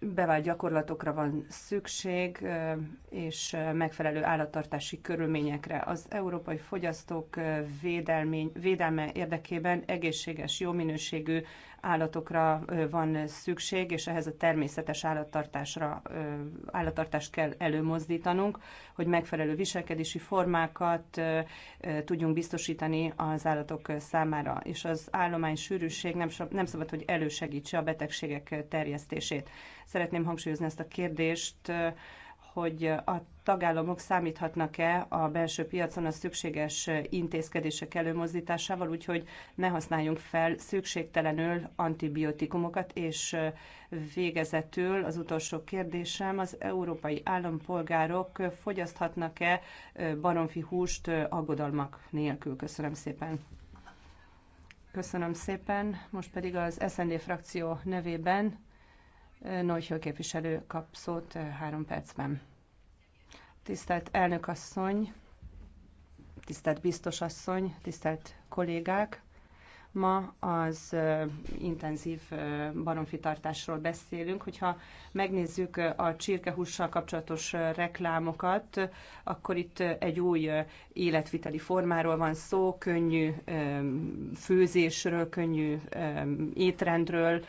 Bevált gyakorlatokra van szükség, és megfelelő állattartási körülményekre. Az európai fogyasztók védelme érdekében egészséges, jó minőségű állatokra van szükség, és ehhez a természetes állattartásra, állattartást kell előmozdítanunk, hogy megfelelő viselkedési formákat tudjunk biztosítani az állatok számára, és az állomány sűrűség nem, nem szabad, hogy elősegítse a betegségek terjesztését. Szeretném hangsúlyozni ezt a kérdést, hogy a tagállamok számíthatnak-e a belső piacon a szükséges intézkedések előmozdításával, úgyhogy ne használjunk fel szükségtelenül antibiotikumokat, és végezetül az utolsó kérdésem, az európai állampolgárok fogyaszthatnak-e baromfi húst aggodalmak nélkül? Köszönöm szépen. Köszönöm szépen. Most pedig az SND frakció nevében Neuchel képviselő kap szót három percben. Tisztelt elnök asszony, tisztelt biztos asszony, tisztelt kollégák! Ma az intenzív baromfitartásról beszélünk. Hogyha megnézzük a csirkehússal kapcsolatos reklámokat, akkor itt egy új életviteli formáról van szó, könnyű főzésről, könnyű étrendről,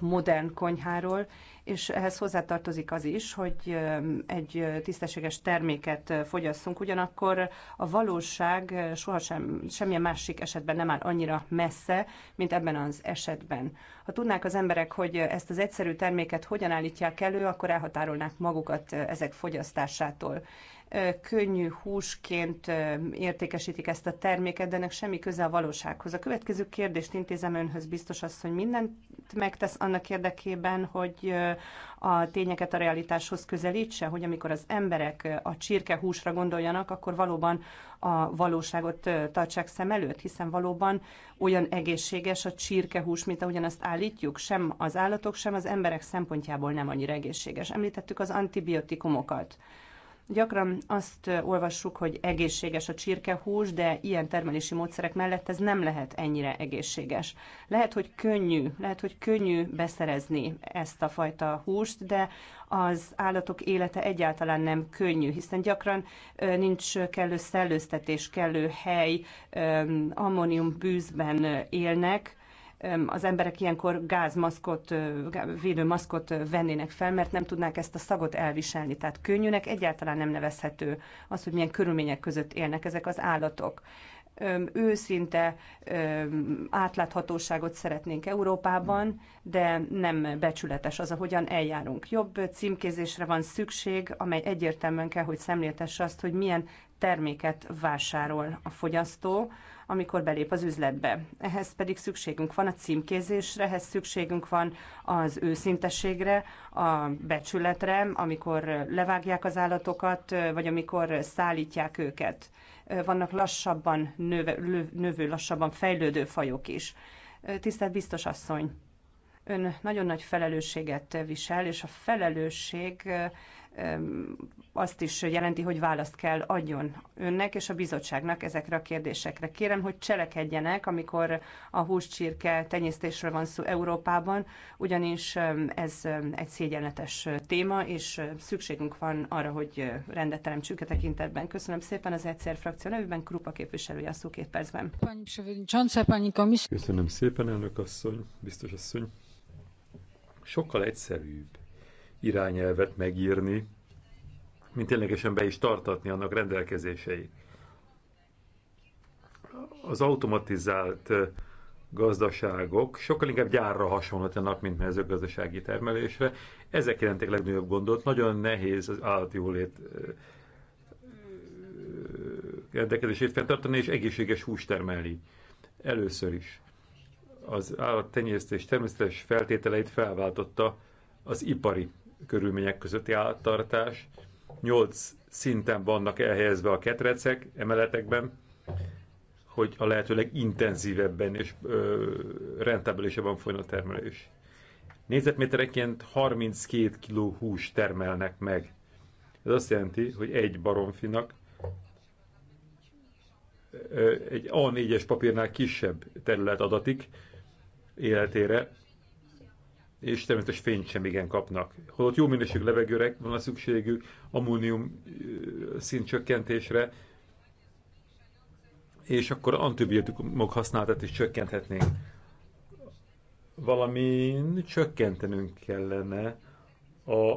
modern konyháról, és ehhez hozzátartozik az is, hogy egy tisztességes terméket fogyasszunk, ugyanakkor a valóság sohasem semmilyen másik esetben nem áll annyira messze, mint ebben az esetben. Ha tudnák az emberek, hogy ezt az egyszerű terméket hogyan állítják elő, akkor elhatárolnák magukat ezek fogyasztásától könnyű húsként értékesítik ezt a terméket, de ennek semmi köze a valósághoz. A következő kérdést intézem önhöz, biztos az, hogy mindent megtesz annak érdekében, hogy a tényeket a realitáshoz közelítse, hogy amikor az emberek a csirke húsra gondoljanak, akkor valóban a valóságot tartsák szem előtt, hiszen valóban olyan egészséges a csirkehús, mint ahogyan azt állítjuk, sem az állatok, sem az emberek szempontjából nem annyira egészséges. Említettük az antibiotikumokat Gyakran azt olvassuk, hogy egészséges a csirkehús, de ilyen termelési módszerek mellett ez nem lehet ennyire egészséges. Lehet, hogy könnyű, lehet, hogy könnyű beszerezni ezt a fajta húst, de az állatok élete egyáltalán nem könnyű, hiszen gyakran nincs kellő szellőztetés, kellő hely, ammónium bűzben élnek, az emberek ilyenkor gázmaszkot, védőmaszkot vennének fel, mert nem tudnák ezt a szagot elviselni. Tehát könnyűnek egyáltalán nem nevezhető az, hogy milyen körülmények között élnek ezek az állatok őszinte átláthatóságot szeretnénk Európában, de nem becsületes az, ahogyan eljárunk. Jobb címkézésre van szükség, amely egyértelműen kell, hogy szemléltesse azt, hogy milyen terméket vásárol a fogyasztó, amikor belép az üzletbe. Ehhez pedig szükségünk van a címkézésre, ehhez szükségünk van az őszintességre, a becsületre, amikor levágják az állatokat, vagy amikor szállítják őket. Vannak lassabban növe, növő lassabban fejlődő fajok is. Tisztelt biztos asszony! ön nagyon nagy felelősséget visel, és a felelősség azt is jelenti, hogy választ kell adjon önnek és a bizottságnak ezekre a kérdésekre. Kérem, hogy cselekedjenek, amikor a húscsirke tenyésztésről van szó Európában, ugyanis ez egy szégyenletes téma, és szükségünk van arra, hogy rendet teremtsük a e tekintetben. Köszönöm szépen az egyszer frakció nevében, Krupa képviselője a szó két percben. Köszönöm szépen, elnök asszony, biztos asszony. Sokkal egyszerűbb irányelvet megírni, mint ténylegesen be is tartatni annak rendelkezéseit. Az automatizált gazdaságok sokkal inkább gyárra hasonlítanak, mint mezőgazdasági termelésre. Ezek jelentik legnagyobb gondot. Nagyon nehéz az jólét rendelkezését fenntartani, és egészséges húst termelni. Először is az állattenyésztés természetes feltételeit felváltotta az ipari körülmények közötti állattartás. Nyolc szinten vannak elhelyezve a ketrecek emeletekben, hogy a lehető legintenzívebben és rentábilisabban folyjon a termelés. Négyzetméterenként 32 kg hús termelnek meg. Ez azt jelenti, hogy egy baromfinak egy A4-es papírnál kisebb terület adatik életére, és természetes fényt sem igen kapnak. Holott jó minőségű levegőre van a szükségük, ammónium szintcsökkentésre, és akkor antibiotikumok használatát is csökkenthetnénk. Valamint csökkentenünk kellene a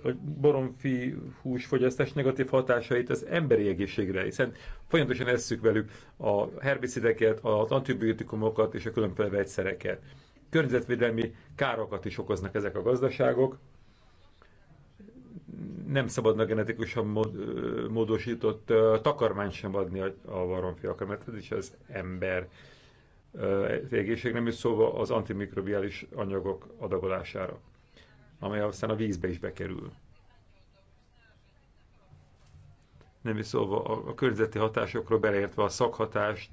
boromfi baromfi húsfogyasztás negatív hatásait az emberi egészségre, hiszen folyamatosan esszük velük a herbicideket, az antibiotikumokat és a különféle vegyszereket környezetvédelmi károkat is okoznak ezek a gazdaságok. Nem szabadna genetikusan módosított takarmány sem adni a, varonfiakra, mert ez is az ember egészség, nem is szóval az antimikrobiális anyagok adagolására, amely aztán a vízbe is bekerül. Nem is szóval a, a környezeti hatásokról beleértve a szakhatást,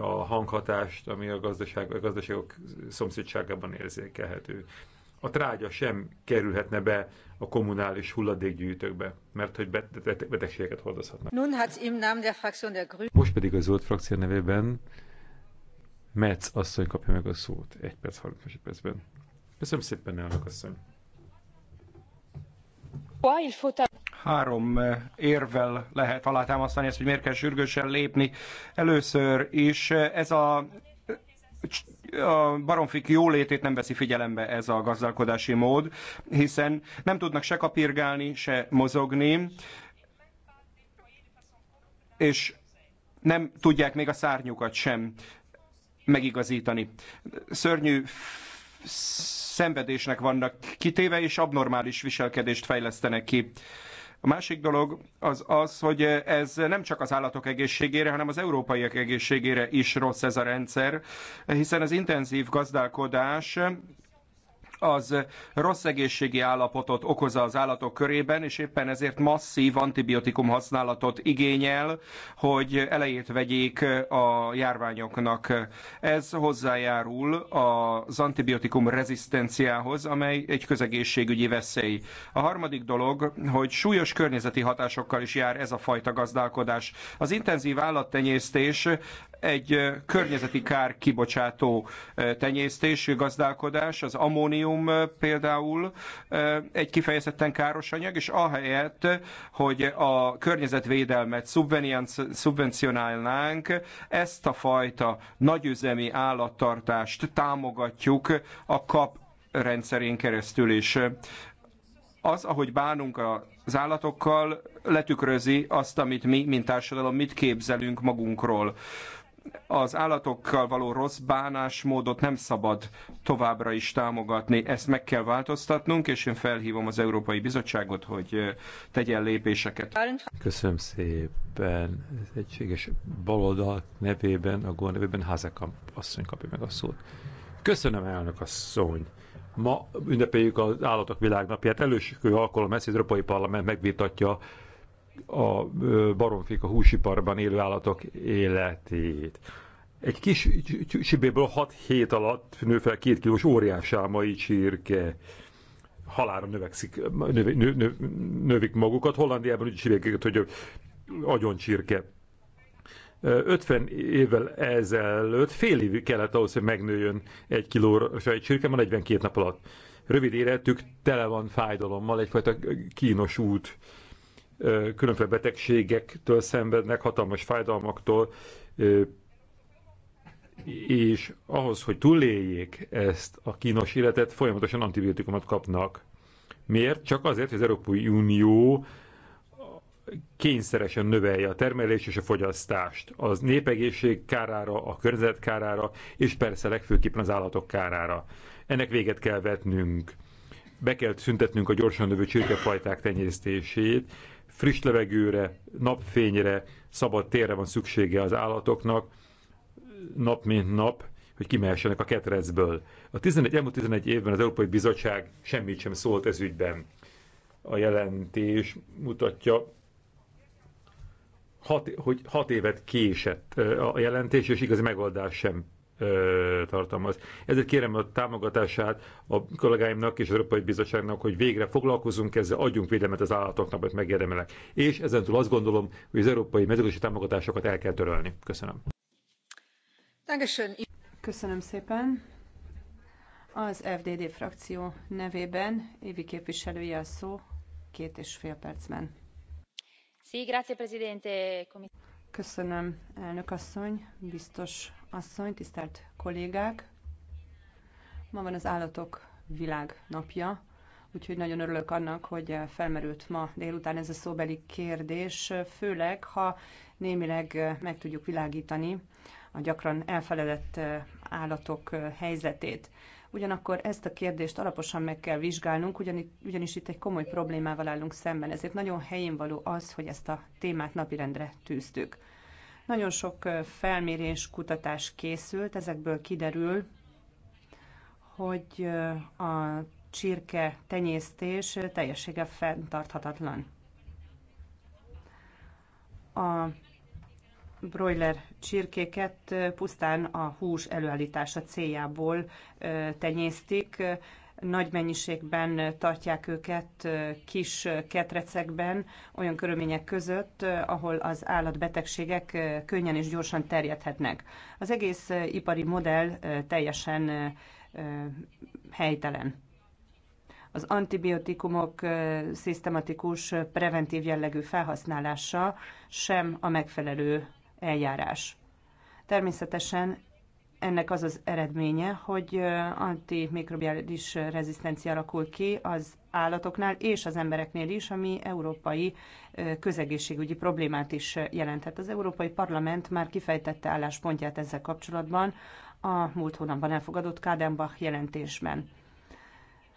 a hanghatást, ami a, gazdaság, a gazdaságok szomszédságában érzékelhető. A trágya sem kerülhetne be a kommunális hulladékgyűjtőkbe, mert hogy betegségeket hordozhatnak. Nun im Namen der Fraktion der Most pedig a zöld frakció nevében Metz asszony kapja meg a szót. egy perc 30 percben. Köszönöm szépen, elnök asszony három eh, érvel lehet alátámasztani ezt, hogy miért kell sürgősen lépni. Először is eh, ez a eh, a baromfik jólétét nem veszi figyelembe ez a gazdálkodási mód, hiszen nem tudnak se kapirgálni, se mozogni, és nem tudják még a szárnyukat sem megigazítani. Szörnyű szenvedésnek vannak kitéve, és abnormális viselkedést fejlesztenek ki. A másik dolog az az, hogy ez nem csak az állatok egészségére, hanem az európaiak egészségére is rossz ez a rendszer, hiszen az intenzív gazdálkodás az rossz egészségi állapotot okozza az állatok körében, és éppen ezért masszív antibiotikum használatot igényel, hogy elejét vegyék a járványoknak. Ez hozzájárul az antibiotikum rezisztenciához, amely egy közegészségügyi veszély. A harmadik dolog, hogy súlyos környezeti hatásokkal is jár ez a fajta gazdálkodás. Az intenzív állattenyésztés egy környezeti kár kibocsátó tenyésztés, gazdálkodás, az ammónium például egy kifejezetten káros anyag, és ahelyett, hogy a környezetvédelmet szubvencionálnánk, ezt a fajta nagyüzemi állattartást támogatjuk a kap rendszerén keresztül is. Az, ahogy bánunk az állatokkal, letükrözi azt, amit mi, mint társadalom, mit képzelünk magunkról az állatokkal való rossz bánásmódot nem szabad továbbra is támogatni. Ezt meg kell változtatnunk, és én felhívom az Európai Bizottságot, hogy tegyen lépéseket. Köszönöm szépen. Ez egységes baloldal nevében, a gól nevében Házekam asszony kapja meg a szót. Köszönöm, elnök asszony. Ma ünnepeljük az Állatok Világnapját. Elősükő alkalom ezt, az Európai Parlament megvitatja a baromfék, a húsiparban élő állatok életét. Egy kis sibéből 6 hét alatt nő fel két kilós óriás álmai csirke. Halára növekszik, növ, növ, növ, növik magukat. Hollandiában úgy csirkéket, hogy agyon csirke. 50 évvel ezelőtt fél év kellett ahhoz, hogy megnőjön egy kilóra egy csirke, ma 42 nap alatt. Rövid életük tele van fájdalommal, egyfajta kínos út különféle betegségektől szenvednek, hatalmas fájdalmaktól, és ahhoz, hogy túléljék ezt a kínos életet, folyamatosan antibiotikumot kapnak. Miért? Csak azért, hogy az Európai Unió kényszeresen növelje a termelés és a fogyasztást. Az népegészség kárára, a környezet kárára, és persze legfőképpen az állatok kárára. Ennek véget kell vetnünk. Be kell szüntetnünk a gyorsan növő csirkefajták tenyésztését, friss levegőre, napfényre, szabad térre van szüksége az állatoknak, nap mint nap, hogy kimehessenek a ketrecből. A 11, elmúlt 11 évben az Európai Bizottság semmit sem szólt ez ügyben. A jelentés mutatja, hat, hogy hat évet késett a jelentés, és igazi megoldás sem ö, tartalmaz. Ezért kérem a támogatását a kollégáimnak és az Európai Bizottságnak, hogy végre foglalkozunk ezzel, adjunk védelmet az állatoknak, hogy megérdemelek. És ezentúl azt gondolom, hogy az európai mezőgazdasági támogatásokat el kell törölni. Köszönöm. Köszönöm szépen. Az FDD frakció nevében Évi képviselője a szó két és fél percben. Sí, grazie, Presidente. Köszönöm, elnök asszony, biztos asszony, tisztelt kollégák. Ma van az állatok világnapja, úgyhogy nagyon örülök annak, hogy felmerült ma délután ez a szóbeli kérdés, főleg ha némileg meg tudjuk világítani a gyakran elfeledett állatok helyzetét. Ugyanakkor ezt a kérdést alaposan meg kell vizsgálnunk, ugyanis itt egy komoly problémával állunk szemben, ezért nagyon helyén való az, hogy ezt a témát napirendre tűztük. Nagyon sok felmérés, kutatás készült, ezekből kiderül, hogy a csirke tenyésztés teljessége fenntarthatatlan. A broiler csirkéket pusztán a hús előállítása céljából tenyésztik. Nagy mennyiségben tartják őket kis ketrecekben, olyan körülmények között, ahol az állatbetegségek könnyen és gyorsan terjedhetnek. Az egész ipari modell teljesen helytelen az antibiotikumok szisztematikus preventív jellegű felhasználása sem a megfelelő eljárás. Természetesen ennek az az eredménye, hogy antimikrobiális rezisztencia alakul ki az állatoknál és az embereknél is, ami európai közegészségügyi problémát is jelenthet. Az Európai Parlament már kifejtette álláspontját ezzel kapcsolatban a múlt hónapban elfogadott Kádenbach jelentésben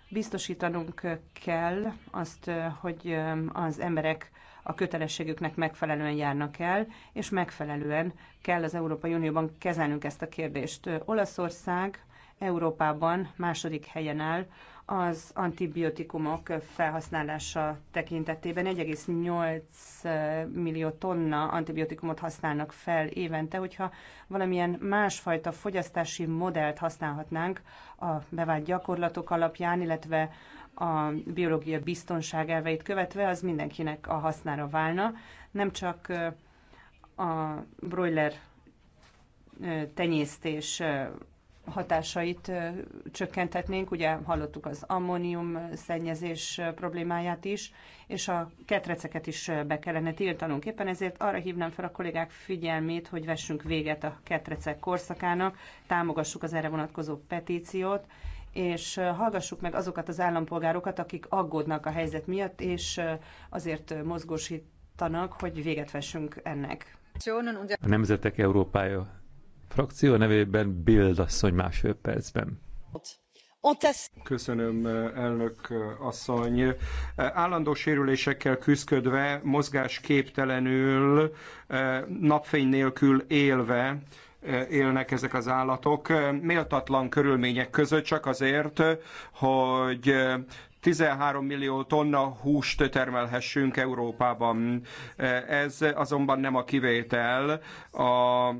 biztosítanunk kell azt, hogy az emberek a kötelességüknek megfelelően járnak el, és megfelelően kell az Európai Unióban kezelnünk ezt a kérdést. Olaszország Európában második helyen áll az antibiotikumok felhasználása tekintetében 1,8 millió tonna antibiotikumot használnak fel évente, hogyha valamilyen másfajta fogyasztási modellt használhatnánk a bevált gyakorlatok alapján, illetve a biológia biztonság elveit követve, az mindenkinek a hasznára válna. Nem csak a broiler tenyésztés hatásait csökkenthetnénk, ugye hallottuk az ammónium szennyezés problémáját is, és a ketreceket is be kellene tiltanunk. Éppen ezért arra hívnám fel a kollégák figyelmét, hogy vessünk véget a ketrecek korszakának, támogassuk az erre vonatkozó petíciót, és hallgassuk meg azokat az állampolgárokat, akik aggódnak a helyzet miatt, és azért mozgósítanak, hogy véget vessünk ennek. A Nemzetek Európája frakció nevében Bild asszony másfél percben. Köszönöm, elnök asszony. Állandó sérülésekkel küzdködve, mozgásképtelenül, napfény nélkül élve, élnek ezek az állatok méltatlan körülmények között csak azért, hogy 13 millió tonna húst termelhessünk Európában. Ez azonban nem a kivétel. A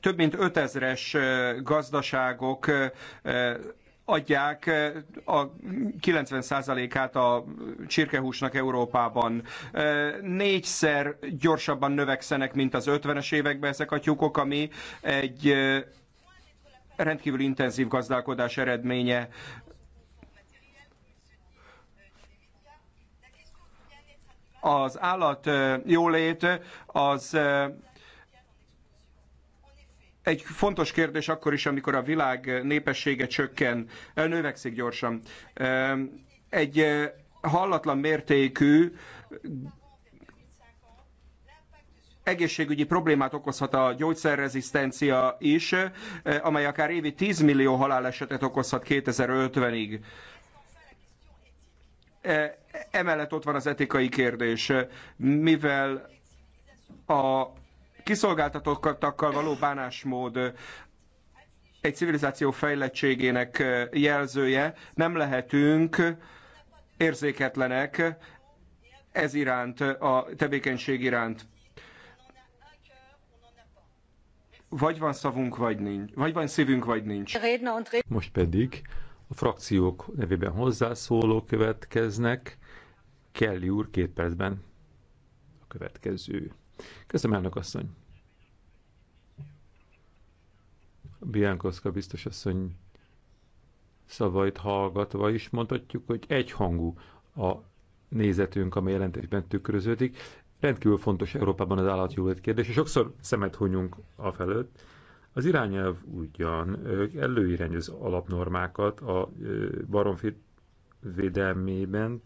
több mint 5000-es gazdaságok adják eh, a 90%-át a csirkehúsnak Európában. Eh, négyszer gyorsabban növekszenek, mint az 50-es években ezek a tyúkok, ami egy eh, rendkívül intenzív gazdálkodás eredménye. Az állat jólét az egy fontos kérdés akkor is, amikor a világ népessége csökken, növekszik gyorsan. Egy hallatlan mértékű egészségügyi problémát okozhat a gyógyszerrezisztencia is, amely akár évi 10 millió halálesetet okozhat 2050-ig. Emellett ott van az etikai kérdés, mivel a kiszolgáltatottakkal való bánásmód egy civilizáció fejlettségének jelzője, nem lehetünk érzéketlenek ez iránt, a tevékenység iránt. Vagy van szavunk, vagy nincs. Vagy van szívünk, vagy nincs. Most pedig a frakciók nevében hozzászólók következnek. Kelly úr két percben a következő. Köszönöm, elnök asszony. Biancoszka biztos asszony szavait hallgatva is mondhatjuk, hogy egyhangú a nézetünk, amely jelentésben tükröződik. Rendkívül fontos Európában az állatjólét kérdés, és sokszor szemet hunyunk a felőtt. Az irányelv ugyan előirányoz alapnormákat a baromfi védelmében,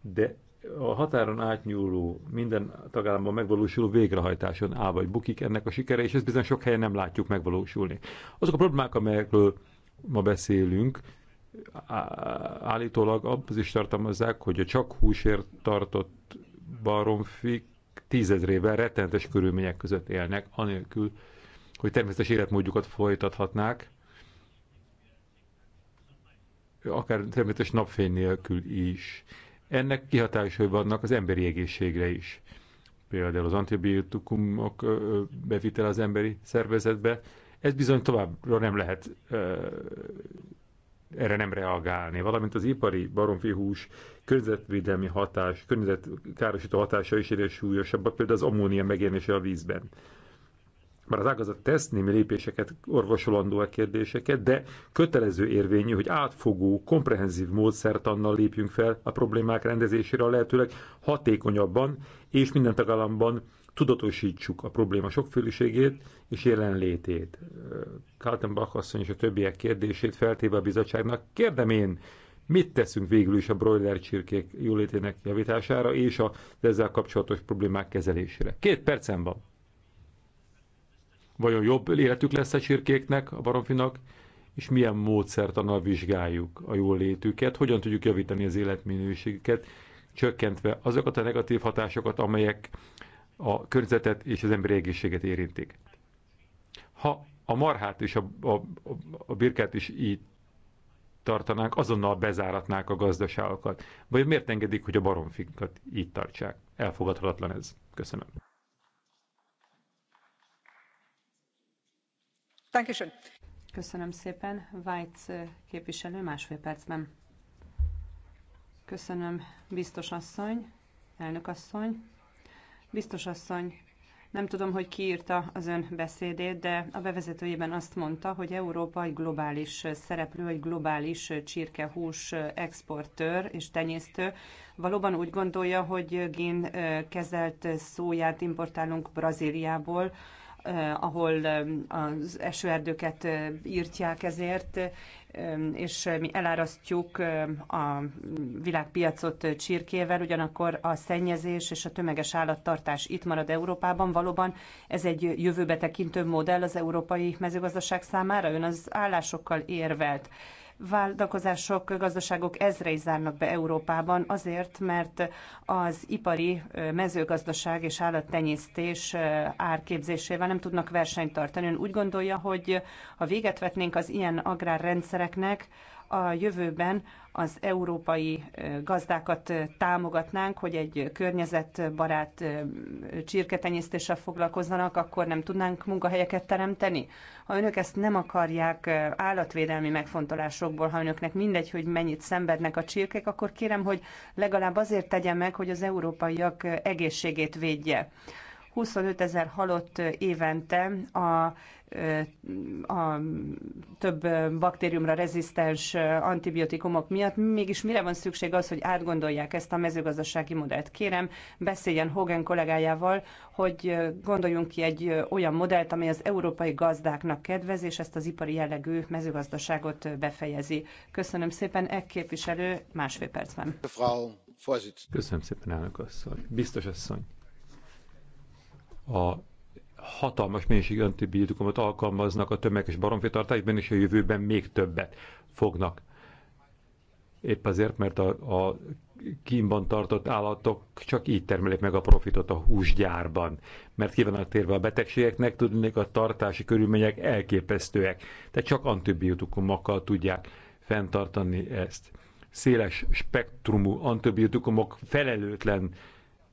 de a határon átnyúló, minden tagállamban megvalósuló végrehajtáson áll vagy bukik ennek a sikere, és ezt bizony sok helyen nem látjuk megvalósulni. Azok a problémák, amelyekről ma beszélünk, állítólag az is tartalmazzák, hogy a csak húsért tartott baromfik tízezrével rettenetes körülmények között élnek, anélkül, hogy természetes életmódjukat folytathatnák, akár természetes napfény nélkül is. Ennek kihatásai vannak az emberi egészségre is. Például az antibiotikumok bevitel az emberi szervezetbe. Ez bizony továbbra nem lehet erre nem reagálni, valamint az ipari baromfihús környezetvédelmi hatás, környezetkárosító hatása is egyre súlyosabbak, például az ammónia megjelenése a vízben. Már az ágazat tesz némi lépéseket, orvosolandó a kérdéseket, de kötelező érvényű, hogy átfogó, komprehenzív módszert annal lépjünk fel a problémák rendezésére a lehetőleg hatékonyabban, és minden tagállamban tudatosítsuk a probléma sokféliségét és jelenlétét. Kaltenbach asszony és a többiek kérdését feltéve a bizottságnak, kérdem én, mit teszünk végül is a broiler csirkék jólétének javítására és a ezzel kapcsolatos problémák kezelésére. Két percen van. Vajon jobb életük lesz a csirkéknek, a baromfinak, és milyen módszertanal vizsgáljuk a jól létüket, hogyan tudjuk javítani az életminőségüket, csökkentve azokat a negatív hatásokat, amelyek a környezetet és az emberi egészséget érintik. Ha a marhát és a, a, a birkát is így tartanánk, azonnal bezáratnák a gazdaságokat. Vagy miért engedik, hogy a baromfinkat így tartsák? Elfogadhatatlan ez. Köszönöm. Köszönöm szépen. Vájc képviselő másfél percben. Köszönöm, biztos asszony, elnök asszony. Biztos asszony, nem tudom, hogy ki írta az ön beszédét, de a bevezetőjében azt mondta, hogy Európa egy globális szereplő, egy globális csirkehús exportőr és tenyésztő. Valóban úgy gondolja, hogy gén kezelt szóját importálunk Brazíliából, Eh, ahol eh, az esőerdőket eh, írtják ezért, és mi elárasztjuk a világpiacot csirkével, ugyanakkor a szennyezés és a tömeges állattartás itt marad Európában. Valóban ez egy jövőbe tekintő modell az európai mezőgazdaság számára. Ön az állásokkal érvelt vállalkozások, gazdaságok ezrei zárnak be Európában azért, mert az ipari mezőgazdaság és állattenyésztés árképzésével nem tudnak versenyt tartani. Ön úgy gondolja, hogy ha véget vetnénk az ilyen agrárrendszereknek, a jövőben az európai gazdákat támogatnánk, hogy egy környezetbarát csirketenyésztéssel foglalkozzanak, akkor nem tudnánk munkahelyeket teremteni. Ha önök ezt nem akarják állatvédelmi megfontolásokból, ha önöknek mindegy, hogy mennyit szenvednek a csirkek, akkor kérem, hogy legalább azért tegye meg, hogy az európaiak egészségét védje. 25 ezer halott évente a a több baktériumra rezisztens antibiotikumok miatt. Mégis mire van szükség az, hogy átgondolják ezt a mezőgazdasági modellt? Kérem, beszéljen Hogan kollégájával, hogy gondoljunk ki egy olyan modellt, amely az európai gazdáknak kedvez, és ezt az ipari jellegű mezőgazdaságot befejezi. Köszönöm szépen, egy képviselő másfél percben. Köszönöm szépen, elnök asszony. Biztos asszony a hatalmas mennyiségű antibiotikumot alkalmaznak a tömeges baromfitartásban, és a jövőben még többet fognak. Épp azért, mert a, a kínban tartott állatok csak így termelik meg a profitot a húsgyárban, mert ki vannak térve a betegségeknek, tudnék a tartási körülmények elképesztőek, tehát csak antibiotikumokkal tudják fenntartani ezt. Széles spektrumú antibiotikumok felelőtlen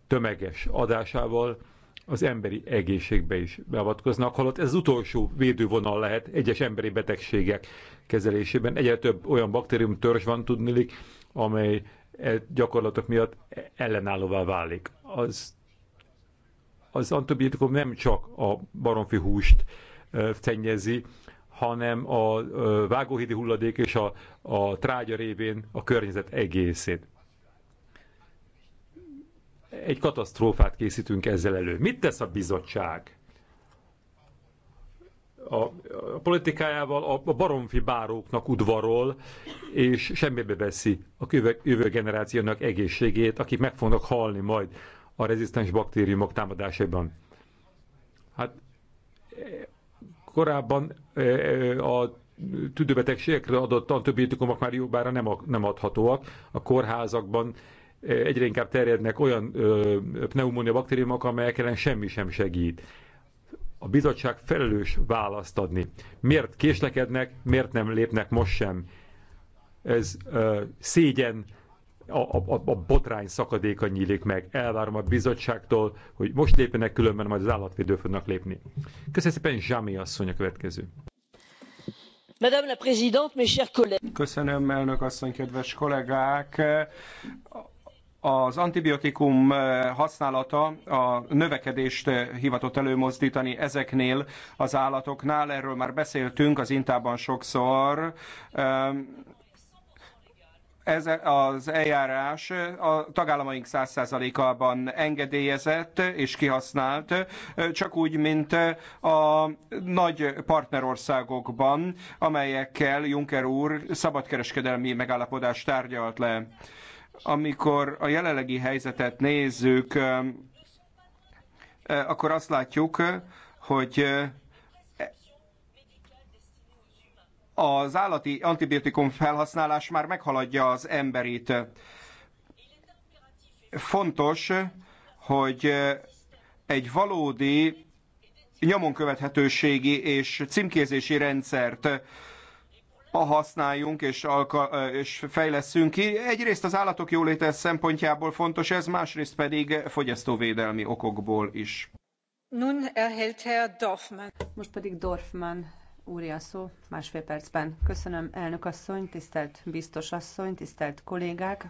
tömeges adásával az emberi egészségbe is beavatkoznak, holott ez az utolsó védővonal lehet egyes emberi betegségek kezelésében. Egyre több olyan baktérium törzs van tudnilik, amely e gyakorlatok miatt e ellenállóvá válik. Az, az antibiotikum nem csak a baromfi húst szennyezi, hanem a vágóhidi hulladék és a, a trágya révén a környezet egészét egy katasztrófát készítünk ezzel elő. Mit tesz a bizottság? A, a politikájával a, a baromfi báróknak udvarol, és semmibe veszi a jövő, jövő generációnak egészségét, akik meg fognak halni majd a rezisztens baktériumok támadásában. Hát korábban e, e, a tüdőbetegségekre adott antibiotikumok már jobbára nem, nem adhatóak. A kórházakban egyre inkább terjednek olyan pneumónia baktériumok, amelyek ellen semmi sem segít. A bizottság felelős választ adni. Miért késlekednek, miért nem lépnek most sem? Ez ö, szégyen, a, a, a botrány szakadéka nyílik meg. Elvárom a bizottságtól, hogy most lépjenek, különben majd az állatvédő fognak lépni. Köszönöm szépen, Zsámi asszony a következő. Madame la Présidente, mes chers collègues. Köszönöm, elnök asszony, kedves kollégák! az antibiotikum eh, használata a növekedést eh, hivatott előmozdítani ezeknél az állatoknál. Erről már beszéltünk az Intában sokszor. Ehm, ez az eljárás a tagállamaink 100%-ában engedélyezett és kihasznált, eh, csak úgy, mint a nagy partnerországokban, amelyekkel Juncker úr szabadkereskedelmi megállapodást tárgyalt le amikor a jelenlegi helyzetet nézzük, akkor azt látjuk, hogy az állati antibiotikum felhasználás már meghaladja az emberit. Fontos, hogy egy valódi nyomon követhetőségi és címkézési rendszert használjunk és, alka- és fejleszünk ki. Egyrészt az állatok jóléte szempontjából fontos ez, másrészt pedig fogyasztóvédelmi okokból is. Nun erhält Herr Dorfmann. Most pedig Dorfmann úri a szó másfél percben. Köszönöm elnök asszony, tisztelt biztos asszony, tisztelt kollégák.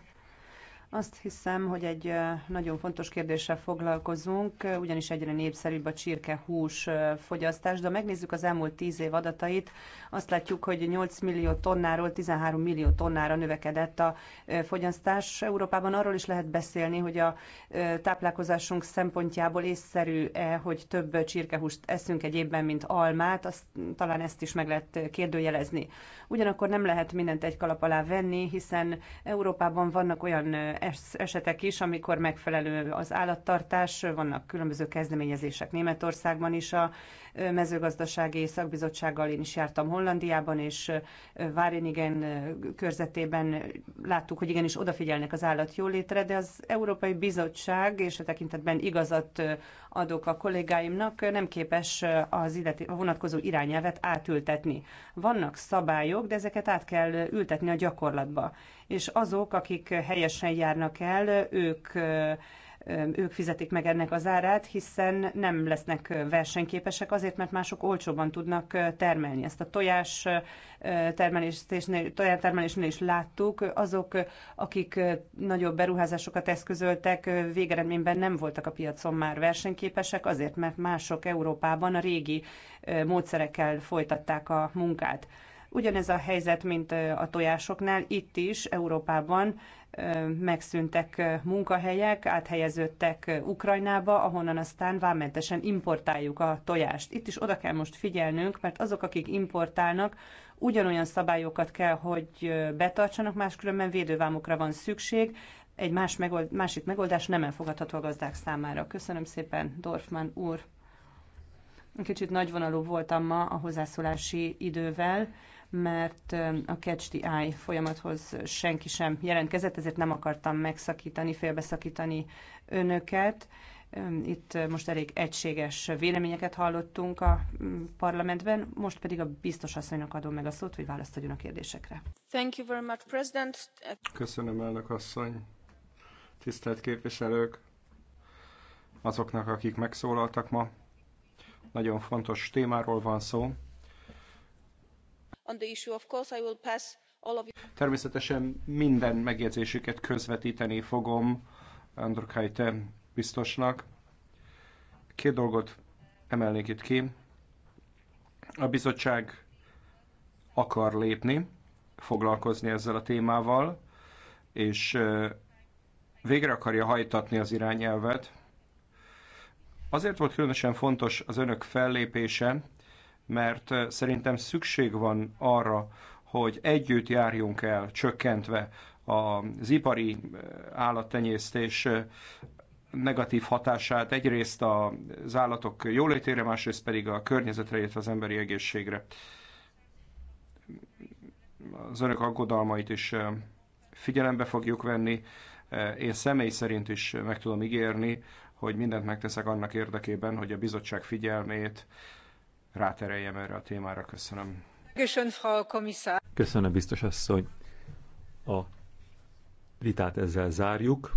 Azt hiszem, hogy egy nagyon fontos kérdéssel foglalkozunk, ugyanis egyre népszerűbb a csirkehús fogyasztás, de ha megnézzük az elmúlt 10 év adatait, azt látjuk, hogy 8 millió tonnáról 13 millió tonnára növekedett a fogyasztás. Európában arról is lehet beszélni, hogy a táplálkozásunk szempontjából észszerű-e, hogy több csirkehúst eszünk egy évben, mint almát, azt, talán ezt is meg lehet kérdőjelezni. Ugyanakkor nem lehet mindent egy kalap alá venni, hiszen Európában vannak olyan esetek is, amikor megfelelő az állattartás, vannak különböző kezdeményezések Németországban is, a mezőgazdasági szakbizottsággal én is jártam Hollandiában, és Várénigen körzetében láttuk, hogy igenis odafigyelnek az állat jólétre, de az Európai Bizottság, és a tekintetben igazat adok a kollégáimnak, nem képes az illeti, a vonatkozó irányelvet átültetni. Vannak szabályok, de ezeket át kell ültetni a gyakorlatba. És azok, akik helyesen járnak el, ők ők fizetik meg ennek az árát, hiszen nem lesznek versenyképesek azért, mert mások olcsóban tudnak termelni. Ezt a tojás termelésnél, termelésnél is láttuk. Azok, akik nagyobb beruházásokat eszközöltek, végeredményben nem voltak a piacon már versenyképesek, azért, mert mások Európában a régi módszerekkel folytatták a munkát. Ugyanez a helyzet, mint a tojásoknál, itt is Európában megszűntek munkahelyek, áthelyeződtek Ukrajnába, ahonnan aztán vámentesen importáljuk a tojást. Itt is oda kell most figyelnünk, mert azok, akik importálnak, ugyanolyan szabályokat kell, hogy betartsanak, máskülönben védővámokra van szükség, egy más megold, másik megoldás nem elfogadható a gazdák számára. Köszönöm szépen, Dorfman úr. Kicsit nagyvonalú voltam ma a hozzászólási idővel, mert a Catch the Eye folyamathoz senki sem jelentkezett, ezért nem akartam megszakítani, félbeszakítani önöket. Itt most elég egységes véleményeket hallottunk a parlamentben, most pedig a biztos asszonynak adom meg a szót, hogy választ a kérdésekre. Thank you very much, President. Köszönöm, elnök asszony. Tisztelt képviselők, azoknak, akik megszólaltak ma. Nagyon fontos témáról van szó Természetesen minden megjegyzésüket közvetíteni fogom Andrukajte biztosnak. Két dolgot emelnék itt ki. A bizottság akar lépni, foglalkozni ezzel a témával, és végre akarja hajtatni az irányelvet. Azért volt különösen fontos az önök fellépése, mert szerintem szükség van arra, hogy együtt járjunk el, csökkentve az ipari állattenyésztés negatív hatását egyrészt az állatok jólétére, másrészt pedig a környezetre, illetve az emberi egészségre. Az önök aggodalmait is figyelembe fogjuk venni. Én személy szerint is meg tudom ígérni, hogy mindent megteszek annak érdekében, hogy a bizottság figyelmét rátereljem erre a témára. Köszönöm. Köszönöm, biztos asszony. A vitát ezzel zárjuk.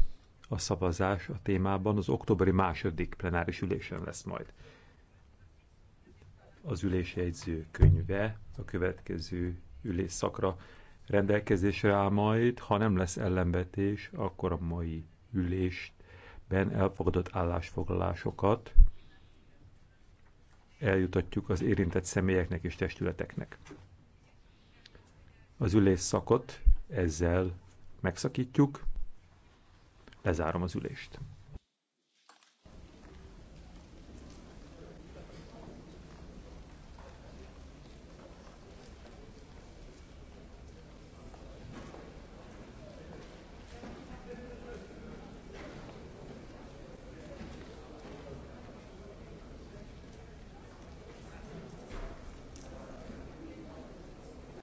A szavazás a témában az októberi második plenáris ülésen lesz majd. Az ülésjegyző könyve a következő ülésszakra rendelkezésre áll majd, ha nem lesz ellenvetés, akkor a mai ülésben elfogadott állásfoglalásokat eljutatjuk az érintett személyeknek és testületeknek. Az ülés szakot ezzel megszakítjuk, lezárom az ülést.